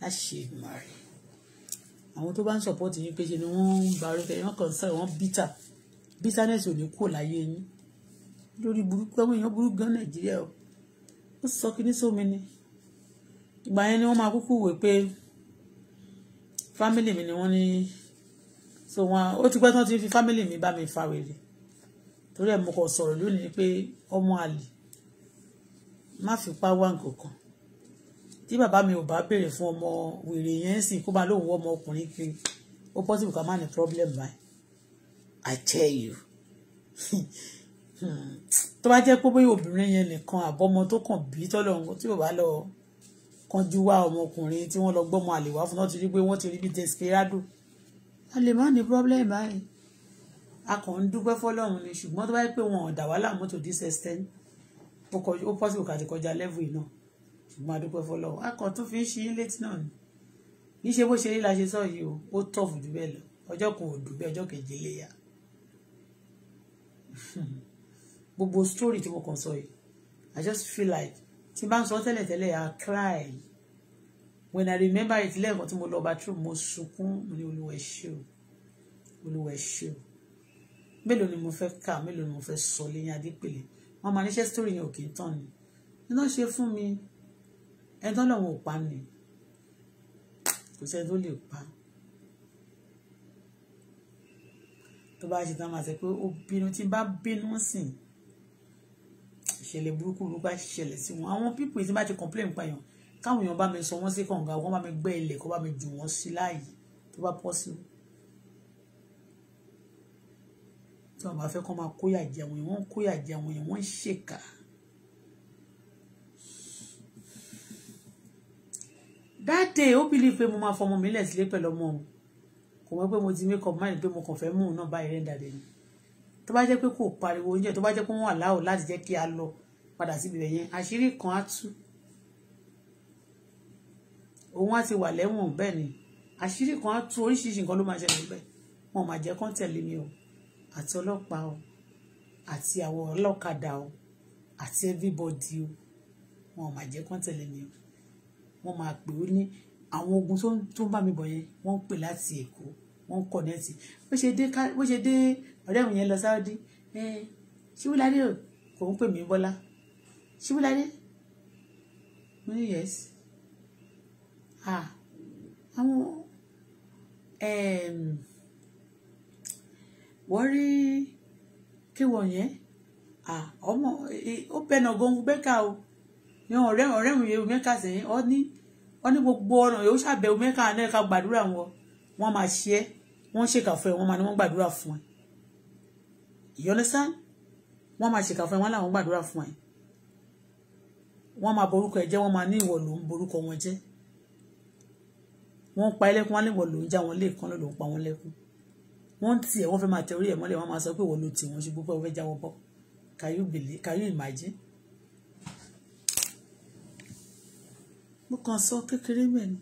láṣẹ ìmọ̀ràn àwọn tó bá ń sọpọ́tì yín pé ṣe ni wọ́n ń ba orúkọ yín wọ́n kàn sọ̀rọ̀ wọ́n bítà bítánẹ́sì ò ní kúrò láyé yín lórí burúkú àwọn èèyàn burú gan nàìjíríà o ó sọ kí ní sómi ni ìgbà yẹn ni wọ́n máa kúkú wè pé fámìlì mi ni wọ́n ní so wọn ó ti pẹ́ tí wọ́n ti fi family mi bá mi fa wèrè torí ẹ̀ mo kàn sọ̀rọ̀ lónìí pé ọmọ àlè má fipá wá nǹkankan tí bàbá mi ò bá béèrè fún ọmọ wèrè yẹn sìn kó máa lóun wọ ọmọ ọkùnrin kiri ó possible ká má ní problem báyìí I tell you tó bá jẹ́ pé bóyá obìnrin yẹn nìkan àbọ̀mọ tó kàn bí tọ́lọ́run tí ò bá lọ kánjú wá ọmọkùnrin tí wọ́n lọ gbọ́mọ àlè wá fún náà ti rí pé wọ́n ti rí bí desperado a lè má ní problem báyìí a kàn ń dúpẹ́ fọlọ́run ni ṣùgbọ́n tó bá yẹ pé wọn ò dà wá láàmú tó this extent ó possible kàti kọjá level yìí náà ṣùgbọ́n a dúpẹ́ fọlọ́run a kàn tún fi ń ṣí létí náà ni kì í ṣe bó ṣe rí la ṣe sọ yìí o ó tọ̀fù jù bẹ́ẹ̀ lọ ọjọ́ kan ò dùn bí ọjọ́ kejì lè yá gbogbo story tí mo kàn sọ yìí i just feel like tí n bá ń sọ tẹ́lẹ̀tẹ́lẹ̀ i cry when i remember it lẹ́ẹ̀kan tí mo lọ bathroom mo sunkún mo ní olúwa ẹ ṣé o olúwa ẹ ṣé o mélòó ni mo fẹ́ kà mélòó ni mo fẹ́ sọ lẹ́yìn adépèlé wọn máa níṣẹ́ story yẹn ò kì í tán ni iná ṣe fún mi ẹni tán lọ́wọ́ ò pa ni kò sẹ́ni tó lè pa tó bá ṣe tán máa sọ pé obìnrin tí bá bínú sìn ìṣẹ̀lẹ̀ burúkú burúkú á ṣẹlẹ̀ sí wọn àwọn pípò tí bá ti complain pa yàn káwọn èèyàn bá mi sọ wọ́n sí kànga wọ́n bá mi gbẹ́ ilẹ̀ kó bá mi jù wọ́n sí láàyè tó bá pọ̀ sí tí wọ́n bá fẹ́ kó máa kóyà jẹ àwọn èèyàn wọ́n kóyà jẹ àwọn èèyàn wọ́n ń ṣèkà. that day ó believe pé mo máa fọmọ mi lẹ̀ sílé pẹ̀lú ọmọ òun kò mọ̀ pé mo ti make up mind pé mo kàn fẹ́ mú òun náà báyìí rẹ̀ ń dàdé ni tó bá jẹ́ pé kò pariwo oúnjẹ tó bá jẹ́ pé wọ́n wà láò láti jẹ́ kí a lọ padà síbi rẹ̀ yẹn àṣírí kan á tú òun á ti wà lẹ́wọ̀n bẹ́ẹ̀ ni àṣírí kan á tú oríṣiríṣi nǹkan ló máa ṣẹlẹ̀ níbẹ̀ wọn ò máa jẹ́ kán tẹ̀lé mi o àti ọlọ́pàá o àti àwọn ọlọ́kadà o àti everybody o wọn ò máa jẹ́ kán tẹ̀lé mi o wọ́n máa pè ó ní àwọn ogun tó ń bá mi bọ̀ yẹn wọ́n ń pè láti Èkó wọ́n ń kọ̀nẹ́tì bó ṣe dé ọ̀rẹ́ mi yẹn lọ Sáúdí ṣíwúládé o kò ń pè mí Bọ́lá ṣíwúládé mo ní yẹ́sì Ah. àwọn wọ́n rí kí wọ́n yẹn ah, ọmọ ó bẹ̀nà gan gbẹ́ka o yan ọ̀rẹ́ ọ̀rẹ́ mi yẹ omeka sẹ́yìn ọ ní ọ ní gbogbo ọ̀nà yóò ṣàbẹ̀ omeka náà ká gbàdúrà wọn wọn máa ṣe é wọn ṣèkà fún ẹ wọn máa ní wọn gbàdúrà fún ẹ you understand wọn máa ṣèkà fún ẹ wọn làwọn gbàdúrà fún ẹ wọn máa borúkọ ẹ jẹ́ wọn máa ní ìwọ ló ń borúkọ wọn jẹ́ wọ́n pa ẹlẹ́kùn wọn ló ń já wọn lẹ́ẹ̀kan ló ń pa wọn lẹ́kùn wọ́n ti ẹ̀ wọ́n fẹ́ máa tẹ orí ẹ̀ mọ́lẹ̀ wọ́n máa sọ pé wọ́n ló tì ṣubú pé wọ́n fẹ́ jáwọ́ bọ́ can you believe can you imagine. mo kàn sọ kékeré mẹ́rin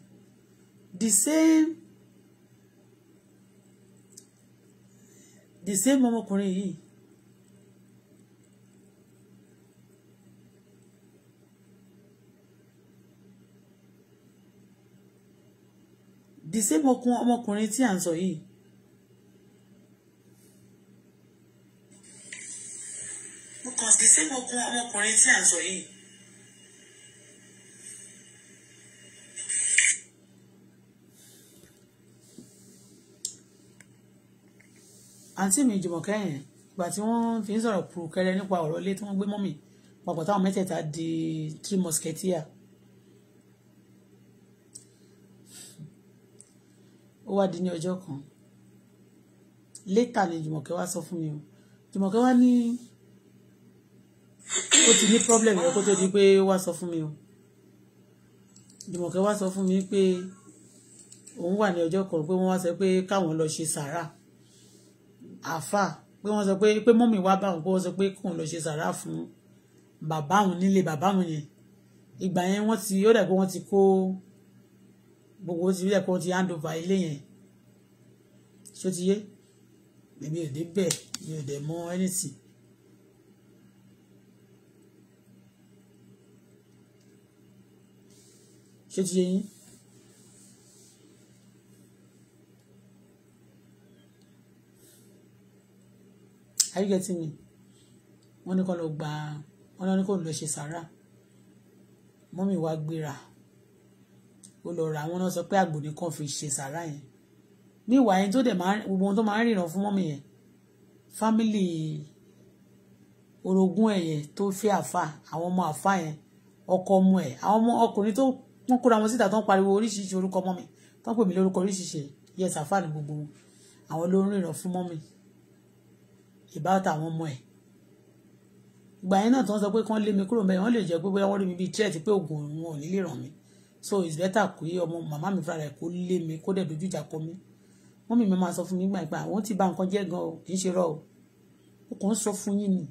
the same the same ọmọkùnrin yìí the same ọmọkùnrin tí à ń sọ yìí mo kàn the same ọmọkùnrin tí à ń sọ yìí. àǹtí mi jùmọ̀kẹ́ yẹn ìgbà tí wọ́n fi ń sọ̀rọ̀ pùrùkẹ́rẹ́ nípa ọ̀rọ̀ ilé tí wọ́n gbé mọ́mì papọ̀ táwọn mẹ́tẹ̀ẹ̀ta di three musketeer ó wá di ní ọjọ́ kan létà ni jùmọ̀kẹ́ wá sọ fún mi o jùmọ̀kẹ́ wá ní ó ti ní problem yẹn kó tó di pé ó wá sọ fún mi o jùmọ̀kẹ́ wá sọ fún mi pé òun wà ní ọjọ́ kan pé wọ́n wá sọ pé káwọn lọ ṣe sàrà àáfà pé wọ́n sọ pé pé mọ́mì wá bá wọn pé wọ́n sọ pé kóun lọ ṣe sàrà fún bàbá òun nílé bàbá òun yẹn ìgbà yẹn wọ́n ti ó dàgbé wọ́n ti kó. Ko gbogbo ti rí ẹ̀kọ́ ti hand over ilé yẹn ṣó ti yé èmi ò dé bẹ́ẹ̀ mi ò dẹ̀ mọ anything. ṣé ti yé yín. are you getting me wọ́n ní kó lọ gba wọ́n ní kó lọ ṣe sàrà mọ́mì wa gbéra ó lọ rà wọ́n náà sọ pé àgbò nìkan fi ṣe sàrà yẹn ní ìwà yẹn tó dẹ̀ máa gbogbo ohun tó máa ń ríran fún mọ́mì yẹn fámìlì orogún ẹ̀ yẹn tó fi àfa àwọn ọmọ àfa yẹn ọkọ ọmọ ẹ̀ àwọn ọmọ ọkùnrin tó wọ́n kóra wọn síta tó ń pariwo oríṣiríṣi orúkọ mọ́mì tó ń pè mí lórúkọ oríṣiríṣi yẹn sàfà ní gbogbo àwọn ló ń ríran fún mọ́mì ìbáwọ̀tà àwọn ọmọ ẹ̀ ìgbà yẹn náà tó ń sọ pé kán lé mi kúrò mẹ́rin wọ́n lè jẹ́ pé wọ́n rí mi bíi tírẹ̀tì pé oògùn wọn ò ní lè ràn mí so it's better pé ọmọ màmá mi fúnra rẹ̀ kó lé mi kó dẹ̀ dojú ìjà kọ mi wọ́n mi máa sọ fún mi gbàgbà àwọn ti bà nǹkan jẹ́ gan o kì í ṣe rọ o ó kàn ń sọ fún yín ni.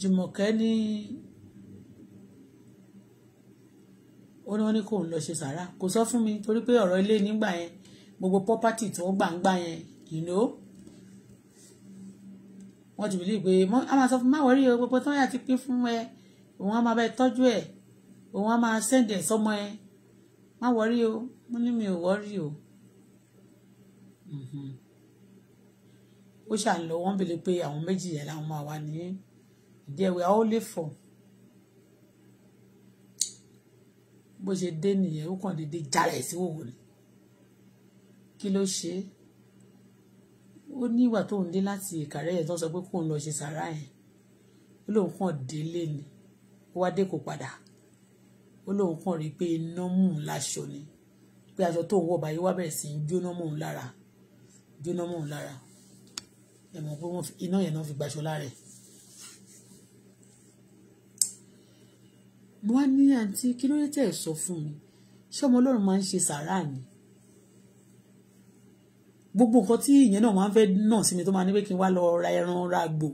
Jùmọ̀kẹ́ ní ó ní wọ́n ní kò ń lọ ṣe sàrà kò sọ fún mi torí pé ọ̀rọ̀ ilé nígbà yẹn gbogbo property tó ń yẹn you know wọ́n ti bìlí pé a máa sọ fún má wọrí o gbogbo tó yà ti pín fún ẹ òun á máa bẹ tọ́jú ẹ òun á máa sẹ́ǹdẹ̀ sọmọ ẹ má wọrí o mo ní mi ò wọrí o mm-hmm. ó ṣàn lọ wọ́n bèèrè pé àwọn méjì yẹn làwọn máa wà ní ìdí ẹ̀wẹ̀ àwọn ó lè fọ̀ bó ṣe dé nìyẹn ó kàn déédéé jalè sí ni kí ló ṣe é ó ní ìwà tó ń dé láti ìkàrẹ́ yẹn tó ń sọ pé kóun lọ ṣe sàrá yẹn ó lóun kàn délé ni ó wá dé kò padà ó lóun kàn rí i pé iná mú un láṣọ ni pé aṣọ tó ń wọ̀ báyìí wá bẹ̀rẹ̀ sí í jóná mú un lára jóná mú un lára ẹ mọ̀ pé iná yẹn náà fi gbaṣọ lára mo wá ní àǹtí kí ló dé tẹ̀ sọ fún mi ṣé ọmọ ọlọ́run máa ń ṣe sàrá ni gbogbo nǹkan tí ìyẹn náà máa ń fẹ́ náà sí mi tó máa ní pé kí n wá lọ ra ẹran ra gbò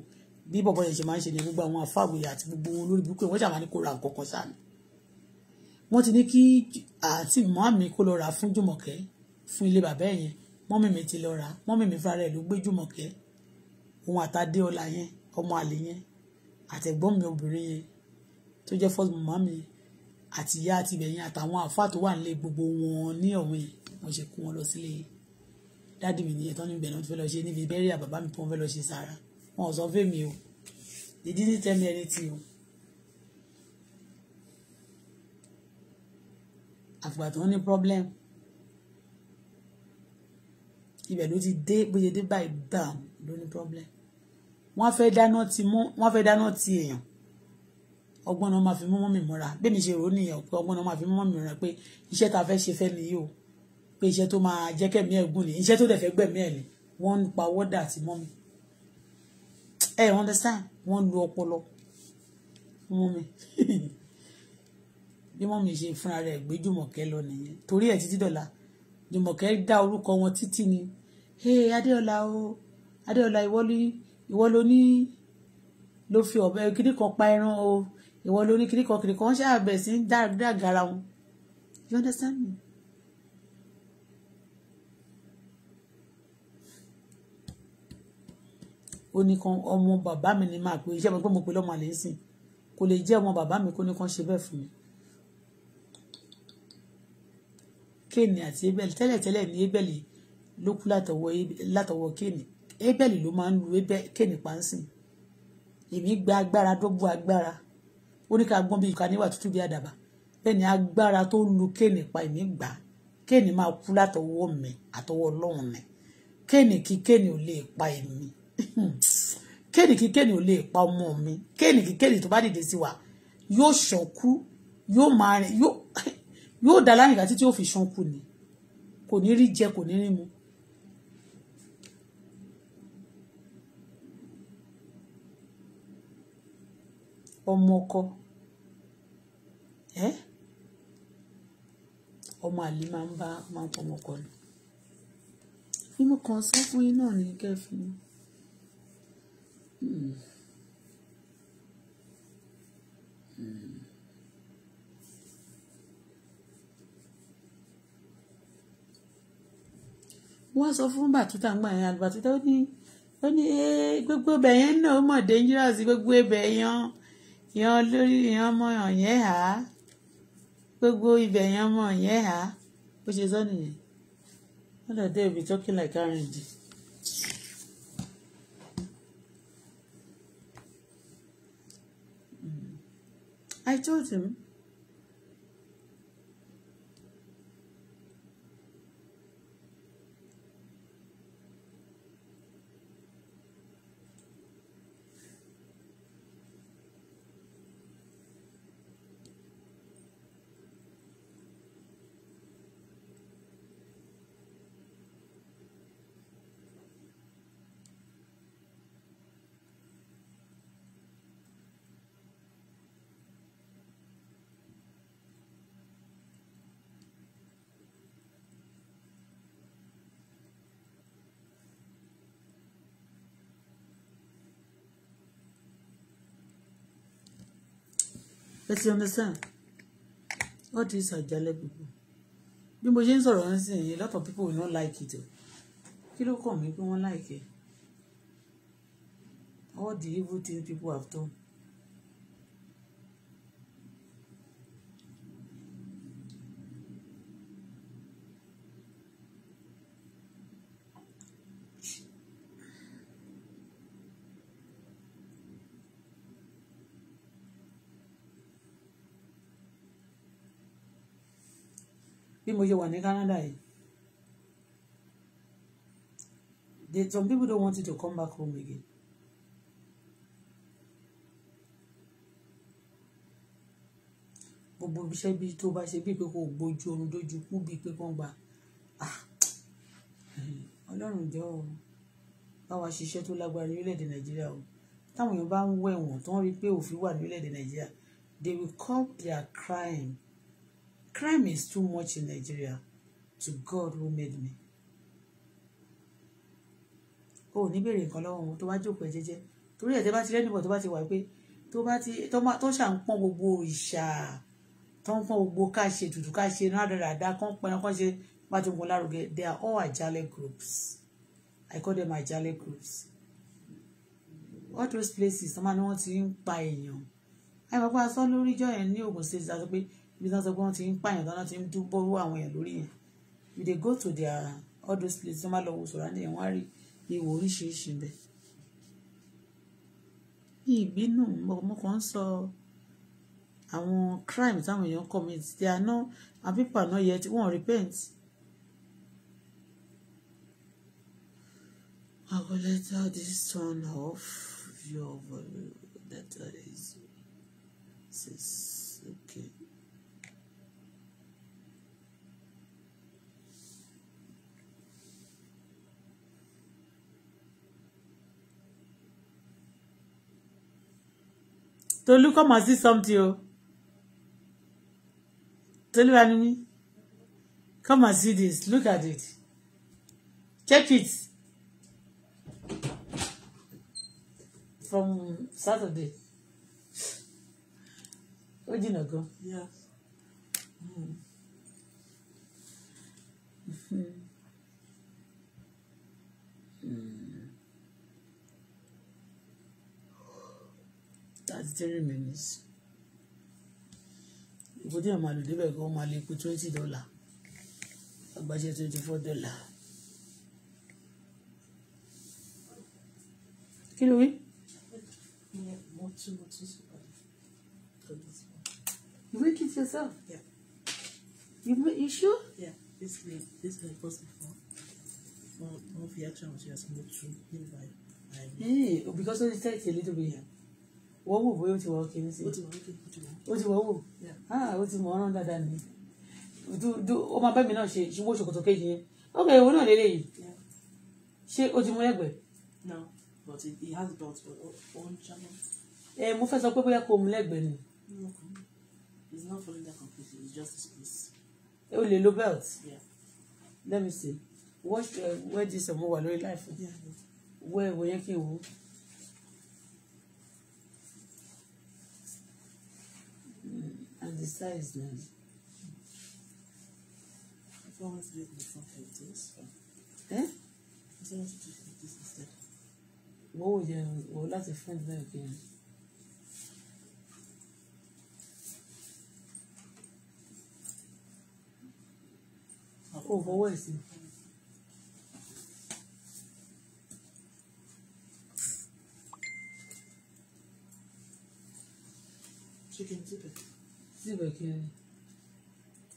bí bọ̀bọ̀ yẹn ṣe máa ń ṣe ní gbogbo àwọn afáwòye àti gbogbo wọn lórí búkú wọ́n ṣàwọn ní kó ra nǹkan sáà ni wọ́n ti ní kí àti mọ́mí kó lọ rà fún jùmọ̀kẹ́ fún ilé bàbá ẹ̀yẹn mọ́mí mi ti lọ rà mọ́mí mi fúnra rẹ̀ ló gbé jùmọ̀kẹ́ òun àtàdé ọlá yẹn ọmọ àlè yẹn àtẹ̀gbọ́n mi obìnrin yẹn tó jẹ́ first mama mi àtìyá àtìbẹ̀yìn àtàwọn àfáà tó wà nílé gbogbo wọn ní ọ̀hún yẹn wọ́n ṣe kó wọn lọ sílé yẹn dáàdì mi nìyẹn tán ní ìbẹ̀rẹ̀ wọn ti fẹ́ lọ ṣe níbi bẹ́ríà bàbá mi pọ́n fẹ́ lọ ṣe sára wọn ò sọ fún mi o they didn't tell me anything o. àfìgbà tó ń ní problem ibẹ̀ ló ti dé bóyá dé báyìí bam ló ní problem wọ́n fẹ́ dáná ti mú wọ́n fẹ́ dáná ti èèyàn ọgbọ́n náà máa fi mú mọ́mì mọ́ra bẹ́ẹ̀ mi ṣe rò ó nìyẹn pé ọgbọ́n náà máa fi mú mọ́mì mọ́ra pé iṣẹ́ tá fẹ́ ṣe fẹ́ nìyí o pé iṣẹ́ tó máa jẹ́ kẹ́mi ẹ̀gún ni iṣẹ́ tó dẹ̀ fẹ́ gbẹ̀mí ẹ̀ ni wọ́n ń pa wọ́dà àti mọ́mi ẹ understand wọ́n lu ọpọlọ mọ́mi bí mọ́mi ṣe fúnra rẹ̀ gbé Jùmọ̀kẹ́ lọ nìyẹn torí ẹ̀ títí dọ̀la Jùmọ̀kẹ́ dá orúkọ wọn títí ni hey Adéọlá o Adéọlá ìwọ ló ní ló fi ọ̀bẹ kiri kan pa ẹran o ìwọ ló ní kiri kan kiri kan ṣáà bẹ̀ sí dàgàrà wọn you understand me. ó ní kan ọmọ bàbá mi ni máa pè iṣẹ́ mi pé mo pè lọ́mọ àlè ń sìn kò lè jẹ́ ọmọ bàbá mi kó ní kan ṣe bẹ́ẹ̀ fún mi. kéènì àti ebèlì tẹ́lẹ̀tẹ́lẹ̀ ní ebèlì ló kú látọwọ́ kéènì ebèlì ló máa ń lu kéènì pàǹsìn èmi gba agbára dọ́gbọ́ agbára ó ní ká gbọ́n bí ìka níwà tútù bí àdàbà bẹ́ẹ̀ ni agbára tó lu kéènì pa èmi gbà kéènì máa kú látọwọ́ mi àtọwọ́ ọlọ́run mi kéènì kí kéènì ò lè pa èmi kéènì kí kéènì ò lè pa ọmọ mi kéènì kí kéènì tó bá dìde sí wa yóò ṣọkú yóò máa rìn yóò dá láyìnká títí yóò fi ṣankú ni kò ní rí jẹ kò ní rí mu. ọmọ ọkọ ẹ ọmọ àlè máa ń bá máa ń pọ ọmọ ọkọ ni mímú kan sọ fún yín náà ní kẹfì ni. Mm. Mm. wọ́n sọ fún bàtútà ń gbà yẹn àbàtútà ó ní ó ní gbogbo ibẹ̀ yẹn náà ó mọ̀ dangerous gbogbo ibẹ̀ yẹn yẹn lórí yẹn mọ̀ yẹn hà á gbogbo ibẹ̀ yẹn mọ̀ yẹn hà á bó ṣe sọ nìyẹn wọ́n dàdé be talking like rnd. I told him ẹ ti understand What is are jale people bí mo ṣe ń sọ̀rọ̀ wọn sí ẹ̀yìn a lot of people will not like it o kí ló kàn mí pé wọ́n like ẹ̀ all the evil things people have done bí mo ṣe wà ní Canada yìí they some people don't want you to come back home again. gbogbo iṣẹ́ bí tó bá ṣe bí pé kò gbójú oorun dójú kú bí pé kàn gbà ah, ọlọ́run jọ báwa ṣiṣẹ́ tó lágbára ní orílẹ̀-èdè nàìjíríà o táwọn èèyàn bá ń wẹ̀wọ̀n tó ń rí i pé òfin wà ní orílẹ̀-èdè nàìjíríà they will call their crime Crime is too much in Nigeria to God who made me. o ò ní béèrè nǹkan lọ́wọ́ wọn tó bá jókòó jẹ́jẹ́ torí ẹ̀ tẹ́ bá ti rẹ́nìbọ̀ tó bá ti wà pé tó bá ti tó ṣà ń pọ́n gbogbo ìṣà tó ń pọ́n gbogbo ká ṣe tutù ká ṣe rádaràdá kán pẹ́ran kán ṣe pàtùkùn lárugẹ they are all ajale groups I call them ajale groups all those places tó máa ní wọ́n ti ń pa èèyàn ẹ̀ bá pa sọ lórí ìjọ yẹn ní Ògùn state àti pé ibi tí wọ́n sọ pé wọ́n ti ń pààyàn tán wọ́n ti ń dúbọ́rú àwọn èèyàn lórí yẹn you dey go to their all those places tí wọ́n bá lọ wo sọ̀rọ̀ àndéyẹn wọ́n á rí ihò oríṣiríṣi bẹ̀. ìbínú mo kàn ń sọ àwọn crime táwọn èèyàn commit they are not and people are not yet wọ́n repent. I will let all this turn off your that is six. Tolu come and see something o oh. Tolu animi come and see this look at it check it from Saturday o jìnnà go? Yes. Mm-hmm. thirty three minutes ìbò tí àwọn àlò débẹ̀ kan máa lè pe twenty dollar agbáṣe twenty four dollar kí ló wí. Make it yourself. Yeah. You make you sure? Yeah. This lady, this lady was before. More, more reaction was just moved through. Hey, because of the text a little bit. Yeah wọ́n wò bóyá ó ti wọ̀ ọ́ kiri sí ó ti wọ̀ ó wò ó ti ah, mọ̀ ọ́ rán dáadáa nìyí ó máa bẹ́ẹ̀ mi náà ṣe ìṣúwó ṣòkòtò kejì yẹn ok ìwọ náà lélẹ̀ yìí ṣé o ti mú ẹgbẹ́. no but he has belt but one channel. ẹ mo fẹ́ sọ pé bóyá kò mú lẹ́gbẹ̀ẹ́ ni. he's not following that completely it's just his place. o lè lo belt. Yeah. let me see watch uh, where this ọmọ wà lórí láìpẹ́ wẹ́ẹ̀ wọ́n yẹ kí n wò ó. and the size now. I've always did it before Eh? I've always did this instead. What would you, well, that's a friend there again. Oh, but where is he? Chicken tippet. Síbẹ̀ kí ni?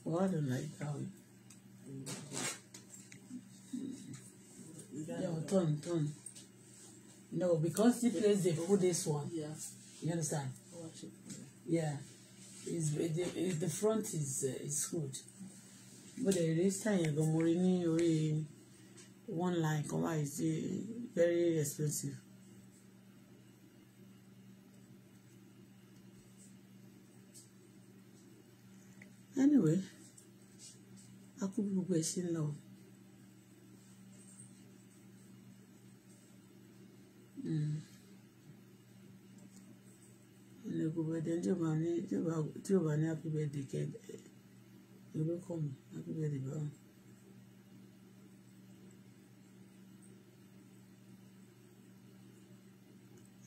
Wọ́n á dùn Yeah, turn, turn. No, because the place they put this one. Yeah. You understand? Yeah. It's, the, it, the front is uh, is good. But uh, the rest time, you're going to one line, come out, it's uh, very expensive. anyway akú gbogbo ẹ̀ sí ń lọ. ilé gbogbo ẹ̀dẹ̀ tí ò bá ní happy birthday kẹ́ ìlú kọ̀ mọ́ happy birthday báwọn.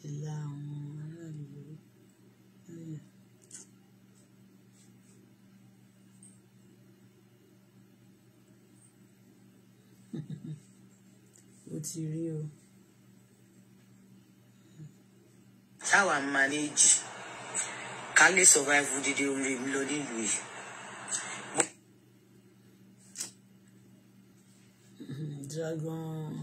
ìlà àwọn. ti rí o. táwa manage ká lè survive dídé orí mi lọ nílùú yìí. dragon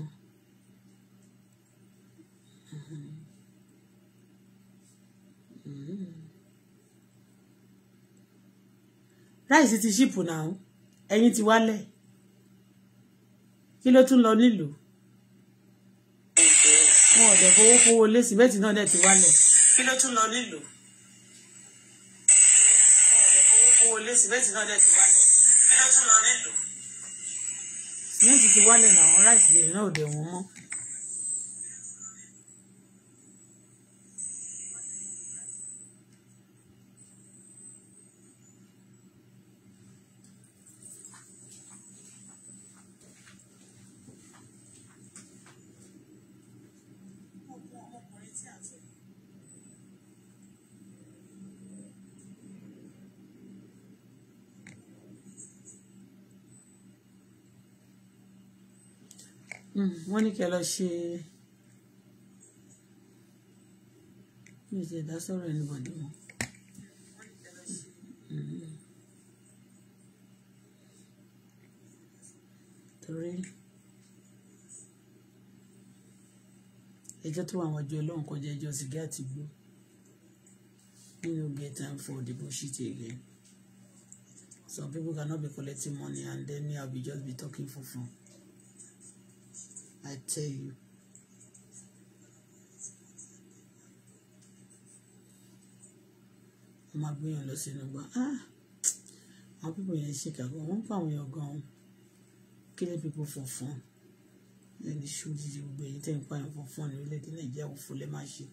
ráìsì ti ṣíìpù náà ẹ̀yin ti wálẹ̀ kí ló tún lọ nílùú wọn ò dẹ̀ fowó fowó lé sìmẹ́ǹtì náà dẹ̀ ti wálẹ̀. kí ló tún lọ nílò. wọn ò dẹ̀ fowó fowó lé sìmẹ́ǹtì náà dẹ̀ ti wálẹ̀. kí ló tún lọ nílò. sìmẹ́ǹtì ti wálẹ̀ náà ráìsì lè náà ò dẹ̀ wọ́n mọ́. Mm. wọ́n ní kẹ́ lọ ṣe mi ò tẹ̀dá sọ̀rọ̀ ẹnìbọ̀dé mọ́. Mm-hmm. torí ẹjọ́ tó wà àwọn ọjọ́ ọlọ́run kọjá ẹjọ́ sìgá àti igbó nínú get am for the bullshit again some people cannot be collecting money and then me i be just be talking for fun. I tell you. wọ́n máa gbé yàn lọ sínú gbà á ah! àwọn pípò yẹn ṣe kàgbọ́ wọ́n ń pa àwọn èèyàn gan-an kílẹ̀ pípò fọ̀fọ́n lẹ́ni ṣúdìdì gbogbo èyí tẹ́ ń pààyàn fọ̀fọ́n ní orílẹ̀-èdè nàìjíríà òfò lẹ́ máa ṣe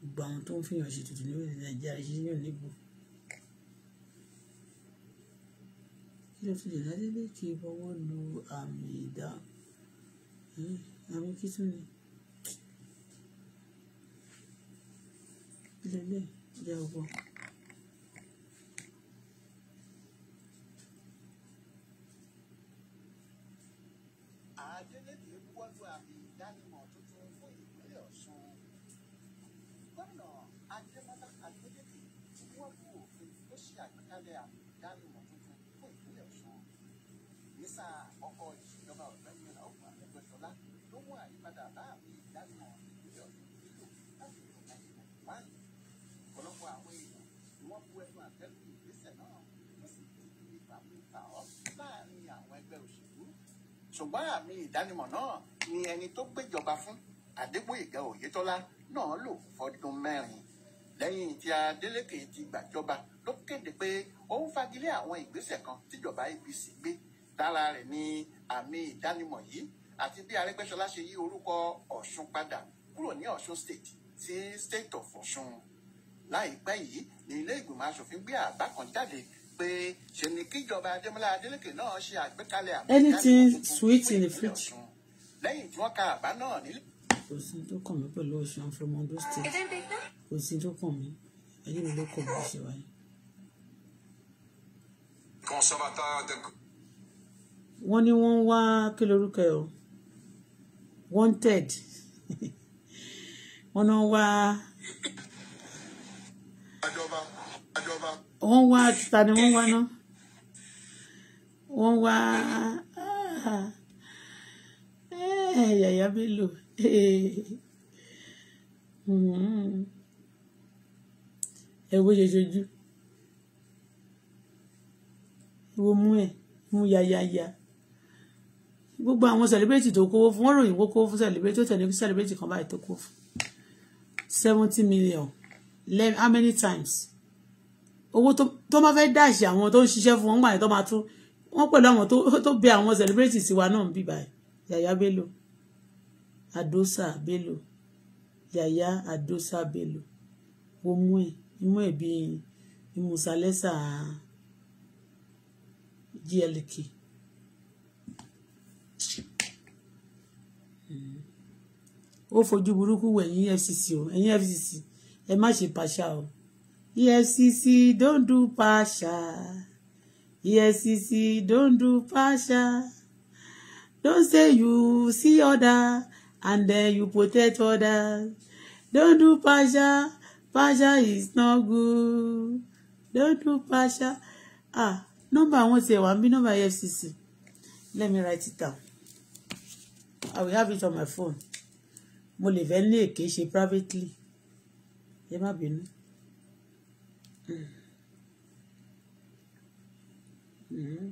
gbogbo àwọn tó ń fìyàn ṣe tuntun ní orílẹ̀-èdè nàìjíríà ṣe yàn níbo. kí ló tún lè ládé lè kí bọ́wọ́ lu àmì ìdáhùn àbí kí tún ni lẹ́lẹ́ ìjà ọ̀pọ̀. Adélékè ṣùgbọ́n àmì ìdánimọ̀ náà ni ẹni tó gbéjọba fún Adégbóyèga Oyètọ́lá náà lò fọdún mẹ́rin lẹ́yìn tí Adeleke ti gbàjọba ló kéde pé ó ń fagilé àwọn ìgbésẹ̀ kan tíjọba APC gbé lára rẹ̀ ní àmì ìdánimọ̀ yìí àti bí Arẹ́gbẹ́ṣọlá ṣe yí orúkọ Ọ̀ṣun padà kúrò ní Ọ̀ṣun state sí state of Ọ̀ṣun láìpẹ́ yìí ní ilé ìgbìmọ̀ asòfin gbé àbá kan jáde pé ṣe ni kíjọba adémọlá adélékè náà ṣe àgbékalẹ̀ àbújá anything sweet in the fridge. lẹ́yìn tí wọ́n ka àbá náà nílé. kò sí tó kàn mí pẹ̀lú oṣù from Ondo State kò sí tó kàn mí ayé mi ló kọ̀ bí ṣe wáyé. wọ́n ní wọ́n ń wá kí lorúkọ ẹ̀ wanted wọ́n náà wá wọ́n wá ta ni wọ́n wá ná wọ́n wá ah, eh, yàyà bello ẹ wo ṣe ṣojú wo mú ẹ mú yayaya gbogbo àwọn celebrity tó kówó fún wọn ròyìn kówó fún celebrity ó tẹ̀lé celebrity kan báyìí tó kówó fún seventy million how many times owó tó máa fẹ́ dáàṣì àwọn tó ń ṣiṣẹ́ fún wọn gbà yẹn tó máa tún wọ́n pẹ̀lú àwọn tó bẹ àwọn celebrities wa náà bí báyìí yàyà bello adosa bello yàyà adosa bello omú ẹ imú ẹ bíi imusalẹsà glk. ó fojú burúkú wẹ̀yìn fcc o ẹ̀yìn fcc ẹ má ṣe pàṣà o. EFCC don't do partial. EFCC don't do partial. Don't say you see other and then you protect others. Don't do partial. Partial is not good. Don't do partial. Ah, number one say one be number EFCC. Let me write it down. I will have it on my phone. Mo lè fẹ́ ní èké ṣe privately. Ẹ má bínú. Mm-hmm.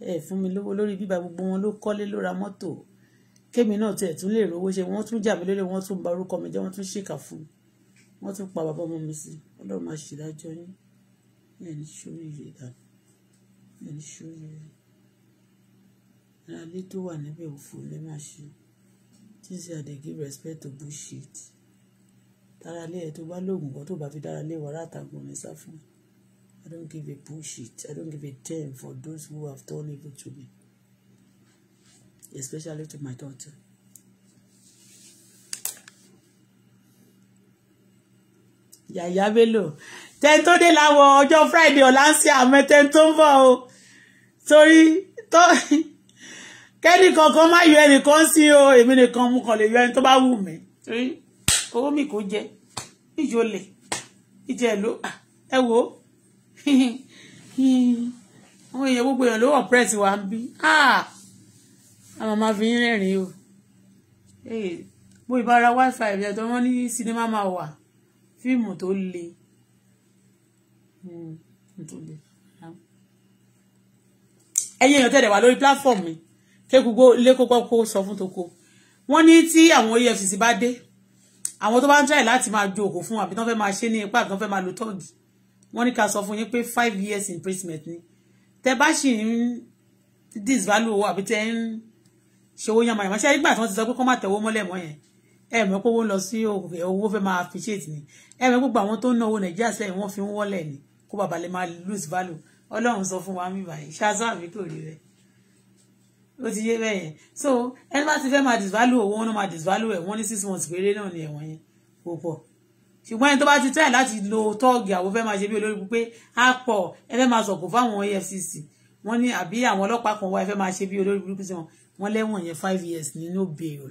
ẹ fún mi lówó lórí bíbá gbogbo wọn ló kọ́lé ló ra mọ́tò kémi náà tiẹ̀ tún lè rówó ṣe wọ́n tún jà mí lólè wọ́n tún ba orúkọ mi jẹ́ wọ́n tún ṣèkà fún mi wọ́n tún pa bàbá ọmọ mi sí ọlọ́run máa ṣèdájọ́ yín ẹ̀ ní ṣoríire dànù ẹ̀ ní ṣoríire alẹ́ tó wà níbẹ̀ òfò lẹ́ máa ṣe tí ṣe àdè give respect to bullshit dára lé ẹ tó bá lóògùn kan tó bá fi dára lé wàrà àtàgùn ní sá fún I don't give a push it. I don't give a damn for those who have done evil to me especially to my daughter. yàyà bello Ten tó dé láwọ̀ ọjọ́ friday ọ̀la ń ṣe àmọ́ tẹ́ni tó ń bọ̀ o torí tó kẹ́ni kankan má yọ ẹnìkan sí o èmi nìkan mú kan lè yọ ẹni tó bá wù mí torí owó mi kò jẹ́ ìjọlẹ̀ ìjẹ̀lú ẹ wo àwọn èèyàn gbogbo èèyàn ló wọ̀ pírẹ́sì wa ń bí àwọn máa fi ń rẹ́rìn o bó ìbára wifi ìbílẹ̀ tó wọ́n ní sinimá máa wà fíìmù tó le hmm, ẹ̀yin èèyàn tẹ̀lé wà lórí platform mi kéku lẹ́kọ̀ọ́ kó sọ fún toko wọ́n ní tí àwọn EFCC bá dé àwọn tó bá ń try láti máa ju òkò fún àbí tán fẹ́ máa ṣe ní ipá àbí tán fẹ́ máa lo tọ́ọ̀gì wọ́n ní ká sọ fún yín pé five years imprisonment ni tẹ bá sì ń disvalue owó àbí tẹ ń ṣòwò yàn màyàmá ṣe nígbà tí wọ́n ti sọ pé kó má tẹ̀wọ́ mọ́lẹ̀ mọ́ yẹn ẹ mọ̀ pé owó lọ sí owó fẹ́ máa appreciate ni ẹ mọ̀ gbogbo àwọn tó ń náwó nàìjíríà sẹ́yìn wọ́n fi ń wọ́lẹ̀ ni kó bàbá lè máa lose value ọlọ́run sọ fún wa mi báyìí ṣáà sáà kò rí rẹ̀ ó ti yé bẹ́ẹ̀ yẹn so ẹni bá ti fẹ́ máa disvalue owó wọn máa disvalue ẹ̀ wọ́n ní six months péré náà ni ẹ̀wọ̀n yẹn kò pọ̀ ṣùgbọ́n ẹni tó bá ti try láti lo tọ́ọ̀gì àwọn fẹ́ máa ṣe bí olórí pé á pọ̀ ẹ fẹ́ máa sọ̀kò fáwọn EFCC wọ́n ní àbí àwọn ọlọ́pàá kan wá ẹ fẹ́ máa ṣe bí olórí burúkú sí wọn wọ́n lẹ́wọ̀n yẹn five years ní no bail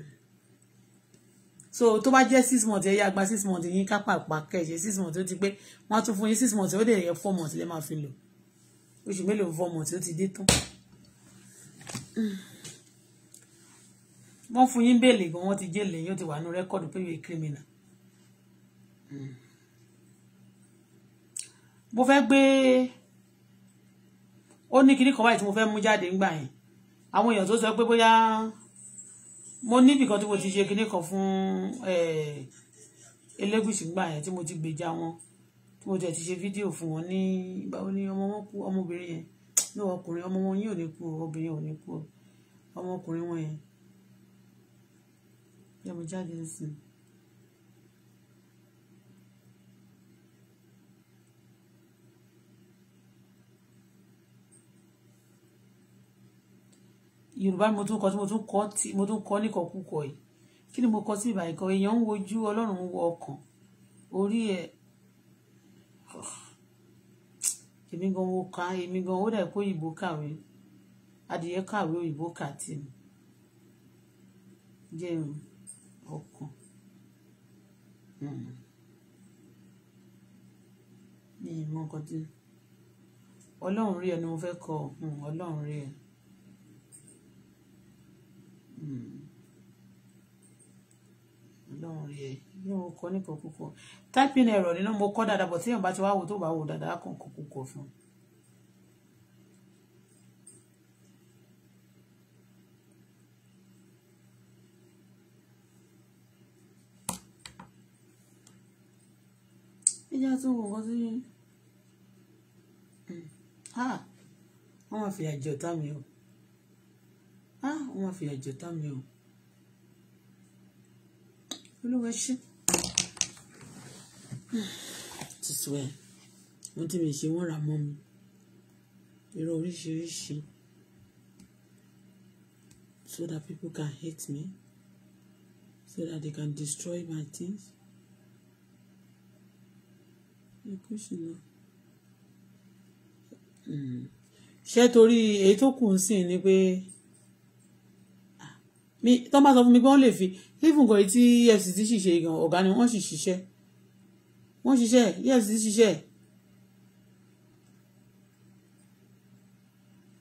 so tó bá jẹ́ six months ẹ yá gba six months yín ká pàpà kẹ̀ṣẹ̀ six months ó ti pé wọ́n á tún fún yín six months ó dẹ̀ yẹ four months lẹ́ máa fi lò oṣù mélòó four months ó ti dé tán wọ́n fún yín bẹ́ẹ̀lì gan wọ́n ti jẹ́lẹ̀ yóò ti wà nínú rẹ́kọ̀dù pé yóò kírímìnà. mo fẹ́ gbé ó ní kinní kan báyìí tí mo fẹ́ mú jáde ńgbà yẹn àwọn èèyàn tó sọ pé bóyá mo níbì kan tí mo ti ṣe kinní kan fún Elégùṣì ńgbà yẹn tí mo ti gbèjà wọn tí mo ti ẹ̀ ti ṣe fídíò fún wọn ní ìgbà wo ni ọmọ wọn kú ọmọbìnrin yẹn ní ọkùnrin ọmọ wọn yín ò ní kú obìnrin ò ní kú o wọn yẹn yẹ mo jáde nísìn. yorùbá mo tún kọ tí mo tún kọ tí mo yìí kí ni mo kọ sí ìbàyìí kan èèyàn ń wojú ọlọ́run wọ ọkàn orí ẹ̀ èmi gan mo kà èmi gan ó dẹ̀ kó òyìnbó kàwé adìyẹ kàwé òyìnbó kà tì mí jẹun ọkàn hmm. mi ì mọ nǹkan tí ọlọ́run rí ẹ ni mo fẹ́ kọ hmm, hmm. ọlọ́run rí ẹ. ọlọ́run rí ẹ yóò kọ nìkan púpọ̀ typing error nínú mo kọ́ dáadáa bọ̀ téèyàn bá ti wá wo tó bá wo dáadáa kàn kó kókó fún un. ẹjẹ́ tó wò wọ́n sí wọ́n máa fìyà jẹ ọ̀tá mi o ah, wọ́n máa fìyà jẹ ọ̀tá mi o olúwa ṣe ti sọ ẹ wọn tí mi ṣe wọn rà mọ́ mi irọ́ oríṣiríṣi so that people can hate me so that they can destroy my things ikú ṣìnà hmm. ṣé torí èyí tó kù ń sìn ni pé ah, mi tọ́ bá sọ fún mi pé wọ́n lè fi even gan etí EFCC ṣì ṣe gan ọ̀gá ni wọ́n sì ṣiṣẹ́ wọ́n ṣiṣẹ́ yes ṣiṣẹ́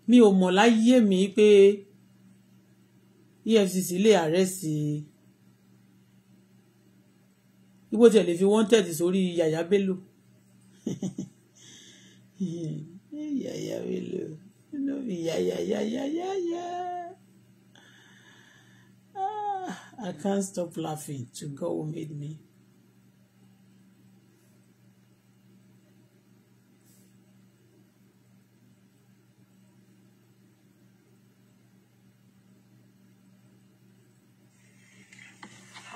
mi ò mọ̀ láyé mi pé EFCC lè àrẹ́sì ibo tí ẹ lè fi wanted sórí yàyà bello yàyà bello inú mi yàyà yàyà yàyà I can't stop laughing to God who made me.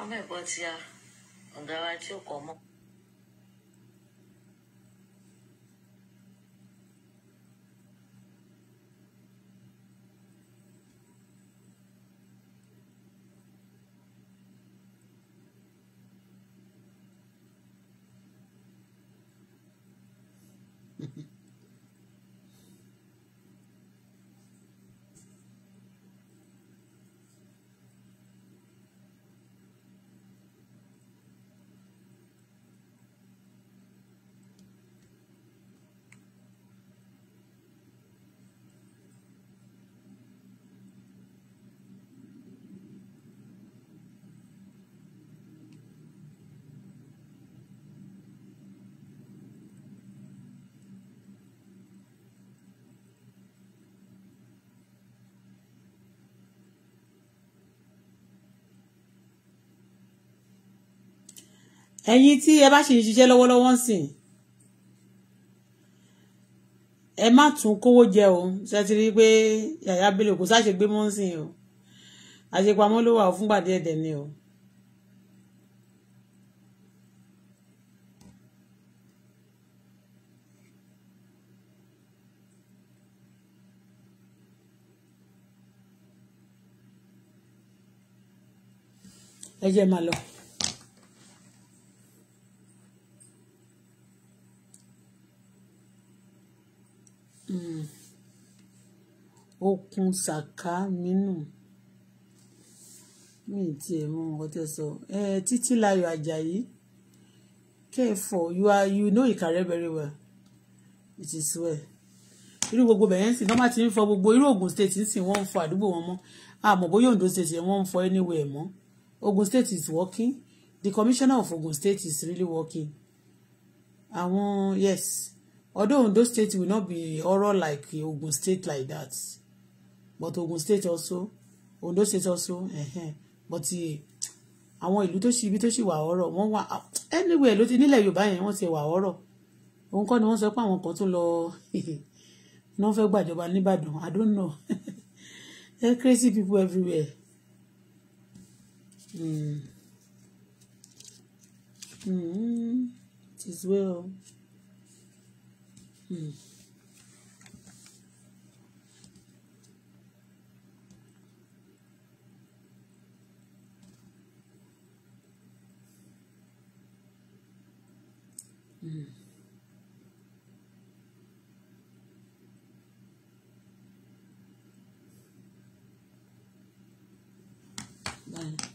mẹ́gbọ́n ọ̀gá wa tí ó Mm-hmm. ẹ̀yin tí ẹ bá ṣì ń ṣiṣẹ́ lọ́wọ́lọ́wọ́ sìn ẹ má tún kówó jẹ o ṣe ti rí i pé yàyà bello kò sáà ṣe gbé mọ́ sìn o àṣepamọ́ ló wà ó fúngbà díẹ̀ dẹ̀ ni o. ẹ jẹ́ máa okun hmm. ṣàká nínú mi ti ẹ̀ mọ nǹkan tẹ́ sọ ẹ títí láyọ̀ àjàyí kẹfọ you are you know Ìkàrẹ́ very well it is well irú gbogbo bẹ̀yẹn sì nọ́mà ti ń fọ gbogbo irú Ògùn state ń sìn wọ́n ń fọ àdúgbò wọn mọ́ àmọ́ bóyá Ondo state yẹn wọ́n ń fọ anywhere mọ́ Ogun state is working the commissioner of Ogun state is really working àwọn yes although Ondo state will not be oral like Ogun state like that but Ogun state also Ondo state also uh-huh. but àwọn ìlú tó ṣe ibi tó ṣe wà ọ̀rọ̀ wọ́n wà anywhere ló ti nílẹ̀ Yorùbá yẹn wọ́n ti wà ọ̀rọ̀ òun kọ́ ni wọ́n sọ pé àwọn kan tó lọ ní wọ́n gbàjọba nìbàdàn I don't know there eh, are crazy people everywhere. Mm. Mm. It is well. Mm. Bye.